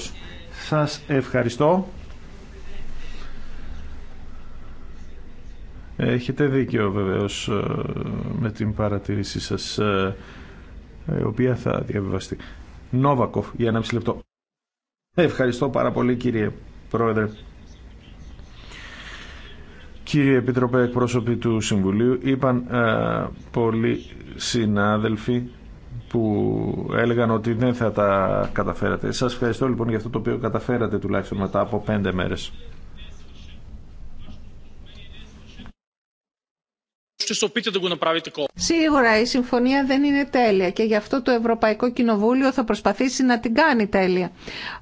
Σα ευχαριστώ. Έχετε δίκιο βεβαίω ε, με την παρατήρησή σα, ε, ε, η οποία θα διαβιβαστεί. Νόβακοφ για ένα μισή λεπτό. Ευχαριστώ πάρα πολύ κύριε Πρόεδρε. Κύριε Επιτροπέ, εκπρόσωποι του Συμβουλίου, είπαν ε, πολλοί συνάδελφοι που έλεγαν ότι δεν θα τα καταφέρατε. Σας ευχαριστώ λοιπόν για αυτό το οποίο καταφέρατε τουλάχιστον μετά από πέντε μέρες. Σίγουρα η συμφωνία δεν είναι τέλεια και γι' αυτό το Ευρωπαϊκό Κοινοβούλιο θα προσπαθήσει να την κάνει τέλεια.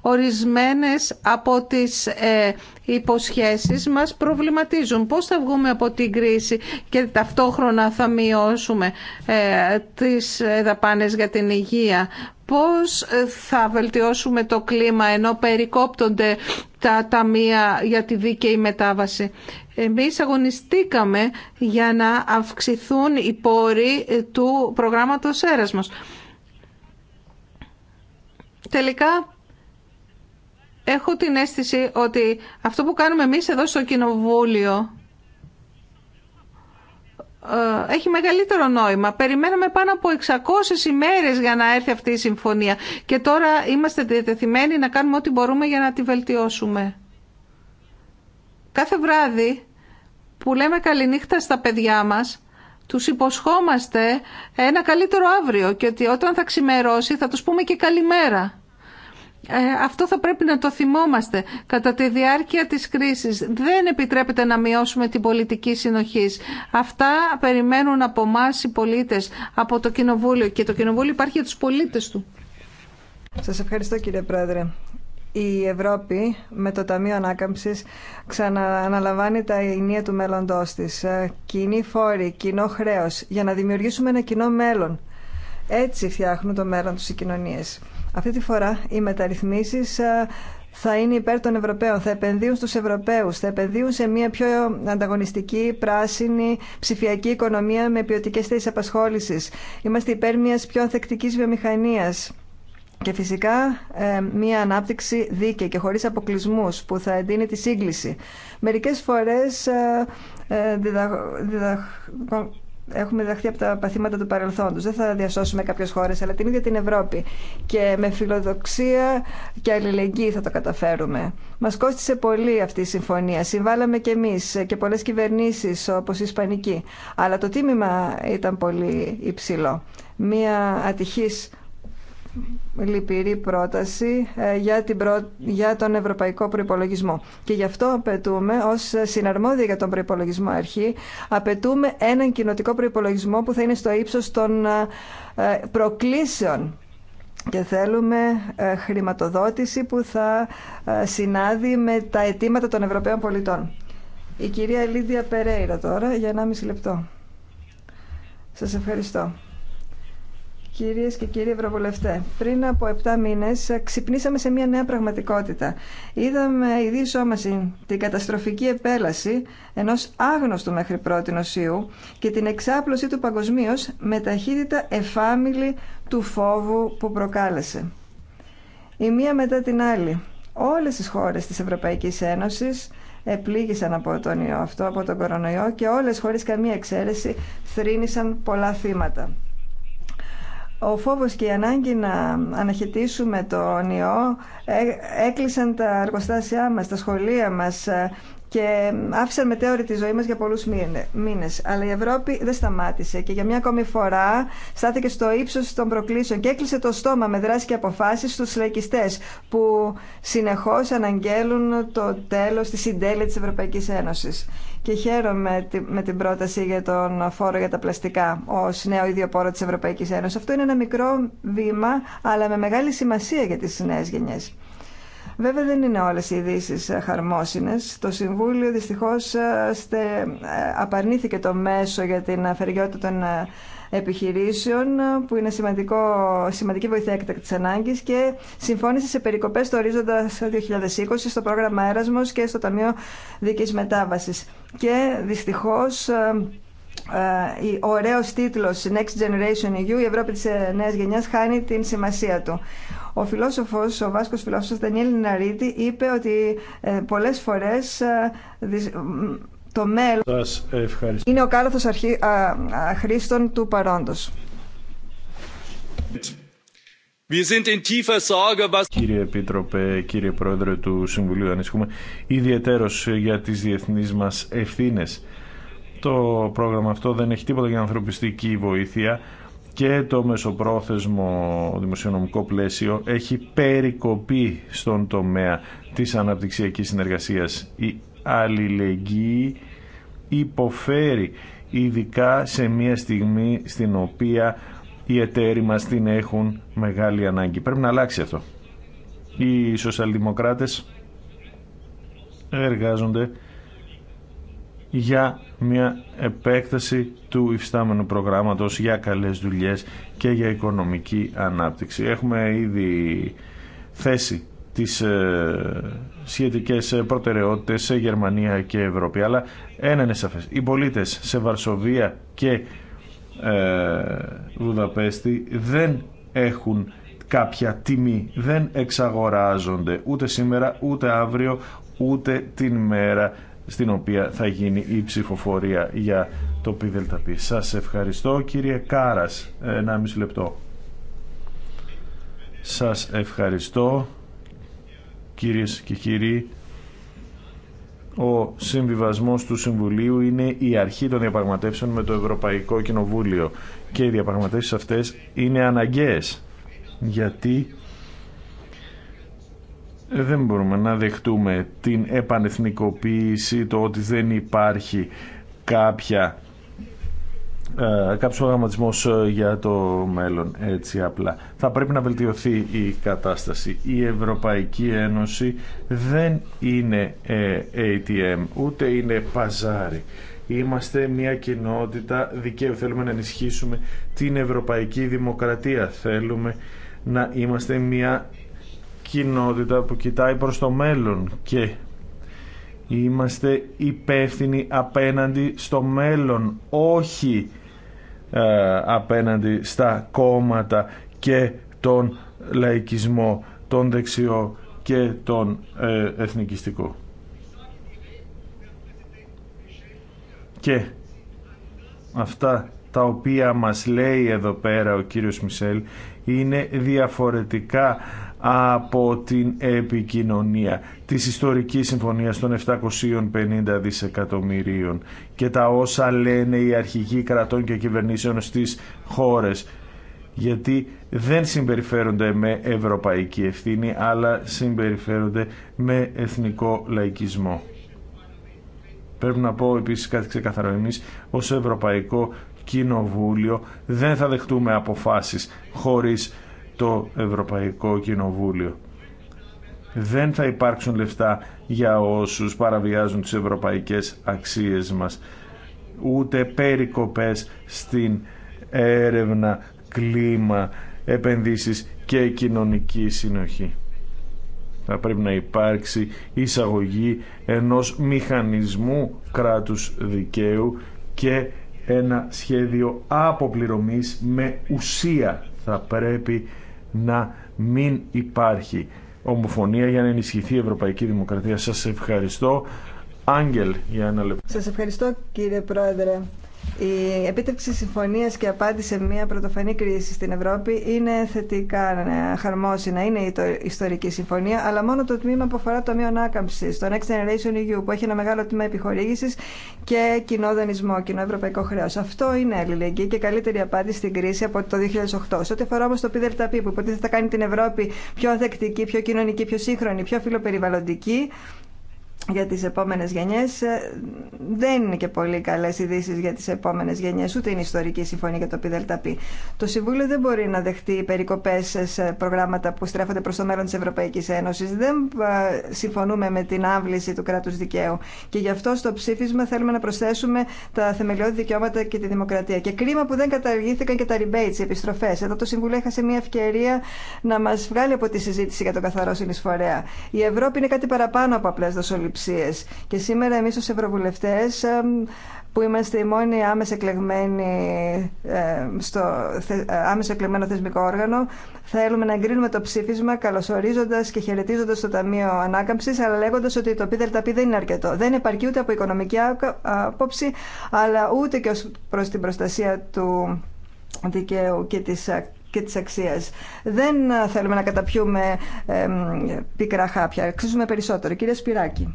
Ορισμένες από τις ε, υποσχέσεις μας προβληματίζουν. Πώς θα βγούμε από την κρίση και ταυτόχρονα θα μειώσουμε ε, τις ε, δαπάνες για την υγεία πώς ε, θα βελτιώσουμε το κλίμα ενώ περικόπτονται τα ταμεία για τη δίκαιη μετάβαση. Εμείς αγωνιστήκαμε για να αυξηθούν οι πόροι ε, του προγράμματος Έρασμος. Τελικά έχω την αίσθηση ότι αυτό που κάνουμε εμείς εδώ στο Κοινοβούλιο ε, έχει μεγαλύτερο νόημα. Περιμέναμε πάνω από 600 ημέρες για να έρθει αυτή η συμφωνία και τώρα είμαστε διατεθειμένοι να κάνουμε ό,τι μπορούμε για να τη βελτιώσουμε. Κάθε βράδυ που λέμε καληνύχτα στα παιδιά μας, τους υποσχόμαστε ένα καλύτερο αύριο και ότι όταν θα ξημερώσει θα τους πούμε και καλημέρα. Ε, αυτό θα πρέπει να το θυμόμαστε. Κατά τη διάρκεια της κρίσης δεν επιτρέπεται να μειώσουμε την πολιτική συνοχή. Αυτά περιμένουν από εμά οι πολίτες, από το Κοινοβούλιο και το Κοινοβούλιο υπάρχει για τους πολίτες του. Σας ευχαριστώ κύριε Πρόεδρε. Η Ευρώπη με το Ταμείο Ανάκαμψης ξανααναλαμβάνει τα ενία του μέλλοντό τη. Ε, Κοινή φόρη, κοινό χρέο, για να δημιουργήσουμε ένα κοινό μέλλον. Έτσι φτιάχνουν το μέλλον του οι αυτή τη φορά οι μεταρρυθμίσεις ε, θα είναι υπέρ των Ευρωπαίων, θα επενδύουν στους Ευρωπαίους, θα επενδύουν σε μια πιο ανταγωνιστική, πράσινη, ψηφιακή οικονομία με ποιοτικέ θέσει απασχόλησης. Είμαστε υπέρ μια πιο ανθεκτική βιομηχανία Και φυσικά ε, μια ανάπτυξη δίκαιη και χωρίς αποκλεισμούς που θα εντείνει τη σύγκληση. Μερικές φορές ε, διδα, έχουμε διδαχθεί από τα παθήματα του παρελθόντος. Δεν θα διασώσουμε κάποιες χώρες, αλλά την ίδια την Ευρώπη. Και με φιλοδοξία και αλληλεγγύη θα το καταφέρουμε. Μας κόστησε πολύ αυτή η συμφωνία. Συμβάλαμε και εμείς και πολλές κυβερνήσεις όπως η Ισπανική. Αλλά το τίμημα ήταν πολύ υψηλό. Μία ατυχής λυπηρή πρόταση ε, για, την τον ευρωπαϊκό προϋπολογισμό. Και γι' αυτό απαιτούμε, ως συναρμόδια για τον προϋπολογισμό αρχή, απαιτούμε έναν κοινοτικό προϋπολογισμό που θα είναι στο ύψος των ε, προκλήσεων και θέλουμε ε, χρηματοδότηση που θα συνάδει με τα αιτήματα των Ευρωπαίων πολιτών. Η κυρία Ελίδια Περέιρα τώρα για 1,5 λεπτό. Σας ευχαριστώ. Κυρίες και κύριοι Ευρωβουλευτέ, πριν από 7 μήνες ξυπνήσαμε σε μια νέα πραγματικότητα. Είδαμε η διεισόμαση την καταστροφική επέλαση ενός άγνωστου μέχρι πρώτη νοσίου και την εξάπλωση του παγκοσμίω με ταχύτητα εφάμιλη του φόβου που προκάλεσε. Η μία μετά την άλλη. Όλες τις χώρες της Ευρωπαϊκής Ένωσης επλήγησαν από τον ιό αυτό, από τον κορονοϊό και όλες χωρίς καμία εξαίρεση θρύνησαν πολλά θύματα ο φόβος και η ανάγκη να αναχαιτήσουμε τον ιό ε, έκλεισαν τα εργοστάσια μας, τα σχολεία μας ε, και άφησαν μετέωρη τη ζωή μας για πολλούς μήνες. Αλλά η Ευρώπη δεν σταμάτησε και για μια ακόμη φορά στάθηκε στο ύψος των προκλήσεων και έκλεισε το στόμα με δράση και αποφάσεις στους λαϊκιστές που συνεχώς αναγγέλουν το τέλος, τη συντέλεια της Ευρωπαϊκής Ένωσης και χαίρομαι με την πρόταση για τον φόρο για τα πλαστικά ω νέο ίδιο πόρο της Ευρωπαϊκής Ένωσης. Αυτό είναι ένα μικρό βήμα, αλλά με μεγάλη σημασία για τις νέε γενιέ. Βέβαια δεν είναι όλες οι ειδήσει ε, χαρμόσυνες. Το Συμβούλιο δυστυχώς ε, ε, απαρνήθηκε το μέσο για την αφαιριότητα των επιχειρήσεων ε, που είναι σημαντικό, σημαντική βοήθεια έκτακτη ανάγκη και συμφώνησε σε περικοπές στο ορίζοντα 2020 στο πρόγραμμα Έρασμο και στο Ταμείο Δικής Μετάβασης. Και δυστυχώς ε, ε, ο ωραίος τίτλος Next Generation EU, η Ευρώπη τη νέας γενιάς χάνει την σημασία του. Ο φιλόσοφος, ο Βάσκος φιλόσοφος Δανιέλ Ναρίτη είπε ότι πολλές φορές το μέλλον είναι ο κάλαθος αρχή, χρήστων του παρόντος. Κύριε Επίτροπε, κύριε Πρόεδρε του Συμβουλίου, ανησυχούμε ιδιαίτερος για τι διεθνεί μα ευθύνε. Το πρόγραμμα αυτό δεν έχει τίποτα για ανθρωπιστική βοήθεια και το μεσοπρόθεσμο δημοσιονομικό πλαίσιο έχει περικοπεί στον τομέα της αναπτυξιακή συνεργασίας. Η αλληλεγγύη υποφέρει ειδικά σε μια στιγμή στην οποία οι εταίροι μας την έχουν μεγάλη ανάγκη. Πρέπει να αλλάξει αυτό. Οι σοσιαλδημοκράτες εργάζονται για μια επέκταση του υφιστάμενου προγράμματος για καλές δουλειές και για οικονομική ανάπτυξη. Έχουμε ήδη θέση της ε, Σχετικέ ε, προτεραιότητε σε Γερμανία και Ευρώπη. Αλλά ένα είναι σαφέ. Οι πολίτες σε Βαρσοβία και ε, Βουδαπέστη δεν έχουν κάποια τιμή. Δεν εξαγοράζονται ούτε σήμερα, ούτε αύριο, ούτε την μέρα στην οποία θα γίνει η ψηφοφορία για το ΠΔΠ. Σας ευχαριστώ κύριε Κάρας. Ένα λεπτό. Σας ευχαριστώ Κυρίες και κύριοι, ο συμβιβασμός του Συμβουλίου είναι η αρχή των διαπραγματεύσεων με το Ευρωπαϊκό Κοινοβούλιο και οι διαπραγματεύσεις αυτές είναι αναγκαίες γιατί δεν μπορούμε να δεχτούμε την επανεθνικοποίηση, το ότι δεν υπάρχει κάποια ε, κάποιος προγραμματισμός ε, για το μέλλον έτσι απλά. Θα πρέπει να βελτιωθεί η κατάσταση. Η Ευρωπαϊκή Ένωση δεν είναι ε, ATM, ούτε είναι παζάρι. Είμαστε μια κοινότητα δικαίου. Θέλουμε να ενισχύσουμε την ευρωπαϊκή δημοκρατία. Θέλουμε να είμαστε μια κοινότητα που κοιτάει προς το μέλλον και είμαστε υπεύθυνοι απέναντι στο μέλλον, όχι ε, απέναντι στα κόμματα και τον λαϊκισμό, τον δεξιό και τον ε, εθνικιστικό. Και αυτά τα οποία μας λέει εδώ πέρα ο κύριος Μισελ είναι διαφορετικά από την επικοινωνία της ιστορικής συμφωνίας των 750 δισεκατομμυρίων και τα όσα λένε οι αρχηγοί κρατών και κυβερνήσεων στις χώρες γιατί δεν συμπεριφέρονται με ευρωπαϊκή ευθύνη αλλά συμπεριφέρονται με εθνικό λαϊκισμό. Πρέπει να πω επίσης κάτι ξεκαθαρό εμείς ως Ευρωπαϊκό Κοινοβούλιο δεν θα δεχτούμε αποφάσεις χωρίς το Ευρωπαϊκό Κοινοβούλιο. Δεν θα υπάρξουν λεφτά για όσους παραβιάζουν τις ευρωπαϊκές αξίες μας. Ούτε περικοπές στην έρευνα, κλίμα, επενδύσεις και κοινωνική συνοχή. Θα πρέπει να υπάρξει εισαγωγή ενός μηχανισμού κράτους δικαίου και ένα σχέδιο αποπληρωμής με ουσία θα πρέπει να μην υπάρχει ομοφωνία για να ενισχυθεί η Ευρωπαϊκή Δημοκρατία. Σας ευχαριστώ. Άγγελ, για ένα λεπτό. Σας ευχαριστώ κύριε Πρόεδρε. Η επίτευξη συμφωνίας και απάντηση σε μια πρωτοφανή κρίση στην Ευρώπη είναι θετικά χαρμόσυνα, είναι η ιστορική συμφωνία, αλλά μόνο το τμήμα που αφορά το μείον άκαμψη, το Next Generation EU, που έχει ένα μεγάλο τμήμα επιχορήγηση και κοινό δανεισμό, κοινό ευρωπαϊκό χρέο. Αυτό είναι αλληλεγγύη και καλύτερη απάντηση στην κρίση από το 2008. Σε ό,τι αφορά όμω το PDLTP, που υποτίθεται θα κάνει την Ευρώπη πιο ανθεκτική, πιο κοινωνική, πιο σύγχρονη, πιο φιλοπεριβαλλοντική, για τις επόμενες γενιές ε, δεν είναι και πολύ καλές ειδήσει για τις επόμενες γενιές, ούτε είναι ιστορική συμφωνία για το ΠΔΠ. Το Συμβούλιο δεν μπορεί να δεχτεί περικοπές σε προγράμματα που στρέφονται προς το μέλλον της Ευρωπαϊκής Ένωσης. Δεν ε, συμφωνούμε με την άβληση του κράτους δικαίου και γι' αυτό στο ψήφισμα θέλουμε να προσθέσουμε τα θεμελιώδη δικαιώματα και τη δημοκρατία. Και κρίμα που δεν καταργήθηκαν και τα rebates, οι επιστροφές. Εδώ το Συμβούλιο έχασε μια ευκαιρία να μας βγάλει από τη συζήτηση για τον καθαρό συνεισφορέα. Η Ευρώπη είναι κάτι παραπάνω από απλές και σήμερα εμείς ως Ευρωβουλευτές που είμαστε οι μόνοι άμεσα εκλεγμένοι στο άμεσα εκλεγμένο θεσμικό όργανο, θέλουμε να εγκρίνουμε το ψήφισμα καλωσορίζοντας και χαιρετίζοντα το Ταμείο Ανάκαμψη, αλλά λέγοντα ότι το ΠΔΕΛΤΑΠΗ δεν είναι αρκετό. Δεν επαρκεί ούτε από οικονομική άποψη, αλλά ούτε και προ την προστασία του δικαίου και της και της αξίας. Δεν ε, θέλουμε να καταπιούμε πικρά χάπια. Αξίζουμε περισσότερο. Κύριε Σπυράκη.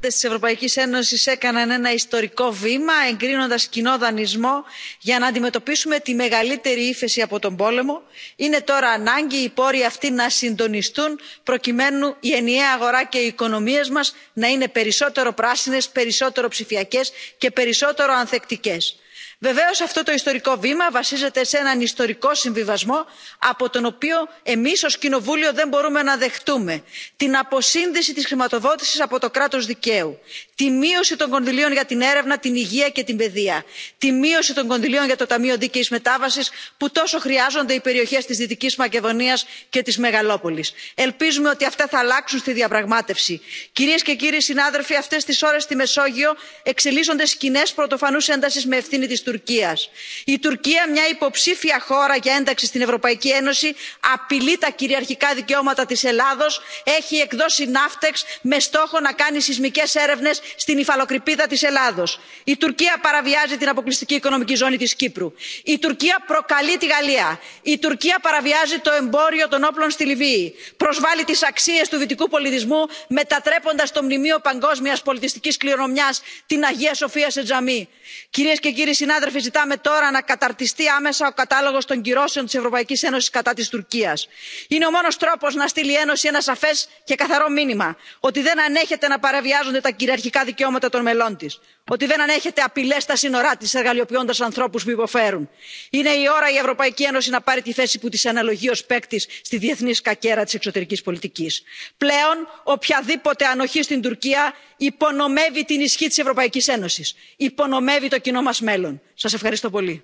τη Ευρωπαϊκή Ένωση έκαναν ένα ιστορικό βήμα εγκρίνοντα κοινό δανεισμό για να αντιμετωπίσουμε τη μεγαλύτερη ύφεση από τον πόλεμο. Είναι τώρα ανάγκη οι πόροι αυτοί να συντονιστούν προκειμένου η ενιαία αγορά και οι οικονομίε μα να είναι περισσότερο πράσινε, περισσότερο ψηφιακές και περισσότερο ανθεκτικές βεβαίω αυτό το ιστορικό βήμα βασίζεται σε έναν ιστορικό συμβιβασμό από τον οποίο εμεί ως κοινοβούλιο δεν μπορούμε να δεχτούμε την αποσύνδεση της χρηματοδότηση από το κράτο δικαίου τη μείωση των κονδυλίων για την έρευνα την υγεία και την παιδεία τη μείωση των κονδυλίων για το ταμείο δίκαιης μετάβασης που τόσο χρειάζονται οι περιοχές της δυτικής μακεδονίας και της μεγαλόπολης. ελπίζουμε ότι αυτά θα αλλάξουν στη διαπραγμάτευση. κυρίες και κύριοι συνάδελφοι αυτές τις ώρες στη μεσόγειο εξελίσσονται σκηνές πρωτοφανούς έντασης με ευθύνη τη τουρκίας. η τουρκία μια υποψήφια χώρα για ένταξη στην ευρωπαϊκή ένωση απειλεί τα κυριαρχικά δικαιώματα της ελλάδος έχει εκδώσει ναύτεξ με στόχο να κάνει σεισμικές έρευνες στην υφαλοκρηπίδα της ελλάδος η τουρκία παραβιάζει την αποκλειστική οικονομική ζώνη της κύπρου η τουρκία προκαλεί τη γαλλία η τουρκία παραβιάζει το εμπόριο των όπλων στη λιβύη προσβάλλει τις αξίες του δυτικού πολιτισμού μετατρέποντας το μνημείο παγκόσμιας πολιτιστικής κληρονομιάς την αγία σοφία σε τζαμί. κυρίες και κύριοι συνάδελφοι ζητάμε τώρα να καταρτιστεί άμεσα ο κατάλογος των κυρώσεων της ευρωπαϊκής ένωσης κατά της τουρκίας. είναι ο μόνος τρόπος να στείλει η ένωση ένα σαφές και καθαρό μήνυμα ότι δεν ανέχεται να παραβιάζονται τα κυριαρχικά βασικά δικαιώματα των μελών τη ότι δεν ανέχεται απειλέ στα σύνορά τη εργαλειοποιώντα ανθρώπου που υποφέρουν. είναι η ώρα η ευρωπαϊκή ένωση να πάρει τη θέση που τη αναλογεί ω παίκτη στη διεθνή σκακέρα τη εξωτερική πολιτική. πλέον οποιαδήποτε ανοχή στην τουρκία υπονομεύει την ισχύ τη ευρωπαϊκή ένωση υπονομεύει το κοινό μα μέλλον. σα ευχαριστώ πολύ.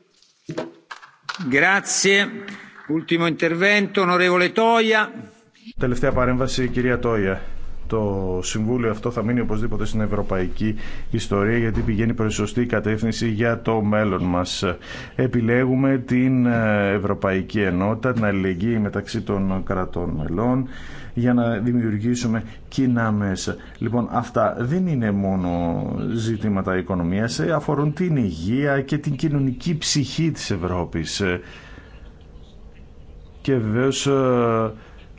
Τελευταία παρέμβαση, κυρία το Συμβούλιο αυτό θα μείνει οπωσδήποτε στην ευρωπαϊκή ιστορία γιατί πηγαίνει προς σωστή κατεύθυνση για το μέλλον μας. Επιλέγουμε την ε, Ευρωπαϊκή Ενότητα, την αλληλεγγύη μεταξύ των κρατών μελών για να δημιουργήσουμε κοινά μέσα. Λοιπόν, αυτά δεν είναι μόνο ζητήματα οικονομίας, ε, αφορούν την υγεία και την κοινωνική ψυχή της Ευρώπης. Και βεβαίως ε,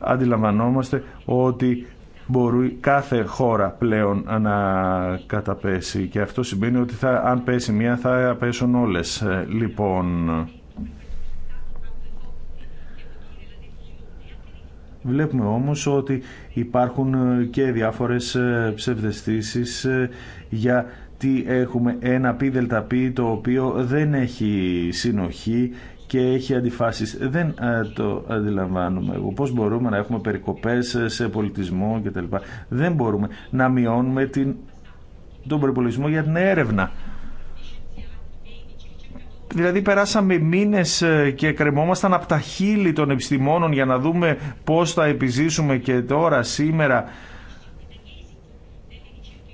αντιλαμβανόμαστε ότι μπορεί κάθε χώρα πλέον να καταπέσει και αυτό σημαίνει ότι θα, αν πέσει μία θα πέσουν όλες. Ε, λοιπόν, Βλέπουμε όμως ότι υπάρχουν ε, και διάφορες ε, ψευδεστήσεις για τι έχουμε ένα πι δελτα πι το οποίο δεν έχει συνοχή και έχει αντιφάσεις. Δεν ε, το αντιλαμβάνουμε εγώ. Πώς μπορούμε να έχουμε περικοπές σε πολιτισμό κτλ. Δεν μπορούμε να μειώνουμε την, τον προπολογισμό για την έρευνα. Δηλαδή περάσαμε μήνες ε, και κρεμόμασταν από τα χείλη των επιστημόνων για να δούμε πώς θα επιζήσουμε και τώρα σήμερα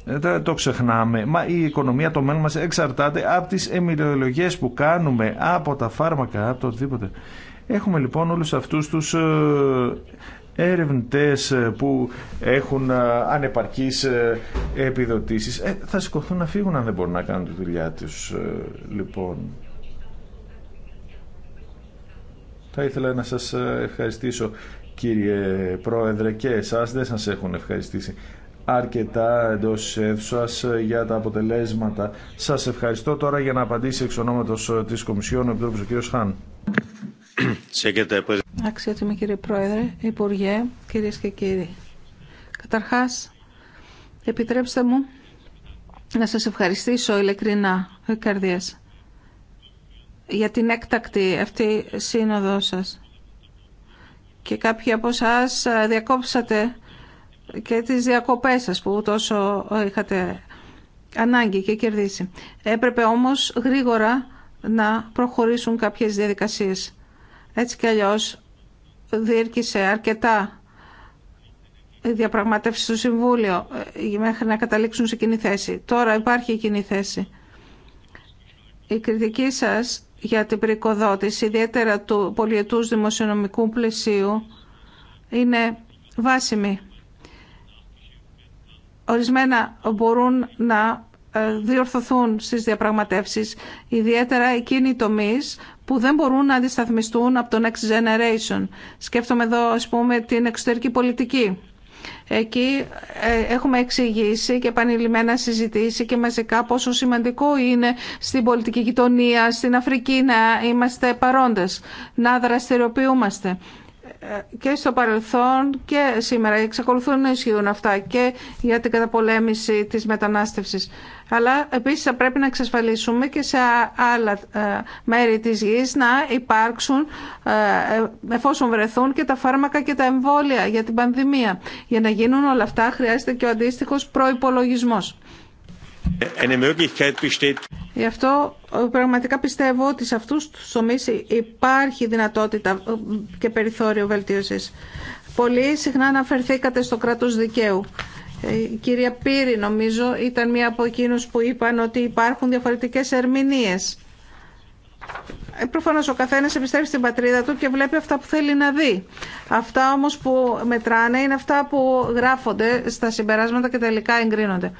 ε, το ξεχνάμε. Μα η οικονομία, το μέλλον μα εξαρτάται από τις εμιλιολογίε που κάνουμε, από τα φάρμακα, από το οτιδήποτε. Έχουμε λοιπόν όλους αυτούς τους έρευνητέ ε, ε, που έχουν ανεπαρκείς επιδοτήσεις. Ε, θα σηκωθούν να φύγουν αν δεν μπορούν να κάνουν τη δουλειά τους. Λοιπόν, θα ήθελα να σας ευχαριστήσω κύριε Πρόεδρε και εσάς δεν σας έχουν ευχαριστήσει αρκετά εντό αίθουσα ε, για τα αποτελέσματα. Σα ευχαριστώ τώρα για να απαντήσει εξ ονόματο ε, τη Κομισιόν ο Επίτροπο κ. Χάν. Αξιότιμη κύριε Πρόεδρε, Υπουργέ, κυρίε και κύριοι. Καταρχά, επιτρέψτε μου να σας ευχαριστήσω ειλικρινά καρδιάς για την έκτακτη αυτή σύνοδό σας. Και κάποιοι από εσά ε, διακόψατε και τις διακοπές σας που τόσο ε, είχατε ανάγκη και κερδίσει. Έπρεπε όμως γρήγορα να προχωρήσουν κάποιες διαδικασίες. Έτσι κι αλλιώς διήρκησε αρκετά διαπραγμάτευση στο Συμβούλιο ε, μέχρι να καταλήξουν σε κοινή θέση. Τώρα υπάρχει η κοινή θέση. Η κριτική σας για την περικοδότηση, ιδιαίτερα του πολιετούς δημοσιονομικού πλαισίου, είναι βάσιμη ορισμένα μπορούν να ε, διορθωθούν στις διαπραγματεύσεις, ιδιαίτερα εκείνοι οι τομείς που δεν μπορούν να αντισταθμιστούν από το Next Generation. Σκέφτομαι εδώ, ας πούμε, την εξωτερική πολιτική. Εκεί ε, έχουμε εξηγήσει και επανειλημμένα συζητήσει και μαζικά πόσο σημαντικό είναι στην πολιτική γειτονία, στην Αφρική να είμαστε παρόντες, να δραστηριοποιούμαστε και στο παρελθόν και σήμερα εξακολουθούν να ισχύουν αυτά και για την καταπολέμηση της μετανάστευσης. Αλλά επίσης θα πρέπει να εξασφαλίσουμε και σε άλλα ε, μέρη της γης να υπάρξουν, ε, εφόσον βρεθούν, και τα φάρμακα και τα εμβόλια για την πανδημία. Για να γίνουν όλα αυτά χρειάζεται και ο αντίστοιχος προϋπολογισμός. Γι' αυτό ε, πραγματικά πιστεύω ότι σε αυτούς τους τομείς υπάρχει δυνατότητα ε, και περιθώριο βελτίωσης. Πολύ συχνά αναφερθήκατε στο κράτος δικαίου. Ε, η κυρία Πύρη νομίζω ήταν μία από εκείνους που είπαν ότι υπάρχουν διαφορετικές ερμηνείες. Ε, προφανώς ο καθένας εμπιστεύει στην πατρίδα του και βλέπει αυτά που θέλει να δει. Αυτά όμως που μετράνε είναι αυτά που γράφονται στα συμπεράσματα και τελικά εγκρίνονται.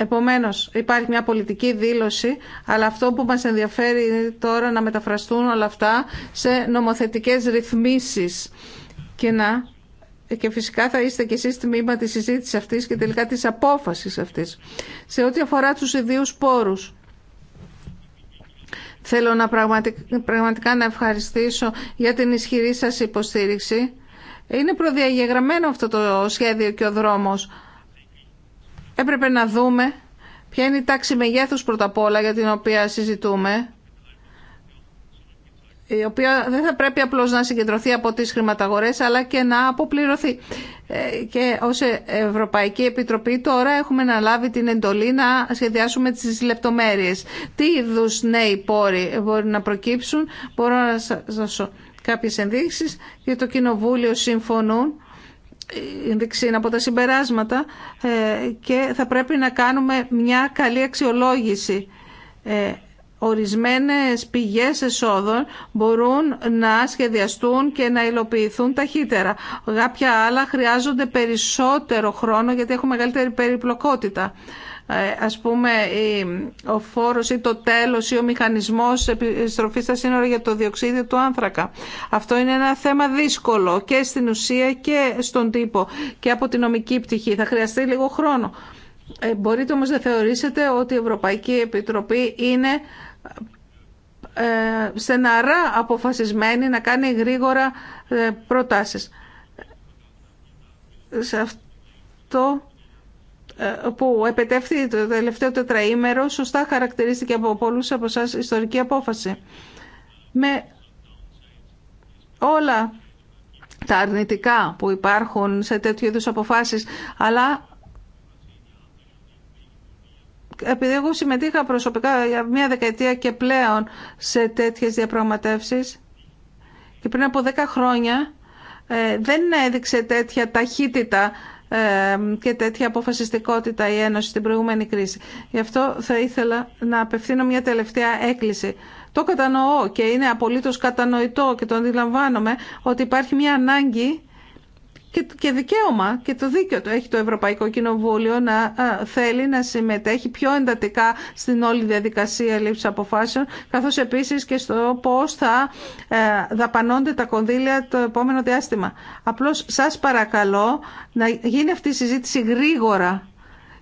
Επομένως υπάρχει μια πολιτική δήλωση, αλλά αυτό που μας ενδιαφέρει τώρα να μεταφραστούν όλα αυτά σε νομοθετικές ρυθμίσεις και να και φυσικά θα είστε και εσείς τμήμα της συζήτηση αυτής και τελικά της απόφασης αυτής. Σε ό,τι αφορά τους ιδίους πόρους, θέλω να πραγματικά, πραγματικά να ευχαριστήσω για την ισχυρή σας υποστήριξη. Είναι προδιαγεγραμμένο αυτό το σχέδιο και ο δρόμος έπρεπε να δούμε ποια είναι η τάξη μεγέθους πρώτα απ' όλα για την οποία συζητούμε η οποία δεν θα πρέπει απλώς να συγκεντρωθεί από τις χρηματαγορές αλλά και να αποπληρωθεί. Ε, και ως ε, Ευρωπαϊκή Επιτροπή τώρα έχουμε να λάβει την εντολή να σχεδιάσουμε τις λεπτομέρειες. Τι είδους νέοι πόροι μπορεί να προκύψουν, μπορώ να σας δώσω κάποιες ενδείξεις Για το Κοινοβούλιο συμφωνούν είναι από τα συμπεράσματα ε, και θα πρέπει να κάνουμε μια καλή αξιολόγηση. Ε, ορισμένες πηγές εσόδων μπορούν να σχεδιαστούν και να υλοποιηθούν ταχύτερα. Κάποια άλλα χρειάζονται περισσότερο χρόνο γιατί έχουν μεγαλύτερη περιπλοκότητα. Ε, ας πούμε ο φόρος ή το τέλος ή ο μηχανισμός επιστροφής στα σύνορα για το διοξίδιο του άνθρακα. Αυτό είναι ένα θέμα δύσκολο και στην ουσία και στον τύπο και από την νομική πτυχή. Θα χρειαστεί λίγο χρόνο. Ε, μπορείτε όμως να θεωρήσετε ότι η Ευρωπαϊκή Επιτροπή είναι ε, στεναρά αποφασισμένη να κάνει γρήγορα προτάσεις. Σε αυτό που επετεύχθη το τελευταίο τετραήμερο σωστά χαρακτηρίστηκε από πολλούς από εσάς ιστορική απόφαση. Με όλα τα αρνητικά που υπάρχουν σε τέτοιου είδους αποφάσεις, αλλά επειδή εγώ συμμετείχα προσωπικά για μία δεκαετία και πλέον σε τέτοιες διαπραγματεύσεις και πριν από δέκα χρόνια ε, δεν έδειξε τέτοια ταχύτητα και τέτοια αποφασιστικότητα η Ένωση στην προηγούμενη κρίση. Γι' αυτό θα ήθελα να απευθύνω μια τελευταία έκκληση. Το κατανοώ και είναι απολύτως κατανοητό και το αντιλαμβάνομαι ότι υπάρχει μια ανάγκη και, δικαίωμα και το δίκαιο το έχει το Ευρωπαϊκό Κοινοβούλιο να θέλει να συμμετέχει πιο εντατικά στην όλη διαδικασία λήψη αποφάσεων, καθώς επίσης και στο πώς θα ε, δαπανώνται τα κονδύλια το επόμενο διάστημα. Απλώς σας παρακαλώ να γίνει αυτή η συζήτηση γρήγορα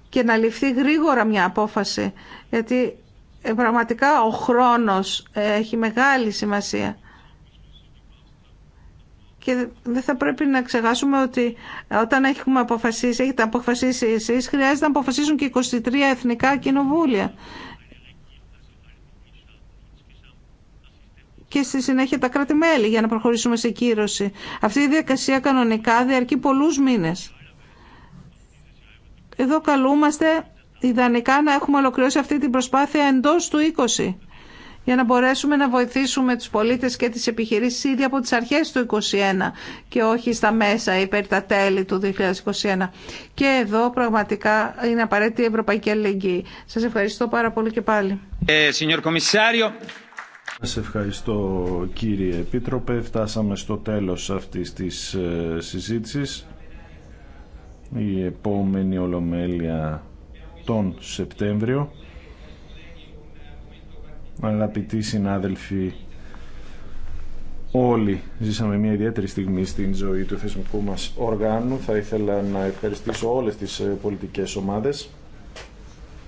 και να ληφθεί γρήγορα μια απόφαση, γιατί ε, πραγματικά ο χρόνος έχει μεγάλη σημασία. Και δεν θα πρέπει να ξεχάσουμε ότι όταν έχουμε αποφασίσει, έχετε αποφασίσει εσεί, χρειάζεται να αποφασίσουν και 23 εθνικά κοινοβούλια. και στη συνέχεια τα κράτη-μέλη για να προχωρήσουμε σε κύρωση. Αυτή η διαδικασία κανονικά διαρκεί πολλούς μήνες. Εδώ καλούμαστε ιδανικά να έχουμε ολοκληρώσει αυτή την προσπάθεια εντός του 20 για να μπορέσουμε να βοηθήσουμε τους πολίτες και τις επιχειρήσεις ήδη από τις αρχές του 2021 και όχι στα μέσα ή περί τα τέλη του 2021. Και εδώ πραγματικά είναι απαραίτητη η Ευρωπαϊκή Αλληλεγγύη. Σας ευχαριστώ πάρα πολύ και πάλι. Ε, σας ευχαριστώ κύριε Επίτροπε. Φτάσαμε στο τέλος αυτής της ε, συζήτησης. Η επόμενη ολομέλεια τον Σεπτέμβριο αγαπητοί συνάδελφοι, όλοι ζήσαμε μια ιδιαίτερη στιγμή στην ζωή του θεσμικού μας οργάνου. Θα ήθελα να ευχαριστήσω όλες τις ε, πολιτικές ομάδες,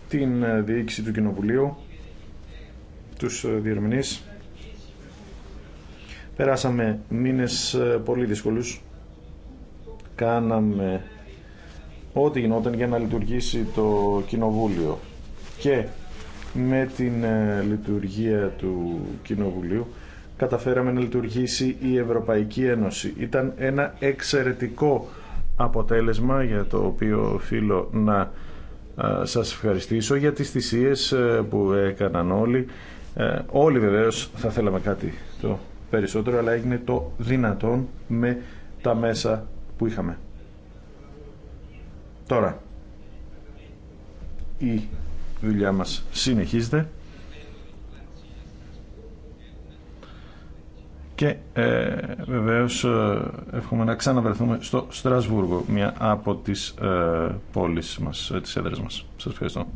την ε, διοίκηση του Κοινοβουλίου, τους ε, διερμηνείς. Περάσαμε μήνες πολύ δύσκολους. Κάναμε ό,τι γινόταν για να λειτουργήσει το Κοινοβούλιο. Και με την ε, λειτουργία του Κοινοβουλίου καταφέραμε να λειτουργήσει η Ευρωπαϊκή Ένωση. Ήταν ένα εξαιρετικό αποτέλεσμα για το οποίο οφείλω να ε, σας ευχαριστήσω για τις θυσίες ε, που έκαναν όλοι. Όλοι βεβαίως θα θέλαμε κάτι το περισσότερο, αλλά έγινε το δυνατόν με τα μέσα που είχαμε. Τώρα, η δουλειά μας συνεχίζεται και ε, βεβαίως ε, εύχομαι να ξαναβρεθούμε στο Στρασβούργο, μια από τις ε, πόλεις μας, ε, τις έδρες μας. Σας ευχαριστώ.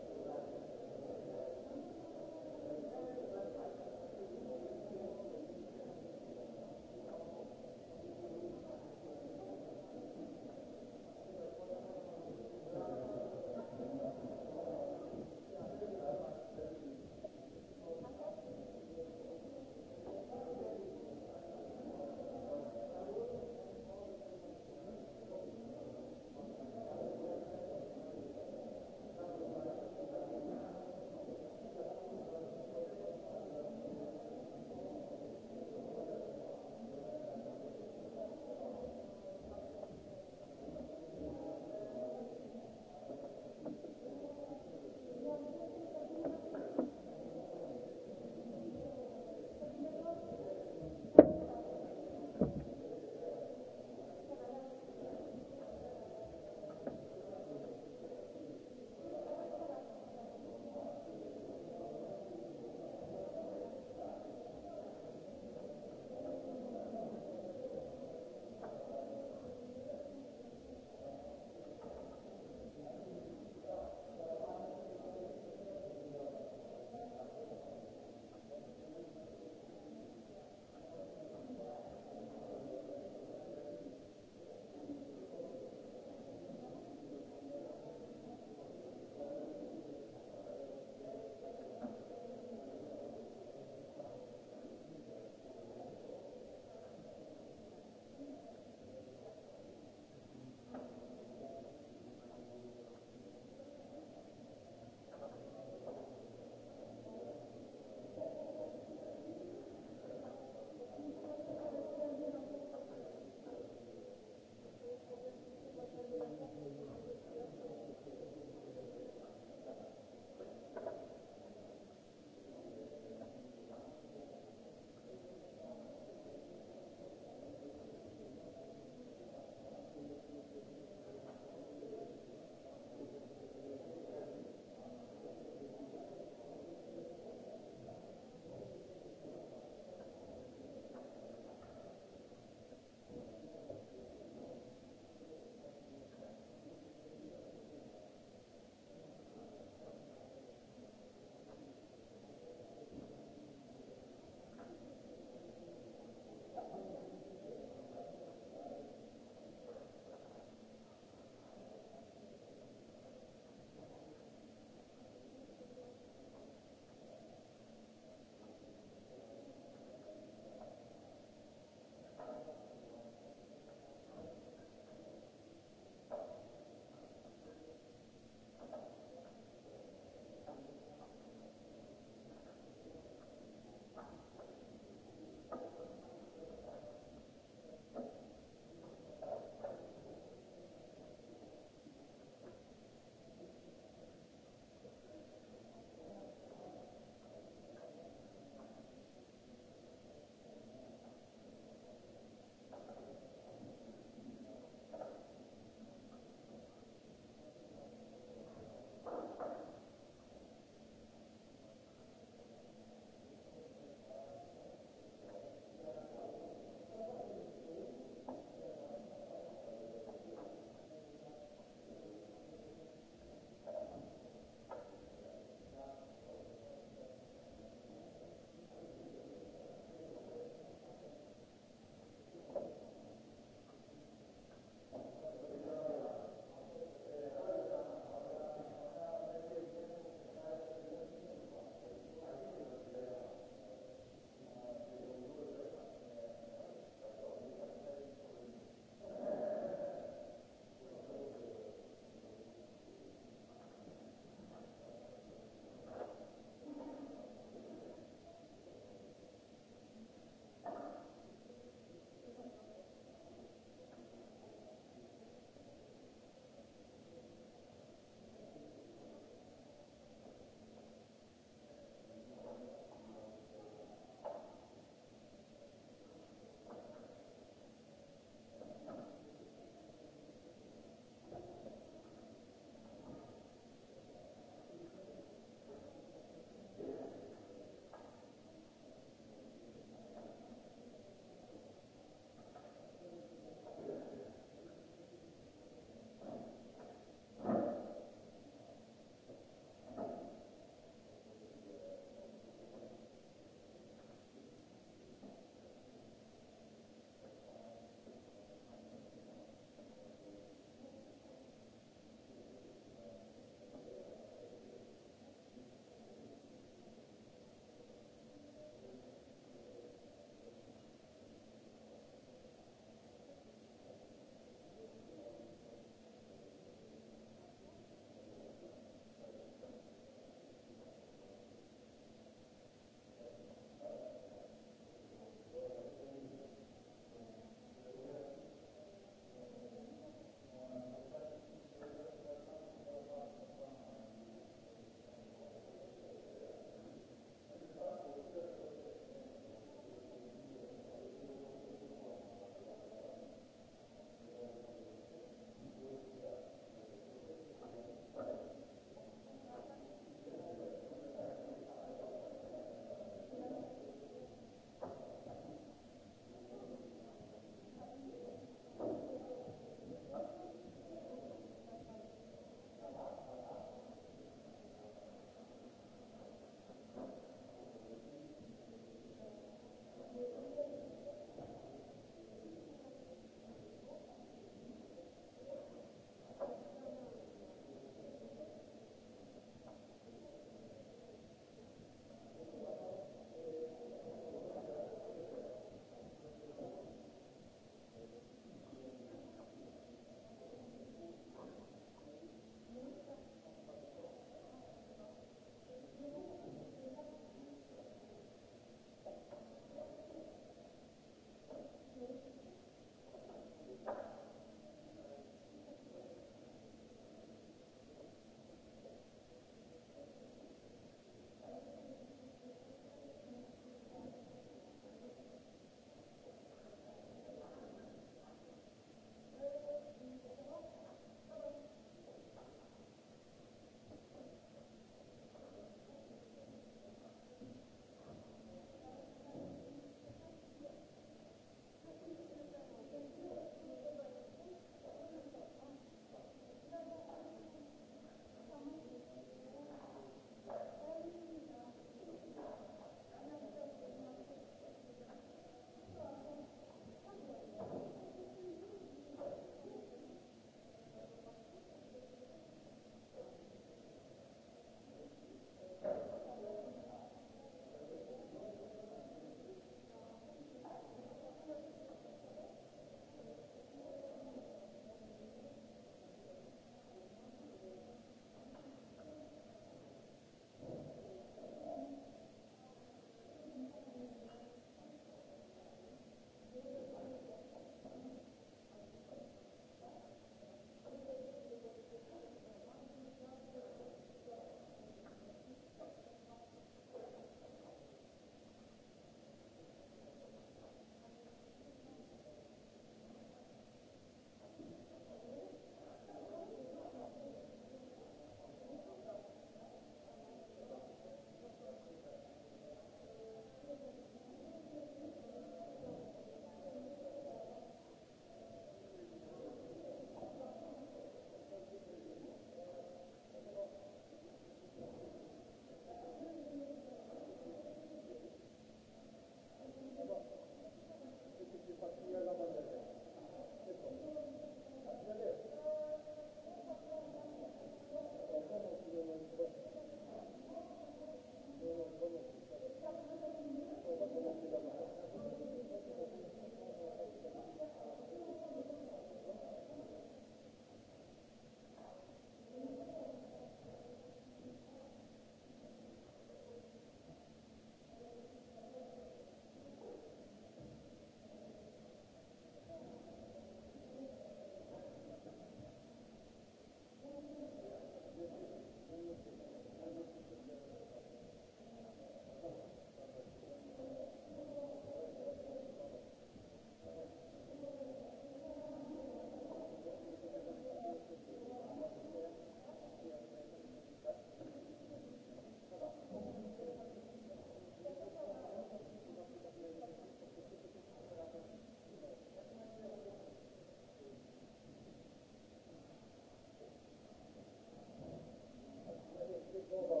Υπότιτλοι AUTHORWAVE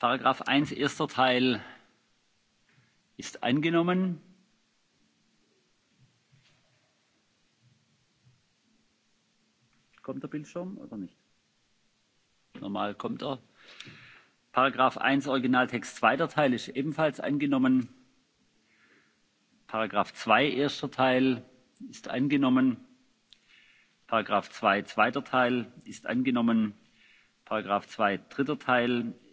Paragraf 1 erster Teil ist angenommen. Kommt der Bildschirm oder nicht? Normal kommt er. Paragraf 1 Originaltext zweiter Teil ist ebenfalls angenommen. Paragraph 2 erster Teil ist angenommen. Paragraf 2 zweiter Teil ist angenommen. Paragraf 2 dritter Teil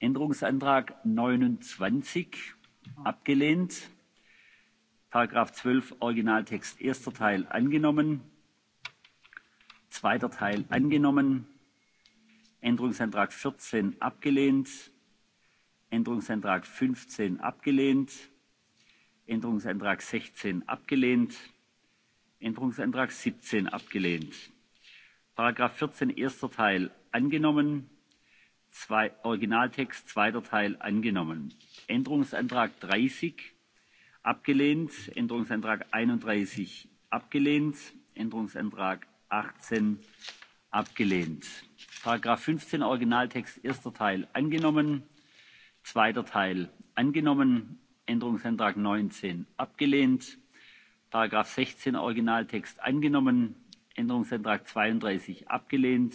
änderungsantrag neunundzwanzig abgelehnt; zwölf originaltext erster teil angenommen; zweiter teil angenommen; änderungsantrag 14 abgelehnt; änderungsantrag fünfzehn abgelehnt; änderungsantrag sechzehn abgelehnt; änderungsantrag 17 abgelehnt; 14, erster teil angenommen; originaltext zweiter teil angenommen; änderungsantrag dreißig abgelehnt; änderungsantrag einunddreißig abgelehnt; änderungsantrag achtzehn abgelehnt; paragraph fünfzehn originaltext erster teil angenommen; zweiter teil angenommen; änderungsantrag 19 abgelehnt; paragraph sechzehn originaltext angenommen; änderungsantrag 32 abgelehnt;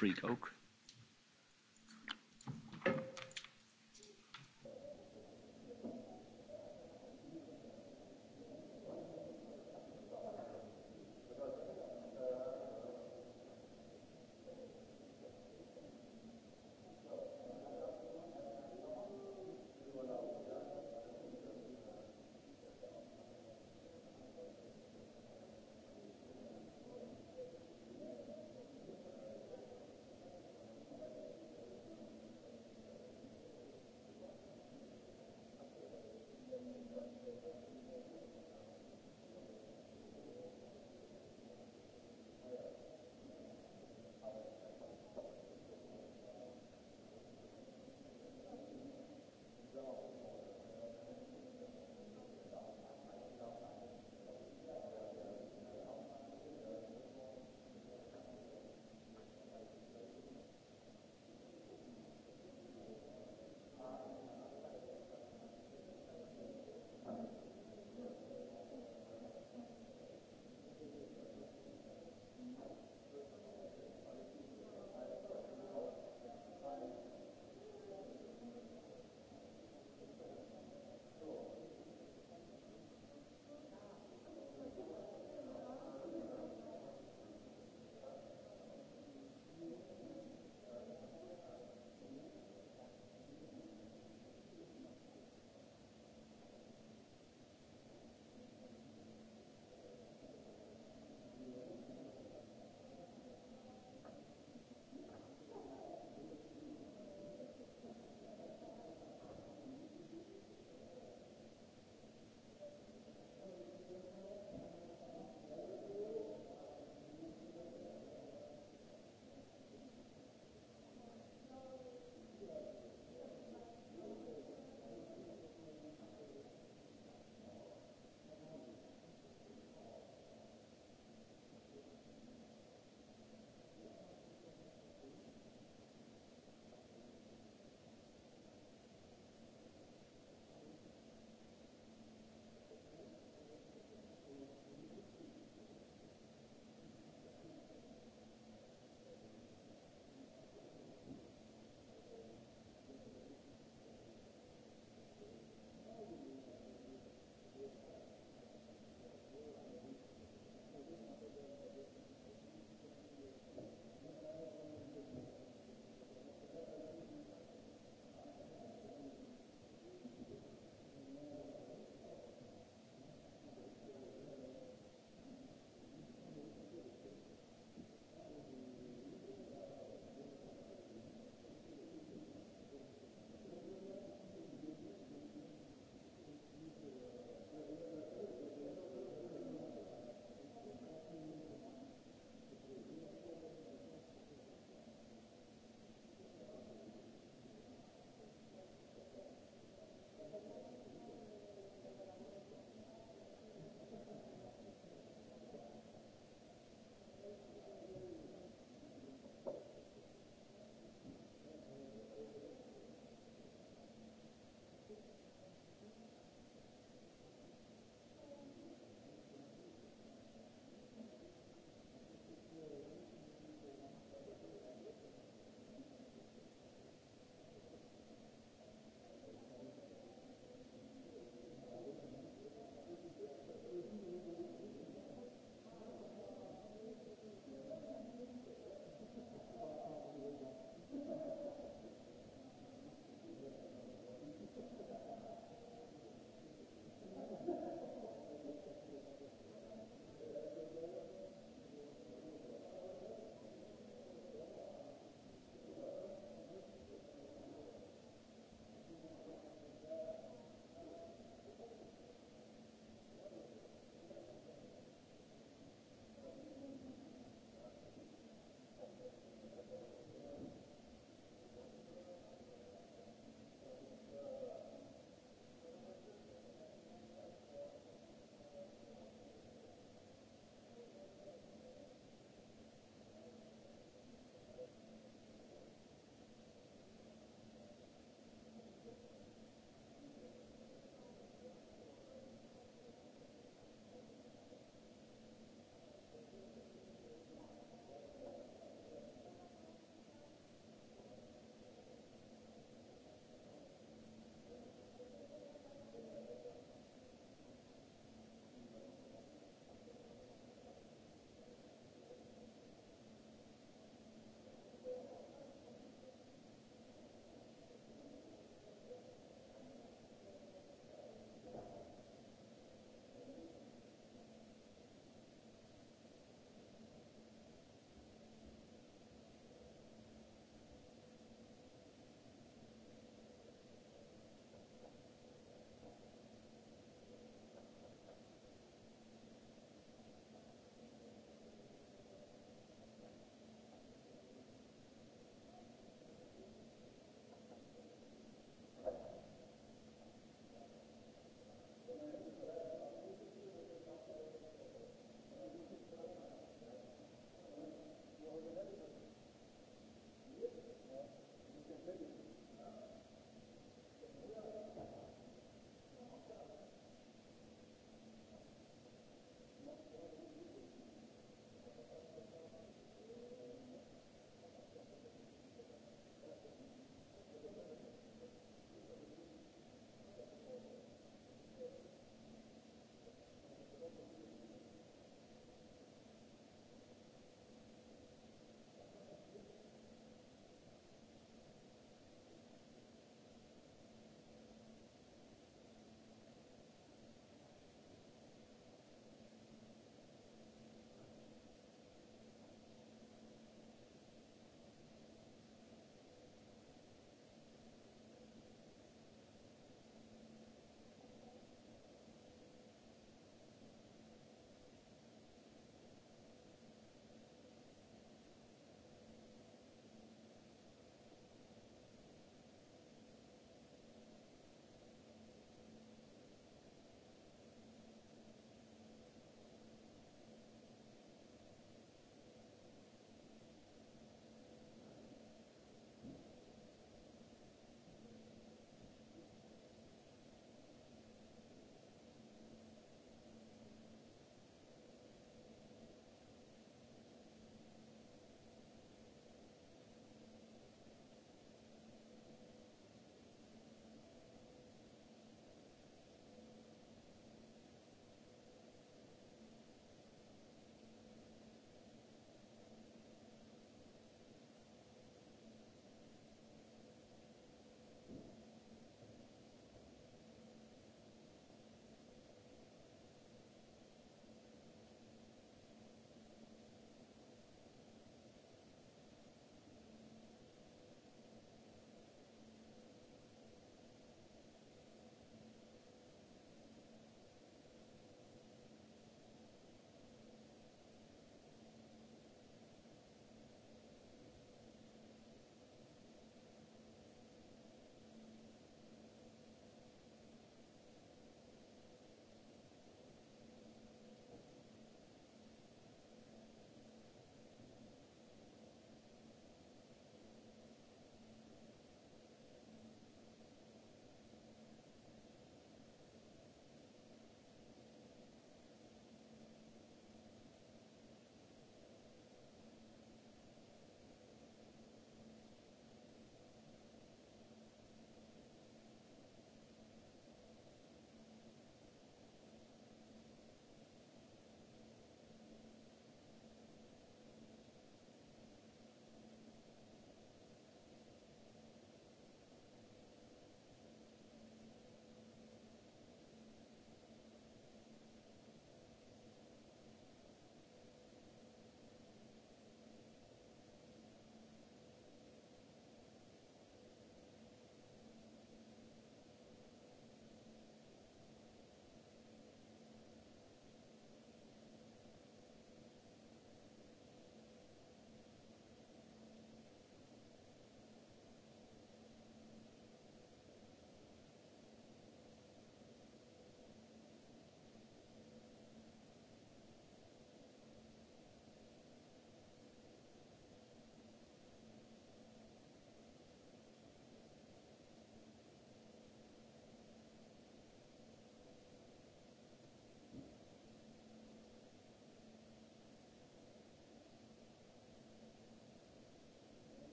freak oak.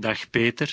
dag Peter.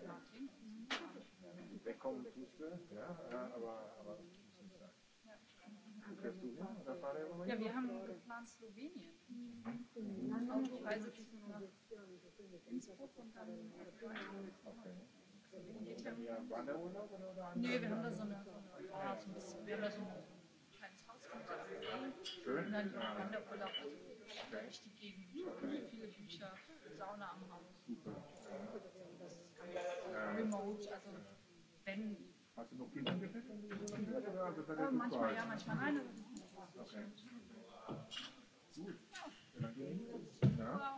wegkommen tust du, ja, aber, aber das ist nicht sein. Fährst du hin? Das war der Moment? Ja, wir haben geplant Slowenien. Mhm. Mhm. die Reise nach Innsbruck und dann okay. Nee, wir haben da so eine, ja, so ein bisschen, wir haben da so ein kleines Haus Und dann Wanderurlaub durch die Gegend. Viele Bücher, Sauna am Haus. Super. Remote, also kennen. Hast du noch viel angeschnitten? Manchmal ja, manchmal Okay. Gut. Ja.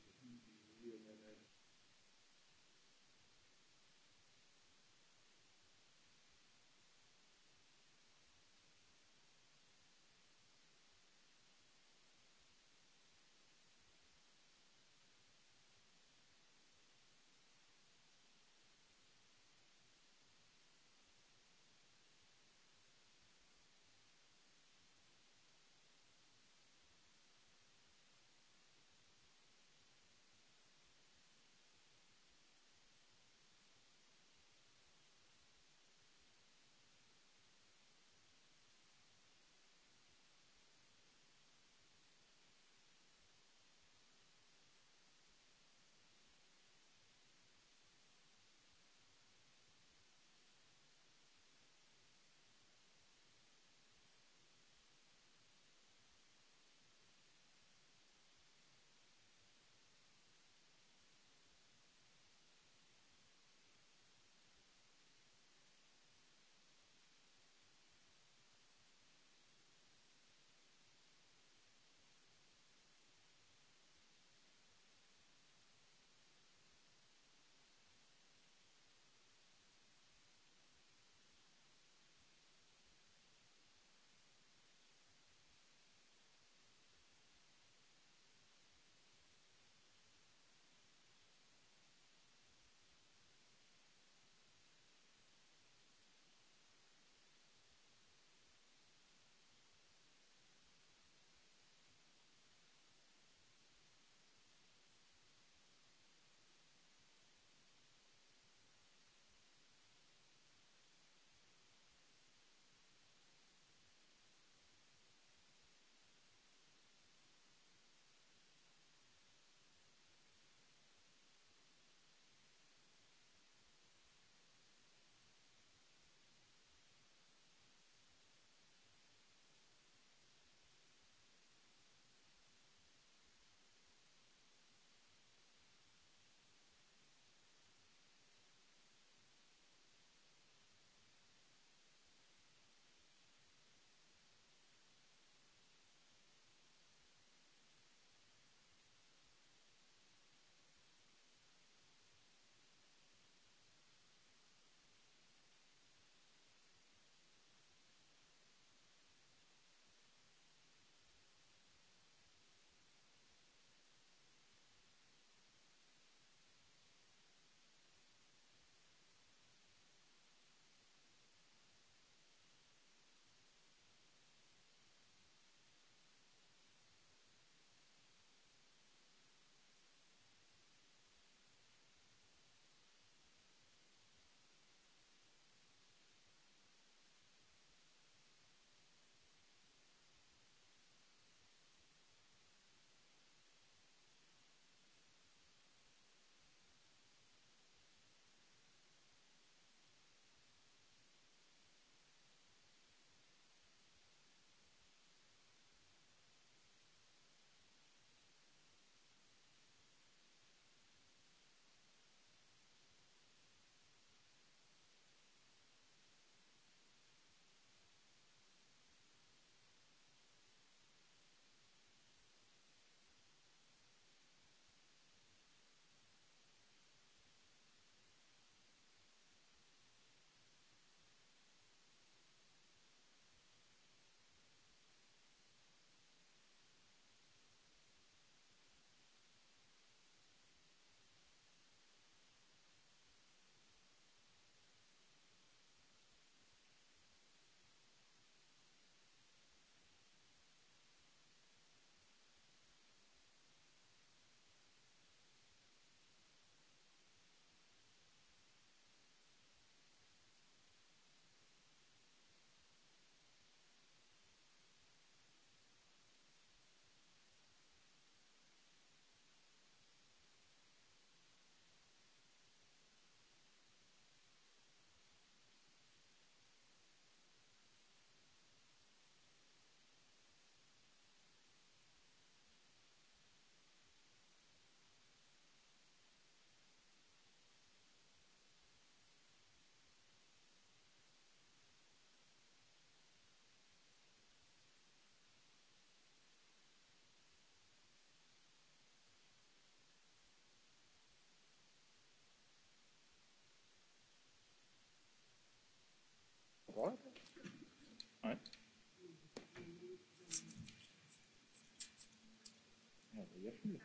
Конечно.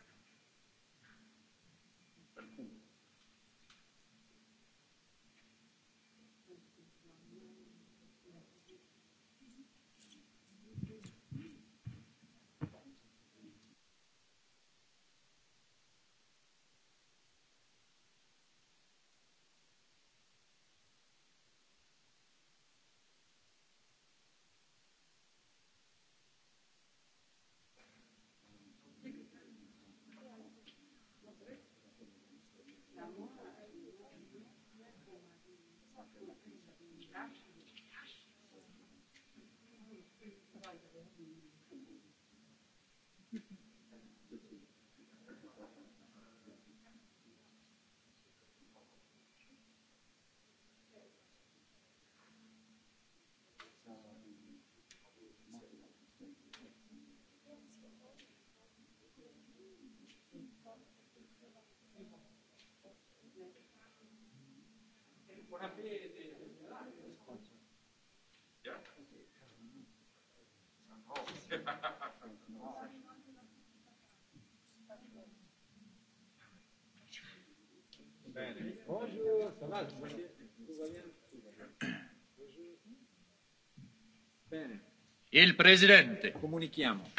Bene. Il Presidente. Comunichiamo.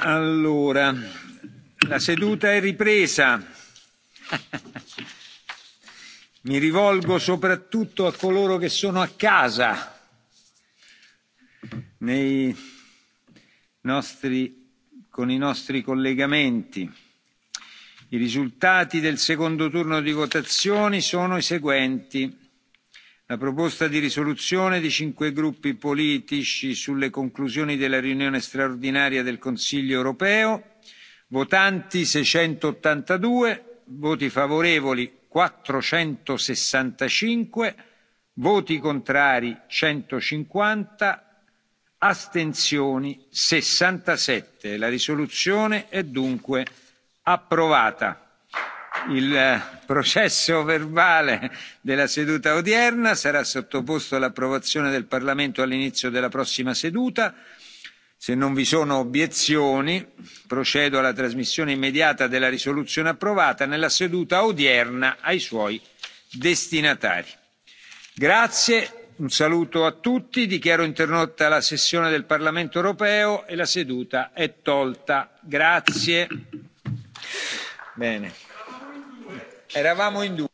Allora, la seduta è ripresa. Mi rivolgo soprattutto a coloro che sono a casa nei nostri con i nostri collegamenti. I risultati del secondo turno di votazioni sono i seguenti la proposta di risoluzione di cinque gruppi politici sulle conclusioni della riunione straordinaria del Consiglio europeo, votanti 682, voti favorevoli 465, voti contrari 150, astensioni sessantasette la risoluzione è dunque approvata. il processo verbale della seduta odierna sarà sottoposto all'approvazione del parlamento all'inizio della prossima seduta. se non vi sono obiezioni procedo alla trasmissione immediata della risoluzione approvata nella seduta odierna ai suoi destinatari. grazie un saluto a tutti dichiaro interrotta la sessione del parlamento europeo e la seduta è tolta. grazie. eravamo in due.